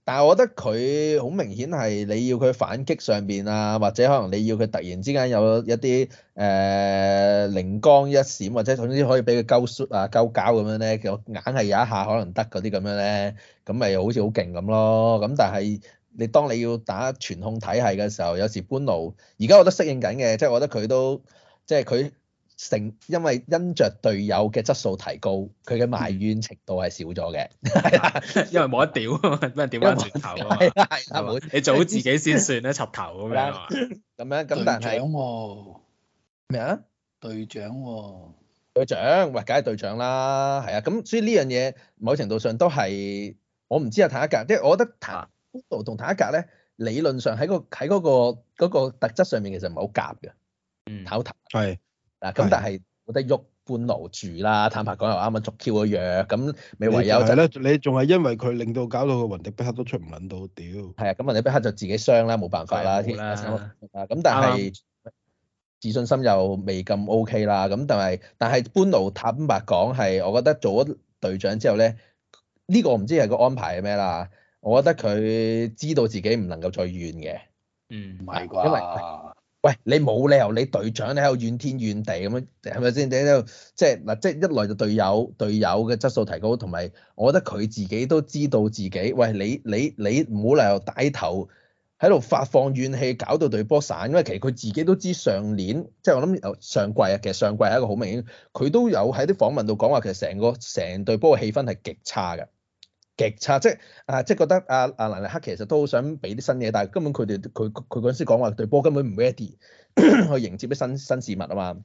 [SPEAKER 4] 但係我覺得佢好明顯係你要佢反擊上邊啊，或者可能你要佢突然之間有一啲誒靈光一閃，或者總之可以俾佢鳩 s h 啊鳩交咁樣咧，其實硬係有一下可能得嗰啲咁樣咧，咁咪好似好勁咁咯。咁但係你當你要打全控體系嘅時候，有時半路而家我覺得都適應緊嘅，即、就、係、是、我覺得佢都即係佢。就是成，因為因着隊友嘅質素提高，佢嘅埋怨程度係少咗嘅。
[SPEAKER 5] 因為冇得屌啊屌翻頭咯。
[SPEAKER 4] 係你做好自
[SPEAKER 5] 己先算
[SPEAKER 4] 啦，插頭咁樣。咁樣咁，但係，咩啊？隊長喎，隊長，喂，梗係隊長啦，係啊。咁所以呢樣嘢某程度上都係，我唔知阿譚一格，即係我覺得譚浩同譚一格咧，理論上喺個喺嗰個嗰個特質上面其實唔係好夾嘅。嗯，好睇。係。嗱，咁但係冇得喐，班奴住啦，坦白講又啱啊，捉 Q 個樣，咁咪唯有就係咧，你仲係因為佢令到搞到個雲迪碧克都出唔撚到屌。係啊，咁雲迪碧克就自己傷啦，冇辦法啦，天啊！
[SPEAKER 3] 咁但係、嗯、
[SPEAKER 4] 自信心又未咁 OK 啦，咁但係，但係班奴坦白講係，我覺得做咗隊長之後咧，呢、這個我唔知係個安排係咩啦？我覺得佢知道自己唔能夠再怨嘅，
[SPEAKER 2] 唔係啩？吧
[SPEAKER 4] 喂，你冇理由你隊長你喺度怨天怨地咁樣，係咪先？你喺度即係嗱，即係、即係即係、一來就隊友，隊友嘅質素提高，同埋我覺得佢自己都知道自己。喂，你你你唔好理由帶頭喺度發放怨氣，搞到隊波散。因為其實佢自己都知上年，即係我諗上季啊，其實上季係一個好明顯，佢都有喺啲訪問度講話，其實成個成隊波嘅氣氛係極差嘅。極差，即係啊，即係覺得阿阿蘭尼克其實都好想俾啲新嘢，但係根本佢哋佢佢嗰陣時講話隊波根本唔 ready 去迎接啲新新事物啊嘛。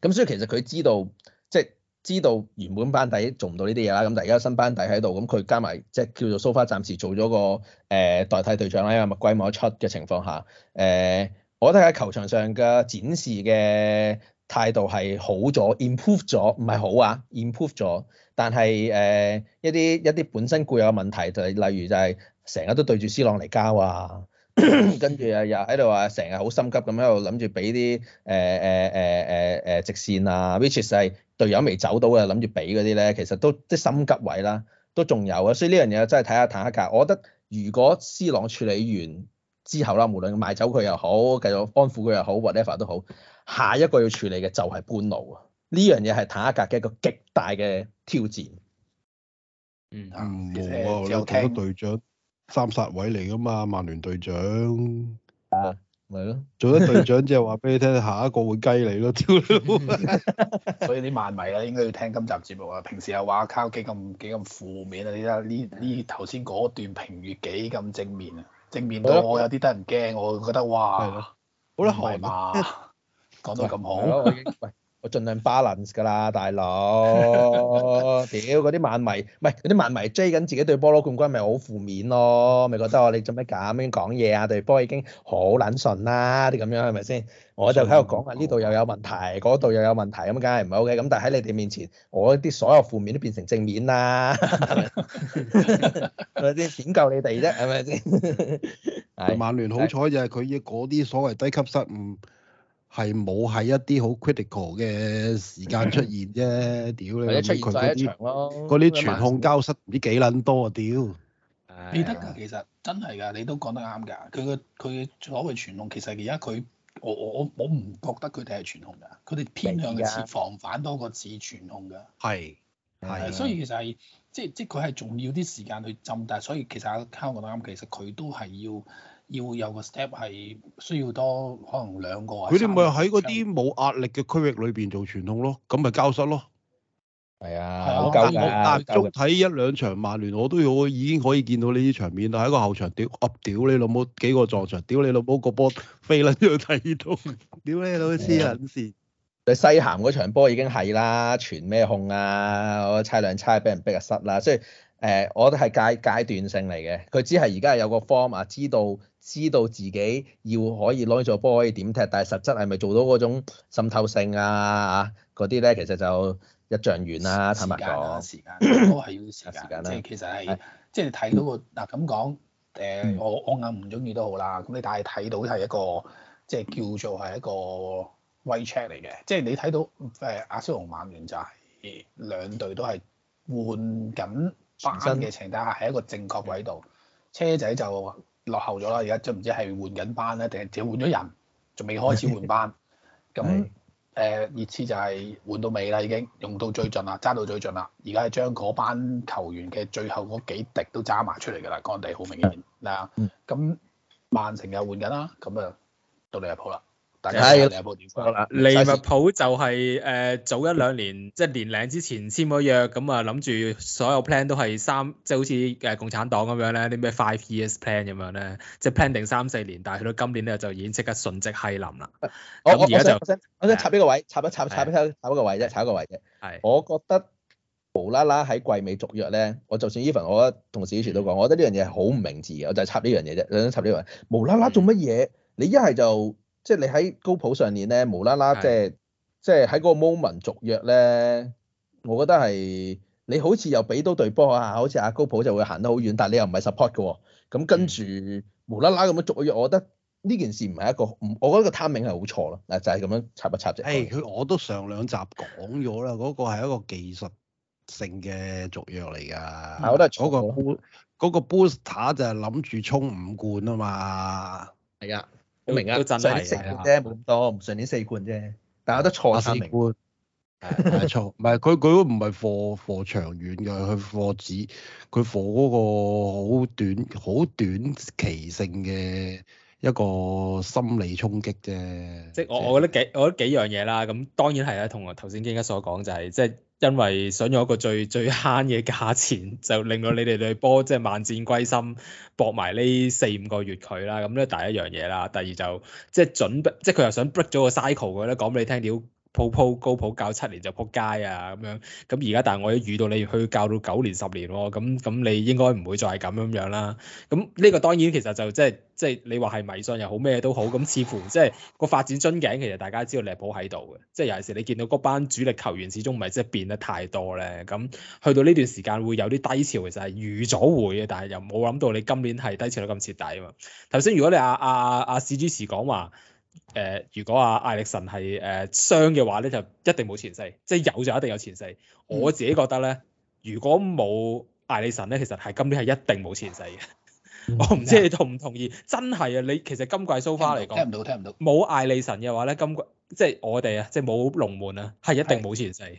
[SPEAKER 4] 咁所以其實佢知道，即係知道原本班底做唔到呢啲嘢啦。咁但而家新班底喺度，咁佢加埋即係叫做 so far，暫時做咗個誒、呃、代替隊長啦。因為麥佳冇得出嘅情況下，誒、呃，我覺得喺球場上嘅展示嘅態度係好咗，improve 咗，唔係好啊，improve 咗。但係誒、呃、一啲一啲本身固有問題就係例如就係成日都對住 C 朗嚟交啊， 跟住又又喺度話成日好心急咁喺度諗住俾啲誒誒誒誒誒直線啊，which 就係隊友未走到啊，諗住俾嗰啲咧，其實都即係心急位啦，都仲有啊，所以呢樣嘢真係睇下坦克架。我覺得如果 C 朗處理完之後啦，無論賣走佢又好，繼續安撫佢又好，whatever 都好，下一個要處理嘅就係般奴啊。呢樣嘢係滕哈格嘅一個極大嘅挑戰。
[SPEAKER 1] 嗯，冇啊，你做咗隊長三殺位嚟噶嘛，曼聯隊長。
[SPEAKER 2] 啊，咪
[SPEAKER 1] 咯。做咗隊長之後話俾你聽，下一個會雞你咯，挑。
[SPEAKER 2] 所以啲曼迷啊，應該要聽今集節目啊。平時又話靠幾咁幾咁負面啊，呢呢呢頭先嗰段評語幾咁正面啊，正面到我有啲得人驚，我覺得哇。係咯。好啦，係嘛？
[SPEAKER 4] 講
[SPEAKER 3] 到咁好。
[SPEAKER 4] 我盡量 balance 㗎啦，大佬。屌，嗰啲曼迷，唔係嗰啲曼迷追緊自己對波攞冠軍，咪好負面咯，咪覺得我哋做咩咁講嘢啊？對波已經好撚順啦，啲咁樣係咪先？我就喺度講話，呢度又有問題，嗰度又有問題，咁梗係唔好嘅。咁但係喺你哋面前，我啲所有負面都變成正面啦，係咪先？點救你哋啫，係咪先？曼
[SPEAKER 1] 聯好彩就係佢依嗰啲所謂低級失誤。係冇喺一啲好 critical 嘅時間出現啫，屌 你！係一出曬一場咯，啲傳控交失唔知幾撚多啊屌！
[SPEAKER 2] 記得噶，其實真係噶，你都講得啱噶。佢嘅佢所謂傳控，其實而家佢我我我唔覺得佢哋係傳控噶，佢哋偏向係防反多過似傳控噶。係係的，的所以其實係即即佢係重要啲時間去浸，但係所以其實阿 Karl 講得啱，其實佢都係要。要有個 step 係需要多可能兩個啊！佢哋咪
[SPEAKER 1] 喺嗰啲冇壓力嘅區域裏邊做傳控咯，咁咪交失咯。
[SPEAKER 4] 係啊，好夠㗎。但係足
[SPEAKER 1] 睇、啊、一兩場曼聯，我都要已經可以見到呢啲場面啦。喺個後場屌，啊屌你老母幾個撞
[SPEAKER 4] 牆，屌你老母個波
[SPEAKER 1] 飛啦！都要睇到，屌你老母黐緊你，
[SPEAKER 4] 你、啊、西咸嗰場波已經係啦，傳咩控啊？我差兩差俾人逼啊失啦，即係。誒、欸，我覺得係階階段性嚟嘅。佢只係而家有個 form 啊，知道知道自己要可以攞咗波，可以點踢，但係實質係咪做到嗰種滲透性啊？嗰啲咧，其實就一丈遠啦，啊、坦白講、啊。時間啊，都係要
[SPEAKER 2] 時間。時間 即係其實係，即係睇到個嗱咁講，誒，我我硬唔中意都好啦。咁你但係睇到係一個，即、就、係、是、叫做係一個 w e c h a t 嚟嘅，即、就、係、是、你睇到誒阿蘇宏曼聯就係、
[SPEAKER 3] 是、
[SPEAKER 2] 兩隊都係換緊。發生嘅情況下，係一個正確軌道，車仔就落後咗啦。而家即唔知係換緊班咧，定係只係換咗人，仲未開始換班。咁誒熱刺就係換到尾啦，已經用到最盡啦，揸到最盡啦。而家係將嗰班球員嘅最後嗰幾滴都揸埋出嚟㗎啦。干地好明顯嗱，咁曼城又換緊啦，咁啊到利物浦啦。大家睇第二部電
[SPEAKER 5] 話啦。利物浦就係誒早一兩年，即係年零之前簽咗約，咁啊諗住所有 plan 都係三，即係好似誒共產黨咁樣咧，啲咩 five years plan 咁樣咧，即係 plan 定三四年，但係去到今年咧就已經即刻瞬即西冧啦。咁而家就我
[SPEAKER 4] 想，我想插呢個位，插一插，插一插，插一個位啫，插一個位啫。係，我覺得無啦啦喺季尾續約咧，我就算 even 我同事以前都講，我覺得呢樣嘢好唔明智嘅，我就係插呢樣嘢啫，想插呢位，無啦啦做乜嘢？你一係就。即係你喺高普上面咧，無啦啦、就是、是的 即係即係喺嗰個 moment 續約咧，我覺得係你好似又俾到對波嚇、啊，好似阿高普就會行得好遠，但係你又唔係 support 嘅喎、啊，咁跟住是的 無啦啦咁樣續約，我覺得呢件事唔係一個，我覺得個 timing 係好錯咯，嗱就係、是、咁樣插一插啫。誒，佢我都
[SPEAKER 1] 上兩集講咗啦，嗰、那個係一個技術性嘅續約嚟㗎。係，我都係嗰個 boost 嗰、那個 booster 就係諗住衝五冠啊嘛。
[SPEAKER 4] 係啊。明啊，都真係啫，冇咁多，唔上年四冠啫，但係我覺得賽事
[SPEAKER 1] 冠係係錯，唔係佢佢都唔係貨貨長遠嘅，佢貨指，佢貨嗰個好短好短期性嘅一個心理衝擊啫。即
[SPEAKER 5] 係、就是、我我覺得幾我覺得幾樣嘢啦，咁當然係啦、啊，同我頭先京一所講就係即係。就是就是因為想用一個最最慳嘅價錢，就令到你哋對波即係萬箭歸心，搏埋呢四五個月佢啦。咁咧第一樣嘢啦，第二就即係準備，即係佢又想 break 咗個 cycle 嘅咧，講俾你聽屌。普普高普教七年就仆街啊，咁樣，咁而家但係我一遇到你去教到九年十年喎，啊，咁咁你應該唔會再係咁樣這樣啦，啊。咁呢個當然其實就即係即係你話係迷信又好咩都好，咁似乎即係個發展樽頸，其實大家知道利物浦喺度嘅，即係尤其是你見到嗰班主力球員始終唔係即係變得太多咧。咁去到呢段時間會有啲低潮，其實係預咗會嘅，但係又冇諗到你今年係低潮得咁徹底啊。頭先如果你阿阿阿史主持講話。誒，如果阿艾力神係誒傷嘅話咧，就一定冇前四。即係有就一定有前四。嗯、我自己覺得咧，如果冇艾力神咧，其實係今年係一定冇前四。
[SPEAKER 3] 嘅。
[SPEAKER 4] 我唔
[SPEAKER 5] 知你同唔同意？真係啊！你其實今季 so far 嚟講，聽唔到聽唔到。冇艾力神嘅話咧，今季即係我哋啊，即係冇龍門啊，係一定冇前四。的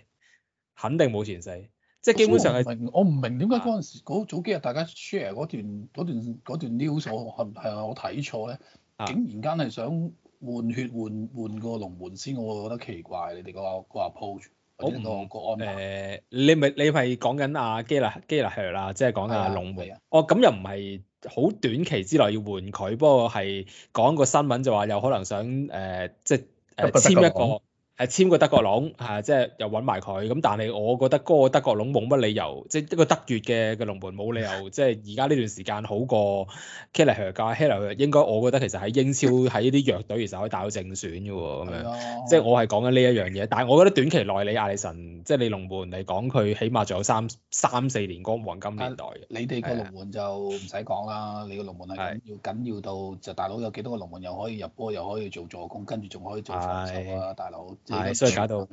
[SPEAKER 5] 肯定冇前四。即係基本上係。
[SPEAKER 2] 我唔明點解嗰陣時嗰、啊、早幾日大家 share 嗰段段段，段，段 news，我係我睇錯咧，竟然間係想。啊換血換換個龍門先，我覺得奇怪。你哋講話講話 approach 安
[SPEAKER 5] 排。呃、你咪你係講緊阿基啦，基啦 Sir 啦，即係講阿龍門。啊啊、哦，咁又唔係好短期之內要換佢，不過係講個新聞就話有可能想誒、呃，即
[SPEAKER 3] 係誒、呃、簽一個。
[SPEAKER 5] 係簽德、啊、個德國龍，係即係又揾埋佢。咁但係我覺得嗰個德國龍冇乜理由，即係一個德月嘅嘅龍門冇理由， 即係而家呢段時間好過 Keller 噶。Keller 應該我覺得其實喺英超喺呢啲弱隊，其實可以打到正選嘅喎。咁樣 即係我係講緊呢一樣嘢。但係我覺得短期內你亞里臣，即係你龍門嚟講，佢起碼仲有三三四年嗰個黃
[SPEAKER 2] 金年代 你哋嘅龍門就唔使講啦，你個龍門係緊要緊要到 的就大佬有幾多個龍門又可以入波，又可以做助攻，跟住仲可以做防啊，大佬。係，所以搞到，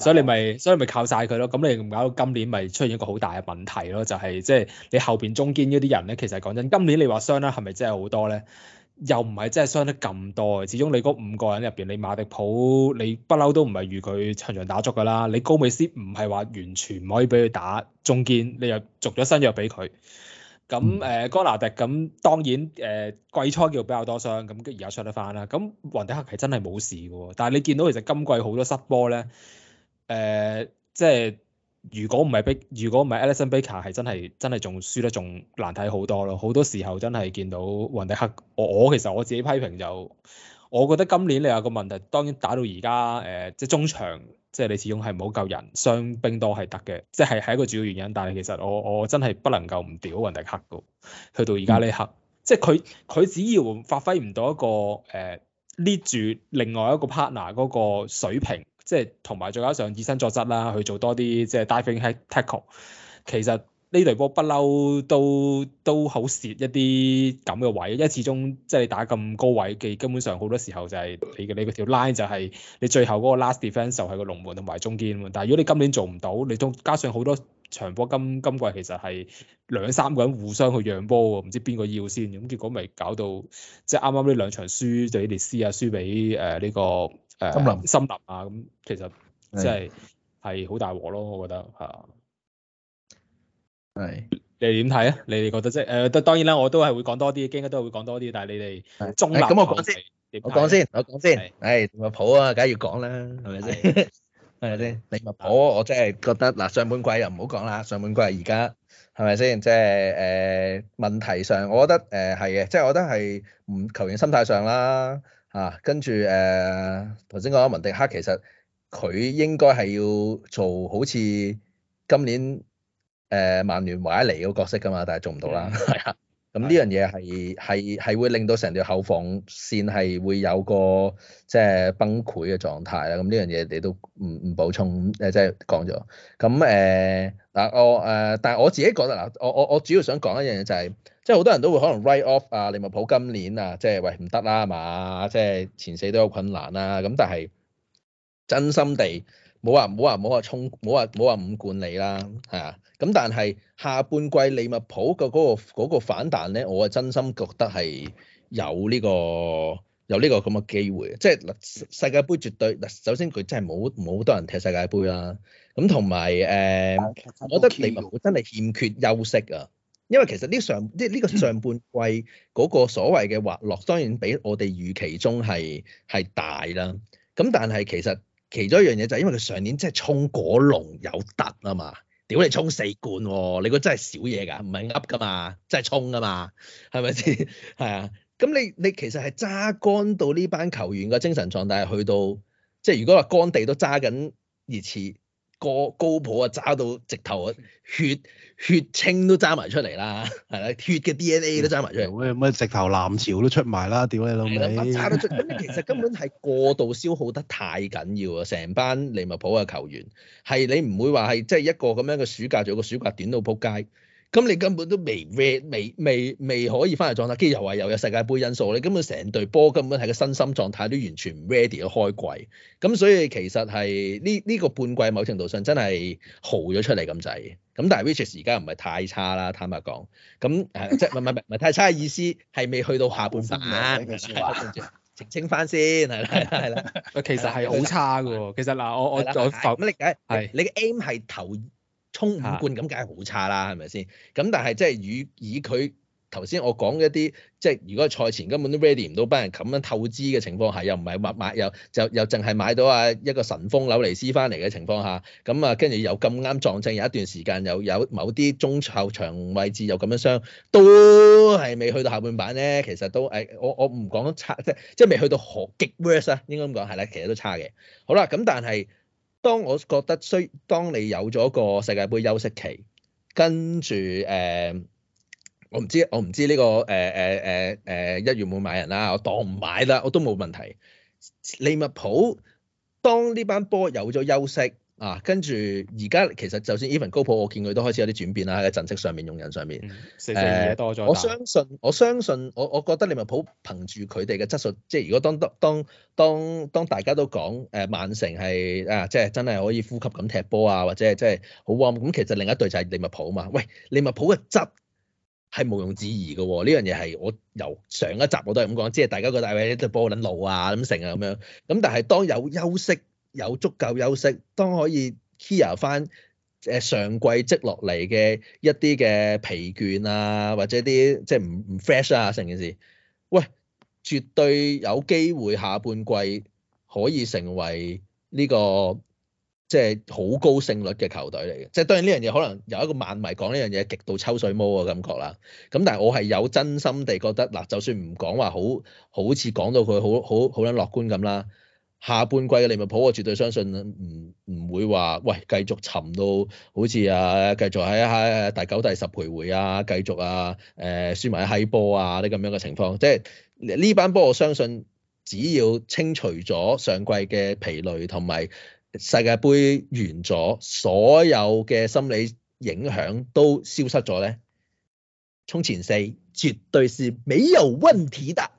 [SPEAKER 2] 所以你
[SPEAKER 5] 咪，所以咪靠晒佢咯。咁你唔搞到今年咪出現一個好大嘅問題咯？就係即係你後邊中堅嗰啲人咧，其實講真，今年你話傷咧，係咪真係好多咧？又唔係真係傷得咁多。始終你嗰五個人入邊，你馬迪普你不嬲都唔係預佢場場打足噶啦。你高美斯唔係話完全唔可以俾佢打中堅，你又續咗新約俾佢。咁誒，哥、呃、拿迪咁當然誒、呃，季初叫比較多傷，咁跟而家出得翻啦。咁雲迪克係真係冇事嘅喎，但係你見到其實今季好多失波咧，誒、呃，即係如果唔係逼，如果唔係 Alisson Becker 係真係真係仲輸得仲難睇好多咯。好多時候真係見到雲迪克，我我其實我自己批評就，我覺得今年你有個問題，當然打到而家誒，即係中場。即係你始終係唔好夠人，傷兵多係得嘅，即係係一個主要原因。但係其實我我真係不能夠唔屌雲迪克噶。去到而家呢刻，嗯、即係佢佢只要發揮唔到一個誒、呃、lead 住另外一個 partner 嗰個水平，即係同埋再加上以身作則啦，去做多啲即係 diving tackle 其實。呢隊波不嬲都都好蝕一啲咁嘅位，因為始終即係你打咁高位嘅，基本上好多時候就係你你個條 line 就係你最後嗰個 last defense 就係個龍門同埋中堅喎。但係如果你今年做唔到，你都加上好多場波今今季其實係兩三個人互相去讓波喎，唔知邊個要先，咁結果咪搞到即係啱啱呢兩場輸就列斯啊輸俾誒呢個誒森、呃、林森林啊咁，嗯，其實即係係好大鑊咯，我覺得係
[SPEAKER 3] 係
[SPEAKER 5] 是，你哋點睇啊？你哋覺得即係誒，都、呃、當然啦，我都係會講多啲，驚都係會講多啲。但係你哋中立，
[SPEAKER 4] 咁、欸、我講先，我講先，我講先。誒利是、哎、物浦啊，梗係要講啦，係咪先？係咪先？利 物浦吧我真係覺得嗱，上半季又唔好講啦，上半季而家係咪先？即係誒，問題上我覺得誒係嘅，即、呃、係、就是、我覺得係唔球員心態上啦吓、啊，跟住誒頭先講文迪克，其實佢應該係要做好似今年。誒、呃、曼聯唯一嚟嗰個角色㗎嘛，但係做唔到啦，係 啊、嗯。咁呢、 嗯、樣嘢係係係會令到成條後防線係會有個即係、就是、崩潰嘅狀態啦。咁、嗯、呢樣嘢你都唔唔補充，誒即係講咗。咁誒嗱我誒，但係我、呃、我自己覺得嗱，我我我主要想講一樣嘢就係、是，即係好多人都會可能 write off 啊利物浦今年啊，即、就、係、是、喂唔得啦係嘛，即、就、係、是、前四都有困難啦。咁但係真心地。冇話冇話冇話衝冇話冇話唔管你啦，係、嗯、啊。咁但係下半季利物浦嘅嗰、那個嗰、那個反彈咧，我啊真心覺得係有呢、這個有呢個咁嘅機會。即係嗱，世界盃絕對嗱，首先佢真係冇冇好多人踢世界盃啦。咁同埋誒，啊、我覺得利物浦真係欠缺休息啊。因為其實呢上呢呢、這個上半季嗰個所謂嘅滑落，當然比我哋預期中係係大啦。咁、啊、但係其實其中一樣嘢就係因為佢上年即係衝果龍有突啊嘛，屌你衝四冠喎，你估真係少嘢㗎，唔係噏㗎嘛，真係衝㗎嘛，係咪先？係 啊，咁你你其實係揸乾到呢班球員嘅精神狀態係去到，即係如果話干地都揸緊熱刺。個高普啊，揸到直頭血血清都揸埋出嚟啦，係啦，血嘅 D N A 都揸埋出嚟，
[SPEAKER 1] 咩咩清直頭藍潮都出埋啦，點的你老
[SPEAKER 4] 味？係啦，揸到出，咁你 其實根本係過度消耗得太緊要啊！成班利物浦嘅球員係你唔會話係即係一個咁樣嘅暑假，仲有個暑假短到仆街。咁你根本都未 ready 未未未可以翻嚟狀態，跟住又話又有世界杯因素，你根本成隊波根本係個身心狀態都完全唔 ready 咗開季，咁所以其實係呢呢個半季某程度上真係豪咗出嚟咁滯。咁但係 Riches 而家唔係太差啦，坦白講。咁即係唔係唔係唔係太差嘅意思係未去到下半板，澄清翻先係啦係啦，其實係好差嘅。其實嗱我我再咩你講係你嘅 aim 係投。衝五冠咁梗係好差啦，係咪先？咁但係即係與以佢頭先我講一啲，即係如果賽前根本都 ready 唔到班人咁樣透支嘅情況下，又唔係密買又就又又淨係買到啊一個神風紐尼斯翻嚟嘅情況下，咁啊跟住又咁啱撞正有一段時間又有，有某啲中後場位置又咁樣傷，都係未去到下半版咧。其實都誒，我我唔講得差，即係即係未去到極極 worse 啦、啊，應該咁講係啦。其實都差嘅。好啦，咁但係。當我覺得需，當你有咗個世界盃休息期，跟住誒、呃，我唔知，我唔知呢、這個誒誒誒誒一月冇買人啦，我當唔買啦，我都冇問題。利物浦當呢班波有咗休息。啊，跟住而家其實就算 Even 高普，我見佢都開始有啲轉變啦，喺個陣式上面、用人上面。
[SPEAKER 3] 誒，我相
[SPEAKER 4] 信，我相信，我我覺得利物浦憑住佢哋嘅質素，即係如果當當當當當大家都講誒曼城係啊，即係真係可以呼吸咁踢波啊，或者係真係好 warm 咁其實另一隊就係利物浦啊嘛。喂，利物浦嘅質係毋庸置疑嘅喎，呢樣嘢係我由上一集我都係咁講，即係大家覺得喂呢隊波撚路啊，撚成啊咁樣，咁但係當有休息。有足夠休息，當可以 cure 翻誒上季積落嚟嘅一啲嘅疲倦啊，或者啲即係唔、就、唔、是、fresh 啊成件事，喂，絕對有機會下半季可以成為呢、這個即係好高勝率嘅球隊嚟嘅。即係當然呢樣嘢可能有一個漫迷講呢樣嘢極度抽水毛嘅感覺啦。咁但係我係有真心地覺得嗱，就算唔講話好好似講到佢好好好撚樂觀咁啦。下半季嘅利物浦，我絕對相信唔唔會話，喂，繼續沉到好似啊，繼續喺啊第九第十徘徊啊，繼續啊，誒、欸，輸埋啲閪波啊，啲咁樣嘅情況。即係呢班波，我相信只要清除咗上季嘅疲累，同埋世界盃完咗，所有嘅心理影響都消失咗咧，衝前四絕對是沒有問題的。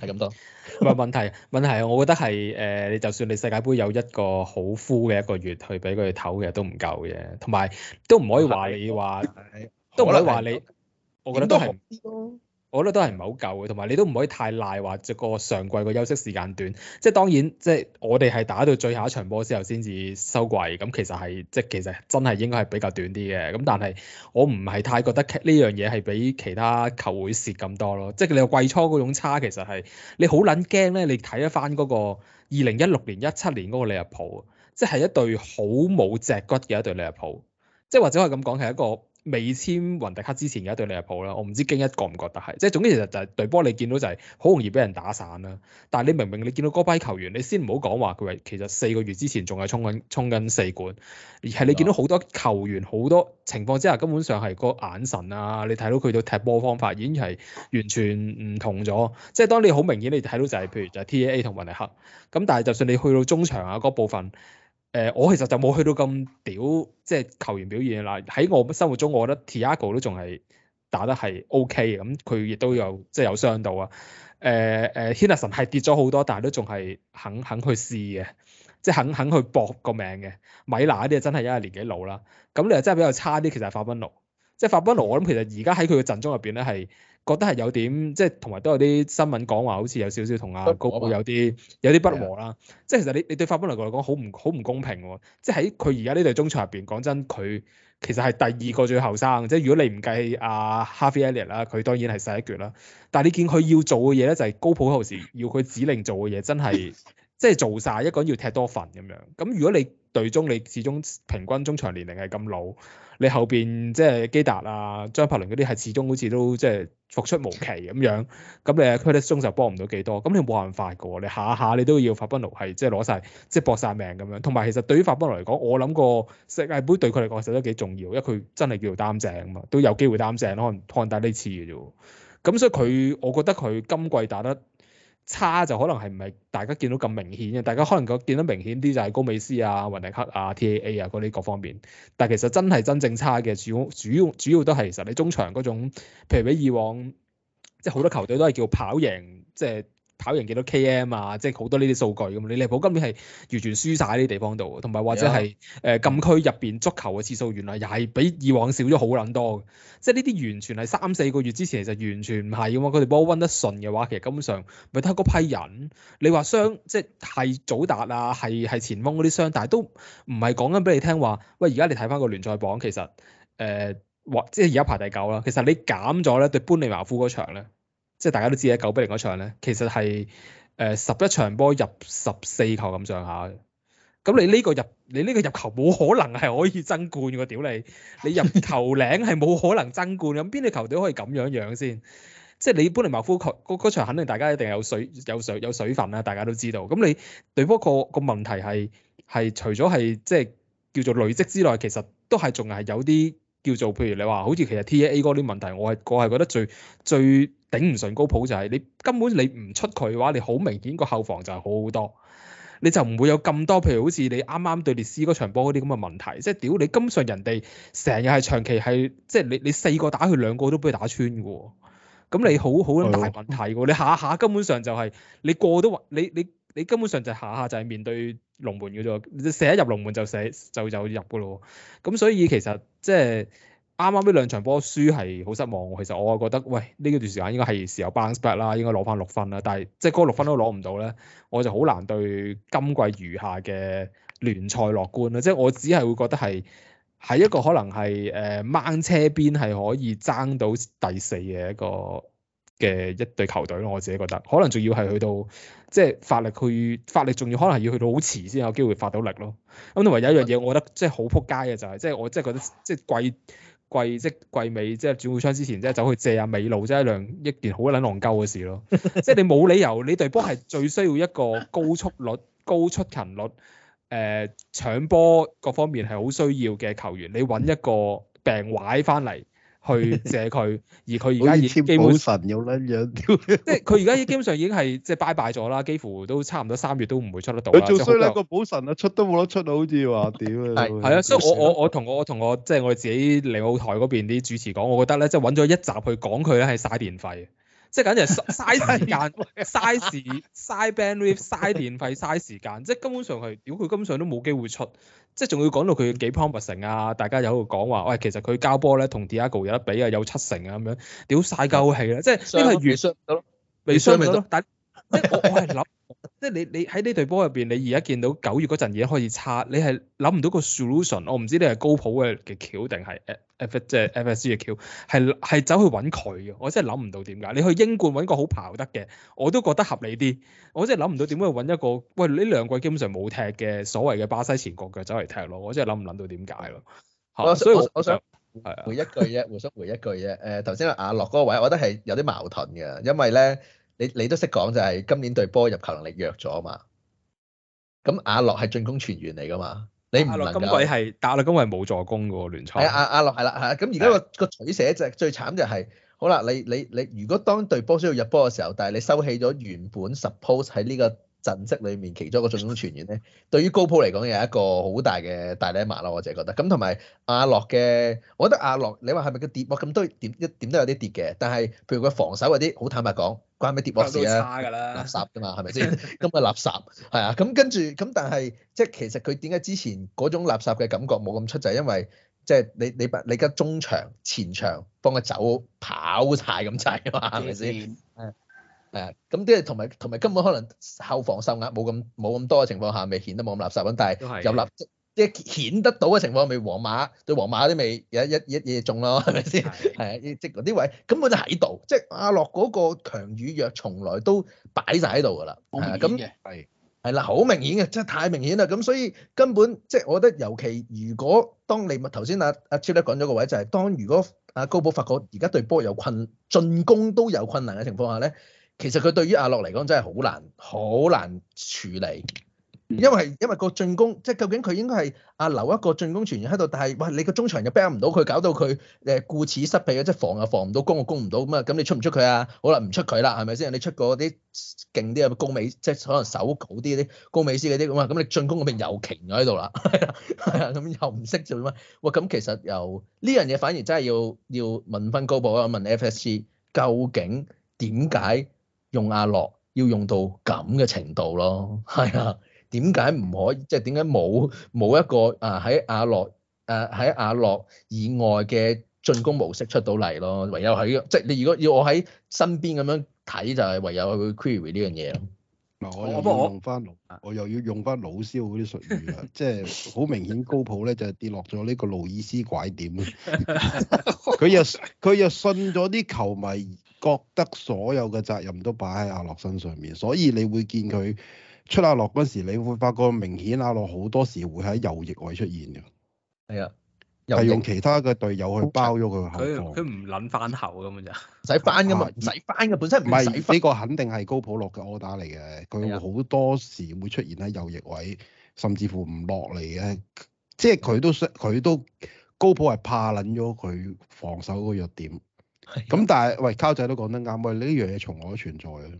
[SPEAKER 5] 係咁多，唔係 問題，問題我覺得係誒，你、呃、就算你世界盃有一個好 full 嘅一個月去俾佢唞嘅都唔夠嘅，同埋都唔可以話你話，
[SPEAKER 3] 都唔可以話你，
[SPEAKER 5] 我覺得都係。 我覺得都係唔係好夠嘅，同埋你都唔可以太賴話，個上季個休息時間短，即係當然，即係我哋係打到最後一場波之後先至收季，咁其實係即係其實真係應該係比較短啲嘅。咁但係我唔係太覺得呢樣嘢係比其他球會蝕咁多咯。即係你個季初嗰種差其實係你好撚驚咧。你睇一翻嗰個二零一六年一七年嗰個利物浦，即係一隊好冇脊骨嘅一隊利物浦，即係或者可以咁講係一個。未簽雲迪克之前嘅一隊利物浦啦，我唔知京一覺唔覺得係，即係總之其實就係隊波你見到就係好容易俾人打散啦。但係你明明？你見到嗰班球員，你先唔好講話佢係其實四個月之前仲係衝緊衝緊四冠，而係你見到好多球員好多情況之下，根本上係個眼神啊，你睇到佢到踢波方法已經係完全唔同咗。即係當你好明顯，你睇到就係譬如就係 T A A 同雲迪克咁，但係就算你去到中場啊嗰、那個、部分。誒、呃，我其實就冇去到咁屌，即係球員表現啦。喺我心目中，我覺得 Tiago 都仲係打得係 OK 嘅，咁佢亦都有即係有傷到啊。誒、呃、誒、呃、Henderson 係跌咗好多，但係都仲係肯肯去試嘅，即係肯肯去搏個命嘅。米娜嗰啲真係因為年紀老啦。咁你又真係比較差啲，其實係法賓奴，即係法賓奴，我諗其實而家喺佢嘅陣中入邊咧係。覺得係有點即係，同埋都有啲新聞講話，好似有少少同阿高普有啲有啲不和啦。的即係其實你你對法本來講好唔好唔公平喎。即係喺佢而家呢隊中場入邊，講真佢其實係第二個最後生。即係如果你唔計阿 Harvey Elliott 啦，佢、啊、當然係細一橛啦。但係你見佢要做嘅嘢咧，就係高普嗰陣時要佢指令做嘅嘢，真係。 即係做晒一個人要踢多份咁樣，咁、嗯、如果你隊中你始終平均中場年齡係咁老，你後邊即係基達啊、張柏倫嗰啲係始終好似都即係復出無期咁樣，咁、嗯、你喺中場中就幫唔到幾多，咁、嗯、你冇辦法噶喎，你下下你都要法賓奴係即係攞晒，即係搏晒命咁樣，同埋其實對於法賓奴嚟講，我諗個世界盃對佢嚟講其實都幾重要，因為佢真係叫做擔正啊嘛，都有機會擔正咯，可能看大呢次嘅啫。咁、嗯、所以佢，我覺得佢今季打得。差就可能係唔係大家見到咁明顯嘅，大家可能覺得見到明顯啲就係高美斯啊、雲迪克啊、TAA 啊嗰啲各方面，但係其實真係真正差嘅主要主要主要都係其實你中場嗰種，譬如比以往即係好多球隊都係叫跑贏，即係。跑贏幾多 KM 啊？即係好多呢啲數據咁。你利物浦今年係完全輸曬呢啲地方度，同埋或者係誒禁區入邊足球嘅次數，原來又係比以往少咗好撚多。即係呢啲完全係三四個月之前其實就完全唔係咁啊！佢哋波温得順嘅話，其實根本上咪睇係嗰批人。你話傷即係係祖達啊，係係前鋒嗰啲傷，但係都唔係講緊俾你聽話。喂，而家你睇翻個聯賽榜，其實誒或、呃、即係而家排第九啦。其實你減咗咧對般尼茅夫嗰場咧。即係大家都知咧，九比零嗰場咧，其實係誒十一場波入十四球咁上下嘅。咁你呢個入，你呢個入球冇可能係可以爭冠嘅，屌你！你入球領係冇可能爭冠嘅，邊隻球隊可以咁樣樣先？即係你般尼茅夫球嗰嗰場，肯定大家一定有水有水有水分啦，大家都知道。咁你隊波個個問題係係除咗係即係叫做累積之外，其實都係仲係有啲。叫做譬如你話好似其實 TAA 嗰啲問題，我係我係覺得最最頂唔順高普就係、是、你根本你唔出佢嘅話，你好明顯個後防就係好好多，你就唔會有咁多譬如好似你啱啱對列斯嗰場波嗰啲咁嘅問題，即係屌你根本上人哋成日係長期係即係你你四個打佢兩個都俾佢打穿嘅喎，咁你好好大問題嘅喎，你下下根本上就係、是、你個都你你。你你根本上就下下就係面對龍門嘅啫，射一入龍門就射就就入㗎咯。咁所以其實即係啱啱呢兩場波輸係好失望。其實我覺得喂呢段時間應該係時候 bounce back 啦，應該攞翻六分啦。但係即係嗰六分都攞唔到咧，我就好難對今季餘下嘅聯賽樂觀啦。即係我只係會覺得係喺一個可能係誒掹車邊係可以爭到第四嘅一個。嘅一隊球隊咯，我自己覺得可能仲要係去到即係發力佢發力仲要可能係要去到好遲先有機會發到力咯。咁同埋有一樣嘢，我覺得即係好仆街嘅就係即係我即係覺得即係季季即季尾即係轉會窗之前即係走去借啊美路，即係一兩一件好撚浪鳩嘅事咯。 即係你冇理由你隊波係最需要一個高速率、高出勤率、誒、呃、搶波各方面係好需要嘅球員，你揾一個病壞翻嚟。去借佢，而佢而家已經基本
[SPEAKER 1] 神咁樣樣，
[SPEAKER 5] 即係佢而家已經基本上已經係即係拜拜咗啦，幾乎都差唔多三月都唔會出得到。佢仲衰兩個
[SPEAKER 1] 保神啊，出都冇得出到，好似話，屌係係啊， 所以我我
[SPEAKER 5] 我同我同我即係我自己嚟澳台嗰邊啲主持講，我覺得咧即係揾咗一集去講佢咧係嘥電費。即係簡直係嘥時間、嘥 時、嘥 bandwidth、嘥電費、嘥時間，即係根本上係，屌佢根本上都冇機會出，即係仲要講到佢幾 promising 啊，大家又喺度講話，喂，其實佢交波咧同 Diago 有得比啊，有七成啊咁樣，屌曬鳩氣啦，即係呢個係預傷
[SPEAKER 2] 到，未傷到？但 即
[SPEAKER 5] 係我係諗，即係你你喺呢隊波入邊，你而家見到九月嗰陣已經開始差，你係諗唔到個 solution，我唔知你係高普嘅嘅橋定係 a F 即係 FSG 嘅 Q，係係走去揾佢嘅，我真係諗唔到點解。你去英冠揾個好跑得嘅，我都覺得合理啲。我真係諗唔到點去揾一個喂呢兩季基本上冇踢嘅所謂嘅巴西前國腳走嚟踢咯。我真係諗唔諗到點解咯。我所以我
[SPEAKER 4] 想係啊，回一句啫，我想回一句啫。誒頭先阿洛嗰位，我覺得係有啲矛盾嘅，因為咧你你都識講就係今年隊波入球能力弱咗嘛。咁阿洛係進攻全員嚟噶嘛。你阿洛今季係，打阿洛今季係冇助攻嘅喎聯賽。係阿阿洛係啦，係。 咁而家個個取捨就係最慘，就係的好啦，你你你，如果當隊波需要入波嘅時候，但係你收起咗原本 suppose 喺呢、這個陣式裏面其中一個進攻傳員咧，對於高普嚟講又係一個好大嘅大叻碼咯，我就覺得。咁同埋阿洛嘅，我覺得阿洛，你話係咪佢跌？咁、啊、都點一點都有啲跌嘅。但係譬如佢防守嗰啲，好坦白講，關咩跌我事啊？垃圾㗎啦，是是垃圾㗎嘛，係咪先？咁啊垃圾係啊，咁、嗯、跟住咁，但係即係其實佢點解之前嗰種垃圾嘅感覺冇咁出，就係因為即係、就是、你你你而家中場前場幫佢走跑晒咁滯嘛，係咪先？係啊，咁啲係同埋同埋根本可能後防受壓冇咁冇咁多嘅情況下，未顯得冇咁垃圾咯。但係有立即即係顯得到嘅情況，咪皇馬對皇馬啲咪一一一嘢中咯，係咪先？係啊的，即嗰啲位根本就喺度，即係阿洛嗰個強與弱從來都擺晒喺度㗎啦。咁
[SPEAKER 3] 明顯
[SPEAKER 4] 係係啦，好的明顯嘅，真係太明顯啦。咁所以根本即係、就是、我覺得，尤其如果當你咪頭先阿阿 Cheap 咧講咗個位，就係、是、當如果阿高寶發覺而家對波有困進攻都有困難嘅情況下咧。其實佢對於阿洛嚟講真係好難，好難處理，因為因為個進攻，即係究竟佢應該係阿留一個進攻傳員喺度，但係哇，你個中場又逼唔到佢，搞到佢誒顧此失彼啊！即係防又防唔到，攻又攻唔到咁啊！咁你出唔出佢啊？好啦，唔出佢啦，係咪先？你出嗰啲勁啲嘅高美，即係可能手好啲啲高美斯嗰啲咁啊！咁你進攻嗰邊 又停咗喺度啦，係啊，係啊，咁又唔識做咩？哇！咁其實又呢樣嘢反而真係要要問翻高保啊，問 FSC 究竟點解？用阿洛要用到咁嘅程度咯，係啊？點解唔可以？即係點解冇冇一個啊喺阿洛啊喺阿洛以外嘅進攻模式出到嚟咯？唯有喺，即係你如果要我喺身邊咁樣睇就係唯有去 query 呢樣嘢咯。
[SPEAKER 1] 嗱，我又要用翻老，哦、我，我又要用翻老蕭嗰啲術語啊，即係好明顯高普咧就係跌落咗呢個路易斯拐點，佢
[SPEAKER 3] 又
[SPEAKER 1] 佢又信咗啲球迷。覺得所有嘅責任都擺喺阿洛身上面，所以你會見佢出阿洛嗰時，你會發覺明顯阿洛好多時會喺右翼位出現嘅。係啊，係用其他嘅隊友去包咗佢個後方。佢
[SPEAKER 5] 唔撚翻後咁
[SPEAKER 1] 啊！咋？使翻噶嘛？唔使翻嘅，本身唔係，呢個肯定係高普落嘅 order 嚟嘅。佢好多時會出現喺右翼位，甚至乎唔落嚟嘅。即係佢都佢都高普係怕撚咗佢防守個弱點。咁但係，喂，溝仔都講得啱喂，你呢樣嘢從我都存在嘅，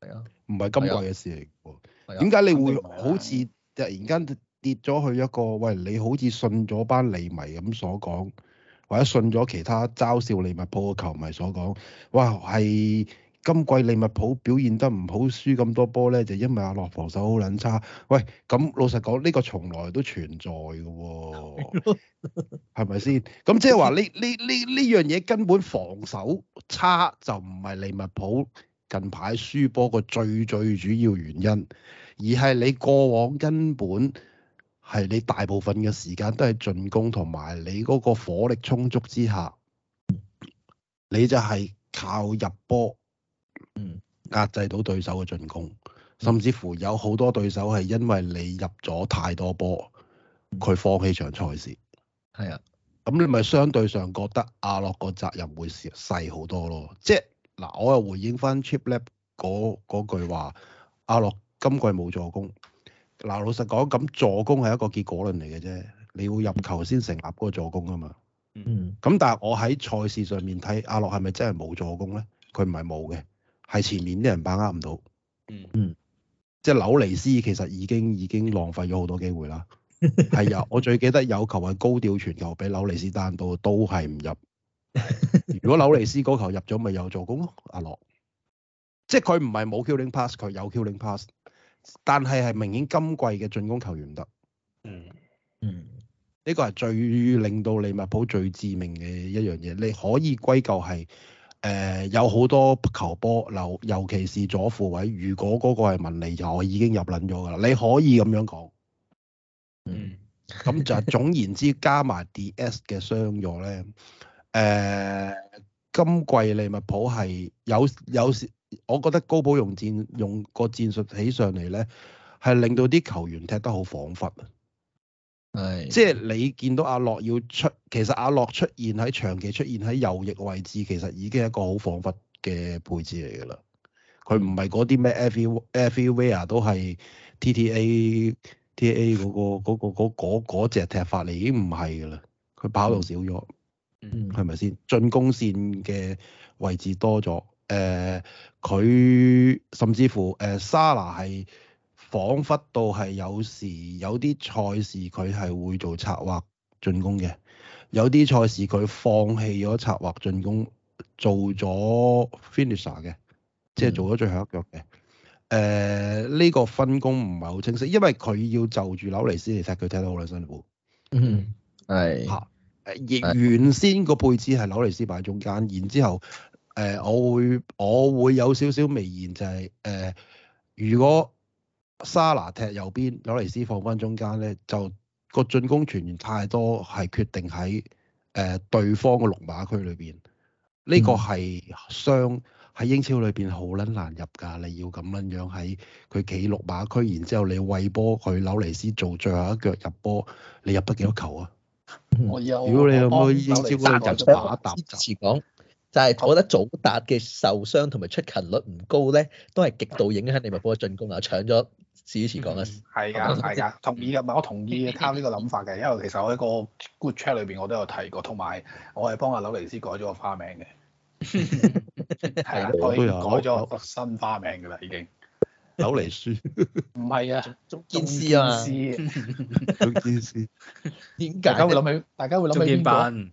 [SPEAKER 1] 係啊，唔係今季嘅事嚟喎。
[SPEAKER 3] 點解、啊、你會
[SPEAKER 1] 好似突然間跌咗去一個？喂，你好似信咗班利迷咁所講，或者信咗其他嘲笑利物浦嘅球迷所講，哇，係。今季利物浦表現得唔好，輸咁多波咧，就因為阿諾防守好撚差。喂，咁老實講，呢個從來都存在嘅喎，係咪先？咁即係話呢呢呢呢樣嘢根本防守差就唔係利物浦近排輸波個最最主要原因，而係你過往根本係你大部分嘅時間都係進攻同埋你嗰個火力充足之下，你就係靠入波。嗯，壓制到對手嘅進攻，嗯、甚至乎有好多對手係因為你入咗太多波，佢、嗯、放棄場賽事。係啊、嗯，咁你咪相對上覺得阿樂個責任會細好多咯。即係嗱，我又回應翻 Cheaplad 嗰句話，阿樂今季冇助攻。嗱，老實講，咁助攻係一個結果論嚟嘅啫，你要入球先成立嗰個助攻啊嘛。嗯，咁、嗯、但係我喺賽事上面睇阿樂係咪真係冇助攻咧？佢唔係冇嘅。係前面啲人把握唔到，嗯、mm，即、hmm. 係紐尼斯其實已經已經浪費咗好多機會啦。係啊， 我最記得有球係高調傳球俾紐尼斯單刀，都係唔入。如果紐尼斯嗰球入咗，咪有助攻咯，阿、啊、樂。即係佢唔係冇 killing pass，佢有 killing pass，但係係明顯今季嘅進攻球員唔得。嗯嗯、mm，呢、hmm. 個係最令到利物浦最致命嘅一樣嘢，你可以歸咎係。誒、呃、有好多球波流，尤其是左副位，如果嗰個係文利友，已經入卵咗㗎啦。你可以咁樣講，嗯，咁 就總言之，加埋 DS 嘅傷咗咧，誒、呃，今季利物浦係有有時我覺得高普用戰用個戰術起上嚟咧，係令到啲球員踢得好恍惚。係，即係你見到阿、啊、洛要出，其實阿、啊、洛出現喺長期出現喺右翼位置，其實已經係一個好恍惚嘅配置嚟㗎啦。佢唔係嗰啲咩 every every player 都係 T T A T A 嗰個嗰隻、嗰個嗰個嗰個嗰個、踢法嚟，已經唔係㗎啦。佢跑路少咗，嗯，係咪先？進攻線嘅位置多咗，誒、呃，佢甚至乎誒沙拿係。呃彷彿到係有時有啲賽事佢係會做策劃進攻嘅，有啲賽事佢放棄咗策劃進攻，做咗 finisher 嘅，即係做咗最後一腳嘅。誒、呃、呢、這個分工唔係好清晰，因為佢要就住紐尼斯嚟踢，佢踢得好撚辛苦。嗯，係。嚇、啊！而原先個配置係紐尼斯擺喺中間，然之後誒、呃，我會我會有少少微言就係、是、誒、呃，如果沙拿踢右邊，紐尼斯放翻中間咧，就個進攻球員太多，係決定喺誒對方嘅六碼區裏邊。呢個係傷喺英超裏邊好捻難入噶。你要咁樣樣喺佢企六碼區，然之後你喂波佢紐尼斯做最後一腳入波，你入得幾多球啊？
[SPEAKER 4] 如果你有冇英超嘅入馬達？堅持講，就係、是、我覺得祖達嘅受傷同埋出勤率唔高咧，都係極度影響利物浦嘅進攻啊！搶咗。試一次講咧，
[SPEAKER 3] 係噶係噶，
[SPEAKER 4] 同意噶，我同意嘅，靠呢個
[SPEAKER 2] 諗法嘅。因為其實我喺個 Good Chat 裏邊我都有提過，同埋我係幫阿柳尼斯改咗個花名嘅，係 改咗個新花名嘅啦，已經柳尼斯，唔 係啊，總建師啊，總
[SPEAKER 3] 建師，點解會諗起，大家會諗起，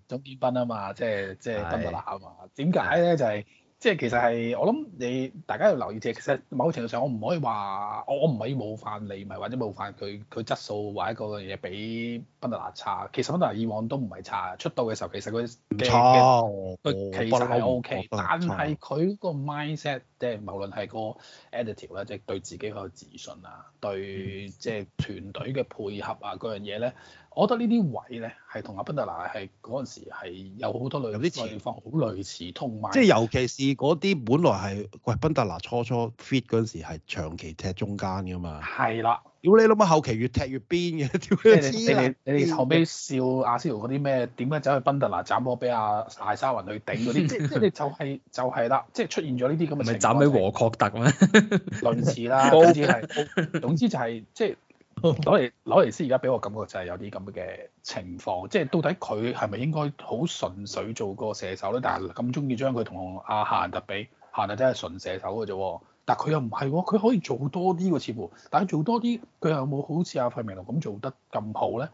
[SPEAKER 2] 總建斌吖嘛，即係即係得㗎啦吖嘛，點解咧，就係即係其實係，我諗你大家要留意嘅，其實某程度上我唔可以話我我唔可以冒犯你，唔係或者冒犯佢佢質素，或者嗰樣嘢比賓特拿差。其實賓特拿以往都唔係差，出道嘅時候其實佢唔錯嘅，差其實係 O K，但係佢個 mindset 即係無論係個 editor 啦，即係對自己個自信啊，對即係團隊嘅配合啊嗰樣嘢咧。我覺得呢啲位咧係同阿賓特拿係嗰陣時係有好多類似情況，好類似通，同埋即係
[SPEAKER 1] 尤其是嗰啲本來係喂賓特拿初初 fit 嗰陣時係
[SPEAKER 2] 長期踢中間噶嘛。係啦。屌你諗下，後期越踢越邊嘅，屌你哋，你哋、啊、後尾笑阿仙奴嗰啲咩點解走去賓特拿斬波俾阿艾沙雲去頂嗰啲，即即係就係、係、就係啦，即係出現咗呢啲咁嘅情況。咪斬喺和確特咩？類似啦，總之係總之就係即係。 攞嚟攞嚟先，而家俾我感覺就係有啲咁嘅情況，即係到底佢係咪應該好純粹做個射手咧？但係咁鍾意將佢同阿夏蘭特比，夏蘭特真係純射手嘅啫。但係佢又唔係、哦，佢可以做多啲喎，似乎。但係做多啲，佢又冇好似阿費明奴咁做得咁好咧？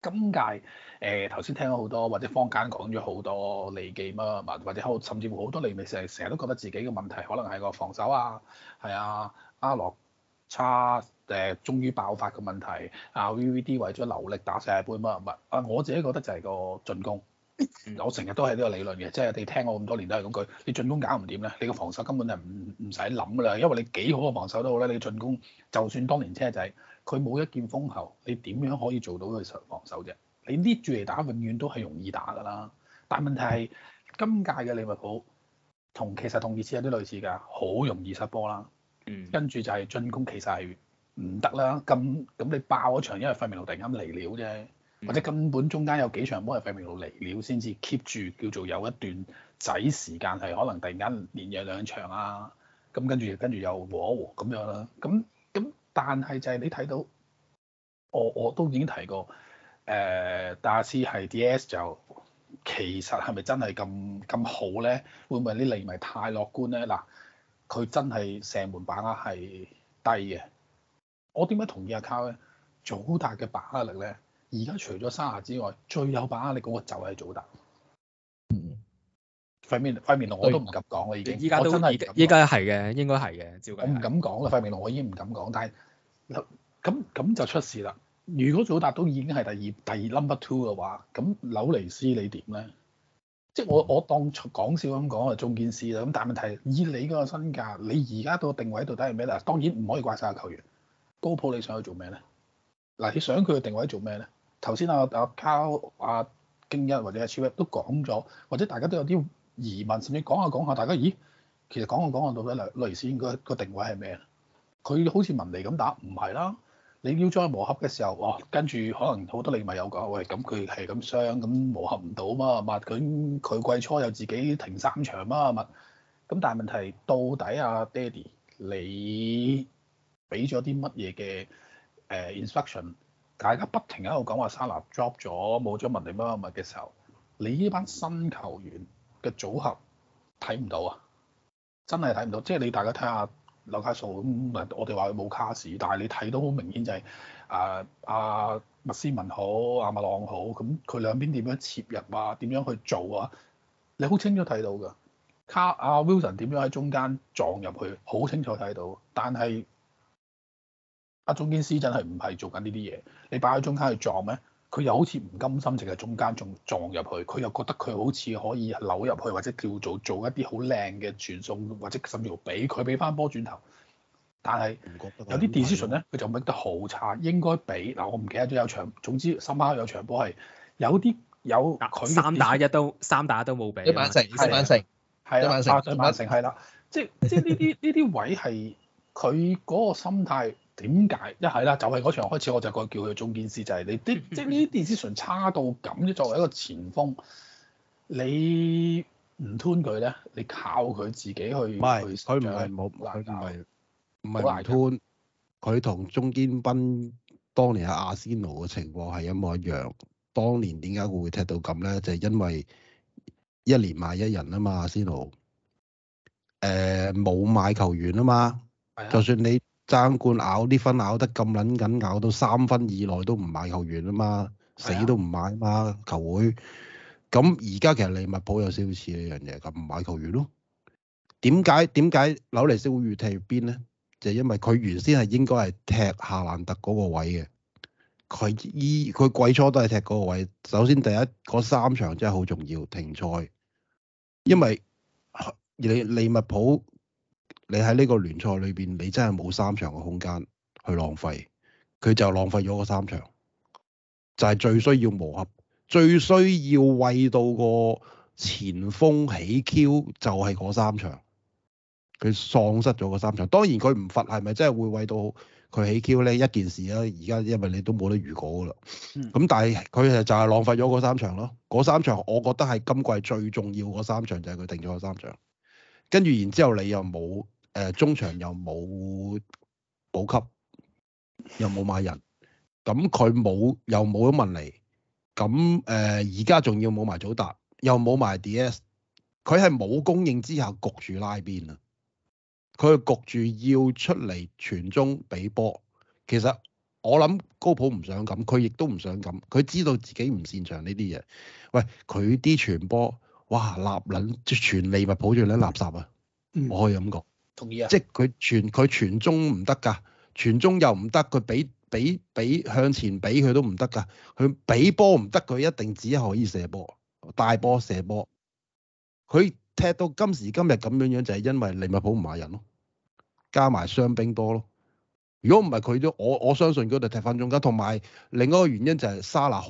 [SPEAKER 2] 今屆誒頭先聽咗好多，或者坊間講咗好多利記乜嘛，或者甚至乎好多利迷係成日都覺得自己嘅問題可能係個防守啊，係啊，阿洛差。誒，終於爆發個問題，阿 VVD 為咗流力打世界杯乜乜，啊我自己覺得就係個進攻，我成日都係呢個理論嘅，即係你聽我咁多年都係咁句，你進攻搞唔掂咧，你個防守根本就唔唔使諗噶啦，因為你幾好嘅防守都好咧，你進攻就算當年車仔，佢冇一劍封喉，你點樣可以做到佢實防守啫？你捏住嚟打，永遠都係容易打噶啦。但問題係今屆嘅利物浦，同其實同熱刺有啲類似㗎，好容易失波啦。跟住就係進攻，其實係。唔得啦！咁咁你爆一場，因為費明路突然間嚟料啫，嗯、或者根本中間有幾場幫佢費明路嚟料先至 keep 住叫做有一段仔時間係可能突然間連贏兩場啊！咁跟住跟住又和和咁樣啦。咁咁但係就係你睇到我我都已經提過誒、呃，達斯係 D.S. 就其實係咪真係咁咁好咧？會唔會你利咪太樂觀咧？嗱，佢真係射門把握係低嘅。我點解同意阿卡 a 咧？祖達嘅把握力咧，而家除咗沙牙之外，最有把握力嗰個就係祖達。嗯。費面費面我都唔敢講啦，已經。依家都依家係嘅，應該係嘅，照計。我唔敢講啦，費面我已經唔敢講，但係。咁咁就出事啦！如果祖達都已經係第二第二 number two 嘅話，咁紐尼斯你點咧？即係我我當講笑咁講，我中件事啦。咁但係問題係，以你嗰個身價，你而家個定位到底係咩咧？當然唔可以怪曬下球員。高普你想去做咩咧？嗱，你想佢嘅定位做咩咧？頭先阿啊，Carl 啊京、啊、一或者阿超 h 都講咗，或者大家都有啲疑問，甚至講下講下，大家咦，其實講下講下到底類類似個個定位係咩？佢好似文尼咁打，唔係啦。你要將佢磨合嘅時候，哇，跟住可能好多你咪有講，喂，咁佢係咁傷，咁磨合唔到嘛？係嘛，咁佢季初又自己停三場嘛？係嘛，咁，但係問題到底阿爹哋你？俾咗啲乜嘢嘅誒 instruction？大家不停喺度講話沙拿 drop 咗，冇咗文尼乜乜嘅時候，你呢班新球員嘅組合睇唔到啊？真係睇唔到，即係你大家睇下紐卡素咁，我哋話佢冇卡士，但係你睇到好明顯就係誒阿麥斯文好，阿麥朗好，咁佢兩邊點樣切入啊？點樣去做啊？你好清楚睇到噶卡阿、uh, Wilson 點樣喺中間撞入去，好清楚睇到，但係。啊，中堅師真係唔係做緊呢啲嘢，你擺喺中間去撞咩？佢又好似唔甘心，淨係中間仲撞入去，佢又覺得佢好似可以扭入去，或者叫做做一啲好靚嘅傳送，或者甚至乎俾佢俾翻波轉頭。但係有啲 decision 咧，佢就揀得好差。應該俾嗱，我唔記得咗有場，總之深坑有場波係有啲有佢三打一都三打都冇俾，一板成二板成，一板成二板成係啦，即係即係呢啲呢啲位係佢嗰個心態。點解一係啦？就係嗰場開始，我就個叫佢中堅師，就係、是、你啲即係呢啲意思，純、就是、差到咁。作為一個前鋒，你唔吞佢咧，你靠佢自己去唔係，佢唔係冇，佢唔係唔係
[SPEAKER 1] 唔吞佢同中堅斌當年阿阿仙奴嘅情況係一模一樣。當年點解會踢到咁咧？就係、是、因為一年買一人啊嘛。阿仙奴誒冇買球員啊嘛。就算的你。爭冠咬啲分咬得咁撚緊，咬到三分以內都唔買球員啊嘛，死都唔買啊嘛，球會。咁而家其實利物浦有少少似呢樣嘢，咁唔買球員咯。點解點解紐尼斯會越踢越邊？咧就係、因為佢原先係應該係踢夏蘭特嗰個位嘅，佢依佢季初都係踢嗰個位。首先第一嗰三場真係好重要，停賽，因為利利物浦。你喺呢個聯賽裏邊，你真係冇三場嘅空間去浪費，佢就浪費咗嗰三場，就係、是、最需要磨合、最需要為到個前鋒起 Q，就係、是、嗰三場，佢喪失咗嗰三場。當然佢唔罰係咪真係會為到佢起 Q 呢一件事啊，而家因為你都冇得預估啦。
[SPEAKER 3] 咁但係
[SPEAKER 1] 佢就係浪費咗嗰三場咯。嗰三場我覺得係今季最重要嗰三,三場，就係佢定咗嗰三場。跟住然之後你又冇。誒中場又冇補給，又冇買人，咁佢冇又冇咗文尼，咁誒而家仲要冇埋祖達，又冇埋 DS，佢係冇供應之下焗住拉邊啊！佢係焗住要出嚟傳中俾波。其實我諗高普唔想咁，佢亦都唔想咁，佢知道自己唔擅長呢啲嘢。喂，佢啲傳波，哇！垃圾，全利物浦住你垃圾啊！嗯、我可以咁講。同意啊，即係佢傳佢傳中唔得㗎，傳中又唔得，佢俾俾俾向前俾佢都唔得㗎，佢俾波唔得，佢一定只可以射波大波射波。佢踢到今時今日咁樣樣，就係因為利物浦唔買人咯，加埋傷兵多咯。如果唔係佢都我我相信佢就踢翻中間，同埋另一個原因就係莎拿好，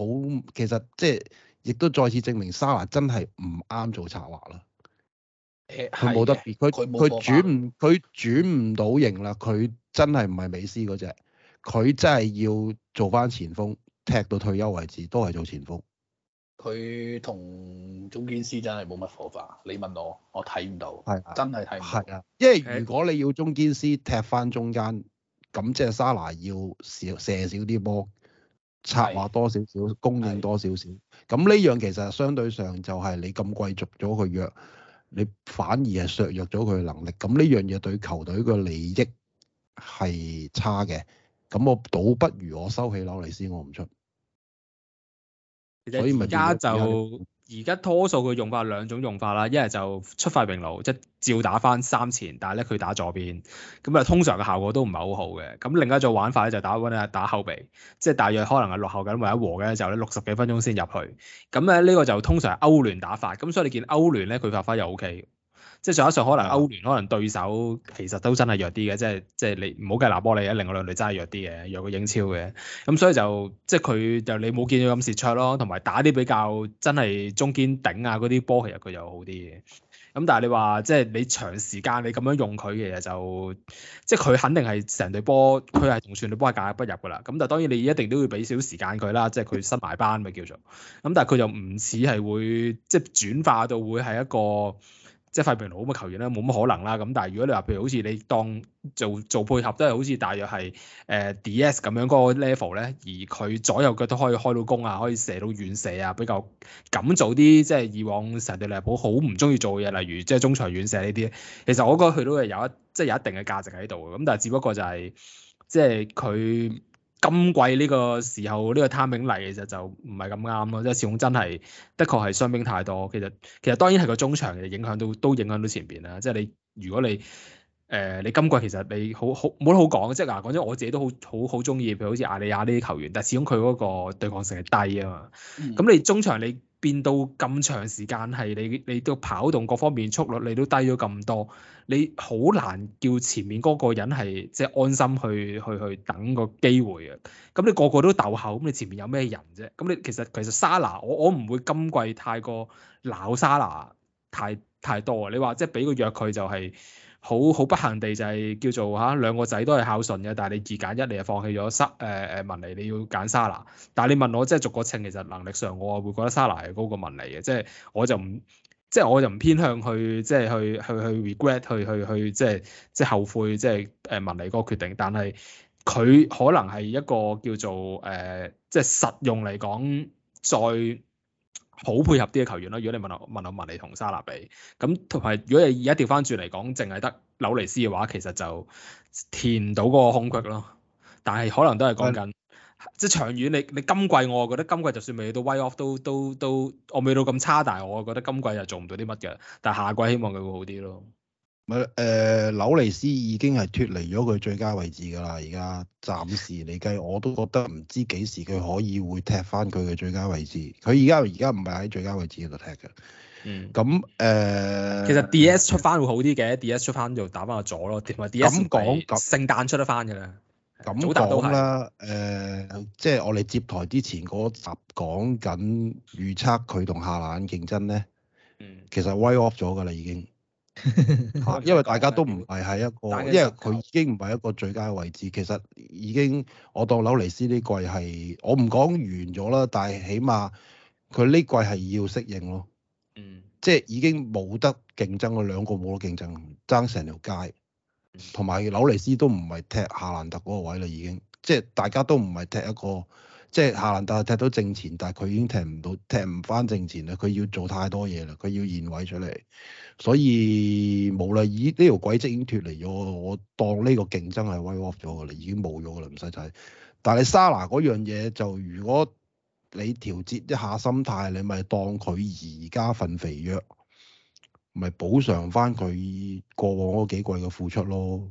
[SPEAKER 1] 其實即係亦都再次證明莎拿真係唔啱做策劃啦。
[SPEAKER 2] 佢冇得別，佢佢轉唔
[SPEAKER 1] 佢轉唔到型啦。佢真係唔係美斯嗰隻，佢真係要做翻前鋒，踢到退休為止都係做前鋒。
[SPEAKER 2] 佢同中堅師真係冇乜火花。你問我，我睇唔到，係真係睇唔到。係啦，
[SPEAKER 1] 因為如果你要中堅師踢翻中間，咁即係沙拿要少射少啲波，策劃多少少，供應多少少。咁呢樣其實相對上就係你咁貴續咗佢約。你反而係削弱咗佢嘅能力，咁呢樣嘢對球隊嘅利益係差嘅，咁我倒不如我收起攞嚟先，我唔出。所以咪而家就。
[SPEAKER 5] 而家多數嘅用法兩種用法啦，一係就出發並路，即係照打翻三前，但係咧佢打左邊，咁啊通常嘅效果都唔係好好嘅。咁另一種玩法咧就打温啊打後備，即係大約可能係落後緊或者和嘅時候咧六十幾分鐘先入去。咁咧呢個就通常歐聯打法，咁所以你見歐聯咧佢發揮又 OK。即上一上可能歐聯可能對手其實都真係弱啲嘅，即係即係你唔好計納波利啊，另外兩隊真係弱啲嘅，弱過英超嘅。咁、嗯、所以就即係佢就你冇見到咁蝕章咯，同埋打啲比較真係中堅頂啊嗰啲波，其實佢又好啲嘅。咁、嗯、但係你話即係你長時間你咁樣用佢，嘅實就即係佢肯定係成隊波，佢係同算你波係格格不入㗎啦。咁、嗯、但係當然你一定都會俾少時間佢啦，即係佢新埋班咪叫做。咁、嗯、但係佢又唔似係會即係轉化到會係一個。即係費明奴咁嘅球員咧，冇乜可能啦。咁但係如果你話，譬如好似你當做做，做配合都係好似大約係誒、呃、DS 咁樣嗰個 level 咧，而佢左右腳都可以開到弓啊，可以射到遠射啊，比較敢做啲即係以往成隊利物浦好唔中意做嘅嘢，例如即係中場遠射呢啲，其實我覺得佢都係有一即係、就是、有一定嘅價值喺度嘅。咁但係只不過就係、是、即係佢。今季呢個時候呢、這個 timing 嚟其實就唔係咁啱咯，即係始終真係的確係傷兵太多。其實其實當然係個中場嘅影響到都影響到前邊啦。即係你如果你誒、呃、你今季其實你好好冇得好講，即係嗱講真我自己都好好好中意，譬如好似阿里亞呢啲球員，但係始終佢嗰個對抗性係低啊嘛。咁、嗯、你中場你。變到咁長時間係你你都跑動各方面速率，你都低咗咁多，你好難叫前面嗰個人係即係安心去去去等個機會啊！咁你個個都鬥口，咁你前面有咩人啫？咁你其實其實沙拿，我我唔會今季太過鬧沙拿太太多啊！你話即係俾個約佢就係、是。好好不幸地就係叫做嚇、啊、兩個仔都係孝順嘅，但係你二揀一，你就放棄咗沙誒誒文尼，你要揀沙拿。但係你問我即係逐個秤，其實能力上我會覺得沙拿係高過文尼嘅，即係我就唔即係我就唔偏向去即係去去去 regret 去去去即係即係後悔即係誒、呃、文尼嗰個決定。但係佢可能係一個叫做誒、呃、即係實用嚟講再。好配合啲嘅球員咯，如果你問我問我，問，我問你同莎娜比，咁同埋如果你而家調翻轉嚟講，淨係得紐尼斯嘅話，其實就填唔到嗰個空隙咯。但係可能都係講緊，嗯、即係長遠你你今季我覺得今季就算未到 way off 都都都，都我未到咁差，但係我覺得今季又做唔到啲乜嘅。但係下季希望佢會好啲咯。
[SPEAKER 1] 咪誒，紐、呃、尼斯已經係脫離咗佢最佳位置噶啦，而家暫時嚟計，我都覺得唔知幾時佢可以會踢翻佢嘅最佳位置。佢而家而家唔係喺最佳位置度踢嘅。嗯。咁誒，呃、其實
[SPEAKER 5] D.S 出翻會好啲嘅，D.S 出翻就打翻個左咯。咁講，聖誕出得翻噶啦。
[SPEAKER 1] 咁講啦，誒、呃，即係我哋接台之前嗰集講緊預測佢同夏蘭競爭咧。嗯。其實 way off 咗噶啦，已經了了。
[SPEAKER 3] 因為大家都唔
[SPEAKER 1] 係喺一個，因為佢已經唔係一個最佳位置。其實已經我當紐尼斯呢季係，我唔講完咗啦。但係起碼佢呢季係要適應咯。嗯，即係已經冇得競爭，佢兩個冇得競爭，爭成條街。同埋紐尼斯都唔係踢夏蘭特嗰個位啦，已經即係大家都唔係踢一個，即係夏蘭特係踢到正前，但係佢已經踢唔到，踢唔翻正前啦。佢要做太多嘢啦，佢要現位出嚟。所以，無論，以呢條軌跡已經脫離咗，我當呢個競爭係 way off 咗㗎啦，已經冇咗㗎啦，唔使睇。但係莎拿嗰樣嘢就，如果你調節一下心態，你咪當佢而家份肥約，咪補償翻佢過往嗰幾季嘅付出咯。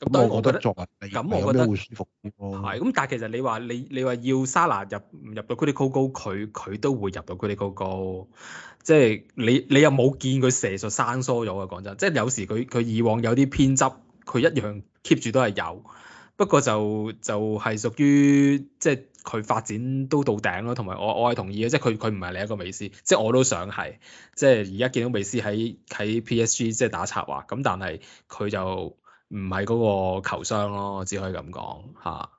[SPEAKER 1] 咁我覺得作咁我覺得，我覺得會舒服啲
[SPEAKER 5] 咯。係，咁但係其實你話你，你話要沙拿入入到佢哋個個，佢佢都會入到佢哋個個，即係你你又冇見佢射術生疏咗啊！講真，即係有時佢佢以往有啲偏執，佢一樣 keep 住都係有。不過就就係屬於即係佢發展都到頂咯。同埋我我係同意嘅，即係佢佢唔係另一個美斯，即係我都想係即係而家見到美斯喺喺 PSG 即係打策劃咁，但係佢就。唔係嗰個球商咯，只可以咁講吓。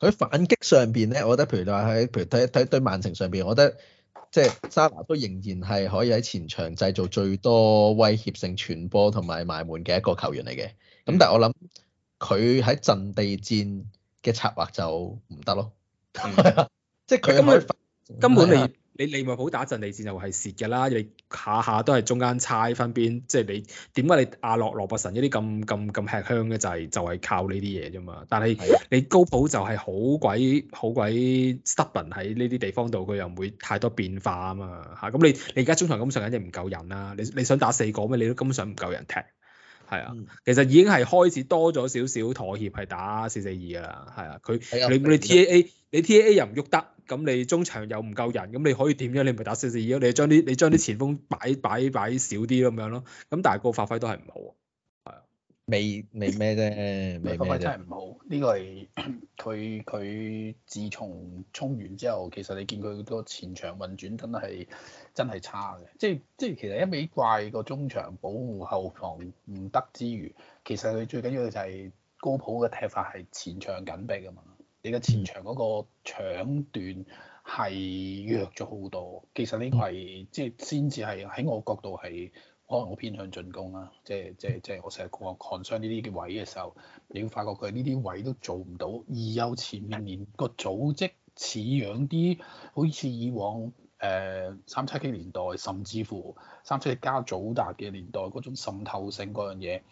[SPEAKER 4] 佢、啊、反擊上邊咧，我覺得譬如話喺譬如睇睇對曼城上邊，我覺得即係沙卡都仍然係可以喺前場製造最多威脅性傳波同埋埋門嘅一個球員嚟嘅。咁但係我諗佢喺陣地戰嘅策劃就唔得咯。嗯、
[SPEAKER 3] 即係佢根本根本你。
[SPEAKER 5] 你利物浦打陣地戰就係蝕嘅啦，你下下都係中間猜分邊，即係你點解你阿諾、羅伯神一啲咁咁咁吃香嘅就係、是、就係、是、靠呢啲嘢啫嘛。但係你高普就係好鬼好鬼 stubborn 喺呢啲地方度，佢又唔會太多變化嘛啊嘛嚇。咁你你而家中場咁上緊，即係唔夠人啦、啊。你你想打四個咩？你都根本上唔夠人踢。係啊，嗯、其實已經係開始多咗少少妥協係打四四二啦。係啊，佢、哎、呀你有有你 T A A 你 T A A 又唔喐得。咁你中場又唔夠人，咁你可以點樣？你咪打四四二咯？你將啲你將啲前鋒擺擺擺，擺少啲咁樣咯。咁但係個發揮都係唔好。係啊，未未咩啫？
[SPEAKER 2] 未發揮真係唔好。呢個係佢佢自從衝完之後，其實你見佢個前場運轉真係真係差嘅。即係即係其實一味怪個中場保護後防唔得之餘，其實佢最緊要嘅就係高普嘅踢法係前場緊逼㗎嘛。你嘅、嗯、前場嗰個搶斷係弱咗好多，嗯、其實呢個係、嗯、即係先至係喺我角度係，可能我偏向進攻啦。即係即係即係我成日講 concern 呢啲嘅位嘅時候，你會發覺佢呢啲位都做唔到，而又前面連個組織似樣啲，好似以往誒、呃、三七 K 年代，甚至乎三七 K 加祖達嘅年代嗰種滲透性嗰樣嘢，誒、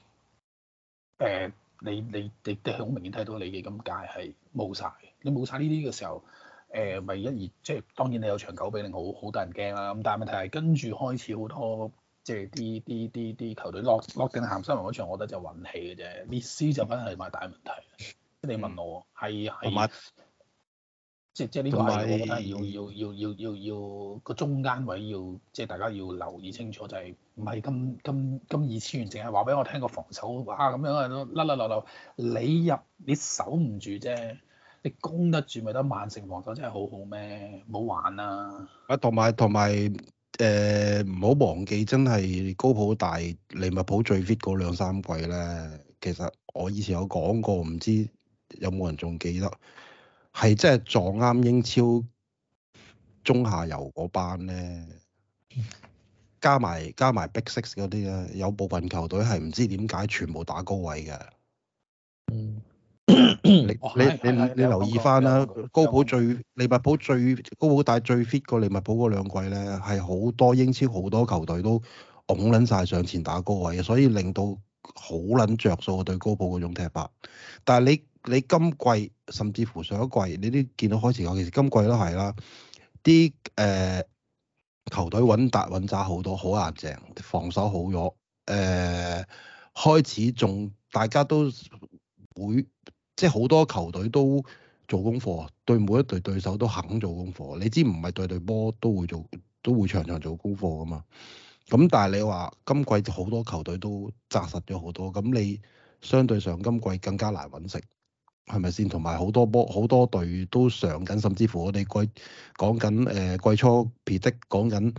[SPEAKER 2] 呃。你你你即係好明顯睇到你嘅咁界係冇晒。你冇晒呢啲嘅時候，誒咪一而即係當然你有場狗比，你好好得人驚啦。咁但係問題係跟住開始好多即係啲啲啲啲球隊落落定咸三環嗰場，我覺得就運氣嘅啫，滅絲就反而係咪大問題？你問我係係，即即係呢個係我覺得要要要要要要個中間位要即係大家要留意清楚就係。唔係咁咁咁二次元，淨係話俾我聽個防守啊咁樣啊甩甩落落，你入你守唔住啫，你攻得住咪得？曼城防守真係好好咩？冇玩啦！
[SPEAKER 1] 啊，同埋同埋誒，唔好忘記真係高普大利物浦最 fit 嗰兩三季咧，其實我以前有講過，唔知有冇人仲記得，係真係撞啱英超中下游嗰班咧。嗯。加埋加埋 big six 嗰啲咧，有部分球隊係唔知點解全部打高位嘅。嗯，哦、 你你你你留意翻啦是，高普最，高普最利物浦最高普，帶最 fit 個利物浦嗰兩季咧，係好多英超好多球隊都拱撚晒上前打高位嘅，所以令到好撚着數個對高普嗰種踢法。但係你你今季甚至乎上一季，你都見到開始講，其實今季都係啦，啲、呃、誒。球隊穩打穩紮好多，好硬淨防守好咗。誒、呃，開始仲大家都會即係好多球隊都做功課，對每一隊對手都肯做功課。你知唔係對對波都會做，都會場場做功課㗎嘛。咁但係你話今季好多球隊都扎實咗好多，咁你相對上今季更加難搵食。係咪先？同埋好多波好多隊都上緊，甚至乎我哋季講緊誒，季初撇的講緊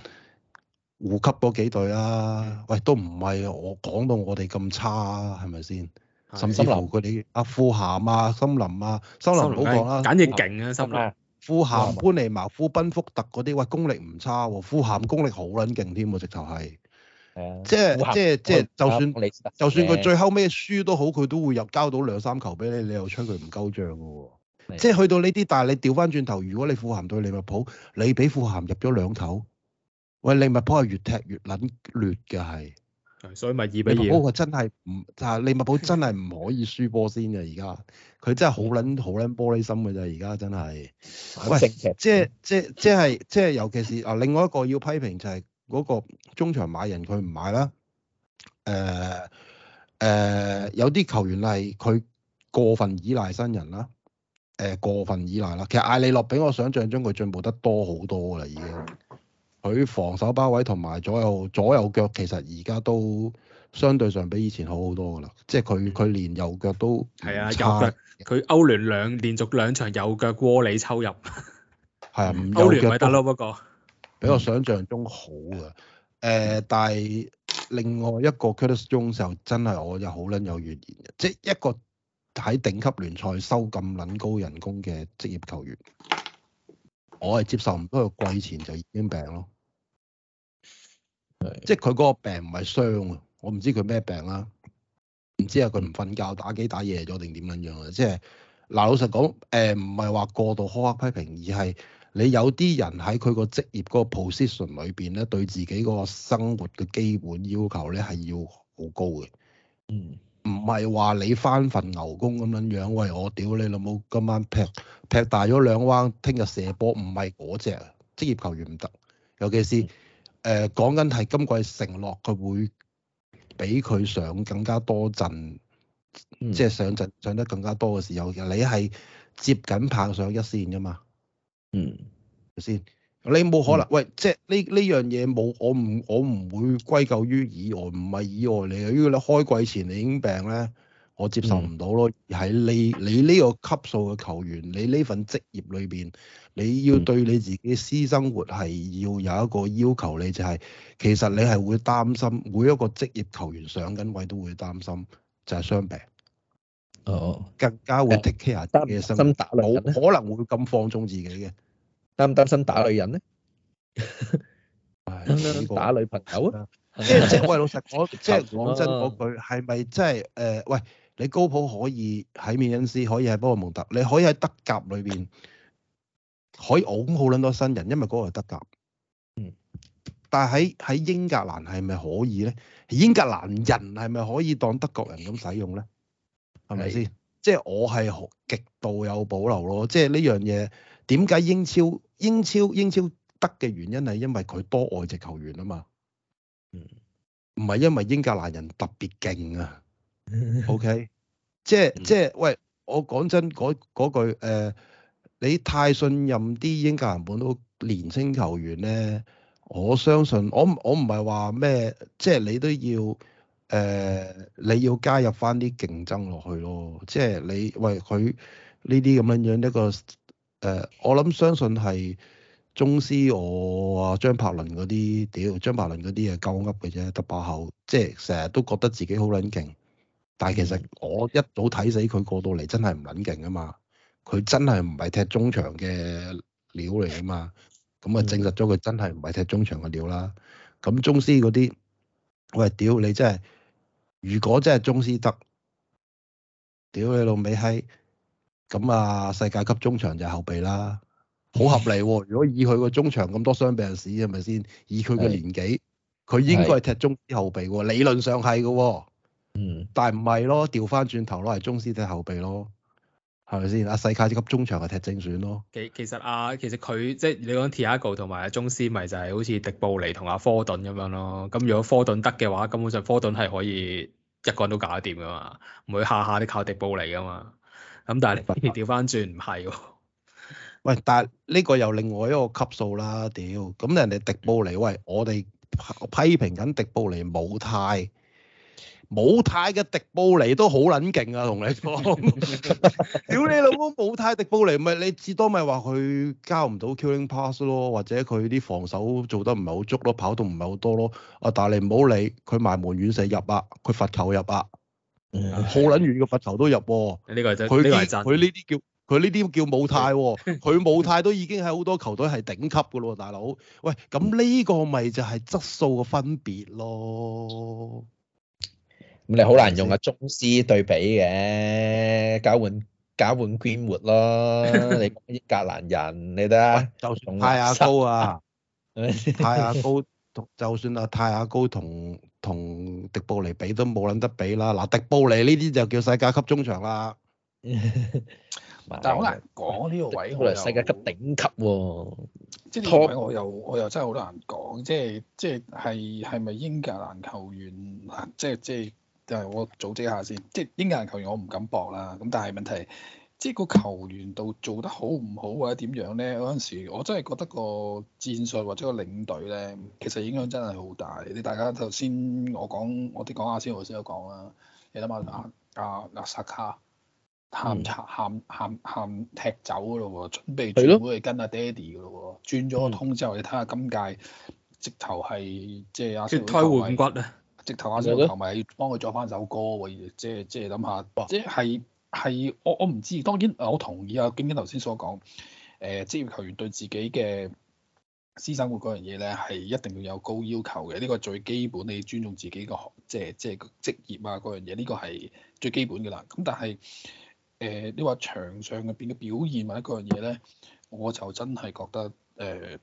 [SPEAKER 1] 護級嗰幾隊啊。喂，都唔係我講到我哋咁差，啊，係咪先？的甚至乎佢哋阿富咸啊、森林啊、森林唔好講啦，簡直勁
[SPEAKER 5] 啊！森林、富咸、潘
[SPEAKER 1] 尼茅夫、賓福特嗰啲喂，功力唔差喎，啊，富咸功力好撚勁添，直頭係。
[SPEAKER 3] 即係即係即係，就算就算佢最
[SPEAKER 1] 後尾輸都好，佢都會入交到兩三球俾你，你又吹佢唔夠脹噶喎。即係去到呢啲，但係你調返轉頭，如果你富咸對利物浦，你俾富咸入咗兩球，喂，利物浦係越踢越撚劣嘅係，
[SPEAKER 5] 所以咪二比二。利物浦真
[SPEAKER 1] 係唔，但係利物浦真係唔可以輸波先嘅而家，佢真係好撚好撚玻璃心嘅啫，而家真係。喂，即係即係即係即係，尤其是啊，另外一個要批評就係、是。嗰個中場買人佢唔買啦，誒、呃、誒、呃、有啲球員係佢過分依賴新人啦，誒、呃、過分依賴啦。其實艾利諾比我想象中佢進步得多好多啦，已經。佢防守包位同埋左右左右腳其實而家都相對上比以前好好多噶啦，即係佢佢連右腳都唔差。係啊，右
[SPEAKER 5] 腳佢歐聯兩連續兩場右腳窩利抽入。
[SPEAKER 1] 係啊，唔歐聯咪得咯，不過。比我想象中好嘅，誒、呃，但係另外一個 c u t 中嘅時候，真係我就好撚有怨言嘅，即係一個喺頂級聯賽收咁撚高人工嘅職業球員，我係接受唔到，佢季前就已經病咯，是的 即係佢嗰個病唔係傷啊，我唔知佢咩病啦，唔知係，佢唔瞓覺打機打夜咗定點撚樣啊，即係嗱、呃，老實講，誒唔係話過度苛刻批評，而係。你有啲人喺佢個職業嗰個 position 裏邊咧，對自己嗰個生活嘅基本要求咧係要好高嘅。嗯，唔係話你翻份牛工咁樣樣，喂我屌你老母，今晚劈劈大咗兩彎，聽日射波唔係嗰隻。職業球員唔得，尤其是誒講緊係今季承諾佢會俾佢上更加多陣，即係、嗯、上陣上得更加多嘅時候，你係接緊拍上一線噶嘛？嗯，先你冇可能、嗯、喂，即係呢呢樣嘢冇，我唔我唔會歸咎於意外，唔係意外你嘅。如果你開季前你已經病咧，我接受唔到咯。喺、嗯、你你呢個級數嘅球員，你呢份職業裏邊，你要對你自己私生活係要有一個要求你，你就係、是、其實你係會擔心，每一個職業球員上緊位都會擔心，就係、是、傷病。
[SPEAKER 4] 哦，更加會 take care 嘅心，擔心打女人冇可能會咁放縱自己嘅，擔唔擔心打女人咧？係打， 打女朋友啊！
[SPEAKER 3] 即 即 喂，
[SPEAKER 1] 老實講， 即講真嗰 句係咪真，係咪即係誒？喂，你高普可以喺美恩斯，可以喺波爾蒙特，你可以喺德甲裏邊可以擁好撚多新人，因為嗰個係德甲。嗯。但係喺喺英格蘭係咪可以咧？英格蘭人係咪可，可以當德國人咁使用咧？係咪先？是是的即係我係極度有保留咯。即係呢樣嘢，點解英超、英超、英超得嘅原因係因為佢多外籍球員啊嘛？唔係 因為英格蘭人特別勁啊？O、okay? K， 即係即係，喂，我講真嗰句，誒、呃，你太信任啲英格蘭本土年輕球員咧，我相信我我唔係話咩，即係你都要。誒、呃，你要加入翻啲競爭落去咯，即係你喂佢呢啲咁樣樣一個誒，我諗相信係宗師我啊張柏倫嗰啲屌張柏倫嗰啲啊夠噏嘅啫，得把口，即係成日都覺得自己好撚勁，但係其實我一早睇死佢過到嚟真係唔撚勁啊嘛，佢真係唔係踢中場嘅料嚟啊嘛，咁啊證實咗佢真係唔係踢中場嘅料啦。咁宗師嗰啲喂屌你真係～如果真係中斯得，屌你老味閪，咁啊世界級中場就後備啦，好合理，哦。 如果以佢個中場咁多傷病史，係咪先？以佢嘅年紀，佢是應該係踢中斯後備，是理論上係㗎。嗯，但係唔係咯，調翻轉頭攞嚟中斯踢後備咯。係咪先？阿世界級中場係踢正選咯。
[SPEAKER 5] 其其實阿、啊、其實佢即係你講 Tiago 同埋阿宗斯，咪就係好似迪布尼同阿科頓咁樣咯。咁如果科頓得嘅話，根本上科頓係可以一個人都搞得掂噶嘛，唔會下下都靠迪布尼噶嘛。咁但係你，喂你反而調翻轉唔係喎。
[SPEAKER 1] 喂，但係呢個又另外一個級數啦，屌！咁人哋迪布尼喂，我哋批評緊迪布尼冇態。武泰嘅迪布尼都好撚勁啊！同你講，屌 你老母！武泰迪布尼咪你至多咪話佢交唔到 killing pass 咯，或者佢啲防守做得唔係好足咯，跑動唔係好多咯。啊，但係你唔好理佢埋門遠射入啊，佢罰球入啊，好撚 遠嘅罰球都入。呢個真，呢個真。佢呢啲叫，佢呢啲叫武泰，佢武泰都已經係好多球隊係頂級嘅咯，大佬。喂，咁呢個咪就係質素嘅分別
[SPEAKER 4] 咯。咁你好難用啊，中師對比嘅，交換交換激活咯，你講英格蘭人，你睇
[SPEAKER 1] 下，泰亞高啊，泰亞高，就算阿泰亞高同同迪布尼比都冇捻得比啦，嗱，迪布尼呢啲就叫世界級中場啦，
[SPEAKER 2] 但係好難講呢個位，佢係世界級頂級喎，托我又我又真係好難講，即係即係係係咪英格蘭球員，即係即係。就係我組織一下先，即係英格蘭球員我唔敢搏啦。咁但係問題，即係個球員度做得好唔好或者點樣咧？嗰陣時我真係覺得個戰術或者個領隊咧，其實影響真係好大。你大家頭先我講，我啲講下先，我先有講啦。你諗下啊，啊，啊阿薩卡喊喊喊喊踢走嗰度喎，準備轉會去跟阿爹哋嗰度喎，轉咗個通之後你睇下今屆直頭係即係阿。脫胎換骨啊！直頭啊！職業幫佢作翻首歌，或即係即係諗下，即係係我我唔知。當然，我同意啊，京一頭先所講，誒職業球員對自己嘅私生活嗰樣嘢咧，係一定要有高要求嘅。呢個最基本，你尊重自己個即係即係職業啊嗰樣嘢，呢個係最基本噶啦。咁但係誒、呃，你話場上入邊嘅表現或者嗰樣嘢咧，我就真係覺得誒。呃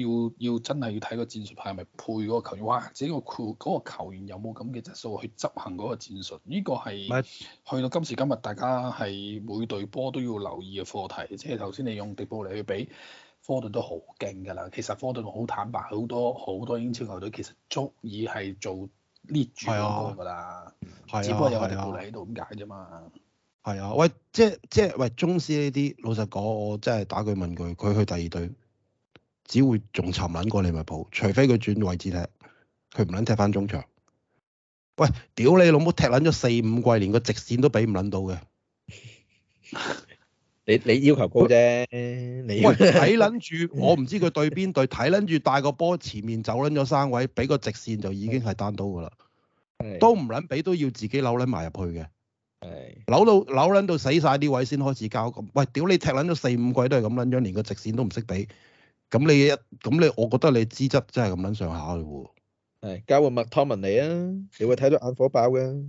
[SPEAKER 2] 要要真係要睇個戰術派係咪配嗰個球員，哇！自己 crew, 個球員有冇咁嘅質素去執行嗰個戰術？呢、這個係是去到今時今日，大家係每隊波都要留意嘅課題。即係頭先你用迪布尼去比科頓都好勁㗎啦。其實科頓好坦白，好多好多英超球隊其實足以係做 lead 住好多㗎啦。啊、只不過有迪布尼喺度咁解啫嘛。
[SPEAKER 1] 係啊，啊，啊，喂，即係即係喂，中斯呢啲老實講，我真係打句問句，佢去第二隊。只會仲沉撚過你咪抱，除非佢轉位置踢，佢唔撚踢翻中場。喂，屌你老母，踢撚咗四五季，連個直線都俾唔撚到嘅。
[SPEAKER 4] 你你要求高啫，你。喂，睇撚
[SPEAKER 1] 住我唔知佢對邊隊，睇撚住帶個波前面走撚咗三位，俾個直線就已經係單刀噶啦，都唔撚俾都要自己扭撚埋入去嘅，扭到扭撚到死晒啲位先開始交。喂，屌你踢撚咗四五季都係咁撚樣，連個直線都唔識俾。咁你一咁你，我覺得你資質真係咁樣上下嘅喎。
[SPEAKER 4] 係交換麥湯文嚟啊！你會睇到眼火爆嘅。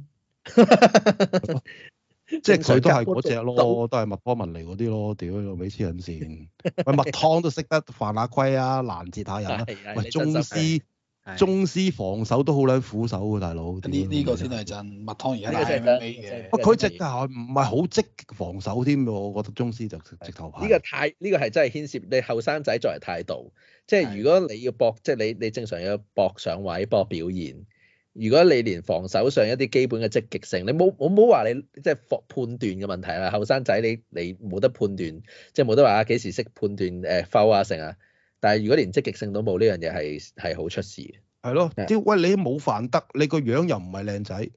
[SPEAKER 4] 即係佢都係嗰隻咯，都係麥
[SPEAKER 1] 波文嚟嗰啲咯。屌，你老味黐撚線。
[SPEAKER 4] 喂，麥湯都
[SPEAKER 1] 識得犯下規啊，攔截他人啦、啊。 喂，宗師。宗斯防守都好撚苦手嘅，大佬。呢呢個先係真麥湯而家呢個正正嘅。佢直頭唔係好積極防守添喎，我覺得宗斯就直頭排。
[SPEAKER 4] 呢個太呢個係真係牽涉你後生仔作為態度，即係如果你要搏，即係你你正常要搏上位、搏表現。如果你連防守上一啲基本嘅積極性，你冇冇冇話你即係判判斷嘅問題啦？後生仔你你冇得判斷，即係冇得話啊幾時識判斷誒摟啊成啊？但係如果連積極性都冇呢樣嘢係係好出事
[SPEAKER 1] 嘅。係咯，即喂你冇飯得，boy, 你個樣、er、又唔係靚仔，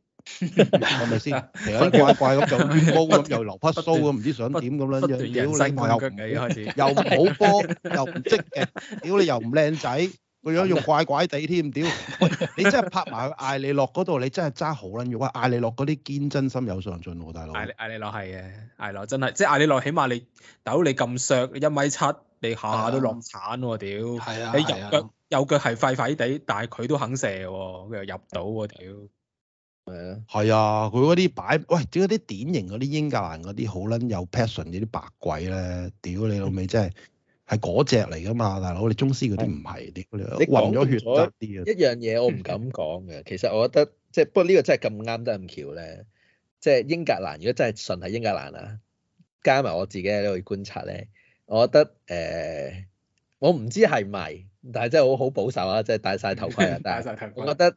[SPEAKER 1] 係咪先？奇奇怪怪咁又冇咁又流匹須咁，唔知想點咁樣，屌你又唔好波又唔積極，屌你又唔靚仔。佢樣用怪怪地添，屌！你真係拍埋艾利落嗰度，你真係揸好撚用喂，艾利落嗰啲堅真心有上進喎、啊，大
[SPEAKER 2] 佬。艾利
[SPEAKER 5] 落係嘅，艾利落真係，即係艾利落起碼你，豆你咁削，h 一米七，你下下都落慘喎、啊啊，屌！係啊。你右腳右腳係廢廢地，但係佢都肯射，佢又入到，屌！
[SPEAKER 1] 係啊。係啊，佢嗰啲擺喂，點解啲典型嗰啲英格蘭嗰啲好撚有 passion 嗰啲白鬼咧？屌你老味真係！ 係嗰隻嚟噶嘛，大佬，你中你我哋宗師嗰啲唔係啲，你混咗
[SPEAKER 4] 血特啲。一樣嘢我唔敢講嘅，其實我覺得即係不過呢個真係咁啱得咁橋咧。即係英，英格蘭，如果真係純係英格蘭啊，加埋我自己喺度去觀察咧，我覺得誒、呃，我唔知係咪，但係真係好好保守啊，即係戴晒頭盔啊，戴晒頭盔。我覺得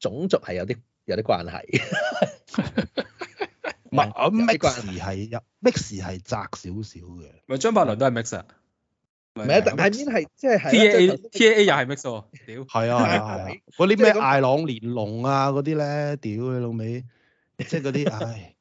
[SPEAKER 4] 種族係有啲有啲關係。mix 係入 mix 係窄少少嘅。咪張柏倫都係 mix 啊。唔係
[SPEAKER 1] 啊，但係面係即係係，T A A T
[SPEAKER 5] A 又係 mix 喎，屌，係啊係啊，
[SPEAKER 1] 嗰啲咩艾朗連龍啊嗰啲咧，屌你老味，即係嗰啲唉，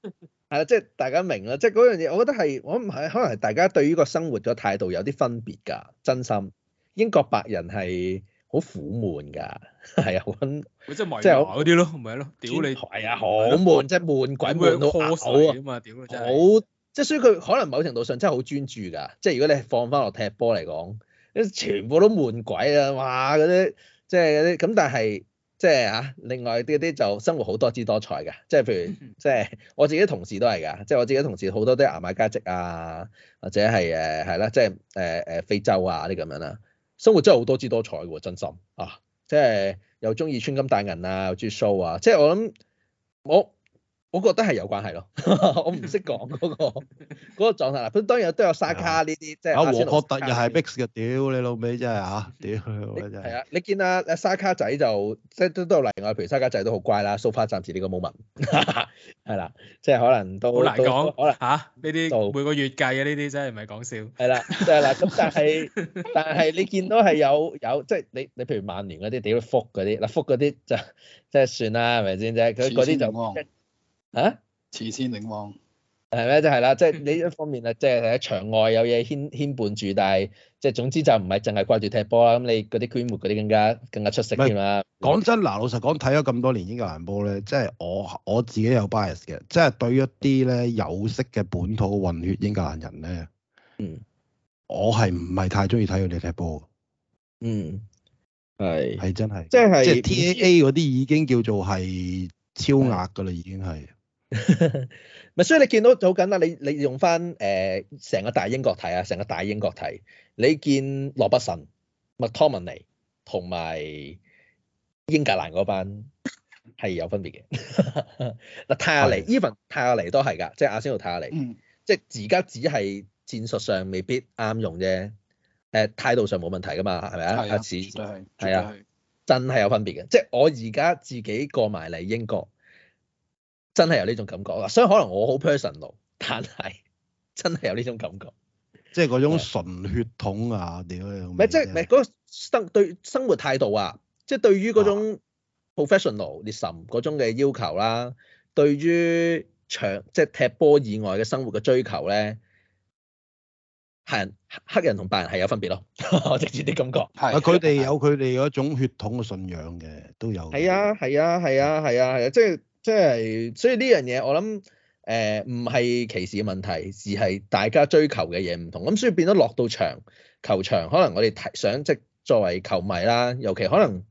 [SPEAKER 1] 係
[SPEAKER 4] 啊，即係大家明啦，即係嗰樣嘢，我覺得係我唔係，可能係大家對於個生活嘅態度有啲分別噶，真心。英國白人係好苦悶噶，係啊，好即係即係嗰啲咯，咪
[SPEAKER 5] 咯，屌你係啊，好悶，即係
[SPEAKER 4] 悶鬼悶到嘔啊，點啊真係。即係所以佢可能某程度上真係好專注㗎，即係如果你放翻落踢波嚟講，啲全部都悶鬼啊！哇，嗰啲即係嗰啲咁，但係即係啊，另外啲啲就生活好多姿多彩㗎，即係譬如即係我自己同事都係㗎，即係我自己同事好多都牙買加籍啊，或者係誒係啦，即係誒誒非洲啊啲咁樣啦，生活真係好多姿多彩㗎喎，真心啊！即係又中意穿金戴銀啊，又中意 show 啊，即係我諗我。我覺得係有關係咯， 我唔識講嗰個嗰個狀態啦。佢 當然都有沙卡呢啲，即係阿沃特又係 mix 嘅。屌你老味真係嚇，屌我真係。係啊，你見啊，阿沙卡仔就即係都都有例外，譬如沙卡仔都好乖啦，so far 暫時呢個
[SPEAKER 3] moment。
[SPEAKER 4] 係啦，即係可能都
[SPEAKER 5] 好難講，啊，好能嚇呢啲每個月計嘅呢啲真係唔係講笑。
[SPEAKER 4] 係 啦，係啦，咁但係但係你見到係有有即係你你譬如曼聯嗰啲屌福嗰啲嗱福嗰啲就即係算啦，係咪先即啫？佢嗰啲就。啊！慈善凝望係咩？就係啦，即係呢一方面啊，即係喺場外有嘢牽牽絆住，但係即係總之就唔係淨係掛住踢波啦。咁你嗰啲專業嗰啲更加更加出色添啦。講真嗱，老實講，
[SPEAKER 1] 睇咗咁多年英格蘭波咧，即係我我自己有 bias 嘅，即係對一啲咧有色嘅本土混血英格蘭人咧，嗯，我係唔係太中意睇佢哋踢波，嗯，係係真係，即係即係 T A A 嗰啲已經叫做係超額噶啦，已經係。
[SPEAKER 4] 咪 所以你見到就好緊啦，你你用翻誒成個大英國睇啊，成個大英國睇，你見羅伯臣、麥托文尼同埋英格蘭嗰班係有分別嘅。嗱 泰亞尼、伊文泰亞尼都係㗎，即係阿仙奴泰亞尼，即係而家只係戰術上未必啱用啫。誒、呃、態度上冇問題㗎嘛，係咪啊？係啊，絕對、就係、啊，真係、啊、有分別嘅。即係我而家自己過埋嚟英國。真係有呢種感覺啊！所以可能我好 personal，但係真係有呢種感覺。感覺即係嗰種純血統啊！屌是，唔係即係唔係嗰個生對生活態度啊！即係對於嗰種 professional、listen 嗰種嘅要求啦、啊，啊、對於長即係、就是、踢波以外嘅生活嘅追求咧，黑人黑人同白人係有分別咯。 我直接啲感覺
[SPEAKER 1] 係佢哋有佢哋嗰種血統嘅信仰嘅都有。
[SPEAKER 4] 係啊係啊係啊係啊！即係、啊。即係、就是，所以呢樣嘢我諗，誒唔係歧視問題，而係大家追求嘅嘢唔同。咁所以變咗落到場，球場可能我哋睇想即作為球迷啦，尤其可能誒、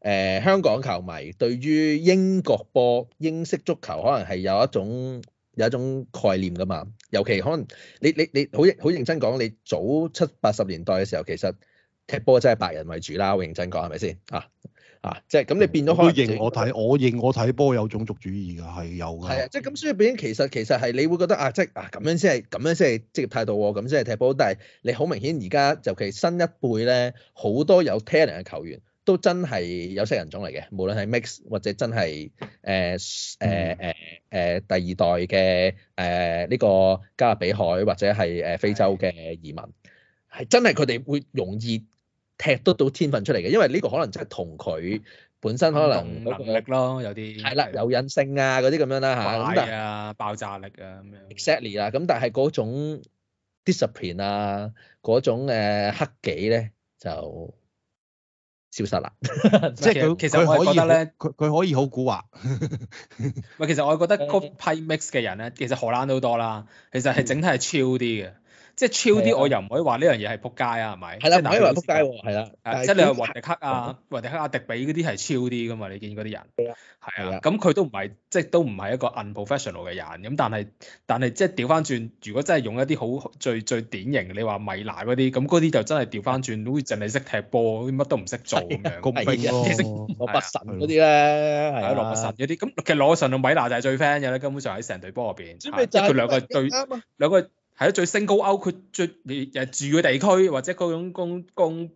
[SPEAKER 4] 呃、香港球迷對於英國波、英式足球可能係有一種有一種概念㗎嘛。尤其可能你你你好好認真講，你早七八十年代嘅時候，其實踢波真係白人為主啦。好認真講係咪先啊？啊！即係咁，你變咗開、就是。我認我睇，我
[SPEAKER 1] 認我睇波有種族主義㗎，
[SPEAKER 4] 係有嘅。係啊，即係咁，所以變其實其實係你會覺得啊，即啊咁樣先係咁樣先係職業態度喎，咁先係踢波。但係你好明顯而家尤其新一輩咧，好多有 talent 嘅球員都真係有色人種嚟嘅，無論係 mix 或者真係誒誒誒誒第二代嘅誒呢個加勒比海或者係誒非洲嘅移民，係真係佢哋會容易，踢得到天分出嚟嘅，因為呢個可能就係同佢本身可能、那個、能力咯，有啲係啦，有隱性啊嗰啲咁樣啦嚇，咁係啊
[SPEAKER 5] 爆炸力啊咁
[SPEAKER 4] 樣。Exactly 啦，咁但係嗰種 discipline 啊，嗰種黑幾咧就消失啦。 即係佢， 其實我係覺得咧，佢佢可以好古惑，
[SPEAKER 5] 唔 其實我係覺得嗰批 mix 嘅人咧，其實荷蘭都好多啦，其實係整體係超啲嘅。即係超啲，我又唔可以話呢樣嘢係撲街啊，係咪？係啦，嗱，唔可以話撲街喎，係啦。即係你話華迪克啊，華迪克阿迪比嗰啲係超啲噶嘛？你見嗰啲人係啊，咁佢都唔係即係都唔係一個 unprofessional 嘅人。咁但係但係即係調翻轉，如果真係用一啲好最最典型，你話米娜嗰啲，咁嗰啲就真係調翻轉，好似淨係識踢波，乜都唔識做咁樣。高兵啊，羅伯臣嗰啲咧，係啊，羅伯臣嗰啲咁，其實羅伯臣同米娜就係最 friend 嘅咧，根本上喺成隊波入邊，即係佢兩個對兩個。係咯，最升高歐，括最誒住嘅地區或者嗰種公公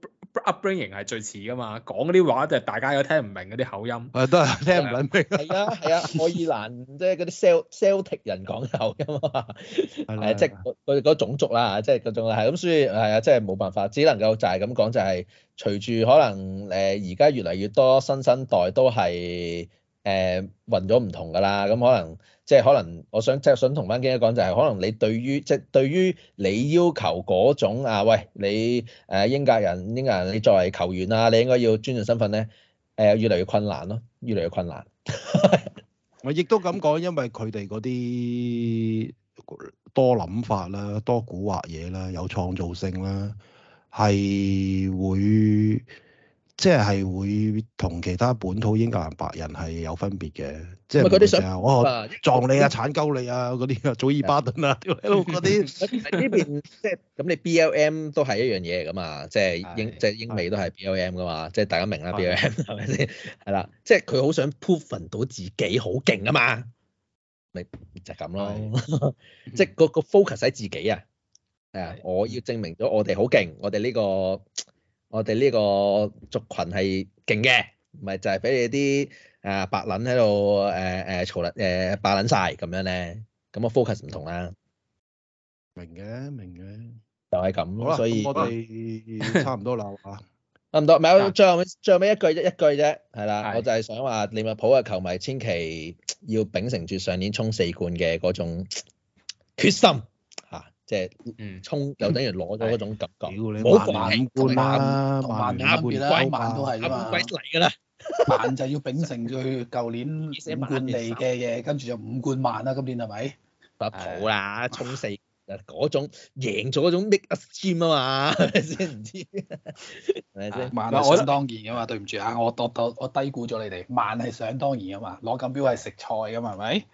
[SPEAKER 5] upbringing 係最似噶嘛，講嗰啲話就大家有聽唔明嗰啲口音，誒都
[SPEAKER 4] 係聽唔明。係啊係啊，愛爾蘭即係嗰啲 Celtic 人講嘅口音啊，誒即係佢嗰種族啦，即係嗰種係咁，所以係啊，即係冇辦法，只能夠就係咁講，就係隨住可能誒而家越嚟越多新生代都係誒混咗唔同噶啦，咁可能。即係可能，我想即係想同班記者講就係，可能你對於即係對於你要求嗰種啊，喂，你誒英格人英格人，你作為球員啊，你應該要尊重身份咧，誒越嚟越困難咯，越嚟越困難。
[SPEAKER 1] 我亦都咁講，因為佢哋嗰啲多諗法啦，多蠱惑嘢啦，有創造性啦，係會。即係會同其他本土英格蘭白人係有分別嘅，即係唔同嘅。想撞你啊，鏟鳩你啊，嗰啲啊，祖爾巴頓
[SPEAKER 4] 啊，嗰啲。呢邊即係咁，你 B L M 都係一樣嘢嚟噶嘛？即係英即係英美都係 B L M 噶嘛？即係大家明啦，B L M 係咪先？係啦，即係佢好想 prove 翻到自己好勁啊嘛！咪就係咁咯，即係嗰個 focus 喺自己啊！係我要證明咗我哋好勁，我哋呢個。我哋呢個族群係勁嘅，唔係就係俾你啲啊白撚喺度誒誒嘈啦誒白撚晒。咁樣咧，咁、嗰個 focus 唔同啦。
[SPEAKER 1] 明嘅，
[SPEAKER 4] 明嘅，就係咁咯。所以我哋
[SPEAKER 1] 差
[SPEAKER 4] 唔多啦嚇， 差唔多，咪有最後尾最後尾一句啫一句啫，係啦，的我就係想話利物浦嘅球迷千祈要秉承住上年衝四冠嘅嗰種決心。即係唔衝就等於攞咗嗰種感覺，冇萬貫
[SPEAKER 2] 啦，萬啊，啦，萬都係，貴嚟㗎啦，萬就要秉承住舊年五冠嚟嘅嘢，跟住就五冠萬啦，今年係咪？不討
[SPEAKER 3] 啦，
[SPEAKER 4] 衝四！嗱嗰種贏咗嗰種 make 啊嘛，係咪唔知係咪
[SPEAKER 2] 先？萬係想當然嘅嘛，對唔住啊，我我我低估咗你哋，萬係想當然嘅嘛，攞錦標係食菜㗎嘛，係咪？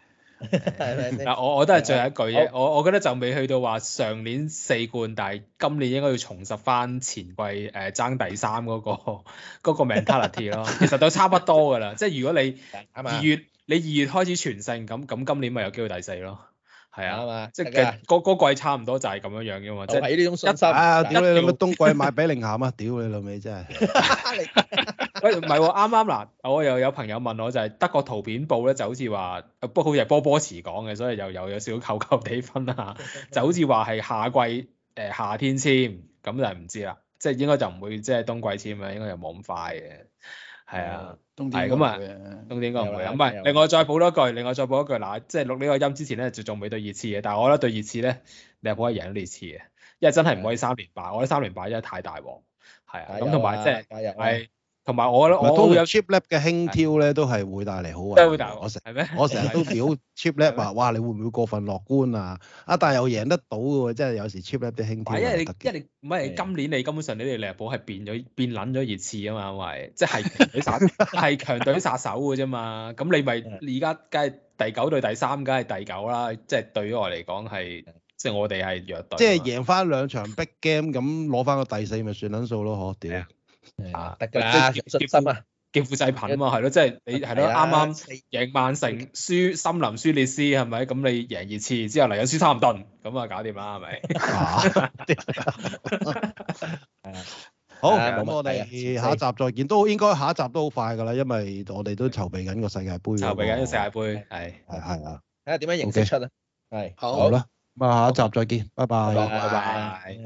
[SPEAKER 2] 嗱
[SPEAKER 5] 我我都係最後一句啫，我我覺得就未去到話上年四冠，但係今年應該要重拾翻前季誒爭第三嗰個嗰個 mentality 咯，其實都差不多噶啦，即係如果你二月你二月開始全勝，咁咁今年咪有機會第四咯，係啊嘛，即係個季差唔多就係咁樣樣嘅嘛，即係依啲種信心。啊屌你老味！
[SPEAKER 1] 冬季買畀凌鹹啊！屌你老味，真係。
[SPEAKER 5] 喂，唔係喎，啱啱嗱，我又有朋友問我就係德國圖片報咧，就好似話，不好似波波池講嘅，所以又又有少少扣扣地分啊，就好似話係夏季，誒、呃、夏天簽，咁就唔知啦，即係應該就唔會即係冬季簽啦，應該又冇咁快嘅，係啊，啊，冬天唔會、啊，冬天應該唔會啊，唔係，不另外再補多句，另外再補一句嗱、啊，即係錄呢個音之前咧，就仲未對熱刺嘅，但係我覺得對熱刺咧，你係可以贏咗熱刺嘅，因為真係唔可以三連敗，啊啊、我覺得三連敗真係太大鑊，係啊，咁同埋即係係。同埋我咧，我都有
[SPEAKER 1] Cheaplad 嘅輕挑咧，都係會帶嚟好
[SPEAKER 5] 運。我成，係咩？我成日都屌
[SPEAKER 1] Cheaplad 話，哇！你會唔會過分樂觀啊？啊，但係又贏得到嘅喎，即係有時 Cheaplad 嘅輕挑。因為你，因
[SPEAKER 5] 為你唔係今年你根本上你哋利物浦係變咗變撚咗熱刺啊嘛，因為即係隊殺係強隊殺手嘅啫嘛。咁你咪而家梗係第九對第三，梗係第九啦。即係對於我嚟講係，即係我哋係弱隊。即係
[SPEAKER 1] 贏翻兩場 big game 咁攞翻個第四咪算撚數咯？可屌！
[SPEAKER 5] 啊，得噶啦，
[SPEAKER 1] 劫富濟貧啊，係咯，即係你
[SPEAKER 5] 係咯，啱啱贏曼城，輸森林，輸列斯係咪？咁你贏熱刺之後嚟緊輸三頓，咁啊搞掂啦，係咪？
[SPEAKER 1] 好，咁我哋下一集再見，都應該下一集都好快噶啦，因為我哋都籌備緊個世界盃，籌備緊個世
[SPEAKER 4] 界盃，係係係啊，睇下點樣形式出咧，係好好啦，
[SPEAKER 1] 咁啊下一集再見，拜拜，拜
[SPEAKER 4] 拜。